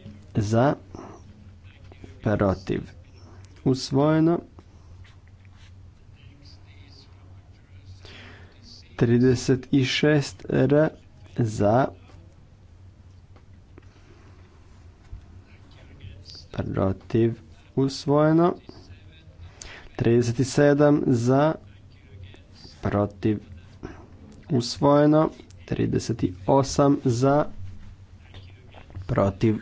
L: za, protiv, usvojeno. 36 R za, protiv, usvojeno. 37 za, protiv, usvojeno. 38 za, protiv,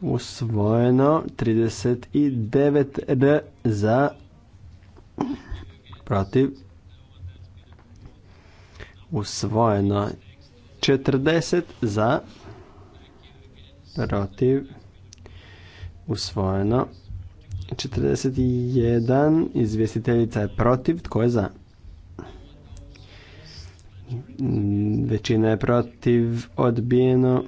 L: usvojeno 39 R za protiv usvojeno 40 za protiv usvojeno 41 izvjestiteljica je protiv tko je za većina je protiv odbijeno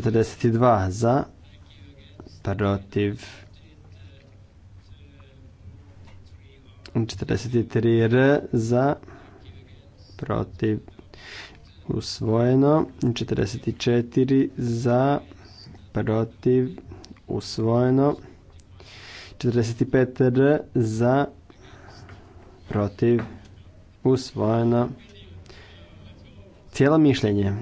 L: 42 za, protiv 43 R za, protiv usvojeno, 44 za, protiv usvojeno, 45 R za, protiv usvojeno. Cijelo mišljenje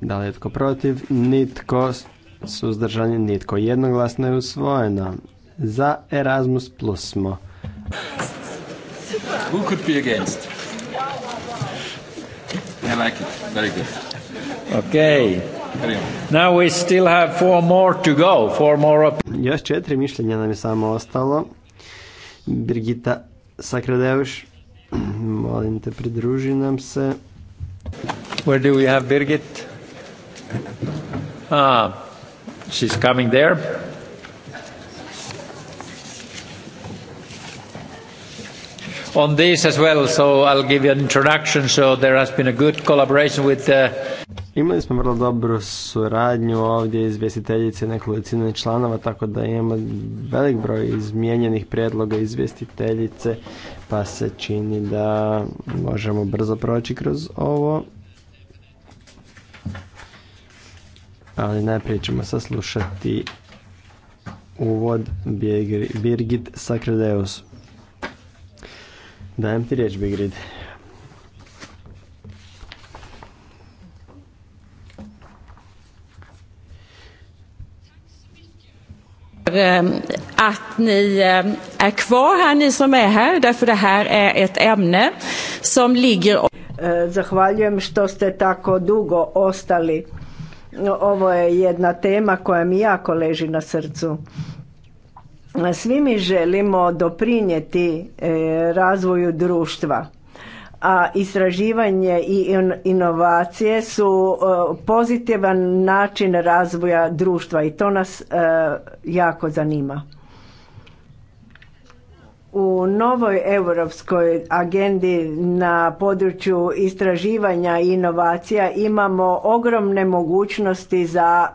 L: da li je tko protiv? Nitko. je nitko. Jednoglasno je usvojeno. Za Erasmus Plus smo.
K: Who could be against?
H: I like it. Very good.
K: Okay. Now we still have four more to go. Four more Još četiri mišljenja nam je samo ostalo.
L: Birgita Sakradeuš, molim te pridruži nam se.
K: Where do we have Birgit? Ah, she's coming there. on this as well, so I'll give you an introduction. So there has been a good collaboration with the... Uh, Imali smo vrlo dobru suradnju ovdje izvjestiteljice
L: nekolicine članova, tako da imamo velik broj izmijenjenih prijedloga izvjestiteljice, pa se čini da možemo brzo proći kroz ovo ali najprije ćemo saslušati uvod Birgit Sakredeus. Dajem ti riječ, Birgit.
C: Ehm, att ni ehm, är kvar här, ni som är här, därför det här är ett ämne
I: som ligger... Eh, zahvaljujem što ste tako dugo ostali ovo je jedna tema koja mi jako leži na srcu. Svi mi želimo doprinijeti e, razvoju društva a istraživanje i inovacije su e, pozitivan način razvoja društva i to nas e, jako zanima u novoj europskoj agendi na području istraživanja i inovacija imamo ogromne mogućnosti za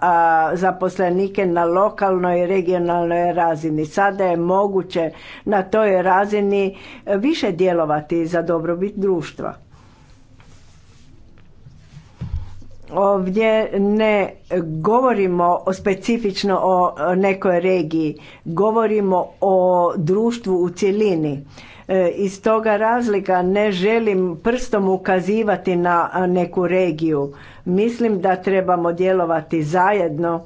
I: zaposlenike na lokalnoj i regionalnoj razini. Sada je moguće na toj razini više djelovati za dobrobit društva. Ovdje ne govorimo specifično o nekoj regiji, govorimo o društvu u cjelini. E, iz toga razlika ne želim prstom ukazivati na neku regiju. Mislim da trebamo djelovati zajedno.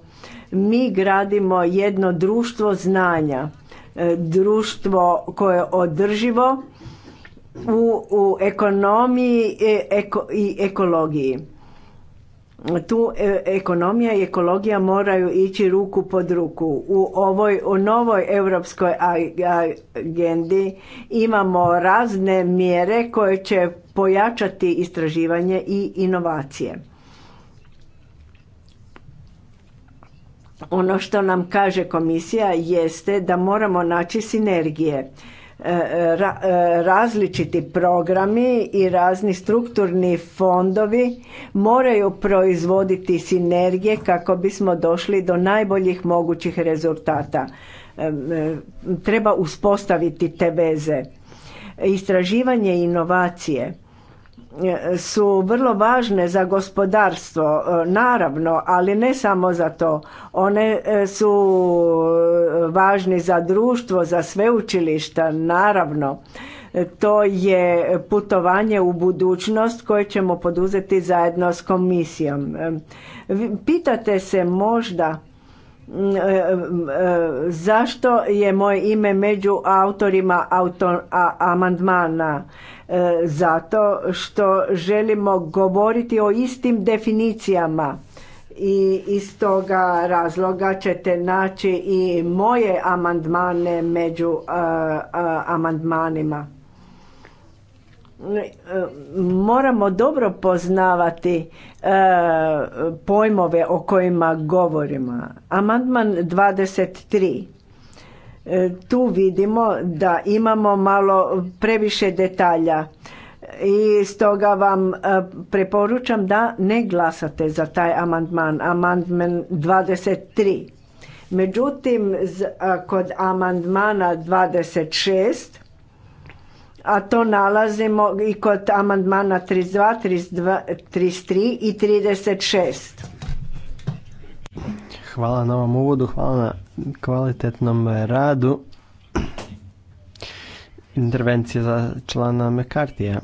I: Mi gradimo jedno društvo znanja, e, društvo koje je održivo u, u ekonomiji e, i ekologiji tu e, ekonomija i ekologija moraju ići ruku pod ruku. U ovoj novoj europskoj agendi imamo razne mjere koje će pojačati istraživanje i inovacije. Ono što nam kaže komisija jeste da moramo naći sinergije E, e, različiti programi i razni strukturni fondovi moraju proizvoditi sinergije kako bismo došli do najboljih mogućih rezultata. E, treba uspostaviti te veze. Istraživanje i inovacije su vrlo važne za gospodarstvo, e, naravno, ali ne samo za to. One e, su e, važni za društvo, za sveučilišta, naravno. To je putovanje u budućnost koje ćemo poduzeti zajedno s komisijom. Pitate se možda zašto je moje ime među autorima amandmana E, zato što želimo govoriti o istim definicijama i iz toga razloga ćete naći i moje amandmane među e, e, amandmanima. Moramo dobro poznavati pojmove o kojima govorimo. Amandman 23 E, tu vidimo da imamo malo previše detalja i stoga vam e, preporučam da ne glasate za taj amandman, amandman 23. Međutim, kod amandmana 26, a to nalazimo i kod amandmana 32, 32, 33 i 36.
L: Hvala na ovom uvodu, hvala na kvalitetnom radu intervencije za člana Mekartija.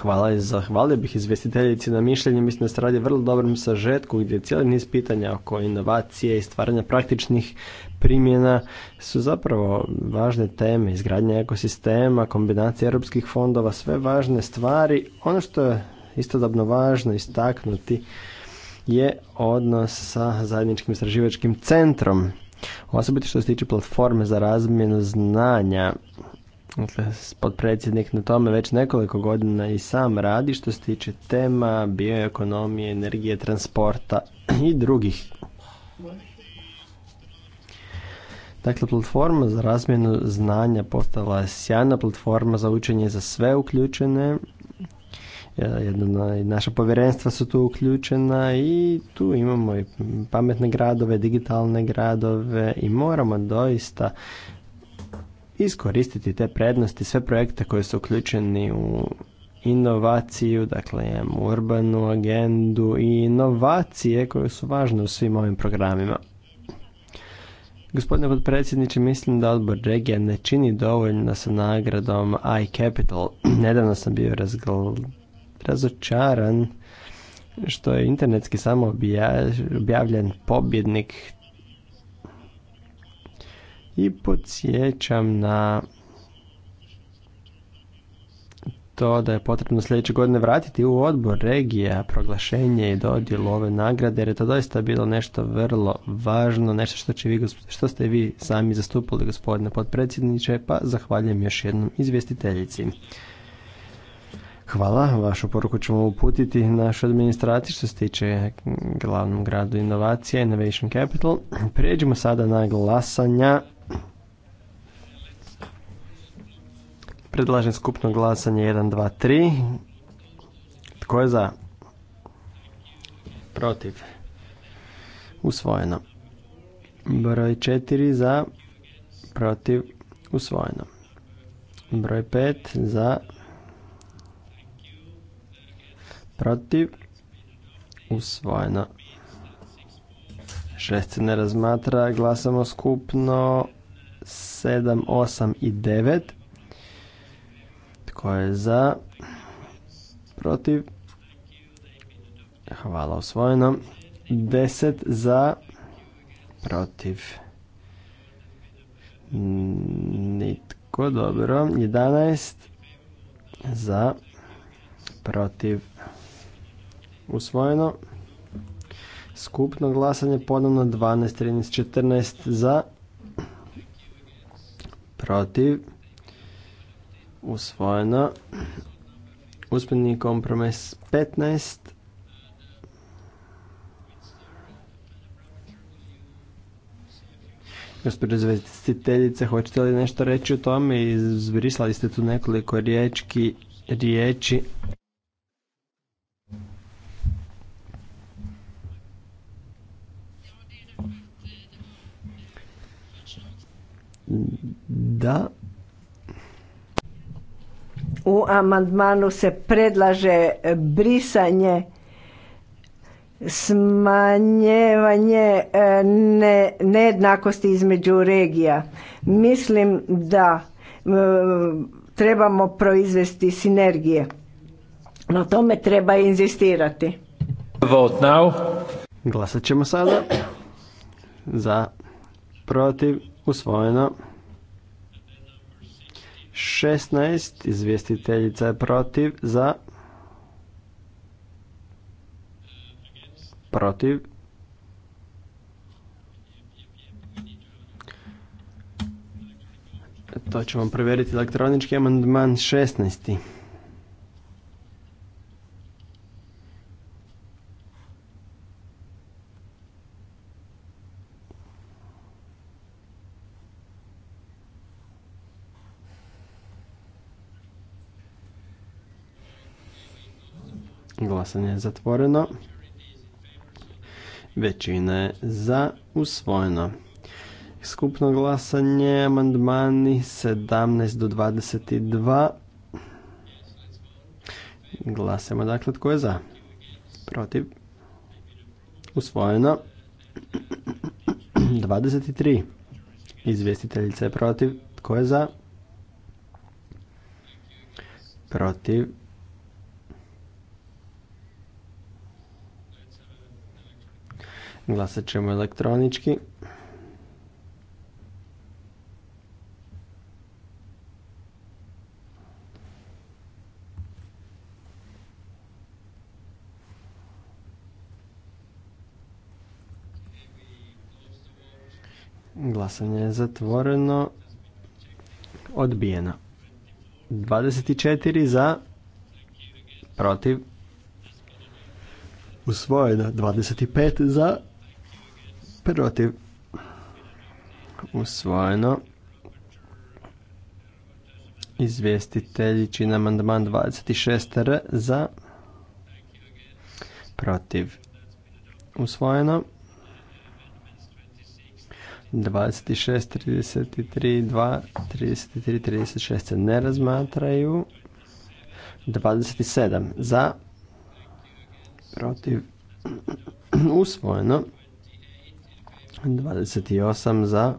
L: Hvala i zahvalio bih izvjestiteljici na mišljenju. Mislim da se radi vrlo dobrom sažetku gdje je cijeli niz pitanja oko inovacije i stvaranja praktičnih primjena su zapravo važne teme, izgradnja ekosistema, kombinacija europskih fondova, sve važne stvari. Ono što je istodobno važno istaknuti je odnos sa zajedničkim istraživačkim centrom. Osobito što se tiče platforme za razmjenu znanja. Dakle, podpredsjednik na tome već nekoliko godina i sam radi što se tiče tema bioekonomije, energije, transporta i drugih. Dakle, platforma za razmjenu znanja postala je sjajna platforma za učenje za sve uključene jedno, naša povjerenstva su tu uključena i tu imamo i pametne gradove, digitalne gradove i moramo doista iskoristiti te prednosti, sve projekte koji su uključeni u inovaciju, dakle urbanu agendu i inovacije koje su važne u svim ovim programima. Gospodine potpredsjedniče, mislim da odbor regija ne čini dovoljno sa nagradom iCapital. Nedavno sam bio razgl razočaran što je internetski samo objavljen pobjednik i podsjećam na to da je potrebno sljedeće godine vratiti u odbor regija proglašenje i dodjelu ove nagrade jer je to doista bilo nešto vrlo važno, nešto što, će vi, što ste vi sami zastupili gospodine potpredsjedniče, pa zahvaljujem još jednom izvjestiteljici. Hvala, vašu poruku ćemo uputiti naš administraciji što se tiče glavnom gradu inovacije Innovation Capital. Prijeđimo sada na glasanja. Predlažem skupno glasanje 1, 2, 3. Tko je za? Protiv. Usvojeno. Broj 4 za. Protiv. Usvojeno. Broj 5 za protiv, usvojeno. Šest se ne razmatra, glasamo skupno 7, 8 i 9. Tko je za? Protiv? Hvala, usvojeno. 10 za, protiv. Nitko, dobro. 11 za, protiv usvojeno. Skupno glasanje ponovno 12, 13, 14 za, protiv, usvojeno. Uspjeni kompromis 15. Gospodin izvestiteljice, hoćete li nešto reći o tome? Izbrisali ste tu nekoliko riječki, riječi.
I: Da. U amandmanu se predlaže brisanje smanjevanje e, nejednakosti između regija. Mislim da trebamo proizvesti sinergije. Na tome treba inzistirati.
L: Vote now. Glasat ćemo sada za protiv usvojeno. 16, izvjestiteljica je protiv, za, protiv. To ćemo provjeriti elektronički amandman 16. Glasanje je zatvoreno. Većina je za usvojeno. Skupno glasanje, amandmani 17 do 22. Glasamo dakle tko je za. Protiv. Usvojeno. 23. Izvjestiteljica je protiv. Tko je za? Protiv. Glasat ćemo elektronički. Glasanje je zatvoreno. Odbijeno. 24 za, protiv, usvojeno. 25 za, protiv usvojeno izvjestitelji čini amandman 26 r za protiv usvojeno 26, 33, 2, 33, 36 se ne razmatraju. 27 za, protiv, usvojeno. 28 za,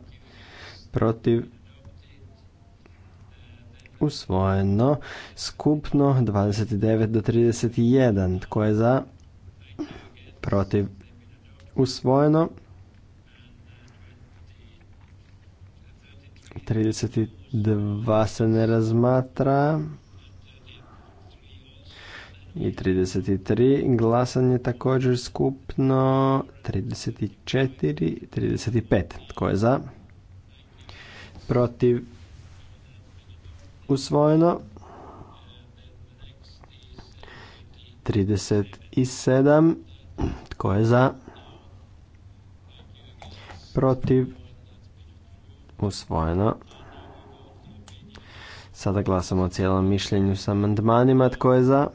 L: protiv, usvojeno. Skupno 29 do 31. Tko je za? Protiv. Usvojeno. 32 se ne razmatra i 33. Glasanje također skupno 34 i 35. Tko je za? Protiv? Usvojeno. 37. Tko je za? Protiv? Usvojeno. Sada glasamo o cijelom mišljenju sa amandmanima. Tko je za?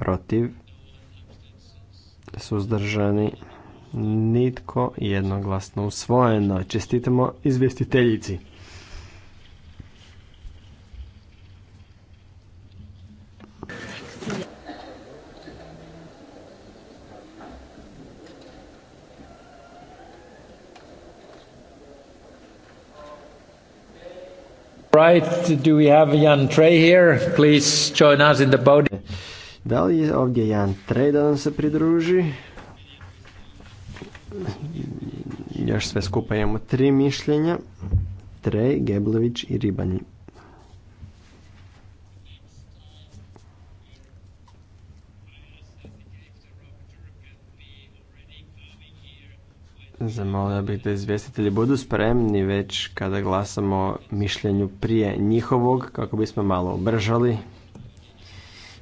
L: protiv, suzdržani, nitko, jednoglasno usvojeno. Čestitamo izvjestiteljici.
K: Right, do we have Jan Trey here? Please join us in the podium. Da li je ovdje jedan Trej da nam se pridruži?
L: Još sve skupa imamo tri mišljenja. Trej, Geblović i Ribani. Zamolio bih da izvjestitelji budu spremni već kada glasamo mišljenju prije njihovog kako bismo malo obržali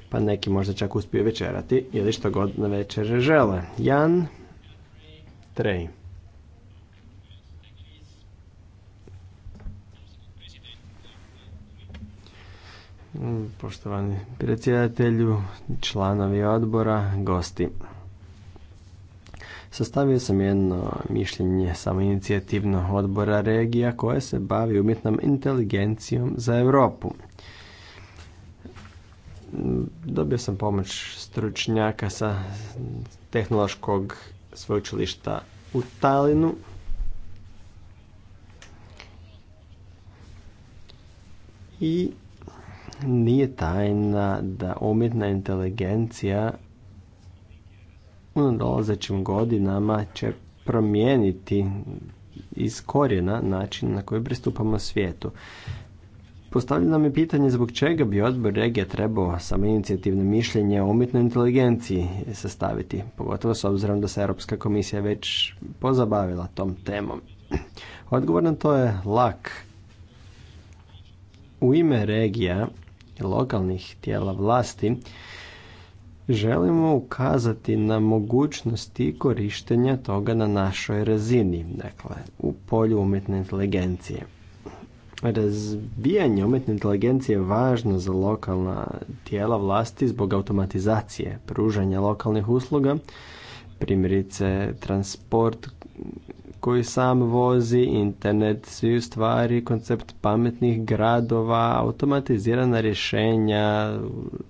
L: pa neki možda čak uspiju večerati ili što god na večer žele. Jan Trej. Mm, poštovani predsjedatelju, članovi odbora, gosti. Sastavio sam jedno mišljenje samoinicijativno odbora regija koje se bavi umjetnom inteligencijom za Europu. Dobio sam pomoć stručnjaka sa tehnološkog sveučilišta u Talinu. I nije tajna da umjetna inteligencija u nadolazećim godinama će promijeniti iz korijena način na koji pristupamo svijetu. Postavljeno nam je pitanje zbog čega bi odbor regija trebao samo inicijativno mišljenje o umjetnoj inteligenciji sastaviti, pogotovo s obzirom da se Europska komisija već pozabavila tom temom. Odgovor na to je lak. U ime regija i lokalnih tijela vlasti želimo ukazati na mogućnosti korištenja toga na našoj razini, dakle u polju umjetne inteligencije. Razvijanje umjetne inteligencije je važno za lokalna tijela vlasti zbog automatizacije pružanja lokalnih usluga, primjerice transport koji sam vozi, internet, svi stvari, koncept pametnih gradova, automatizirana rješenja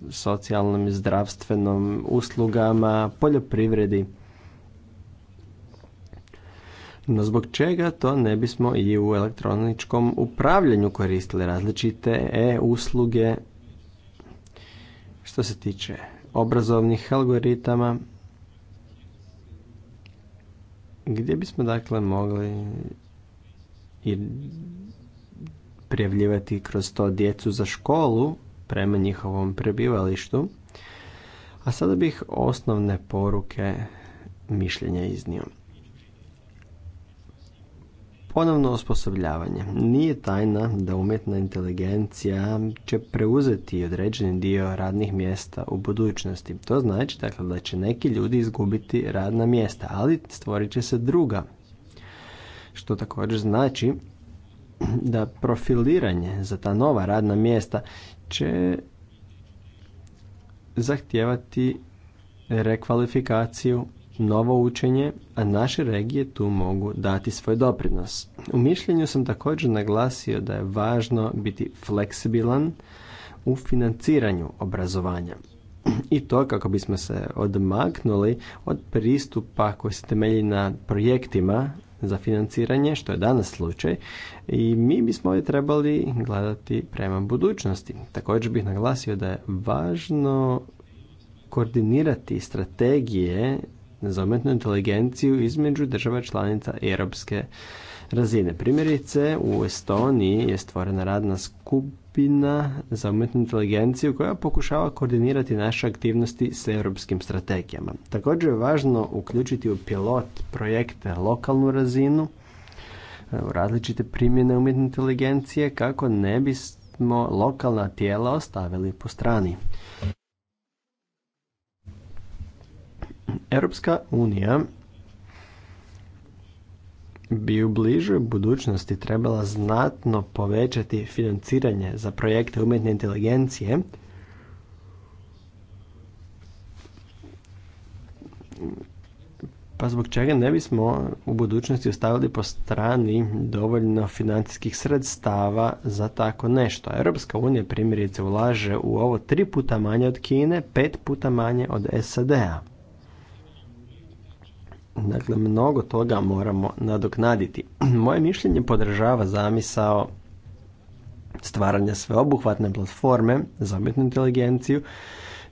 L: socijalnom i zdravstvenom uslugama, poljoprivredi. No zbog čega to ne bismo i u elektroničkom upravljanju koristili različite e-usluge što se tiče obrazovnih algoritama gdje bismo dakle mogli i prijavljivati kroz to djecu za školu prema njihovom prebivalištu. A sada bih osnovne poruke mišljenja iznio. Ponovno osposobljavanje. Nije tajna da umjetna inteligencija će preuzeti određeni dio radnih mjesta u budućnosti. To znači dakle, da će neki ljudi izgubiti radna mjesta, ali stvorit će se druga. Što također znači da profiliranje za ta nova radna mjesta će zahtijevati rekvalifikaciju novo učenje, a naše regije tu mogu dati svoj doprinos. U mišljenju sam također naglasio da je važno biti fleksibilan u financiranju obrazovanja. I to kako bismo se odmaknuli od pristupa koji se temelji na projektima za financiranje, što je danas slučaj, i mi bismo ovdje trebali gledati prema budućnosti. Također bih naglasio da je važno koordinirati strategije za umjetnu inteligenciju između država članica europske razine. Primjerice, u Estoniji je stvorena radna skupina za umjetnu inteligenciju koja pokušava koordinirati naše aktivnosti s europskim strategijama. Također je važno uključiti u pilot projekte lokalnu razinu, e, u različite primjene umjetne inteligencije kako ne bismo lokalna tijela ostavili po strani. Europska unija bi u bližoj budućnosti trebala znatno povećati financiranje za projekte umjetne inteligencije pa zbog čega ne bismo u budućnosti ostavili po strani dovoljno financijskih sredstava za tako nešto. Europska unija primjerice ulaže u ovo tri puta manje od Kine, pet puta manje od SAD-a. Dakle, mnogo toga moramo nadoknaditi. Moje mišljenje podržava zamisao stvaranja sveobuhvatne platforme za umjetnu inteligenciju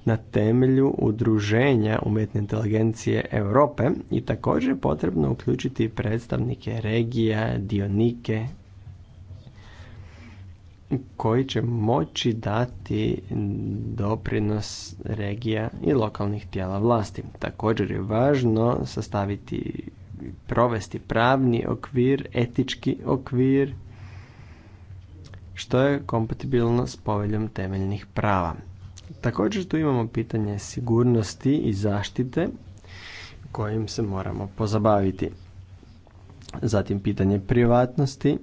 L: na temelju udruženja umjetne inteligencije Europe i također je potrebno uključiti predstavnike regija, dionike, koji će moći dati doprinos regija i lokalnih tijela vlasti. Također je važno sastaviti provesti pravni okvir, etički okvir, što je kompatibilno s poveljom temeljnih prava. Također tu imamo pitanje sigurnosti i zaštite kojim se moramo pozabaviti. Zatim pitanje privatnosti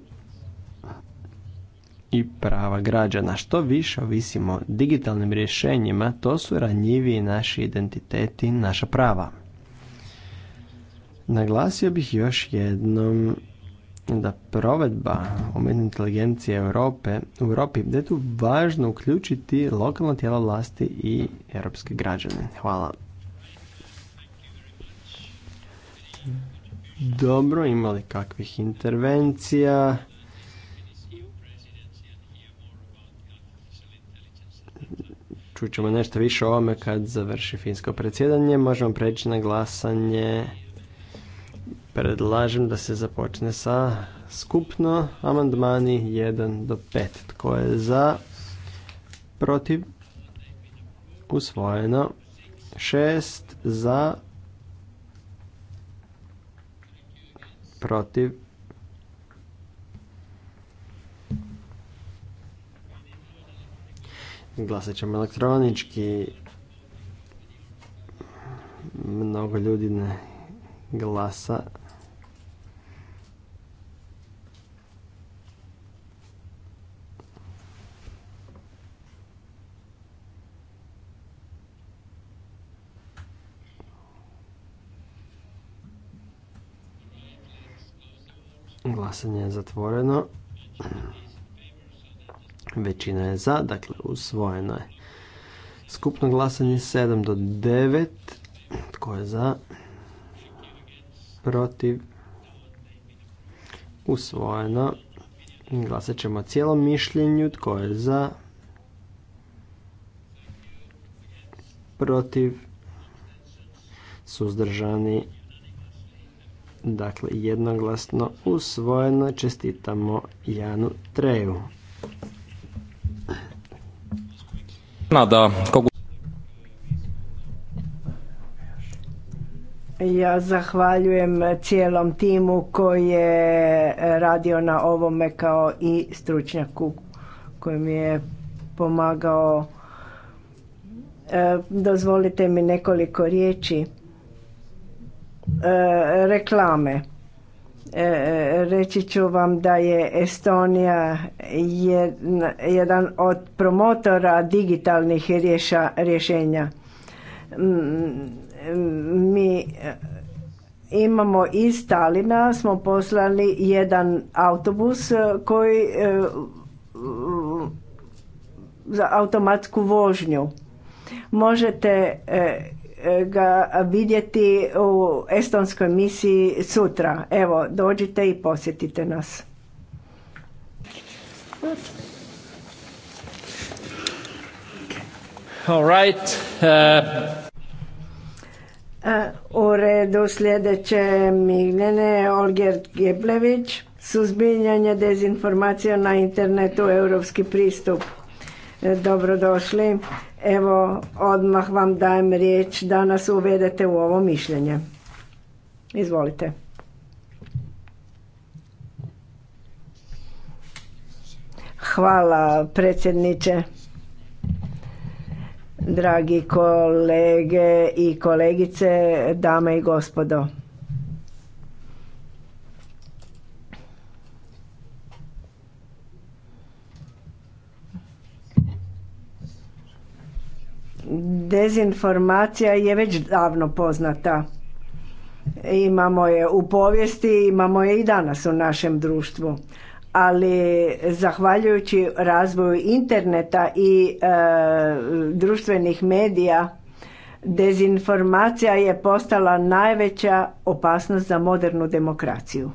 L: i prava građana. Što više ovisimo digitalnim rješenjima, to su ranjiviji naši identiteti naša prava. Naglasio bih još jednom da provedba umjetne inteligencije Europe u Europi je tu važno uključiti lokalno tijela vlasti i europske građane. Hvala. Dobro, imali kakvih intervencija? ćemo nešto više o ovome kad završi finsko predsjedanje. Možemo preći na glasanje. Predlažem da se započne sa skupno amandmani 1 do 5. Tko je za? Protiv? Usvojeno. 6 za? Protiv? Glasat ćemo elektronički. Mnogo ljudi ne glasa. Glasanje je zatvoreno. Većina je za, dakle usvojeno je. Skupno glasanje 7 do 9. Tko je za? Protiv? Usvojeno. Glasat ćemo cijelom mišljenju. Tko je za? Protiv? Suzdržani? Dakle, jednoglasno usvojeno. Čestitamo Janu Treju.
I: Ja zahvaljujem cijelom timu koji je radio na ovome kao i stručnjaku koji mi je pomagao. E, dozvolite mi nekoliko riječi e, reklame. E, reći ću vam da je Estonija jedan od promotora digitalnih rješa, rješenja. Mm, mi imamo iz Talina smo poslali jedan autobus koji e, za automatsku vožnju. Možete e, ga vidjeti u estonskoj misiji sutra. Evo, dođite i posjetite nas.
K: All right. Uh...
I: E, u redu sljedeće Miljene Olger Geblević, suzbijanje dezinformacija na internetu, europski pristup dobrodošli. Evo, odmah vam dajem riječ da nas uvedete u ovo mišljenje. Izvolite. Hvala predsjedniče. Dragi kolege i kolegice, dame i gospodo. Dezinformacija je već davno poznata. Imamo je u povijesti, imamo je i danas u našem društvu. Ali zahvaljujući razvoju interneta i e, društvenih medija dezinformacija je postala najveća opasnost za modernu demokraciju.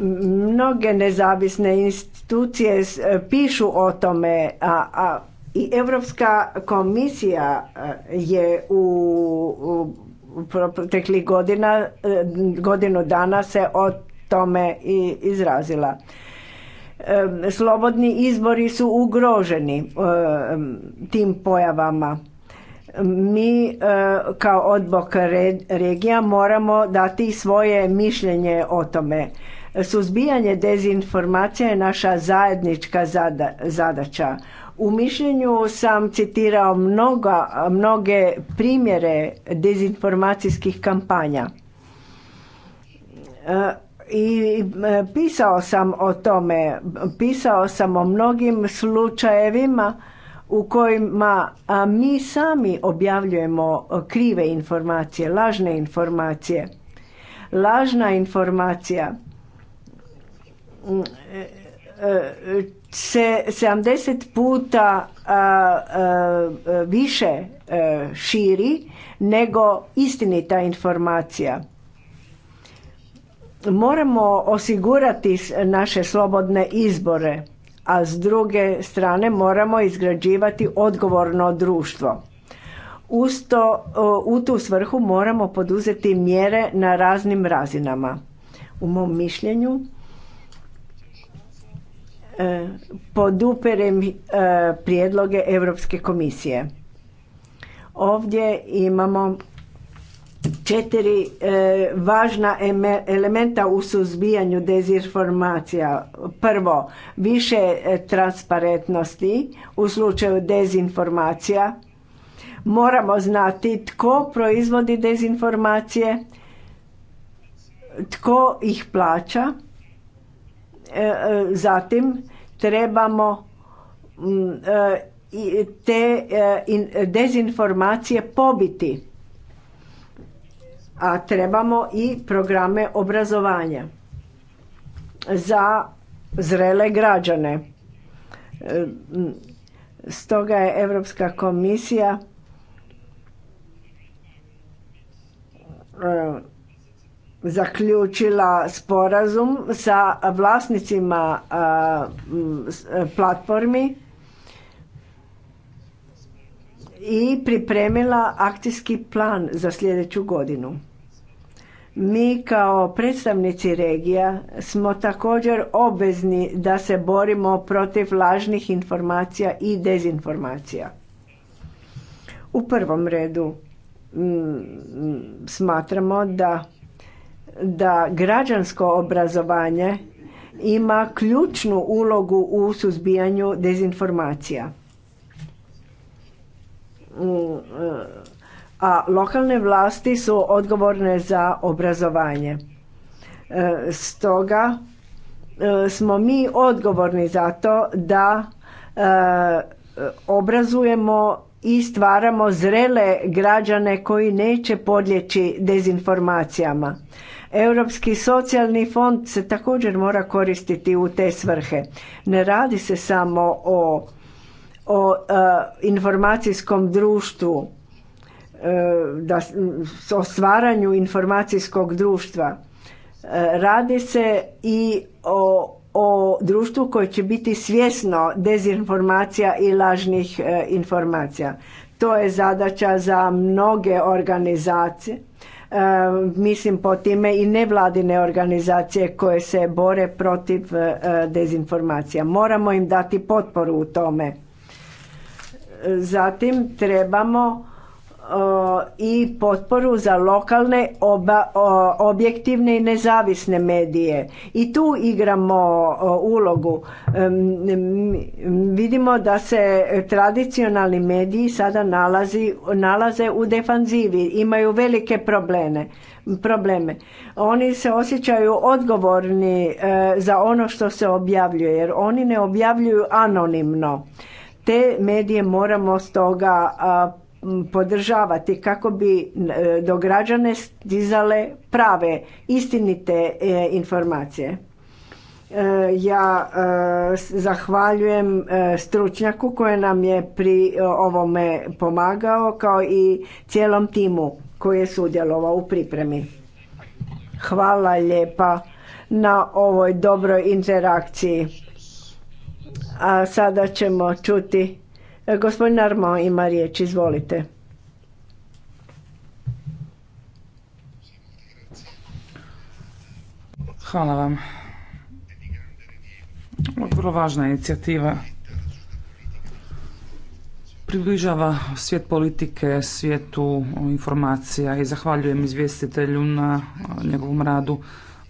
I: Mnoge nezavisne institucije e, pišu o tome, a, i Europska komisija e, je u, proteklih godina, e, godinu dana se o tome i izrazila. Slobodni izbori su ugroženi tim pojavama. Mi kao odbog regija moramo dati svoje mišljenje o tome Suzbijanje dezinformacija je naša zajednička zadaća. U mišljenju sam citirao mnoga, mnoge primjere dezinformacijskih kampanja. E, I e, pisao sam o tome, pisao sam o mnogim slučajevima u kojima mi sami objavljujemo krive informacije, lažne informacije. Lažna informacija se 70 puta više širi nego istinita informacija. Moramo osigurati naše slobodne izbore, a s druge strane moramo izgrađivati odgovorno društvo. Usto u tu svrhu moramo poduzeti mjere na raznim razinama. U mom mišljenju E, podupirem e, prijedloge Europske komisije. Ovdje imamo četiri e, važna elementa u suzbijanju dezinformacija. Prvo, više transparentnosti u slučaju dezinformacija. Moramo znati tko proizvodi dezinformacije, tko ih plaća, zatim trebamo mm, e, te e, dezinformacije pobiti a trebamo i programe obrazovanja za zrele građane. E, mm, stoga je Europska komisija zaključila sporazum sa vlasnicima e, platformi i pripremila akcijski plan za sljedeću godinu. Mi kao predstavnici regija smo također obvezni da se borimo protiv lažnih informacija i dezinformacija. U prvom redu smatramo da da građansko obrazovanje ima ključnu ulogu u suzbijanju dezinformacija. Mm, eh, a lokalne vlasti su odgovorne za obrazovanje. Eh, stoga eh, smo mi odgovorni za to da obrazujemo i stvaramo zrele građane koji neće podljeći dezinformacijama Europski socijalni fond se također mora koristiti u te svrhe. Ne radi se samo o, o e, informacijskom društvu, e, da, o stvaranju informacijskog društva. E, radi se i o, o društvu koje će biti svjesno dezinformacija i lažnih informacija. To je zadaća za mnoge organizacije mislim po time i nevladine organizacije koje se bore protiv e, dezinformacija. Moramo im dati potporu u tome. Zatim trebamo i potporu za lokalne objektivne i nezavisne medije. I tu igramo ulogu. Vidimo da se tradicionalni mediji sada nalaze u defanzivi, imaju velike probleme. probleme. Oni se osjećaju odgovorni e, za ono što se objavljuje jer oni ne objavljuju anonimno. Te medije moramo stoga podržavati kako bi e, do građane stizale prave, istinite e, informacije. E, ja zahvaljujem stručnjaku koji nam je pri ovome pomagao kao i cijelom timu koji je sudjelovao u pripremi. Hvala lijepa na ovoj dobroj interakciji. A sada ćemo čuti E, gospodin Armao ima riječ, izvolite.
D: Hvala vam. Vrlo važna inicijativa. Približava svijet politike, svijetu informacija i zahvaljujem izvjestitelju na njegovom radu.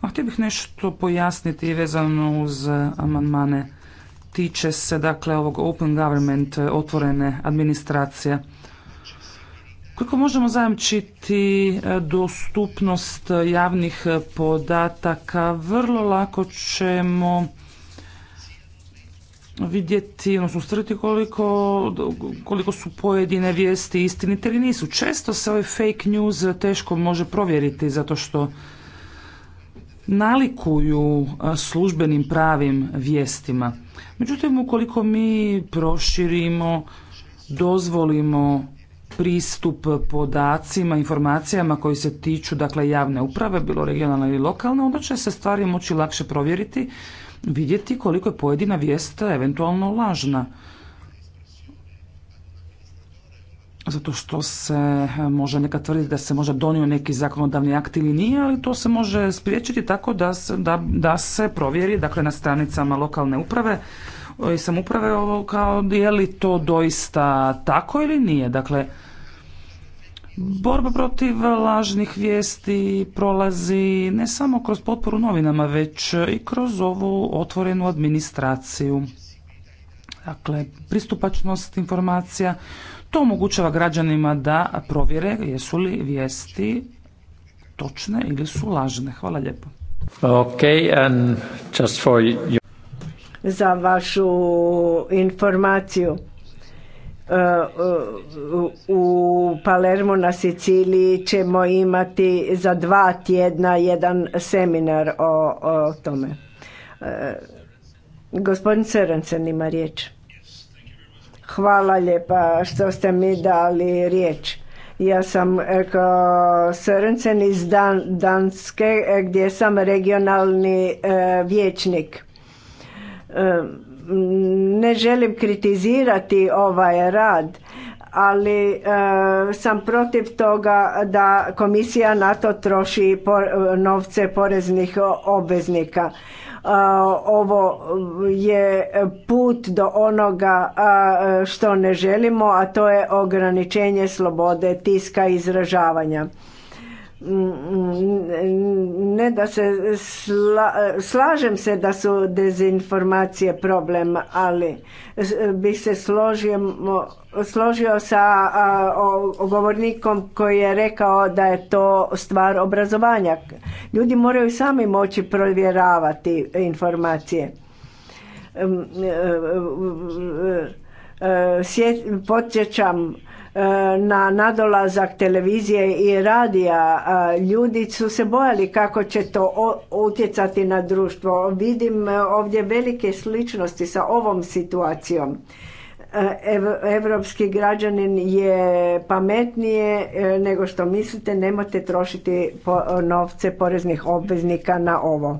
D: A htio bih nešto pojasniti vezano uz amandmane tiče se dakle ovog open government, e, otvorene administracije. Koliko možemo zajamčiti e, dostupnost javnih podataka, vrlo lako ćemo vidjeti, odnosno ustvrditi koliko, koliko su pojedine vijesti istinite ili nisu. Često se ovaj fake news teško može provjeriti zato što nalikuju e, službenim pravim vijestima. Međutim, ukoliko mi proširimo, dozvolimo pristup podacima, informacijama koji se tiču dakle javne uprave, bilo regionalne ili lokalne, onda će se stvari moći lakše provjeriti, vidjeti koliko je pojedina vijest eventualno lažna. zato što se e, može neka tvrditi da se možda donio neki zakonodavni akt ili nije, ali to se može spriječiti tako da se, da, da se provjeri dakle, na stranicama lokalne uprave i samuprave ovo kao je li to doista tako ili nije. Dakle, Borba protiv lažnih vijesti prolazi ne samo kroz potporu novinama, već i kroz ovu otvorenu administraciju. Dakle, pristupačnost informacija, to omogućava građanima da provjere jesu li vijesti točne ili su lažne. Hvala lijepo.
K: Okay, and just for
I: Za vašu informaciju uh, u Palermo na Siciliji ćemo imati za dva tjedna jedan seminar o, tome. Uh, gospodin Serencen ima riječ. Hvala lijepa što ste mi dali riječ. Ja sam e, Sørensen iz Dan Danske e, gdje sam regionalni e, vijećnik. E, ne želim kritizirati ovaj rad, ali sam protiv toga da komisija na to troši novce poreznih obveznika ovo je put do onoga što ne želimo, a to je ograničenje slobode tiska i izražavanja ne da se sla, slažem se da su dezinformacije problem, ali bi se složio, složio sa govornikom koji je rekao da je to stvar obrazovanja. Ljudi moraju sami moći provjeravati informacije. E, e, e, podsjećam E, na nadolazak televizije i radija e, ljudi su se bojali kako će to utjecati na društvo. Vidim e, ovdje velike sličnosti sa ovom situacijom. Evropski građanin je pametnije nego što mislite, nemojte trošiti novce poreznih obveznika na ovo.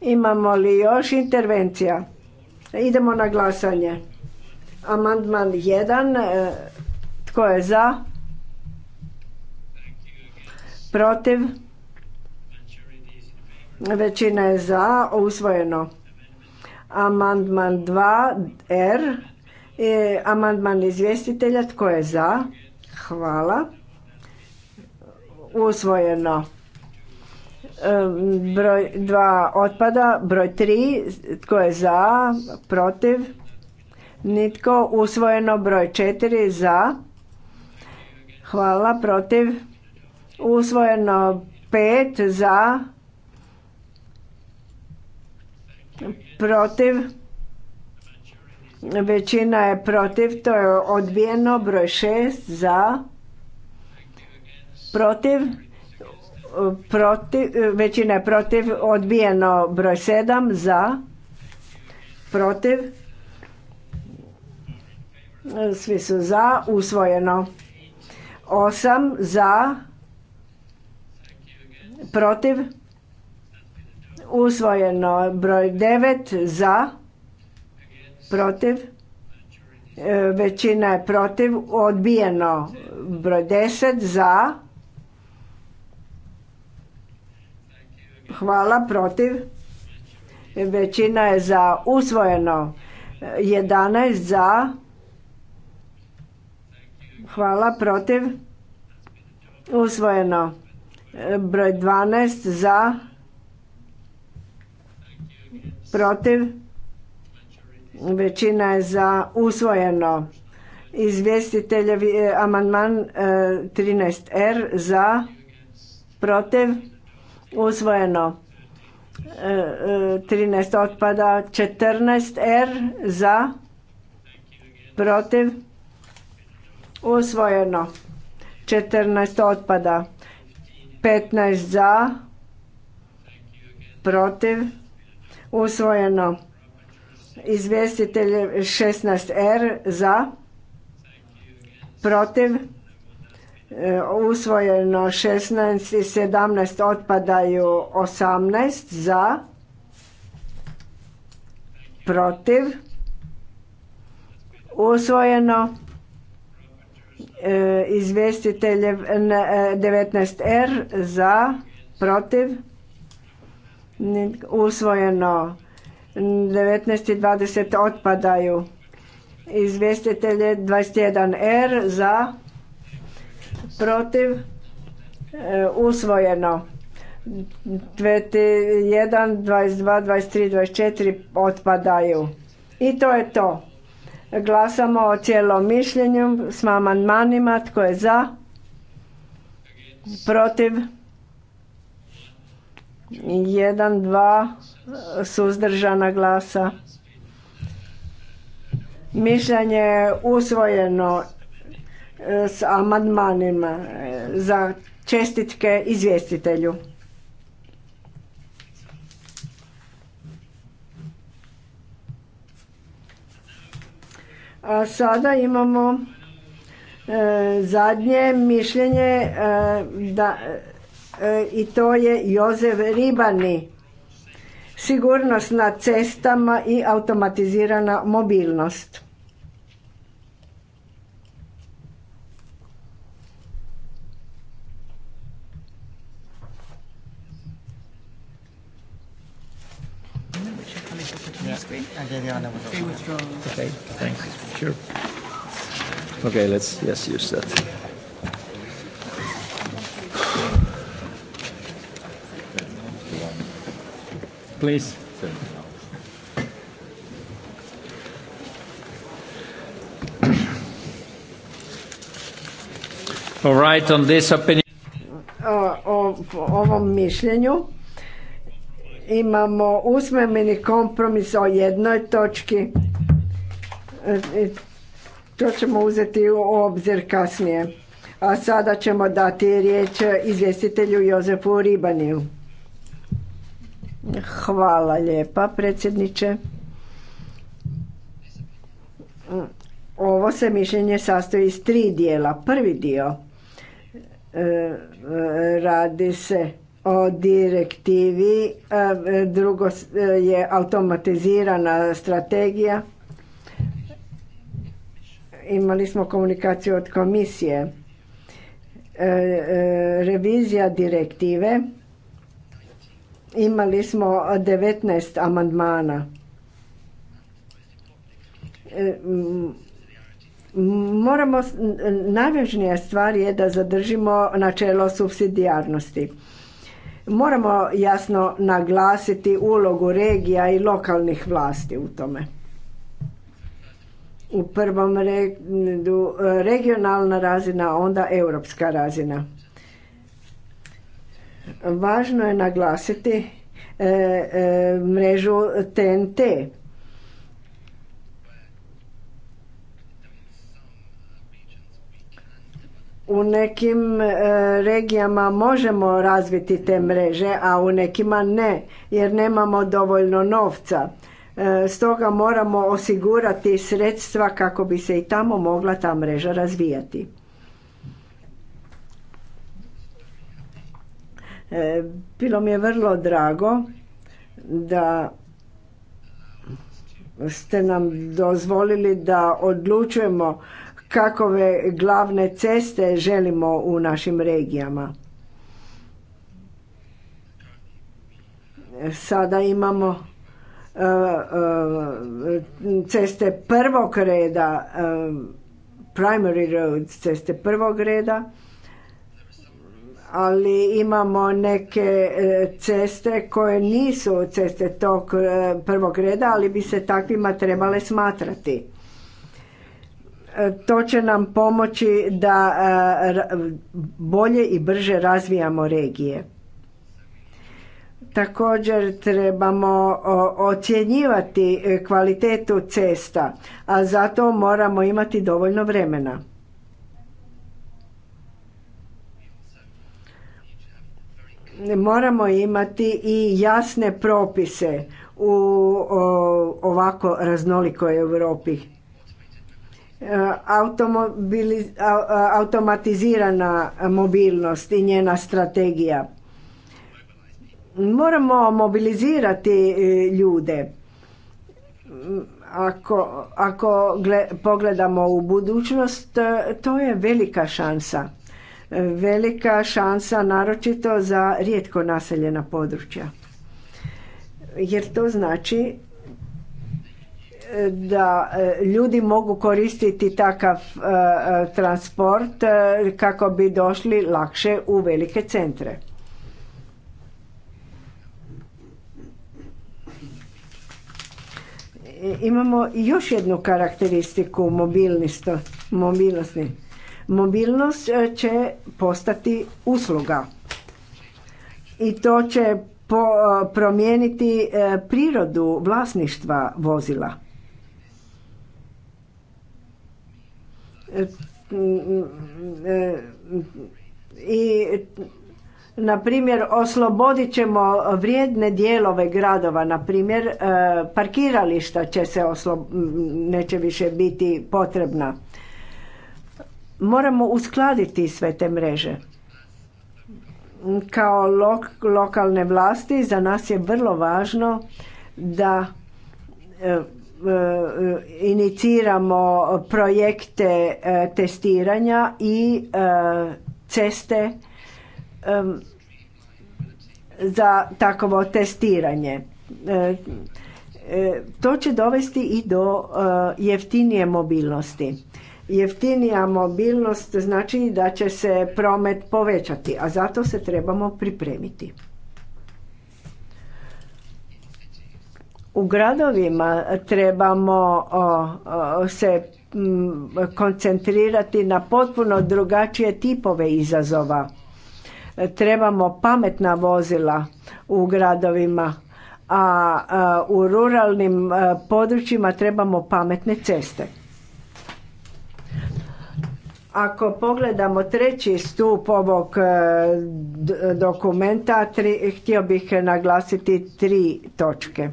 I: Imamo li još intervencija? Idemo na glasanje. Amandman 1. E, tko je za? Protiv? Većina je za. Usvojeno. Amandman 2. R. E, amandman izvjestitelja. Tko je za? Hvala. Usvojeno. E, broj 2 otpada. Broj 3. Tko je za? Protiv? Nitko usvojeno broj 4 za. Hvala protiv. Usvojeno 5 za. Protiv. Većina je protiv, to je odbijeno. Broj 6 za. Protiv. Protiv, većina je protiv, odbijeno broj 7 za, protiv svi su za, usvojeno. Osam za, protiv, usvojeno. Broj devet. za, protiv, e, većina je protiv, odbijeno. Broj deset. za, hvala, protiv, većina je za, usvojeno. Jedanaest. za, Hvala protiv. Usvojeno. Broj 12 za. Protiv. Većina je za usvojeno. Izvjestiteljevi e, amandman 13R e, za. Protiv. Usvojeno. 13 e, otpada. 14R za. Protiv Usvojeno. 14 otpada. 15 za. Protiv. Usvojeno. Izvjestitelj 16R e, za. Protiv. Usvojeno 16 i 17 otpadaju 18 za. Protiv. Usvojeno E, izvestitelje 19R e, er za, protiv, usvojeno 19 i 20 otpadaju. Izvjestitelje 21R er za, protiv, e, usvojeno 21, 22, 23, 24 otpadaju. I to je to. Glasamo o cijelom mišljenju s amandmanima. Tko je za? Protiv? Jedan, dva suzdržana glasa. Mišljenje je usvojeno e, s amandmanima e, za čestitke izvjestitelju. A sada imamo e, zadnje mišljenje e, da, e, i to je Jozef Ribani. Sigurnost na cestama i automatizirana mobilnost.
K: Sure. Okay, let's yes use that. Please. All right, on this opinion.
I: O, o, ovom mišljenju imamo usmeni kompromis o jednoj točki E, to ćemo uzeti u obzir kasnije. A sada ćemo dati riječ izvjestitelju Jozefu Ribaniju. Hvala lijepa predsjedniče. Ovo se mišljenje sastoji iz tri dijela. Prvi dio e, e, radi se o direktivi, drugo je automatizirana strategija imali smo komunikaciju od komisije e, e, revizija direktive imali smo 19 amandmana e, moramo najvažnija stvar je da zadržimo načelo supsidijarnosti moramo jasno naglasiti ulogu regija i lokalnih vlasti u tome u prvom regionalna razina, onda europska razina. Važno je naglasiti e, e mrežu TNT. U nekim e, regijama možemo razviti te mreže, a u nekima ne, jer nemamo dovoljno novca E, stoga moramo osigurati sredstva kako bi se i tamo mogla ta mreža razvijati. E, bilo mi je vrlo drago da ste nam dozvolili da odlučujemo kakove glavne ceste želimo u našim regijama. Sada imamo ceste prvog reda, primary road ceste prvog reda, ali imamo neke e, ceste koje nisu ceste tog e, prvog reda, ali bi se takvima trebale smatrati. E, to će nam pomoći da bolje i brže razvijamo regije. Također trebamo ocjenjivati e, kvalitetu cesta, a to moramo imati dovoljno vremena. Moramo imati i jasne propise u ovako raznolikoj Europi. E, e, automatizirana mobilnost i njena strategija moramo mobilizirati e, ljude ako, ako pogledamo u budućnost e, to je velika šansa e, velika šansa naročito za rijetko naseljena područja jer to znači da ljudi mogu koristiti takav transport kako bi došli lakše u velike centre imamo još jednu karakteristiku mobilnosti. Mobilnost e, će postati usluga i to će e, promijeniti e, prirodu vlasništva vozila. I na primjer oslobodit ćemo vrijedne dijelove gradova na primjer e, parkirališta će se oslo... neće više biti potrebna moramo uskladiti sve te mreže kao lokalne vlasti za nas je vrlo važno da e, e, iniciramo projekte testiranja i ceste za takovo testiranje. E, e, to će dovesti i do e, jeftinije mobilnosti. Jeftinija mobilnost znači da će se promet povećati, a zato se trebamo pripremiti. U gradovima trebamo se koncentrirati na potpuno drugačije tipove izazova Trebamo pametna vozila u gradovima, a u ruralnim područjima trebamo pametne ceste. Ako pogledamo treći stup ovog e, dokumenta, htio bih naglasiti tri točke.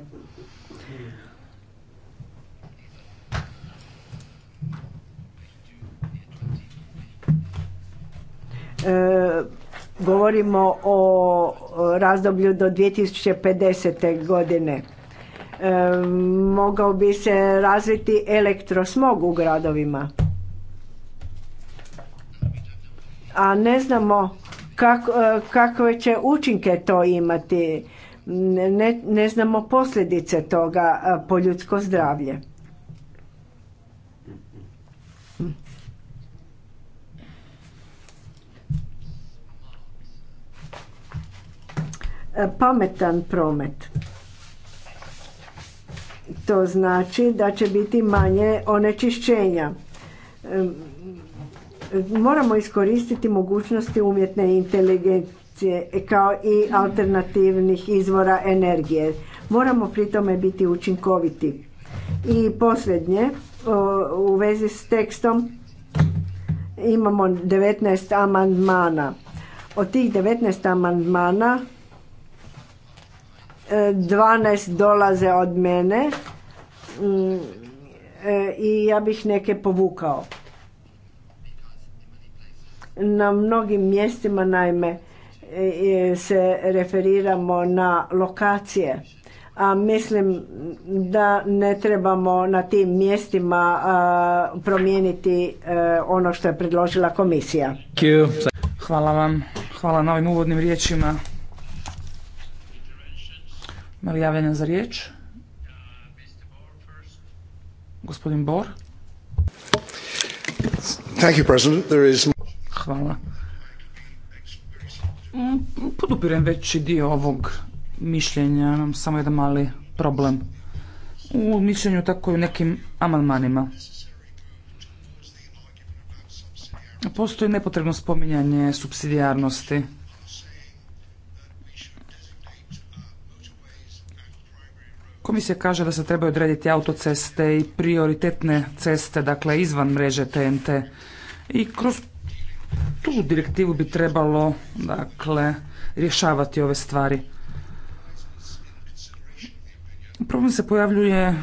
I: E, Govorimo o razdoblju do 2050. godine. E, mogao bi se razviti elektrosmog u gradovima. A ne znamo e, kakve će učinke to imati. Ne, ne znamo posljedice toga e, po ljudsko zdravlje. E, pametan promet. To znači da će biti manje onečišćenja. E, moramo iskoristiti mogućnosti umjetne inteligencije kao i alternativnih izvora energije. Moramo pri tome biti učinkoviti. I posljednje, u vezi s tekstom imamo 19 amandmana. Od tih 19 amandmana 12 dolaze od mene mm, e, i ja bih neke povukao. Na mnogim mjestima naime e, e, se referiramo na lokacije, a mislim da ne trebamo na tim mjestima promijeniti ono što je predložila
D: komisija. Hvala vam. Hvala na ovim uvodnim riječima. Ima li javljanja za riječ? Gospodin Bor. Hvala. Mm, podupirem veći dio ovog mišljenja, imam samo jedan mali problem. U mišljenju tako i u nekim amandmanima. Postoji nepotrebno spominjanje subsidijarnosti. Komisija kaže da se trebaju odrediti autoceste i prioritetne ceste, dakle izvan mreže TNT. I kroz tu direktivu bi trebalo, dakle, rješavati ove stvari. Problem se pojavljuje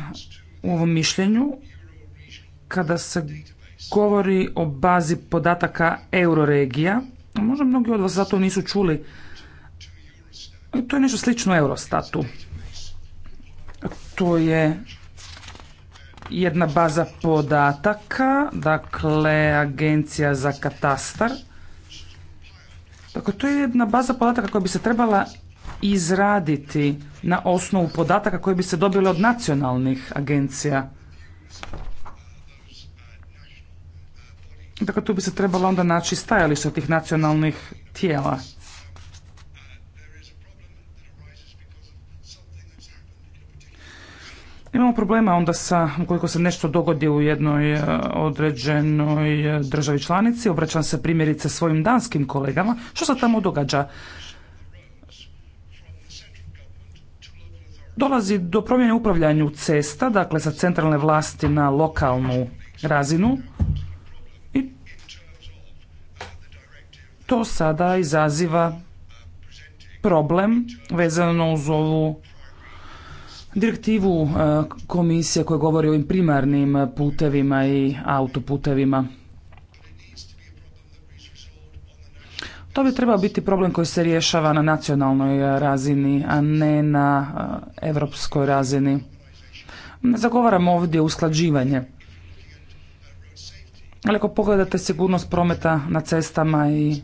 D: u ovom mišljenju kada se govori o bazi podataka euroregija. Možda mnogi od vas zato nisu čuli. To je nešto slično Eurostatu tu je jedna baza podataka, dakle Agencija za katastar. Dakle, to je jedna baza podataka koja bi se trebala izraditi na osnovu podataka koje bi se dobile od nacionalnih agencija. Dakle, tu bi se trebalo onda naći stajališta tih nacionalnih tijela. Imamo problema onda sa, ukoliko se nešto dogodi u jednoj e, određenoj e, državi članici, obraćam se primjerice svojim danskim kolegama, što se tamo događa? Dolazi do promjene upravljanju cesta, dakle sa centralne vlasti na lokalnu razinu i to sada izaziva problem vezano uz ovu direktivu e, komisije koja govori o ovim primarnim putevima i autoputevima. To bi trebao biti problem koji se rješava na nacionalnoj e, razini, a ne na europskoj razini. Ne zagovaram ovdje usklađivanje. Ali ako pogledate sigurnost prometa na cestama i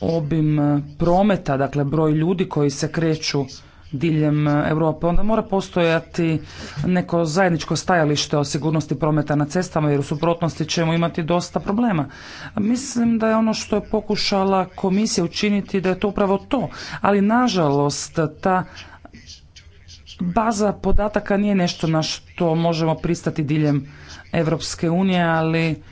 D: obim e, prometa, dakle broj ljudi koji se kreću diljem Europe, onda mora postojati neko zajedničko stajalište o sigurnosti prometa na cestama jer u suprotnosti ćemo imati dosta problema. Mislim da je ono što je pokušala komisija učiniti da je to upravo to, ali nažalost ta baza podataka nije nešto na što možemo pristati diljem Europske unije, ali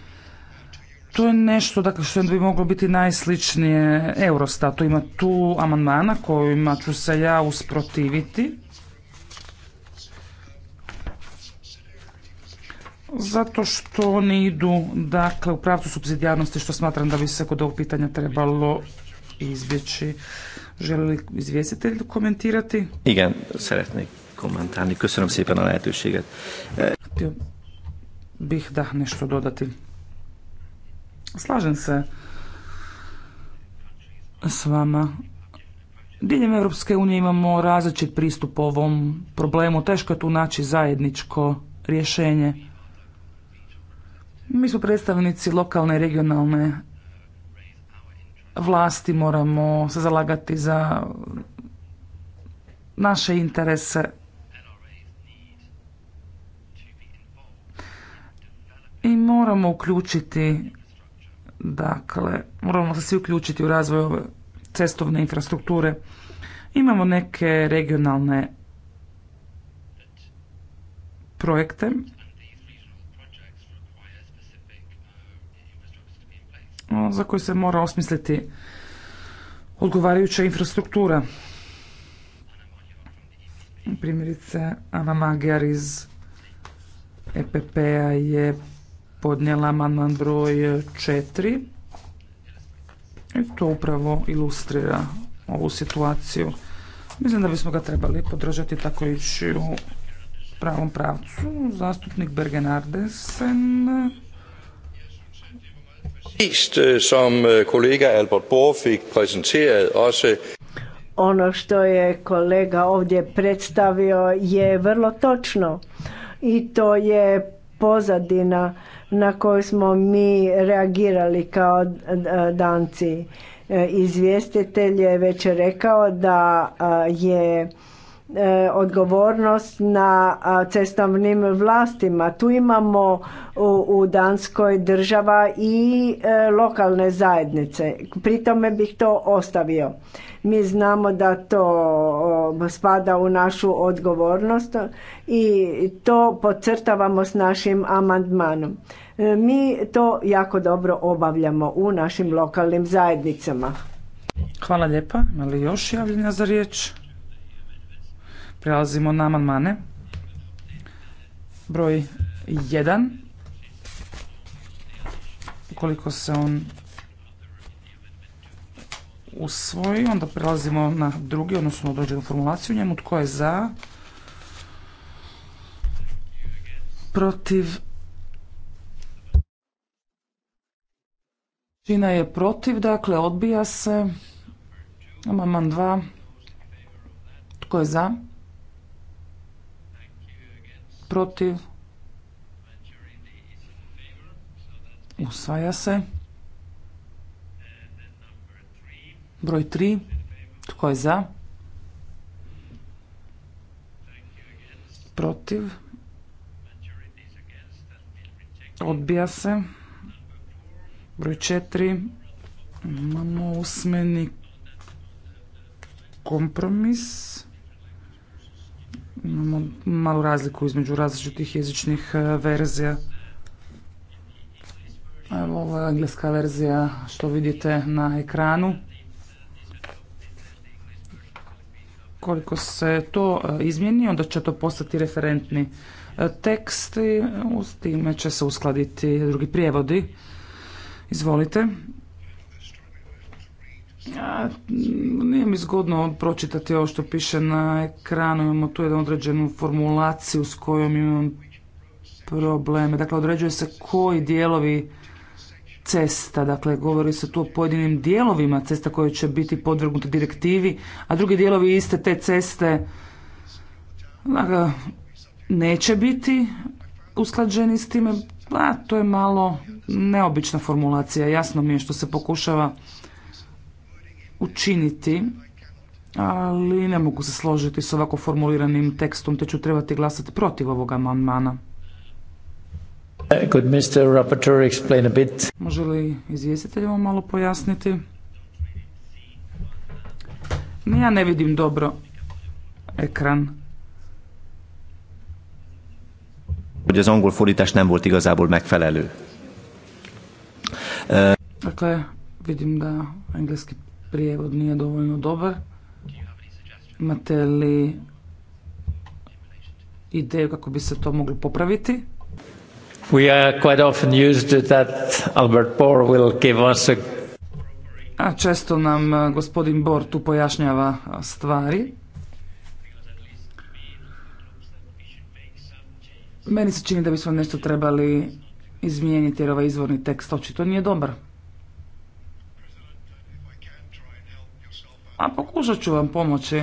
D: to je nešto dakle, što bi moglo biti najsličnije Eurostatu. Ima tu amandmana kojima ću se ja usprotiviti. Zato što oni idu dakle, u pravcu subsidijarnosti što smatram da bi se kod ovog pitanja trebalo izbjeći. Želi li izvjestitelj komentirati?
L: Igen, sretni komentarni. Köszönöm szépen a lehetőséget.
D: Htio bih da nešto dodati. Slažem se s vama. Diljem Europske unije imamo različit pristup ovom problemu. Teško je tu naći zajedničko rješenje. Mi smo predstavnici lokalne i regionalne vlasti, moramo se zalagati za naše interese. I moramo uključiti Dakle, moramo se svi uključiti u razvoj cestovne infrastrukture. Imamo neke regionalne projekte. za koje se mora osmisliti odgovarajuća infrastruktura. Primjerice, Ana Magyar iz EPP-a je podnijela amandman broj 4. I to upravo ilustrira ovu situaciju. Mislim da bismo ga trebali podržati tako ići u pravom pravcu. Zastupnik Bergen øh,
G: Som øh, kolega Albert
D: ono
I: što je kolega ovdje predstavio je vrlo točno i to je pozadina na koju smo mi reagirali kao e, danci. E, izvjestitelj je već rekao da e, je E, odgovornost na cestovnim vlastima. Tu imamo u Danskoj država i e, lokalne zajednice. Pri tome bih to ostavio. Mi znamo da to spada u našu odgovornost i to podcrtavamo s našim amandmanom. E, mi to jako dobro obavljamo u našim lokalnim zajednicama.
D: Hvala lijepa. li još javljenja za riječ? Prelazimo na amandmane. Broj 1. Ukoliko se on usvoji, onda prelazimo na drugi, odnosno određenu formulaciju njemu. Tko je za? Protiv? Čina je protiv, dakle odbija se. Amandman 2. Tko je za? protiv, usvaja se. Broj 3, tko je za, protiv, odbija se. Broj 4, imamo usmeni kompromis. Imamo malu razliku između različitih jezičnih e, verzija. Evo ova engleska verzija što vidite na ekranu. Koliko se to e, izmijeni, onda će to postati referentni e, tekst i s time će se uskladiti drugi prijevodi. Izvolite. A, nije mi zgodno pročitati ovo što piše na ekranu, imamo tu jednu određenu formulaciju s kojom imam probleme. Dakle, određuje se koji dijelovi cesta, dakle govori se tu o pojedinim dijelovima cesta koje će biti podvrgnuti direktivi, a drugi dijelovi iste te ceste neće biti usklađeni s time, pa to je malo neobična formulacija, jasno mi je što se pokušava učiniti, ali ne mogu se složiti s ovako formuliranim tekstom, te ću trebati glasati protiv ovog amandmana.
K: Could Mr. Rapporteur
D: Može li izvjestitelj ovo malo pojasniti? Ne, ja ne vidim dobro ekran.
L: Hogy az nem volt igazából megfelelő.
D: Dakle, vidim da engleski prijevod nije dovoljno dobar. Imate li ideju kako bi se to moglo popraviti? a... a često nam eh, gospodin Bor tu pojašnjava eh, stvari. Meni se čini da bismo nešto trebali izmijeniti jer ovaj izvorni tekst očito nije dobar. A pokušat ću vam pomoći.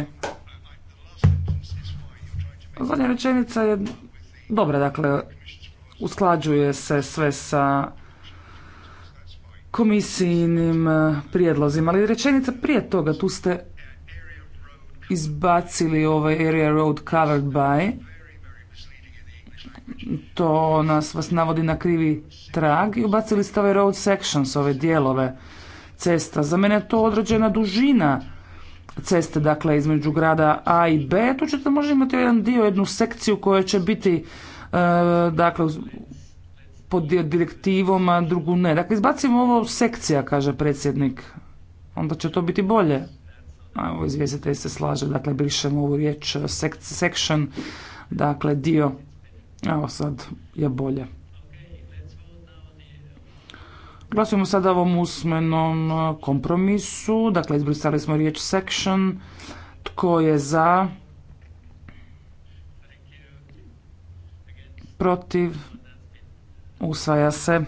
D: Zadnja rečenica je dobra, dakle, usklađuje se sve sa komisijnim e, prijedlozima, ali rečenica prije toga, tu ste izbacili ovaj area road covered by, to nas vas navodi na krivi trag i ubacili ste ove road sections, ove dijelove cesta. Za mene je to određena dužina ceste dakle između grada A i B, tu ćete možda imati jedan dio, jednu sekciju koja će biti e, dakle pod direktivom, a drugu ne. Dakle, izbacimo ovo sekcija, kaže predsjednik. Onda će to biti bolje. A evo, izvjestitelj se slaže, dakle, brišemo ovu riječ e, section, dakle, dio. Evo sad je bolje. Glasujemo sada ovom usmenom e, kompromisu. Dakle, izbrisali smo riječ section. Tko je za? Protiv? Usvaja se.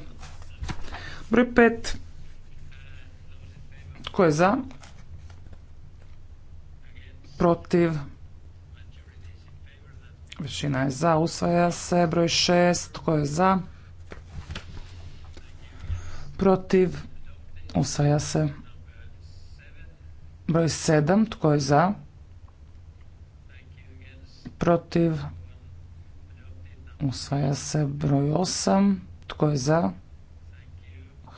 D: Broj pet. Tko je za? Protiv? Većina je za. Usvaja se. Broj šest. Tko je za? protiv, usvaja se. Broj 7, tko je za, protiv, usvaja se. Broj 8, tko je za,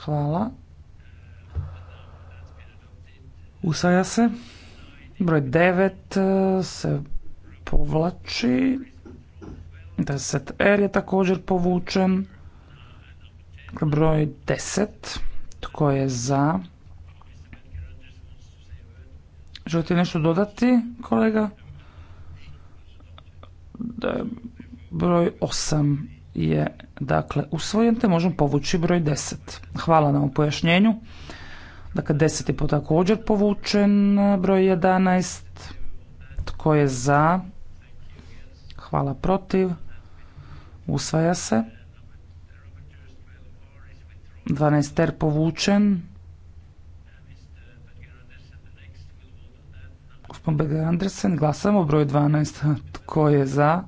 D: hvala, usvaja se. Broj 9 e, se povlači. 10R er je također povučen. Broj 10. Tko je za? Želite nešto dodati, kolega? Da, broj 8 je dakle usvojen, te možemo povući broj 10. Hvala na ovom pojašnjenju. Dakle, 10 je također povučen, broj 11. Tko je za? Hvala protiv. Usvaja se. 12 povučen. Gospodin Beger Andersen, glasamo broj 12. Tko je za?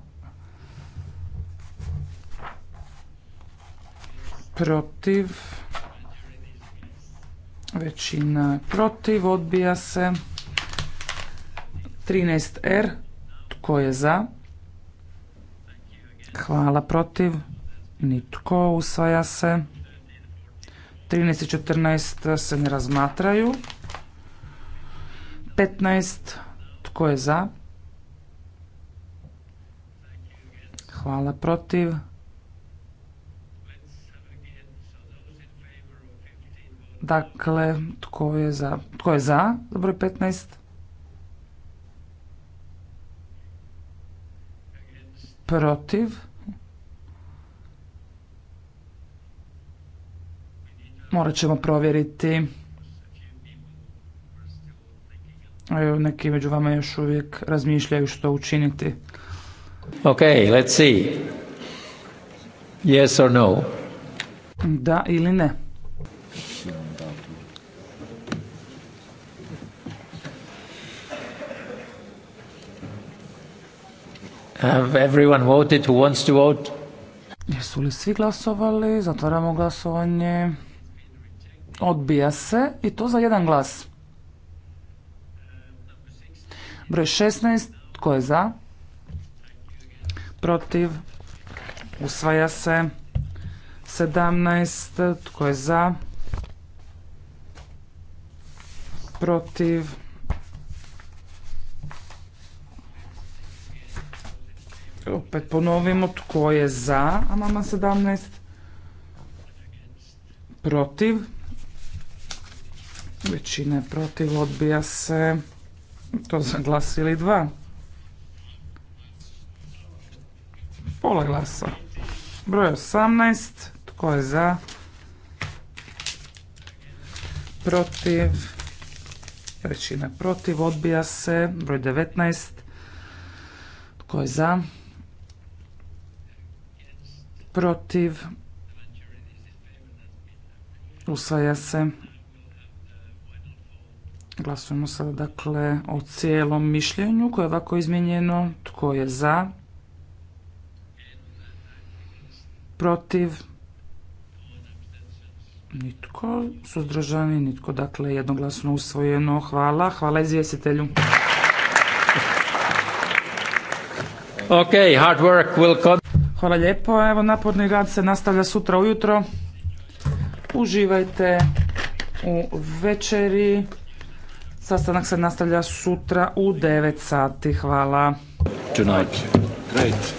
D: Protiv. Većina protiv, odbija se. 13R, tko je za? Hvala protiv. Nitko, usvaja se. 13 i 14 se ne razmatraju. 15 tko je za? Hvala protiv. Dakle, tko je za? Tko je za? Dobro 15. Protiv. Morat ćemo provjeriti. Neki među vama još uvijek razmišljaju što učiniti. Ok, let's see. Yes or no? Da ili ne?
K: Have everyone voted who wants to vote?
D: Jesu li svi glasovali? Zatvaramo glasovanje. Odbija se i to za jedan glas. Broj 16. Tko je za? Protiv. Usvaja se. 17. Tko je za? Protiv. Opet ponovimo tko je za A mama 17. Protiv. Većina protiv, odbija se. To glas glasili dva. Pola glasa. Broj 18. Tko je za? Protiv. Većina protiv, odbija se. Broj 19. Tko je za? Protiv. Usvaja se. Glasujemo sada dakle o cijelom mišljenju koje je ovako izmijenjeno. Tko je za? Protiv? Nitko. Suzdržani? Nitko. Dakle, jednoglasno usvojeno. Hvala. Hvala izvjestitelju. Hvala lijepo. Evo, naporni rad se nastavlja sutra ujutro. Uživajte u večeri. Sastanak se nastavlja sutra u 9 sati. Hvala. Tonight.
M: Great.